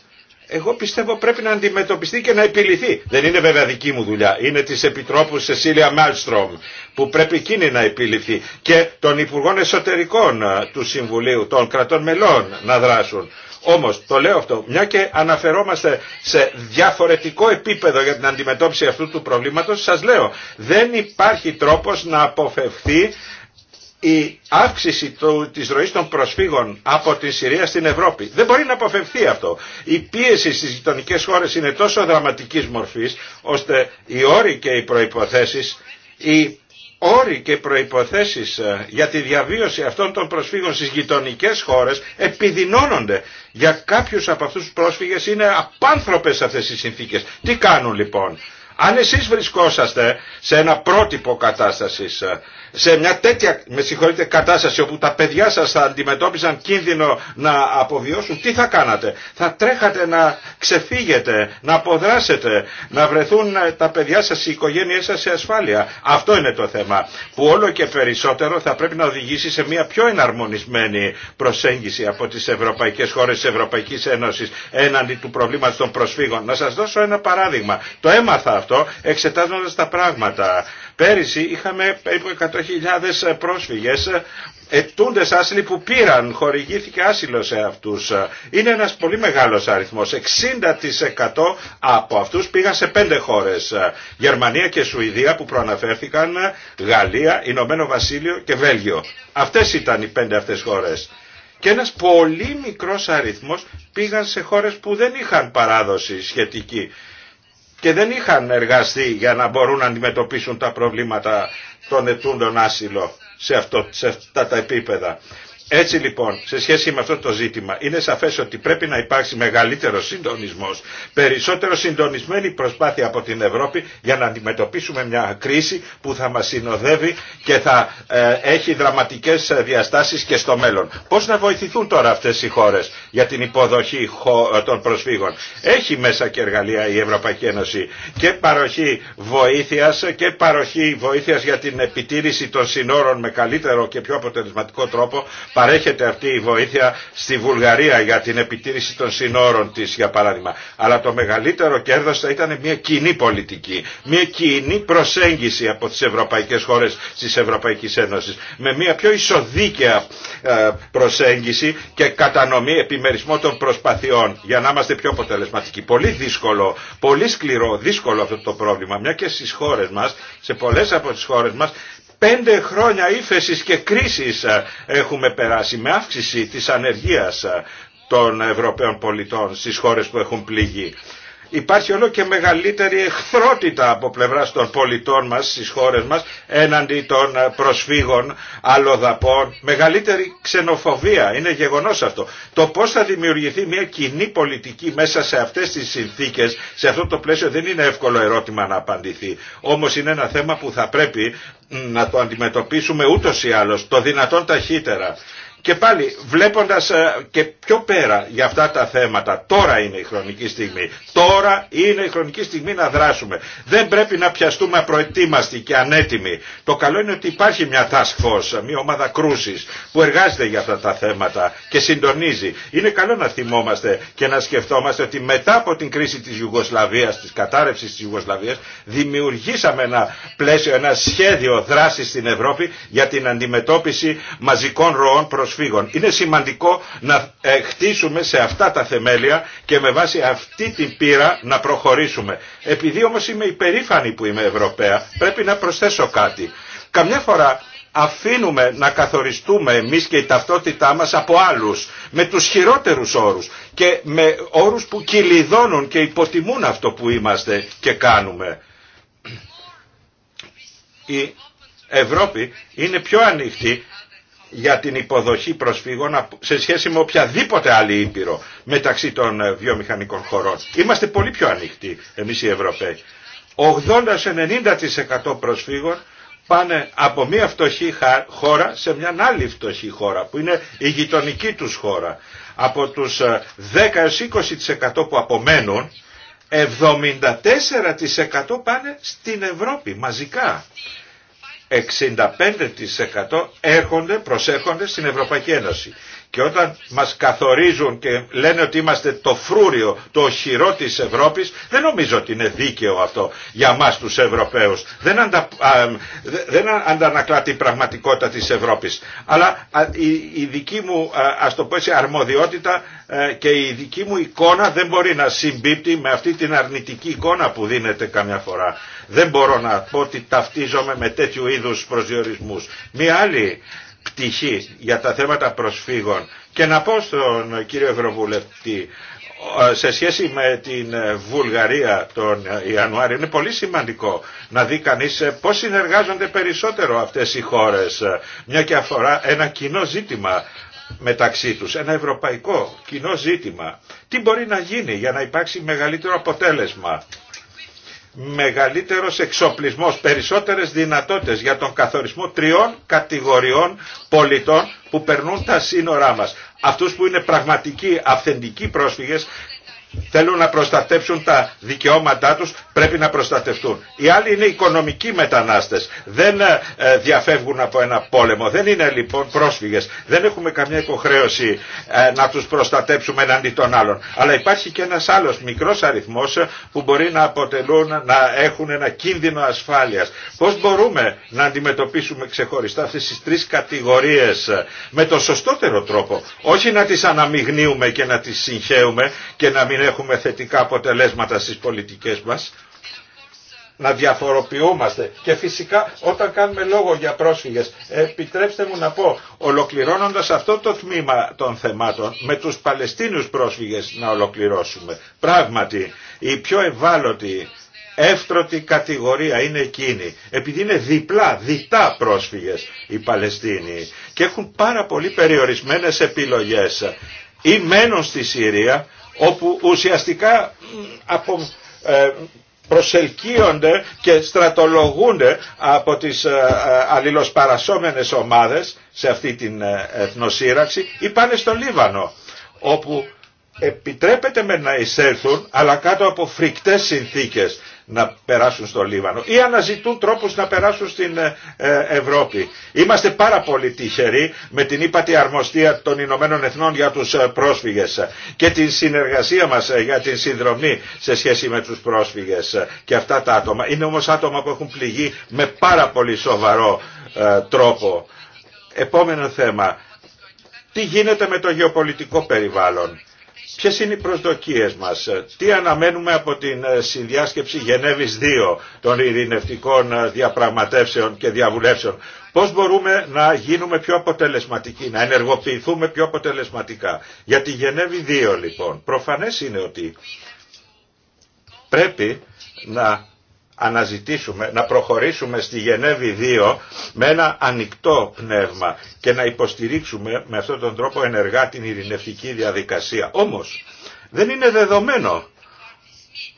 εγώ πιστεύω πρέπει να αντιμετωπιστεί και να επιληθεί. Δεν είναι βέβαια δική μου δουλειά. Είναι τη Επιτρόπου Σεσίλια Μάλστρομ που πρέπει εκείνη να επιληθεί και των Υπουργών Εσωτερικών ε, του Συμβουλίου, των κρατών μελών να δράσουν. Όμως το λέω αυτό, μια και αναφερόμαστε σε διαφορετικό επίπεδο για την αντιμετώπιση αυτού του προβλήματος, σας λέω, δεν υπάρχει τρόπος να αποφευθεί η αύξηση του, της ροής των προσφύγων από τη Συρία στην Ευρώπη. Δεν μπορεί να αποφευθεί αυτό. Η πίεση στις γειτονικέ χώρες είναι τόσο δραματικής μορφής, ώστε οι όροι και οι προϋποθέσεις, οι όροι και προϋποθέσεις ε, για τη διαβίωση αυτών των προσφύγων στις γειτονικέ χώρες επιδεινώνονται. Για κάποιους από αυτούς τους πρόσφυγες είναι απάνθρωπες αυτές οι συνθήκες. Τι κάνουν λοιπόν. Αν εσείς βρισκόσαστε σε ένα πρότυπο κατάστασης, ε, σε μια τέτοια με συγχωρείτε, κατάσταση όπου τα παιδιά σας θα αντιμετώπιζαν κίνδυνο να αποβιώσουν, τι θα κάνατε. Θα τρέχατε να ξεφύγετε, να αποδράσετε, να βρεθούν ε, τα παιδιά σας, οι οικογένειές σας σε ασφάλεια. Αυτό είναι το θέμα που όλο και περισσότερο θα πρέπει να οδηγήσει σε μια πιο εναρμονισμένη προσέγγιση από τις ευρωπαϊκές χώρες της Ευρωπαϊκής Ένωσης έναντι του προβλήματος των προσφύγων. Να σας δώσω ένα παράδειγμα. Το έμαθα αυτό εξετάζοντας τα πράγματα. Πέρυσι είχαμε περίπου 100.000 πρόσφυγες ετούντες άσυλοι που πήραν, χορηγήθηκε άσυλο σε αυτούς. Είναι ένας πολύ μεγάλος αριθμός. 60% από αυτούς πήγαν σε πέντε χώρες. Γερμανία και Σουηδία που προαναφέρθηκαν, Γαλλία, Ηνωμένο Βασίλειο και Βέλγιο. Αυτές ήταν οι πέντε αυτές χώρες. Και ένας πολύ μικρός αριθμός πήγαν σε χώρες που δεν είχαν παράδοση σχετική και δεν είχαν εργαστεί για να μπορούν να αντιμετωπίσουν τα προβλήματα των ετούντων άσυλο σε, αυτό, σε αυτά τα επίπεδα. Έτσι λοιπόν, σε σχέση με αυτό το ζήτημα, είναι σαφές ότι πρέπει να υπάρξει μεγαλύτερο συντονισμός, περισσότερο συντονισμένη προσπάθεια από την Ευρώπη για να αντιμετωπίσουμε μια κρίση που θα μας συνοδεύει και θα ε, έχει δραματικές διαστάσεις και στο μέλλον. Πώς να βοηθηθούν τώρα αυτές οι χώρες για την υποδοχή των προσφύγων. Έχει μέσα και εργαλεία η Ευρωπαϊκή Ένωση και παροχή βοήθειας και παροχή βοήθειας για την επιτήρηση των συνόρων με καλύτερο και πιο αποτελεσματικό τρόπο παρέχεται αυτή η βοήθεια στη Βουλγαρία για την επιτήρηση των συνόρων της για παράδειγμα. Αλλά το μεγαλύτερο κέρδος θα ήταν μια κοινή πολιτική, μια κοινή προσέγγιση από τις ευρωπαϊκές χώρες της Ευρωπαϊκής Ένωσης με μια πιο ισοδίκαια ε, προσέγγιση και κατανομή επιμερισμό των προσπαθειών για να είμαστε πιο αποτελεσματικοί. Πολύ δύσκολο, πολύ σκληρό, δύσκολο αυτό το πρόβλημα. Μια και στις χώρες μας, σε πολλές από τις χώρες μας Πέντε χρόνια ύφεση και κρίσης ε, έχουμε περάσει με αύξηση της ανεργίας ε, των Ευρωπαίων πολιτών στις χώρες που έχουν πληγεί υπάρχει όλο και μεγαλύτερη εχθρότητα από πλευρά των πολιτών μας στις χώρες μας έναντι των προσφύγων, αλλοδαπών, μεγαλύτερη ξενοφοβία. Είναι γεγονός αυτό. Το πώς θα δημιουργηθεί μια κοινή πολιτική μέσα σε αυτές τις συνθήκες, σε αυτό το πλαίσιο δεν είναι εύκολο ερώτημα να απαντηθεί. Όμως είναι ένα θέμα που θα πρέπει να το αντιμετωπίσουμε ούτως ή άλλως, το δυνατόν ταχύτερα. Και πάλι βλέποντας ε, και πιο πέρα για αυτά τα θέματα, τώρα είναι η χρονική στιγμή. Τώρα είναι η χρονική στιγμή να δράσουμε. Δεν πρέπει να πιαστούμε απροετοίμαστοι και ανέτοιμοι. Το καλό είναι ότι υπάρχει μια task force, μια ομάδα κρούσης που εργάζεται για αυτά τα θέματα και συντονίζει. Είναι καλό να θυμόμαστε και να σκεφτόμαστε ότι μετά από την κρίση της Ιουγκοσλαβίας, της κατάρρευσης της Ιουγκοσλαβίας, δημιουργήσαμε ένα πλαίσιο, ένα σχέδιο δράσης στην Ευρώπη για την αντιμετώπιση μαζικών ροών προσφύγων. Είναι σημαντικό να ε, χτίσουμε σε αυτά τα θεμέλια και με βάση αυτή την πείρα να προχωρήσουμε. Επειδή όμως είμαι υπερήφανη που είμαι Ευρωπαία, πρέπει να προσθέσω κάτι. Καμιά φορά αφήνουμε να καθοριστούμε εμείς και η ταυτότητά μας από άλλους με τους χειρότερους όρους και με όρους που κυλιδώνουν και υποτιμούν αυτό που είμαστε και κάνουμε. Η Ευρώπη είναι πιο ανοιχτή για την υποδοχή προσφύγων σε σχέση με οποιαδήποτε άλλη ήπειρο μεταξύ των ε, βιομηχανικών χωρών. Είμαστε πολύ πιο ανοιχτοί εμείς οι Ευρωπαίοι. 80-90% προσφύγων πάνε από μια φτωχή χώρα σε μια άλλη φτωχή χώρα που είναι η γειτονική τους χώρα. Από τους 10-20% ε, που απομένουν 74% πάνε στην Ευρώπη μαζικά. 65% έρχονται, προσέρχονται στην Ευρωπαϊκή Ένωση. Και όταν μας καθορίζουν και λένε ότι είμαστε το φρούριο, το οχυρό της Ευρώπης, δεν νομίζω ότι είναι δίκαιο αυτό για μας τους Ευρωπαίους. Δεν, αντα, δεν αντανακλά την πραγματικότητα της Ευρώπης. Αλλά η, δική μου, ας το πω αρμοδιότητα ε, και η δική μου εικόνα δεν μπορεί να συμπίπτει με αυτή την αρνητική εικόνα που δίνεται καμιά φορά. Δεν μπορώ να πω ότι ταυτίζομαι με τέτοιου είδους προσδιορισμούς. Μία άλλη πτυχή για τα θέματα προσφύγων και να πω στον κύριο Ευρωβουλευτή ε, σε σχέση με την ε, Βουλγαρία τον ε, Ιανουάριο είναι πολύ σημαντικό να δει κανείς πώς συνεργάζονται περισσότερο αυτές οι χώρες μια και αφορά ένα κοινό ζήτημα μεταξύ τους, ένα ευρωπαϊκό κοινό ζήτημα. Τι μπορεί να γίνει για να υπάρξει μεγαλύτερο αποτέλεσμα μεγαλύτερος εξοπλισμός, περισσότερες δυνατότητες για τον καθορισμό τριών κατηγοριών πολιτών που περνούν τα σύνορά μας. Αυτούς που είναι πραγματικοί, αυθεντικοί πρόσφυγες θέλουν να προστατεύσουν τα δικαιώματά τους, πρέπει να προστατευτούν. Οι άλλοι είναι οικονομικοί μετανάστες, δεν ε, διαφεύγουν από ένα πόλεμο, δεν είναι λοιπόν πρόσφυγες, δεν έχουμε καμιά υποχρέωση ε, να τους προστατέψουμε έναντι των άλλων. Αλλά υπάρχει και ένας άλλος μικρός αριθμός ε, που μπορεί να αποτελούν, να έχουν ένα κίνδυνο ασφάλειας. Πώς μπορούμε να αντιμετωπίσουμε ξεχωριστά αυτές τις τρεις κατηγορίες με το σωστότερο τρόπο, όχι να τις αναμειγνύουμε και να τις συγχαίουμε και να μην έχουμε θετικά αποτελέσματα στις πολιτικές μας να διαφοροποιούμαστε. Και φυσικά όταν κάνουμε λόγο για πρόσφυγες, επιτρέψτε μου να πω, ολοκληρώνοντας αυτό το τμήμα των θεμάτων, με τους Παλαιστίνιους πρόσφυγες να ολοκληρώσουμε. Πράγματι, η πιο ευάλωτη, εύτρωτη κατηγορία είναι εκείνη, επειδή είναι διπλά, διτά πρόσφυγες οι Παλαιστίνοι και έχουν πάρα πολύ περιορισμένες επιλογές. Ή μένουν στη Συρία όπου ουσιαστικά από, ε, προσελκύονται και στρατολογούνται από τις ε, ε, αλληλοσπαρασόμενες ομάδες σε αυτή την εθνοσύραξη ή πάνε στο Λίβανο όπου επιτρέπεται με να εισέλθουν αλλά κάτω από φρικτές συνθήκες να περάσουν στο Λίβανο ή αναζητούν τρόπους να περάσουν στην ε, ε, Ευρώπη. Είμαστε πάρα πολύ τυχεροί με την ύπατη αρμοστία των Ηνωμένων Εθνών για τους ε, πρόσφυγες και την συνεργασία μας για την συνδρομή σε σχέση με τους πρόσφυγες και αυτά τα άτομα. Είναι όμως άτομα που έχουν πληγεί με πάρα πολύ σοβαρό τρόπο. Επόμενο θέμα. Τι γίνεται με το γεωπολιτικό περιβάλλον. Ποιες είναι οι προσδοκίες μας, τι αναμένουμε από την ε, συνδιάσκεψη Γενέβης 2 των ειρηνευτικών ε, διαπραγματεύσεων και διαβουλεύσεων. Πώς μπορούμε να γίνουμε πιο αποτελεσματικοί, να ενεργοποιηθούμε πιο αποτελεσματικά. Για τη Γενέβη 2 λοιπόν, προφανές είναι ότι πρέπει να αναζητήσουμε, να προχωρήσουμε στη Γενέβη 2 με ένα ανοιχτό πνεύμα και να υποστηρίξουμε με αυτόν τον τρόπο ενεργά την ειρηνευτική διαδικασία. Όμως δεν είναι δεδομένο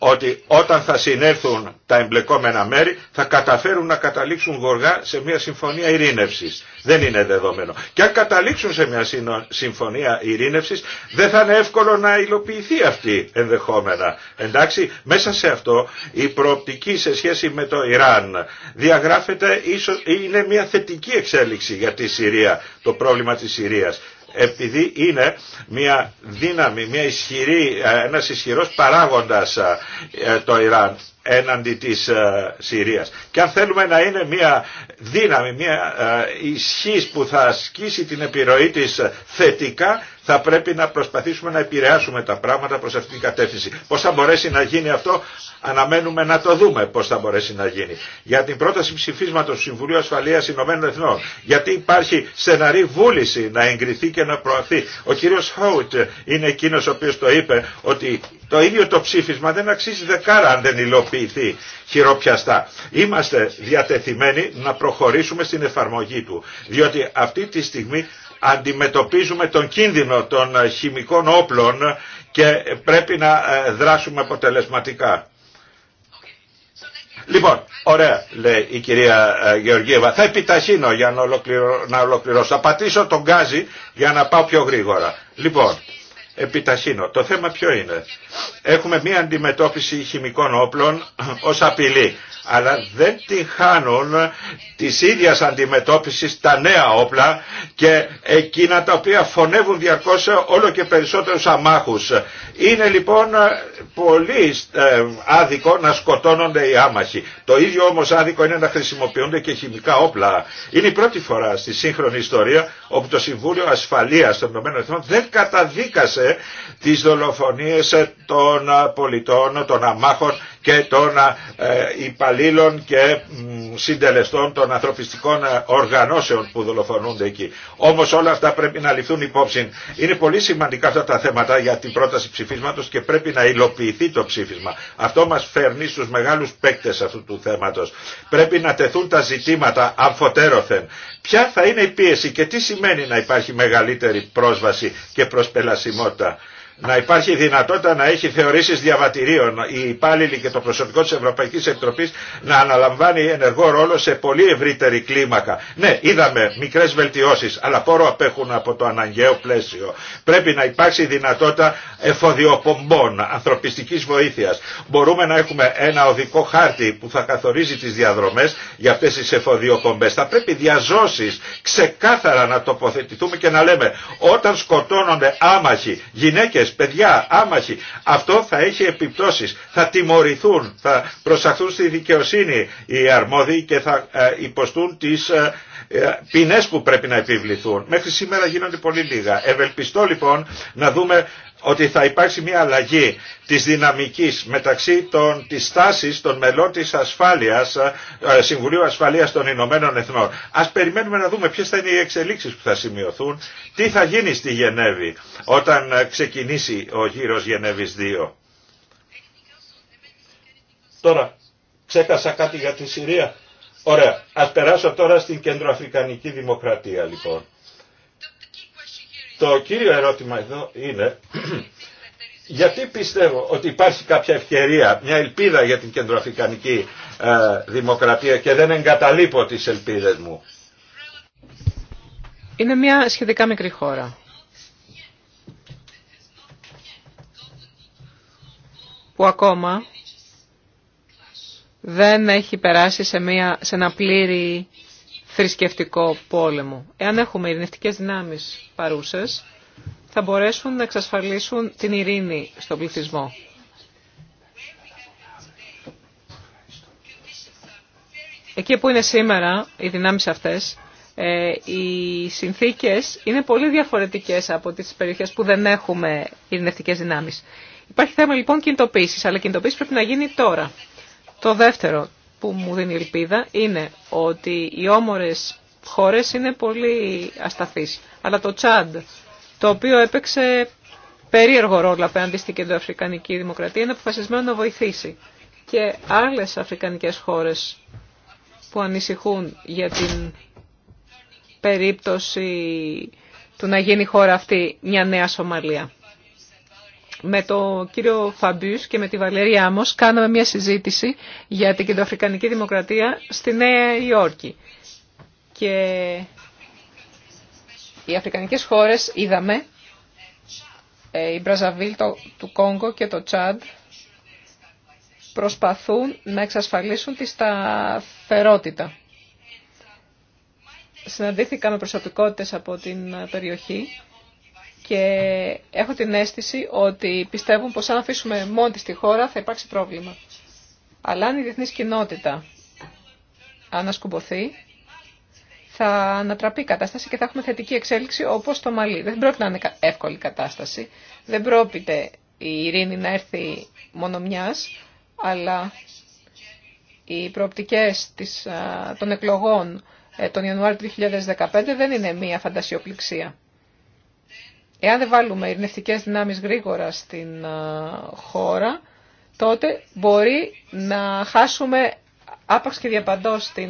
ότι όταν θα συνέρθουν τα εμπλεκόμενα μέρη θα καταφέρουν να καταλήξουν γοργά σε μια συμφωνία ειρήνευσης. Δεν είναι δεδομένο. Και αν καταλήξουν σε μια συμφωνία ειρήνευσης δεν θα είναι εύκολο να υλοποιηθεί αυτή ενδεχόμενα. Εντάξει, μέσα σε αυτό η προοπτική σε σχέση με το Ιράν διαγράφεται ίσως, είναι μια θετική εξέλιξη για τη Συρία, το πρόβλημα της Συρίας επειδή είναι μια δύναμη, μια ισχυρή, ε, ένας ισχυρός παράγοντας ε, ε, το Ιράν έναντι της Συρίας. Και αν θέλουμε να είναι μια δύναμη, μια ισχύς που θα ασκήσει την επιρροή της θετικά θα πρέπει να προσπαθήσουμε να επηρεάσουμε τα πράγματα προς αυτήν την κατεύθυνση. Πώς θα μπορέσει να γίνει αυτό, αναμένουμε να το δούμε πώς θα μπορέσει να γίνει. Για την πρόταση ψηφίσματος του Συμβουλίου Ασφαλείας Ηνωμένων Εθνών, γιατί υπάρχει στεναρή βούληση να εγκριθεί και να προαχθεί. Ο κύριος Χόουτ είναι εκείνος ο οποίος το είπε ότι το ίδιο το ψήφισμα δεν αξίζει δεκάρα αν δεν υλοποιηθεί χειροπιαστά. Είμαστε διατεθειμένοι να προχωρήσουμε στην εφαρμογή του. Διότι αυτή τη στιγμή αντιμετωπίζουμε τον κίνδυνο των ε, χημικών όπλων και πρέπει να ε, δράσουμε αποτελεσματικά. Λοιπόν, ωραία, λέει η κυρία ε, Γεωργίευα. Θα επιταχύνω για να, να ολοκληρώσω. Θα πατήσω τον γκάζι για να πάω πιο γρήγορα. Λοιπόν, επιταχύνω. Το θέμα ποιο είναι. Έχουμε μία αντιμετώπιση χημικών όπλων ως απειλή, αλλά δεν τη χάνουν της ίδιας αντιμετώπισης τα νέα όπλα και εκείνα τα οποία φωνεύουν διαρκώς όλο και περισσότερους αμάχους. Είναι λοιπόν πολύ ε, άδικο να σκοτώνονται οι άμαχοι. Το ίδιο όμως άδικο είναι να χρησιμοποιούνται και χημικά όπλα. Είναι η πρώτη φορά στη σύγχρονη ιστορία όπου το Συμβούλιο Ασφαλείας των ΗΠΑ δεν καταδίκασε τις δολοφονίες των πολιτών, των αμάχων και των ε, υπαλλήλων και συντελεστών των ανθρωπιστικών ε, οργανώσεων που δολοφονούνται εκεί. Όμως όλα αυτά πρέπει να ληφθούν υπόψη. Είναι πολύ σημαντικά αυτά τα θέματα για την πρόταση ψηφίσματος και πρέπει να υλοποιηθεί το ψήφισμα. Αυτό μας φέρνει στους μεγάλους παίκτες αυτού του θέματος. Πρέπει να τεθούν τα ζητήματα αμφωτέρωθεν. Ποια θα είναι η πίεση και τι σημαίνει να υπάρχει μεγαλύτερη πρόσβαση και προσπελασιμότητα να υπάρχει δυνατότητα να έχει θεωρήσεις διαβατηρίων οι υπάλληλοι και το προσωπικό της Ευρωπαϊκής Επιτροπής να αναλαμβάνει ενεργό ρόλο σε πολύ ευρύτερη κλίμακα. Ναι, είδαμε μικρές βελτιώσεις, αλλά πόρο απέχουν από το αναγκαίο πλαίσιο. Πρέπει να υπάρξει δυνατότητα εφοδιοπομπών, ανθρωπιστικής βοήθειας. Μπορούμε να έχουμε ένα οδικό χάρτη που θα καθορίζει τις διαδρομές για αυτές τις εφοδιοπομπές. Θα πρέπει διαζώσεις ξεκάθαρα να τοποθετηθούμε και να λέμε όταν σκοτώνονται άμαχοι γυναίκες παιδιά, άμαχοι. Αυτό θα έχει επιπτώσεις. Θα τιμωρηθούν, θα προσαχθούν στη δικαιοσύνη οι αρμόδιοι και θα ε, υποστούν τις ε, ε, ποινές που πρέπει να επιβληθούν. Μέχρι σήμερα γίνονται πολύ λίγα. Ευελπιστώ λοιπόν να δούμε ότι θα υπάρξει μια αλλαγή της δυναμικής μεταξύ των, της στάσης των μελών της ασφάλειας, ε, ε, Συμβουλίου Ασφαλείας των Ηνωμένων Εθνών. Ας περιμένουμε να δούμε ποιες θα είναι οι εξελίξεις που θα σημειωθούν, τι θα γίνει στη Γενέβη όταν ε, ξεκινήσει ο γύρος Γενέβης 2. Τώρα, ξέχασα κάτι για τη Συρία. Ωραία, ας περάσω τώρα στην Κεντροαφρικανική Δημοκρατία λοιπόν. Το κύριο ερώτημα εδώ είναι γιατί πιστεύω ότι υπάρχει κάποια ευκαιρία, μια ελπίδα για την κεντροαφρικανική ε, δημοκρατία και δεν εγκαταλείπω τις ελπίδες μου. Είναι μια σχετικά μικρή χώρα. Που ακόμα δεν έχει περάσει σε, μια, σε ένα πλήρη θρησκευτικό πόλεμο. Εάν έχουμε ειρηνευτικές δυνάμεις παρούσες, θα μπορέσουν να εξασφαλίσουν την ειρήνη στον πληθυσμό. Εκεί που είναι σήμερα οι δυνάμεις αυτές, ε, οι συνθήκες είναι πολύ διαφορετικές από τις περιοχές που δεν έχουμε ειρηνευτικές δυνάμεις. Υπάρχει θέμα λοιπόν κινητοποίησης, αλλά κινητοποίηση πρέπει να γίνει τώρα. Το δεύτερο, που μου δίνει ελπίδα είναι ότι οι όμορες χώρες είναι πολύ ασταθείς. Αλλά το Τσάντ, το οποίο έπαιξε περίεργο ρόλο απέναντι στην κεντροαφρικανική δημοκρατία, είναι αποφασισμένο να βοηθήσει. Και άλλες αφρικανικές χώρες που ανησυχούν για την περίπτωση του να γίνει χώρα αυτή μια νέα Σομαλία με τον κύριο Φαμπίου και με τη Βαλερία Άμος κάναμε μια συζήτηση για την κεντροαφρικανική δημοκρατία στη Νέα Υόρκη. Και οι αφρικανικές χώρες είδαμε, ε, η Μπραζαβίλ το, του Κόγκο και το Τσάντ προσπαθούν να εξασφαλίσουν τη σταθερότητα. Συναντήθηκα με προσωπικότητες από την περιοχή και έχω την αίσθηση ότι πιστεύουν πως αν αφήσουμε μόνη τη χώρα θα υπάρξει πρόβλημα. Αλλά αν η διεθνής κοινότητα ανασκουμποθεί, θα ανατραπεί η κατάσταση και θα έχουμε θετική εξέλιξη όπως το Μαλί. Δεν πρόκειται να είναι εύκολη κατάσταση. Δεν πρόκειται η ειρήνη να έρθει μόνο μιας, αλλά οι προοπτικές των εκλογών ε, τον Ιανουάριο του 2015 δεν είναι μία φαντασιοπληξία. Εάν δεν βάλουμε ειρηνευτικές δυνάμεις γρήγορα στην ε, χώρα, τότε μπορεί να χάσουμε άπαξ και διαπαντός ε,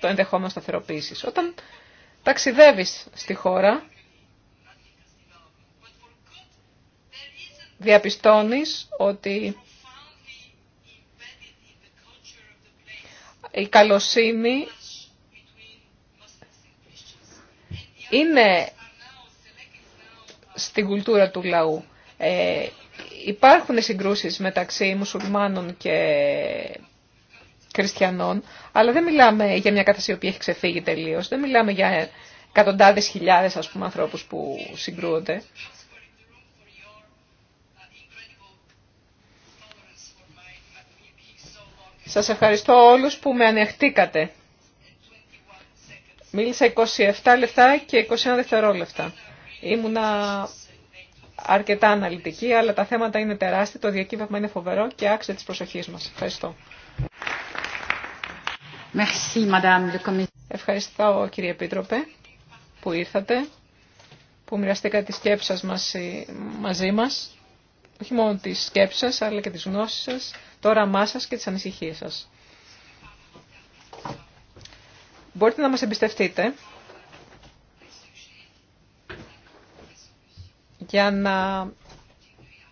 το ενδεχόμενο σταθεροποίησης. Όταν ταξιδεύεις στη χώρα, διαπιστώνεις ότι η καλοσύνη είναι στην κουλτούρα του λαού. Ε, υπάρχουν συγκρούσεις μεταξύ μουσουλμάνων και χριστιανών, αλλά δεν μιλάμε για μια κατάσταση που έχει ξεφύγει τελείως. Δεν μιλάμε για εκατοντάδες χιλιάδες ας ανθρώπους που συγκρούονται. Σας ευχαριστώ όλους που με ανεχτήκατε. Μίλησα 27 λεπτά και 21 δευτερόλεπτα. Ήμουνα αρκετά αναλυτική, αλλά τα θέματα είναι τεράστια, το διακύβευμα είναι φοβερό και άξιο της προσοχής μας. Ευχαριστώ. Ευχαριστώ κύριε Επίτροπε που ήρθατε, που μοιραστήκατε τις σκέψεις σας ε, μαζί μας. Όχι μόνο τις σκέψεις σας, αλλά και τις γνώσεις σας, το όραμά σας και τις ανησυχίες σας. Μπορείτε να μας εμπιστευτείτε για να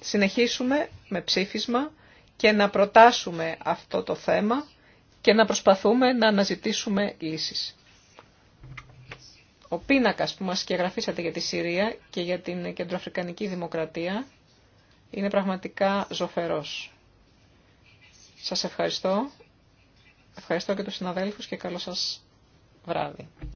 συνεχίσουμε με ψήφισμα και να προτάσουμε αυτό το θέμα και να προσπαθούμε να αναζητήσουμε λύσεις. Ο πίνακας που μας τη για τη Συρία και για την κεντροαφρικανική δημοκρατία είναι πραγματικά ζωφερός. Σας ευχαριστώ. Ευχαριστώ και τους συναδέλφους και καλό σας βράδυ.